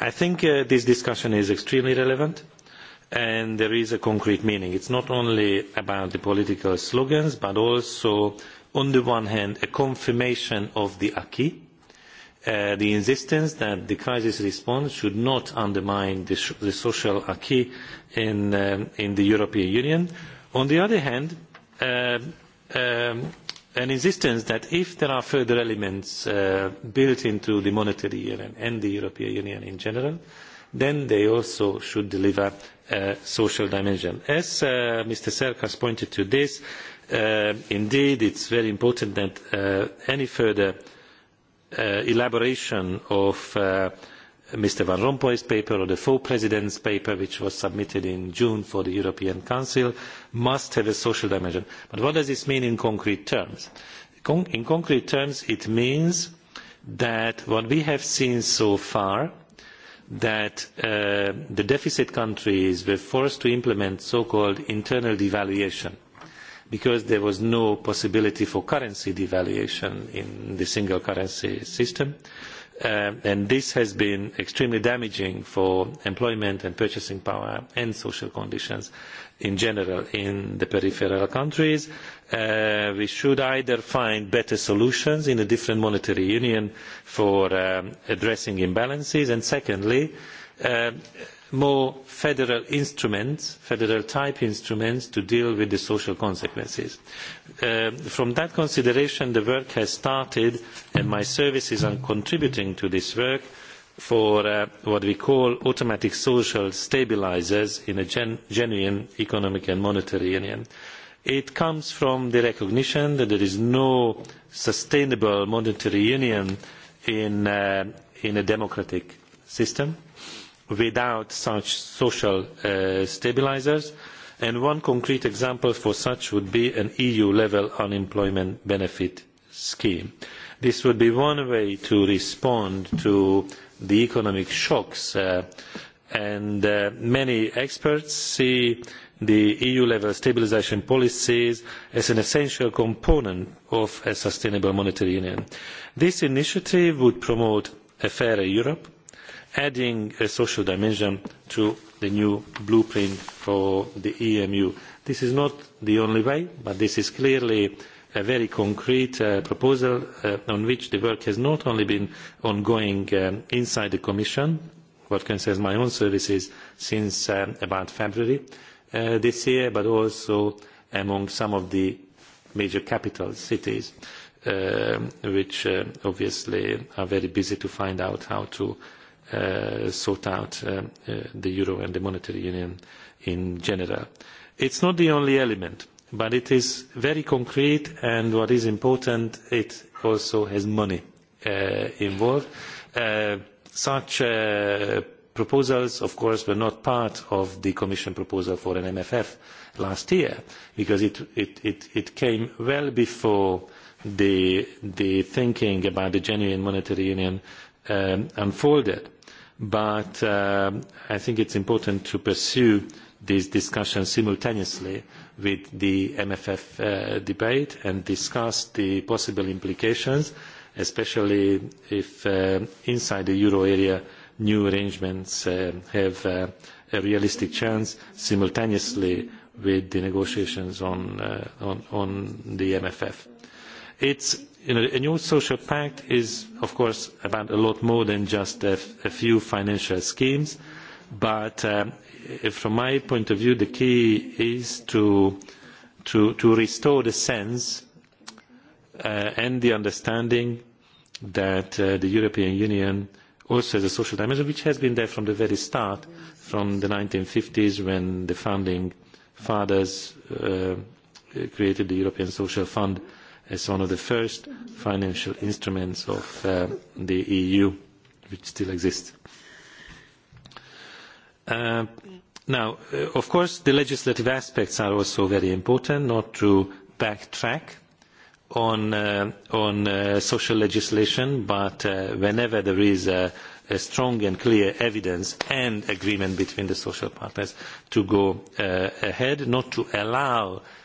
E: i think uh, this discussion is extremely relevant and there is a concrete meaning. it is not only about the political slogans but also on the one hand a confirmation of the acquis Uh, the insistence that the crisis response should not undermine the, the social acquis in, um, in the European Union. On the other hand, uh, um, an insistence that if there are further elements uh, built into the monetary union and the European Union in general, then they also should deliver a uh, social dimension. As uh, Mr. Serkas pointed to this, uh, indeed it's very important that uh, any further uh, Uh, elaboration of uh, mr van rompuy's paper or the four presidents' paper which was submitted in june for the european council must have a social dimension. but what does this mean in concrete terms? Con in concrete terms it means that what we have seen so far that uh, the deficit countries were forced to implement so called internal devaluation because there was no possibility for currency devaluation in the single currency system. Um, and this has been extremely damaging for employment and purchasing power and social conditions in general in the peripheral countries. Uh, we should either find better solutions in a different monetary union for um, addressing imbalances and secondly uh, more federal instruments, federal type instruments to deal with the social consequences. Uh, from that consideration, the work has started and my services are contributing to this work for uh, what we call automatic social stabilisers in a gen genuine economic and monetary union. It comes from the recognition that there is no sustainable monetary union in, uh, in a democratic system. Uh, without such social uh, stabilisers and one concrete example for such would be an eu level unemployment benefit scheme. this would be one way to respond to the economic shocks uh, and uh, many experts see the eu level stabilisation policies as an essential component of a sustainable monetary union. this initiative would promote a fairer europe adding a social dimension to the new blueprint for the emu. this is not the only way but this is clearly a very concrete uh, proposal uh, on which the work has not only been ongoing um, inside the commission what concerns my own services since um, about february uh, this year but also among some of the major capital cities uh, which obviously are very busy to find out how to uh, sort out um, uh, the euro and the monetary union in general. It's not the only element, but it is very concrete and what is important, it also has money uh, involved. Uh, such uh, proposals, of course, were not part of the Commission proposal for an MFF last year because it, it, it, it came well before the, the thinking about the genuine monetary union uh, um, unfolded. But uh, I think it's important to pursue this discussion simultaneously with the MFF uh, debate and discuss the possible implications, especially if uh, inside the euro area new arrangements uh, have uh, a realistic chance simultaneously with the negotiations on, uh, on, on the MFF. It's you know, a new social pact is, of course, about a lot more than just a, a few financial schemes. But um, from my point of view, the key is to, to, to restore the sense uh, and the understanding that uh, the European Union also has a social dimension, which has been there from the very start, from the 1950s when the founding fathers uh, created the European Social Fund. Mm-hmm as one of the first financial instruments of uh, the EU which still exists. Uh, now, uh, of course, the legislative aspects are also very important, not to backtrack on, uh, on uh, social legislation, but uh, whenever there is a, a strong and clear evidence and agreement between the social partners to go uh, ahead, not to allow uh,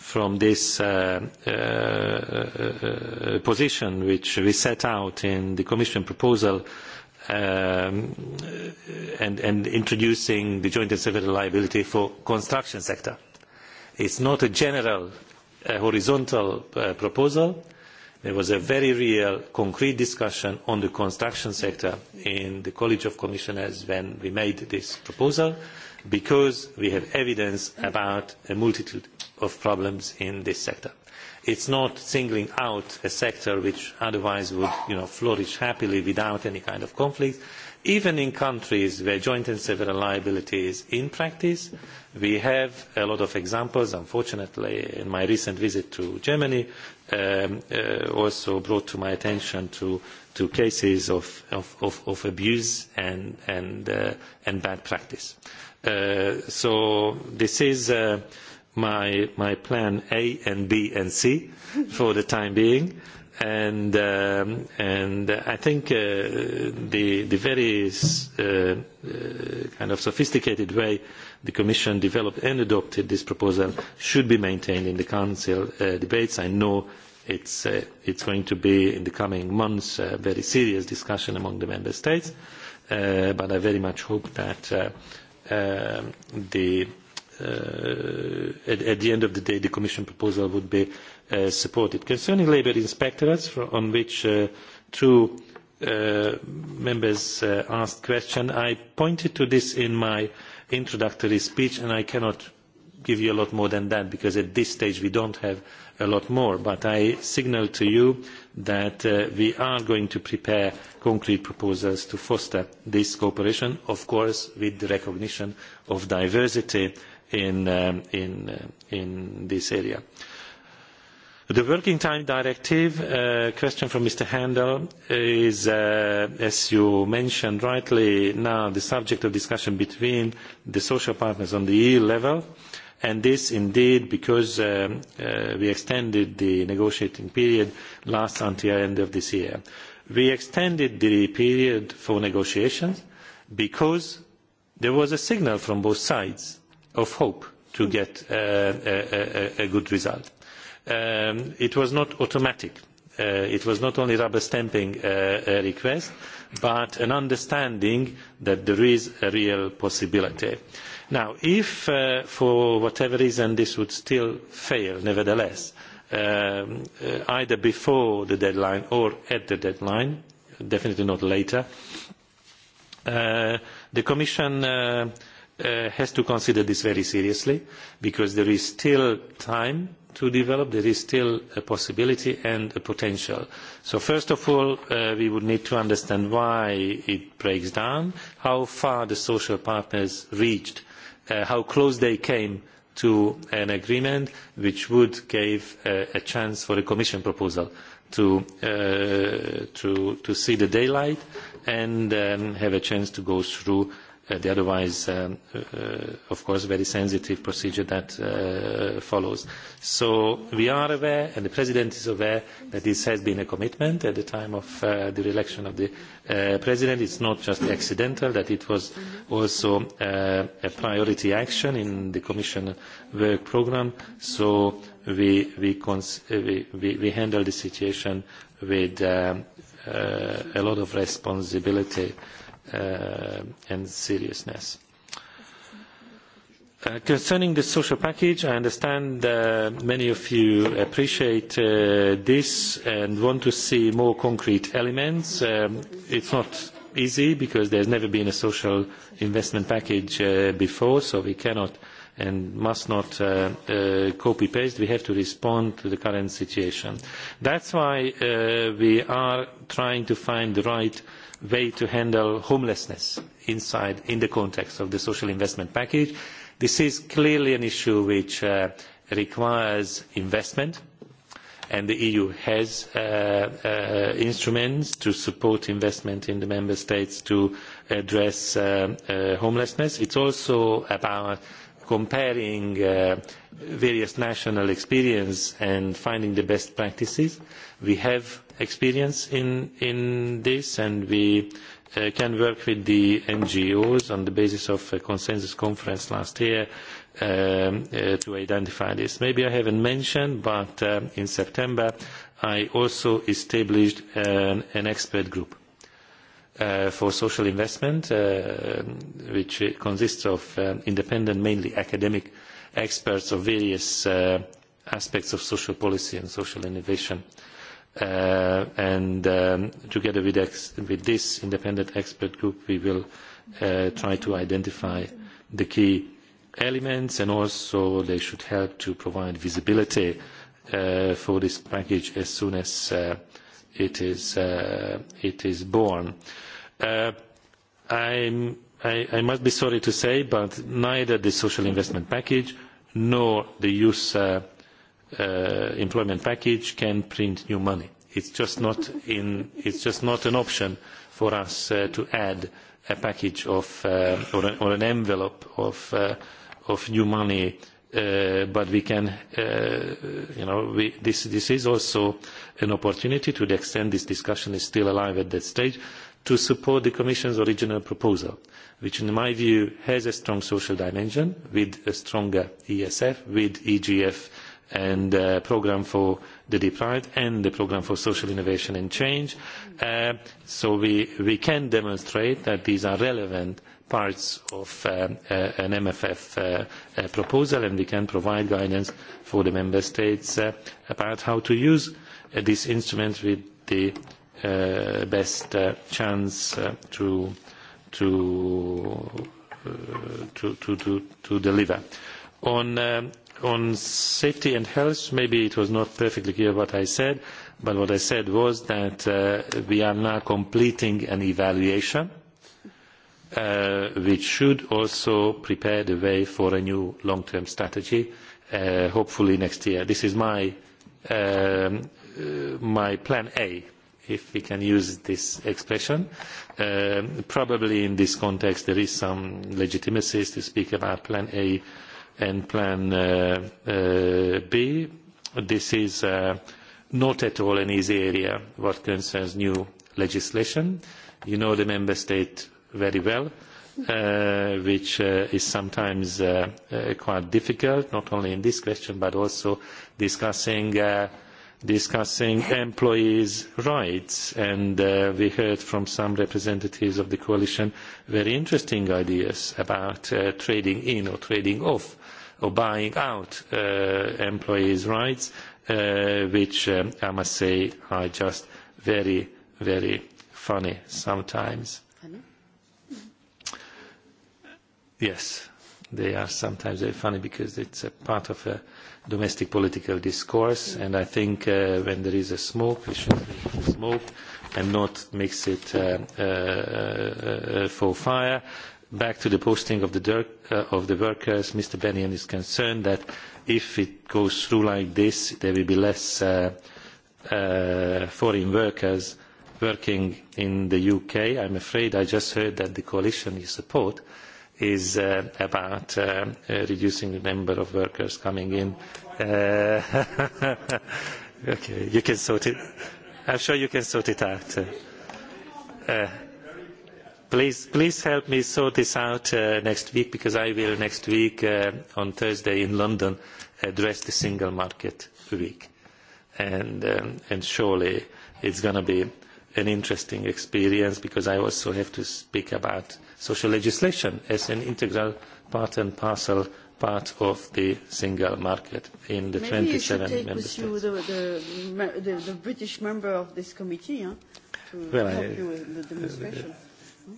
E: from this uh, uh, uh, uh, position which we set out in the Commission proposal um, and, and introducing the joint and several liability for construction sector. It's not a general uh, horizontal uh, proposal. There was a very real concrete discussion on the construction sector in the College of Commissioners when we made this proposal because we have evidence about a multitude of problems in this sector. it is not singling out a sector which otherwise would you know, flourish happily without any kind of conflict. even in countries where joint and several liability is in practice we have a lot of examples unfortunately in my recent visit to germany um, uh, also brought to my attention to, to cases of, of, of, of abuse and, and, uh, and bad practice. Uh, so this is uh, my, my plan A and B and C for the time being. And, um, and I think uh, the, the very uh, uh, kind of sophisticated way the Commission developed and adopted this proposal should be maintained in the Council uh, debates. I know it's, uh, it's going to be in the coming months a very serious discussion among the Member States, uh, but I very much hope that uh, uh, the Uh, at, at the end of the day the commission proposal would be uh, supported. concerning labour inspectorates on which uh, two members asked questions i pointed to this in my introductory speech and i cannot give you a lot more than that because at this stage we do not have a lot more but i signal to you that uh, we are going to prepare concrete proposals to foster this cooperation of course with the recognition of diversity in, um, in, uh, in this area. The Working Time Directive, uh, question from Mr. Handel, is, uh, as you mentioned rightly now, the subject of discussion between the social partners on the EU level, and this indeed because um, uh, we extended the negotiating period last until the end of this year. We extended the period for negotiations because there was a signal from both sides of hope to mm. get uh, a, a, a good result. Um, it was not automatic. Uh, it was not only rubber stamping uh, a request, but an understanding that there is a real possibility. Now, if uh, for whatever reason this would still fail, nevertheless, um, uh, either before the deadline or at the deadline, definitely not later, uh, the Commission uh, uh, has to consider this very seriously because there is still time to develop there is still a possibility and a potential. so first of all uh, we would need to understand why it breaks down how far the social partners reached uh, how close they came to an agreement which would give uh, a chance for a commission proposal to, uh, to, to see the daylight and um, have a chance to go through uh, the otherwise, um, uh, of course, very sensitive procedure that uh, follows. So we are aware, and the President is aware, that this has been a commitment at the time of uh, the election of the uh, President. It's not just accidental, that it was also uh, a priority action in the Commission work programme. So we, we, cons uh, we, we, we handle the situation with um, uh, a lot of responsibility. Uh, uh, and seriousness. Uh, concerning the social package, I understand uh, many of you appreciate uh, this and want to see more concrete elements. Um, it's not easy because there's never been a social investment package uh, before, so we cannot and must not uh, uh, copy paste. We have to respond to the current situation. That's why uh, we are trying to find the right uh, way to handle homelessness inside in the context of the social investment package. this is clearly an issue which uh, requires investment and the eu has uh, uh, instruments to support investment in the member states to address uh, uh, homelessness. it is also about comparing uh, various national experience and finding the best practices. We have experience in, in this and we uh, can work with the NGOs on the basis of a consensus conference last year um, uh, to identify this. Maybe I haven't mentioned, but um, in September I also established an, um, an expert group Uh, for social investment, uh, which consists of uh, independent, mainly academic experts of various uh, aspects of social policy and social innovation. Uh, and um, together with, ex with this independent expert group, we will uh, try to identify the key elements and also they should help to provide visibility uh, for this package as soon as uh, it, is, uh, it is born. Uh, Uh, I, i must be sorry to say but neither the social investment package nor the youth uh, uh, employment package can print new money. it is just, just not an option for us uh, to add a package of, uh, or, an, or an envelope of, uh, of new money Uh, but we can uh, you know we, this this is also an opportunity to the extent this discussion is still alive at that stage to support the commission's original proposal which in my view has a strong social dimension with a stronger esf with egf uh, and the programme for the deprived and the programme for social innovation and change uh, so we, we can demonstrate that these are relevant parts of um, uh, an mff uh, uh, proposal and we can provide guidance for the member states about how to use this instrument with the uh, best uh, chance uh, to to, uh, to to to to deliver on um, on safety and health maybe it was not perfectly clear what i said but what i said was that uh, we are now completing an evaluation uh, which should also prepare the way for a new long term strategy uh, hopefully next year. this is my, um, uh, my plan a if we can use this expression. Uh, probably in this context there is some legitimacy to speak about plan A and plan uh, uh, B. This is uh, not at all an easy area what concerns new legislation. You know the member state very well. Uh, which uh, is sometimes uh, uh, quite difficult, not only in this question, but also discussing uh, discussing employees' rights and uh, we heard from some representatives of the coalition very interesting ideas about uh, trading in or trading off or buying out uh, employees' rights uh, which um, I must say are just very, very funny sometimes. Funny? Yes, they are sometimes very funny because it's a part of a domestic political discourse and i think uh, when there is a smoke we should make the smoke and not mix it uh, uh, uh, uh, for fire back to the posting of the dirk, uh, of the workers mr bennion is concerned that if it goes through like this there will be less uh, uh, foreign workers working in the uk i'm afraid i just heard that the coalition is support uh, is uh, about uh, uh, reducing the number of workers coming in. Uh, okay, you can sort it. I'm sure you can sort it out. Uh, please, please help me sort this out uh, next week because I will next week uh, on Thursday in London address the single market week, and um, and surely it's going to be an interesting experience because I also have to speak about uh, social legislation as an integral part and parcel part of the single market in the Maybe 27 you take member with states. You
A: the, the, the, the British member of this committee huh,
E: to well, help I, you
C: in the demonstration. Uh,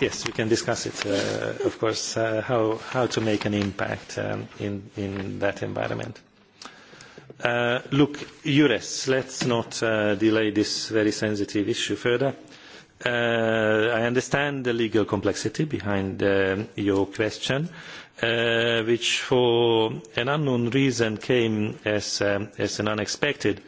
E: yes, we can discuss it, uh, of course, uh, how, how to make an impact um, in, in that environment. Uh, look, EURES, let's not uh, delay this very sensitive issue further uh, I understand the legal complexity behind uh, your question, uh, which for an unknown reason came as, um, as an unexpected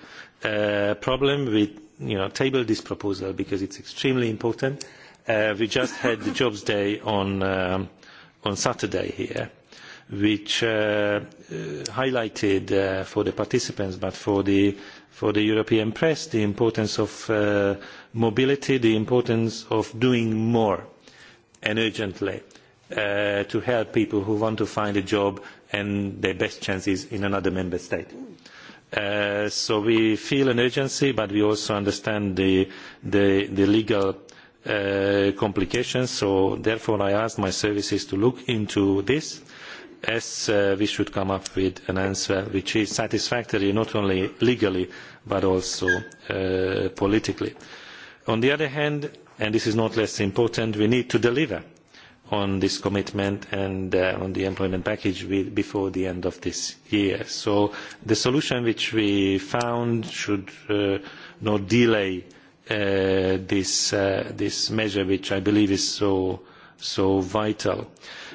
E: uh, problem. We you know, tabled this proposal because it's extremely important. Uh, we just had the jobs day on, um, on Saturday here, which uh, uh, highlighted uh, for the participants but for the, for the European press the importance of uh, mobility the importance of doing more and urgently uh, to help people who want to find a job and their best chances in another member state. Uh, so we feel an urgency but we also understand the, the, the legal uh, complications so therefore i asked my services to look into this as uh, we should come up with an answer which is satisfactory not only legally but also uh, politically on the other hand and this is not less important we need to deliver on this commitment and uh, on the employment package with, before the end of this year. so the solution which we found should uh, not delay uh, this, uh, this measure which i believe is so, so vital.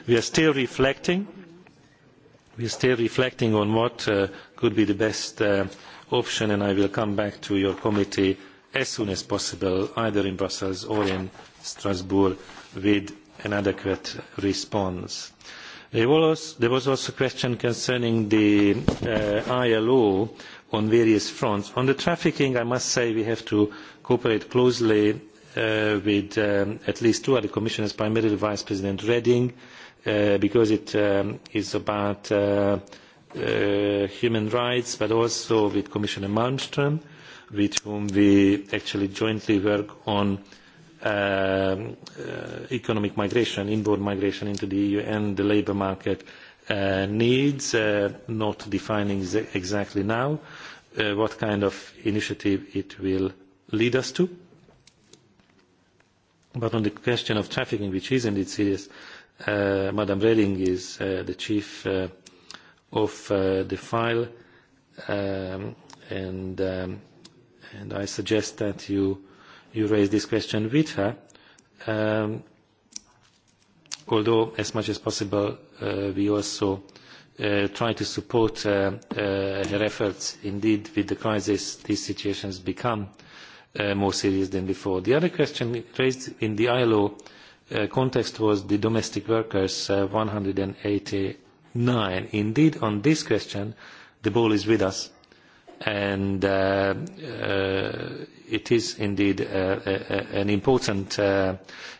E: we are still reflecting we are still reflecting on what uh, could be the best uh, option and i will come back to your committee as soon as possible either in brussels or in strasbourg with an adequate response. there was also a question concerning the uh, ilo on various fronts. on the trafficking i must say we have to cooperate closely uh, with um, at least two other commissioners primarily vice president reding uh, because it um, is about uh, uh, human rights but also with commissioner malmstrm with whom we actually jointly work on uh, uh, economic migration, inbound migration into the EU and the labour market uh, needs, uh, not defining exactly now uh, what kind of initiative it will lead us to. But on the question of trafficking, which is indeed serious, uh, Madam Reding is uh, the chief uh, of uh, the file, um, and um, and I suggest that you, you raise this question with her, um, although as much as possible uh, we also uh, try to support uh, uh, her efforts. Indeed, with the crisis, these situations become uh, more serious than before. The other question raised in the ILO uh, context was the domestic workers, uh, 189. Indeed, on this question, the ball is with us and uh, uh, it is indeed uh, uh an important uh,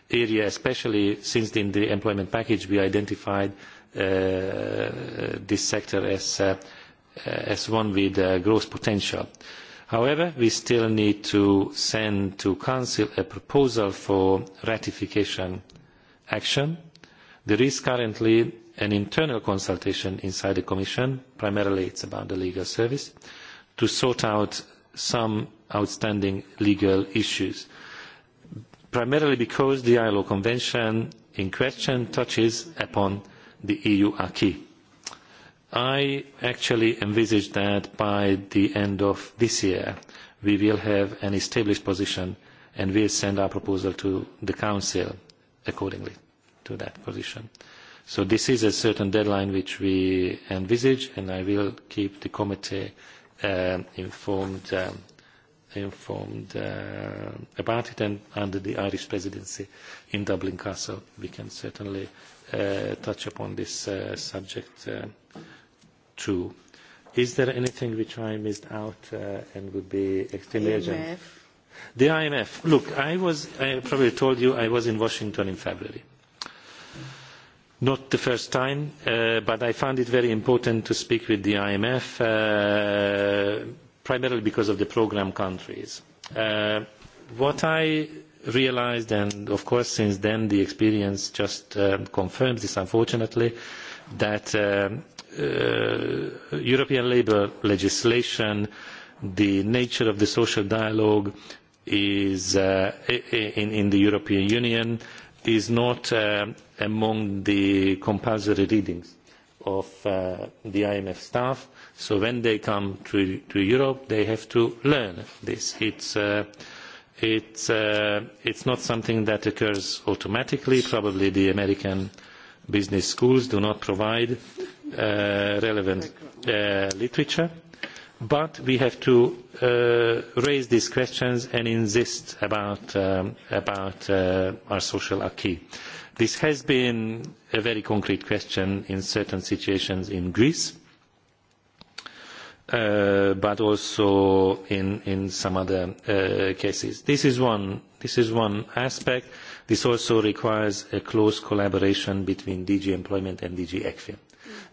E: area especially since in the employment package we identified uh, this sector as, as one with growth potential. however we still need to send to council a proposal for ratification action. there is currently an internal consultation inside the commission primarily it is about the legal service and to sort out some outstanding legal issues primarily because the ilo convention in question touches upon the eu acquis. i actually envisage that by the end of this year we will have an established position and will send our proposal to the council accordingly to that position. so this is a certain deadline which we envisage and i will keep the committee uh, informed, um, informed uh, about it and under the Irish presidency in Dublin Castle we can certainly uh, touch upon this uh, subject uh, too. Is there anything which I missed out uh, and would be extremely e urgent? IMF. The IMF. Look, I was, I probably told you I was in Washington in February. Uh, not the first time uh, but i found it very important to speak with the imf uh, primarily because of the programme countries. Uh, what i realised and of course since then the experience just uh, confirms this unfortunately is that uh, uh, european labour legislation the nature of the social dialogue is, in, in the european union and is not uh, among the compulsory readings of uh, the imf staff so when they come to, to europe they have to learn this. it uh, is uh, not something that occurs automatically probably the american business schools do not provide uh, relevant uh, literature but we have to uh, raise these questions and insist about, um, about uh, our social acquis. this has been a very concrete question in certain situations in greece uh, but also in, in some other uh, cases. This is, one, this is one aspect. this also requires a close collaboration between dg employment and dg ecfin mm.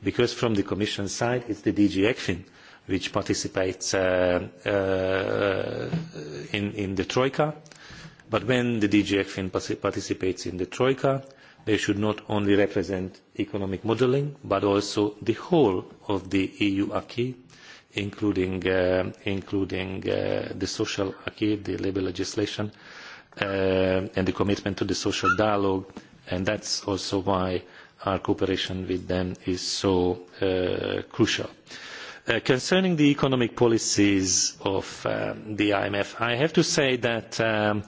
E: because from the commission side it is the dg ecfin which participates uh, uh, in, in the Troika. But when the DG ECFIN participates in the Troika, they should not only represent economic modelling, but also the whole of the EU acquis, including, uh, including uh, the social acquis, the labour legislation, uh, and the commitment to the social dialogue. And that's also why our cooperation with them is so uh, crucial. Uh, Uh, concerning the economic policies of uh, the imf i have to say that um,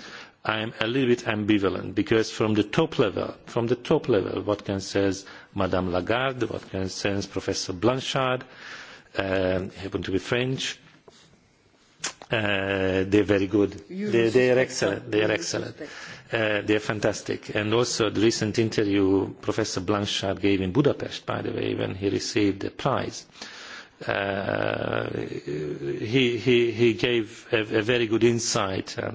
E: i am a little bit ambivalent because from the top level from the top level what concerns ms lagarde what concerns professor blanchard uh, happen to be french uh, they are very good. They, they are excellent. They are excellent. Uh, they are fantastic. And also the recent interview Professor Blanchard gave in Budapest, by the way, when he received the prize. Uh, uh, he, he, he gave a, a very good insight uh,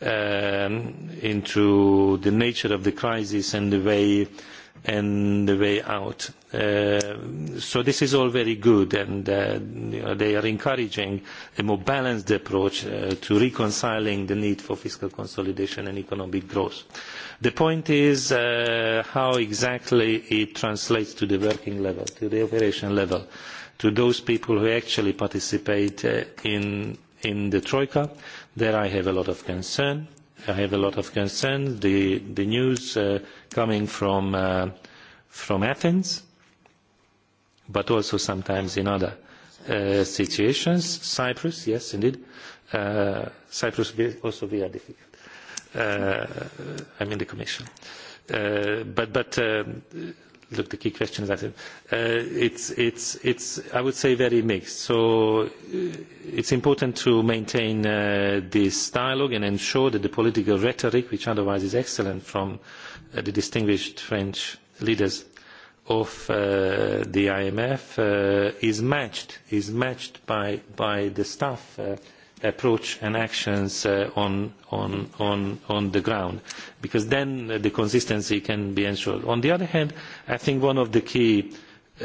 E: um, into the nature of the crisis and the way and the way out. Uh, so this is all very good and uh, you know, they are encouraging a more balanced approach uh, to reconciling the need for fiscal consolidation and economic growth. The point is uh, how exactly it translates to the working level, to the operation level. Uh, to those people who actually participate uh, in, in the troika. There I have a lot of concern. I have a lot of concern. The, the news uh, coming from, uh, from Athens, but also sometimes in other uh, situations. Cyprus, yes, indeed. Uh, Cyprus also very difficult. Uh, I mean the Commission. Uh, but but uh, look the key questions at it. Uh, it's, it's, it's, I would say, very mixed. So uh, it's important to maintain uh, this dialogue and ensure that the political rhetoric, which otherwise is excellent from uh, the distinguished French leaders of uh, the IMF, uh, is matched, is matched by, by the staff uh, approach and actions uh, on, on, on, on the ground, because then uh, the consistency can be ensured. On the other hand, I think one of the key uh,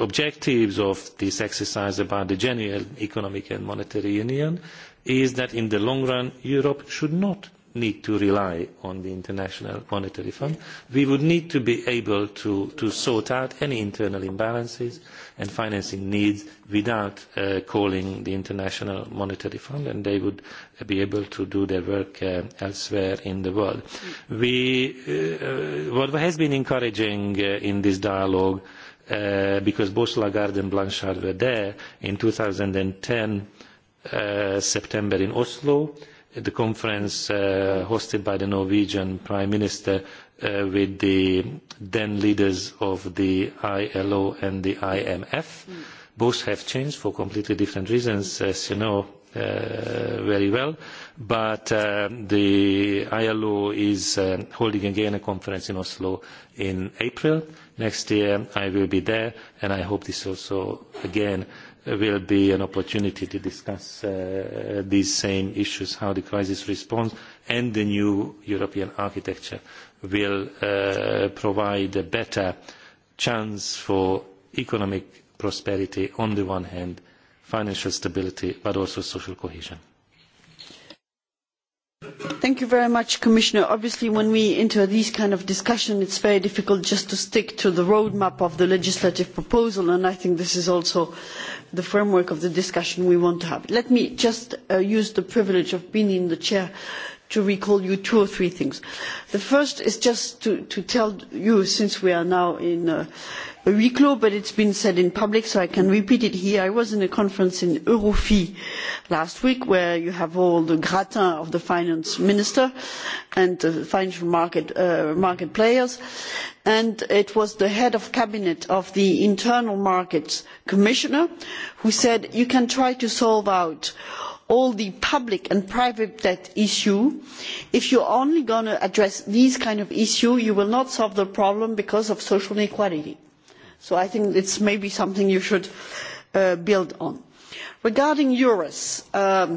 E: objectives of this exercise about the genuine economic and monetary union is that in the long run, Europe should not uh, need to rely on the international monetary fund we would need to be able to, to sort out any internal imbalances and financing needs without uh, calling the international monetary fund and they would be able to do their work uh, elsewhere in the world. We, uh, uh what has been encouraging uh, in this dialogue uh, because both Lagarde and Blanchard were there in 2010 uh, September in Oslo uh, the conference uh, hosted by the Norwegian Prime Minister uh, with the then leaders of the ILO and the IMF. Mm. Both have changed for completely different reasons, as you know uh, very well. But uh, the ILO is uh, holding again a conference in Oslo in April next year. I will be there, and I hope this also again uh, will be an opportunity to discuss uh, these same issues, how the crisis response and the new European architecture will uh, provide a better chance for economic prosperity on the one hand, financial stability, but also social cohesion.
A: Thank you very much, Commissioner. Obviously, when we enter these kind of discussion, it's very difficult just to stick to the roadmap of the legislative proposal, and I think this is also the framework of the discussion we want to have. Let me just uh, use the privilege of being in the chair uh, to recall you two or three things. The first is just to, to tell you, since we are now in uh, a huis clos, but it's been said in public, so I can repeat it here. I was in a conference in Eurofi last week, where you have all the gratin of the finance minister and the financial market, uh, market players. And it was the head of cabinet of the internal markets commissioner who said, you can try to solve out all the public and private debt issue if you are only going to address these kinds of issues you will not solve the problem because of social inequality. so i think it is maybe something you should uh, build on. regarding eures um,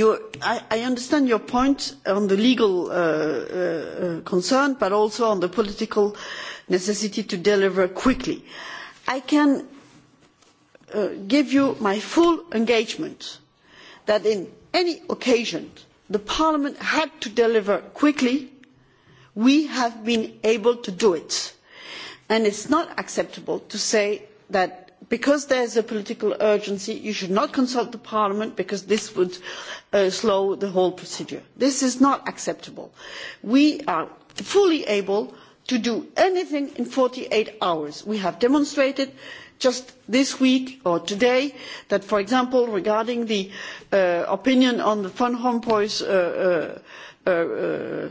A: you, I, i understand your point on the legal uh, uh, uh, concern but also on the political necessity to deliver quickly. i can uh, give you my full engagement that on any occasion parliament had to deliver quickly we have been able to do it and it is not acceptable to say that because there is a political urgency you should not consult parliament because this would uh, slow the whole procedure. this is not acceptable. we are fully able to do anything in forty eight hours. we have demonstrated just this week or today that for example regarding the uh, opinion on the van rompuy's uh, uh, uh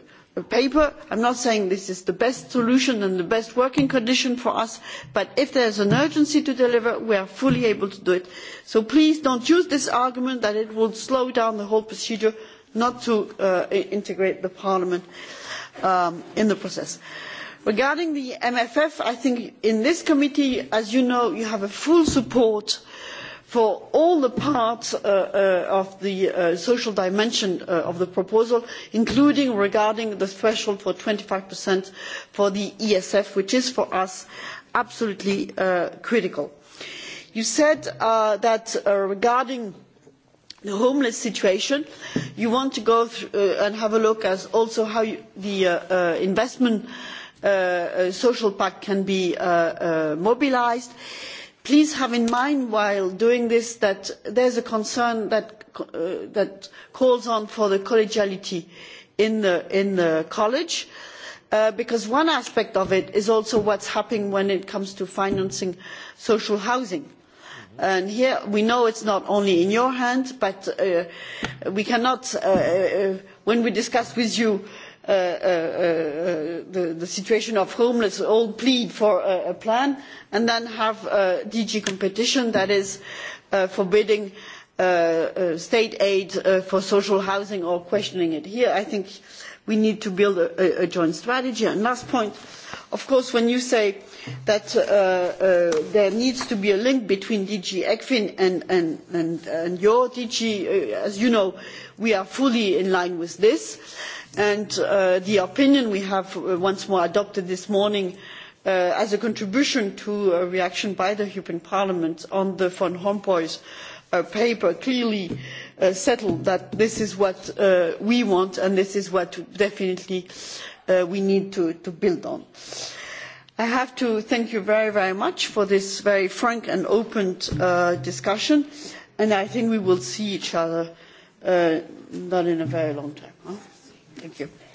A: paper i am not saying this is the best solution and the best working condition for us but if there is an urgency to deliver we are fully able to do it. so please do not use this argument that it will slow down the whole procedure not to uh, integrate parliament um, in the process regarding the mff i think in this committee as you know you have full support for all the parts uh, uh, of the uh, social dimension uh, of the proposal including regarding the threshold for twenty five for the esf which is for us absolutely uh, critical. you said uh, that regarding the homeless situation you want to go and have a look at also how you, the investment Uh, uh, social pact can be uh, uh, mobilised. please have in mind while doing this that there is a concern that, that calls on for the collegiality in the, in the college Uh, because one aspect of it is also what is happening when it comes to financing social housing and here we know it is not only in your hands but uh, we cannot uh, when we discuss with you Uh, uh, uh, the, the situation of homeless all plead for a, a plan and then have uh, DG competition that is uh, forbidding uh, uh, state aid uh, for social housing or questioning it. Here I think we need to build a, a, a joint strategy. And last point, of course, when you say that uh, uh, there needs to be a link between DG ECFIN and, and, and, and your DG, uh, as you know, we are fully in line with this. Uh, and uh, the opinion we have uh, once more adopted this morning uh, as a contribution to a reaction by the European Parliament on the Van Rompuy's uh, paper clearly uh, settled that this is what uh, we want and this is what definitely uh, we need to, to build on. I have to thank you very, very much for this very frank and open uh, discussion, and I think we will see each other uh, not in a very long time.
H: Thank you.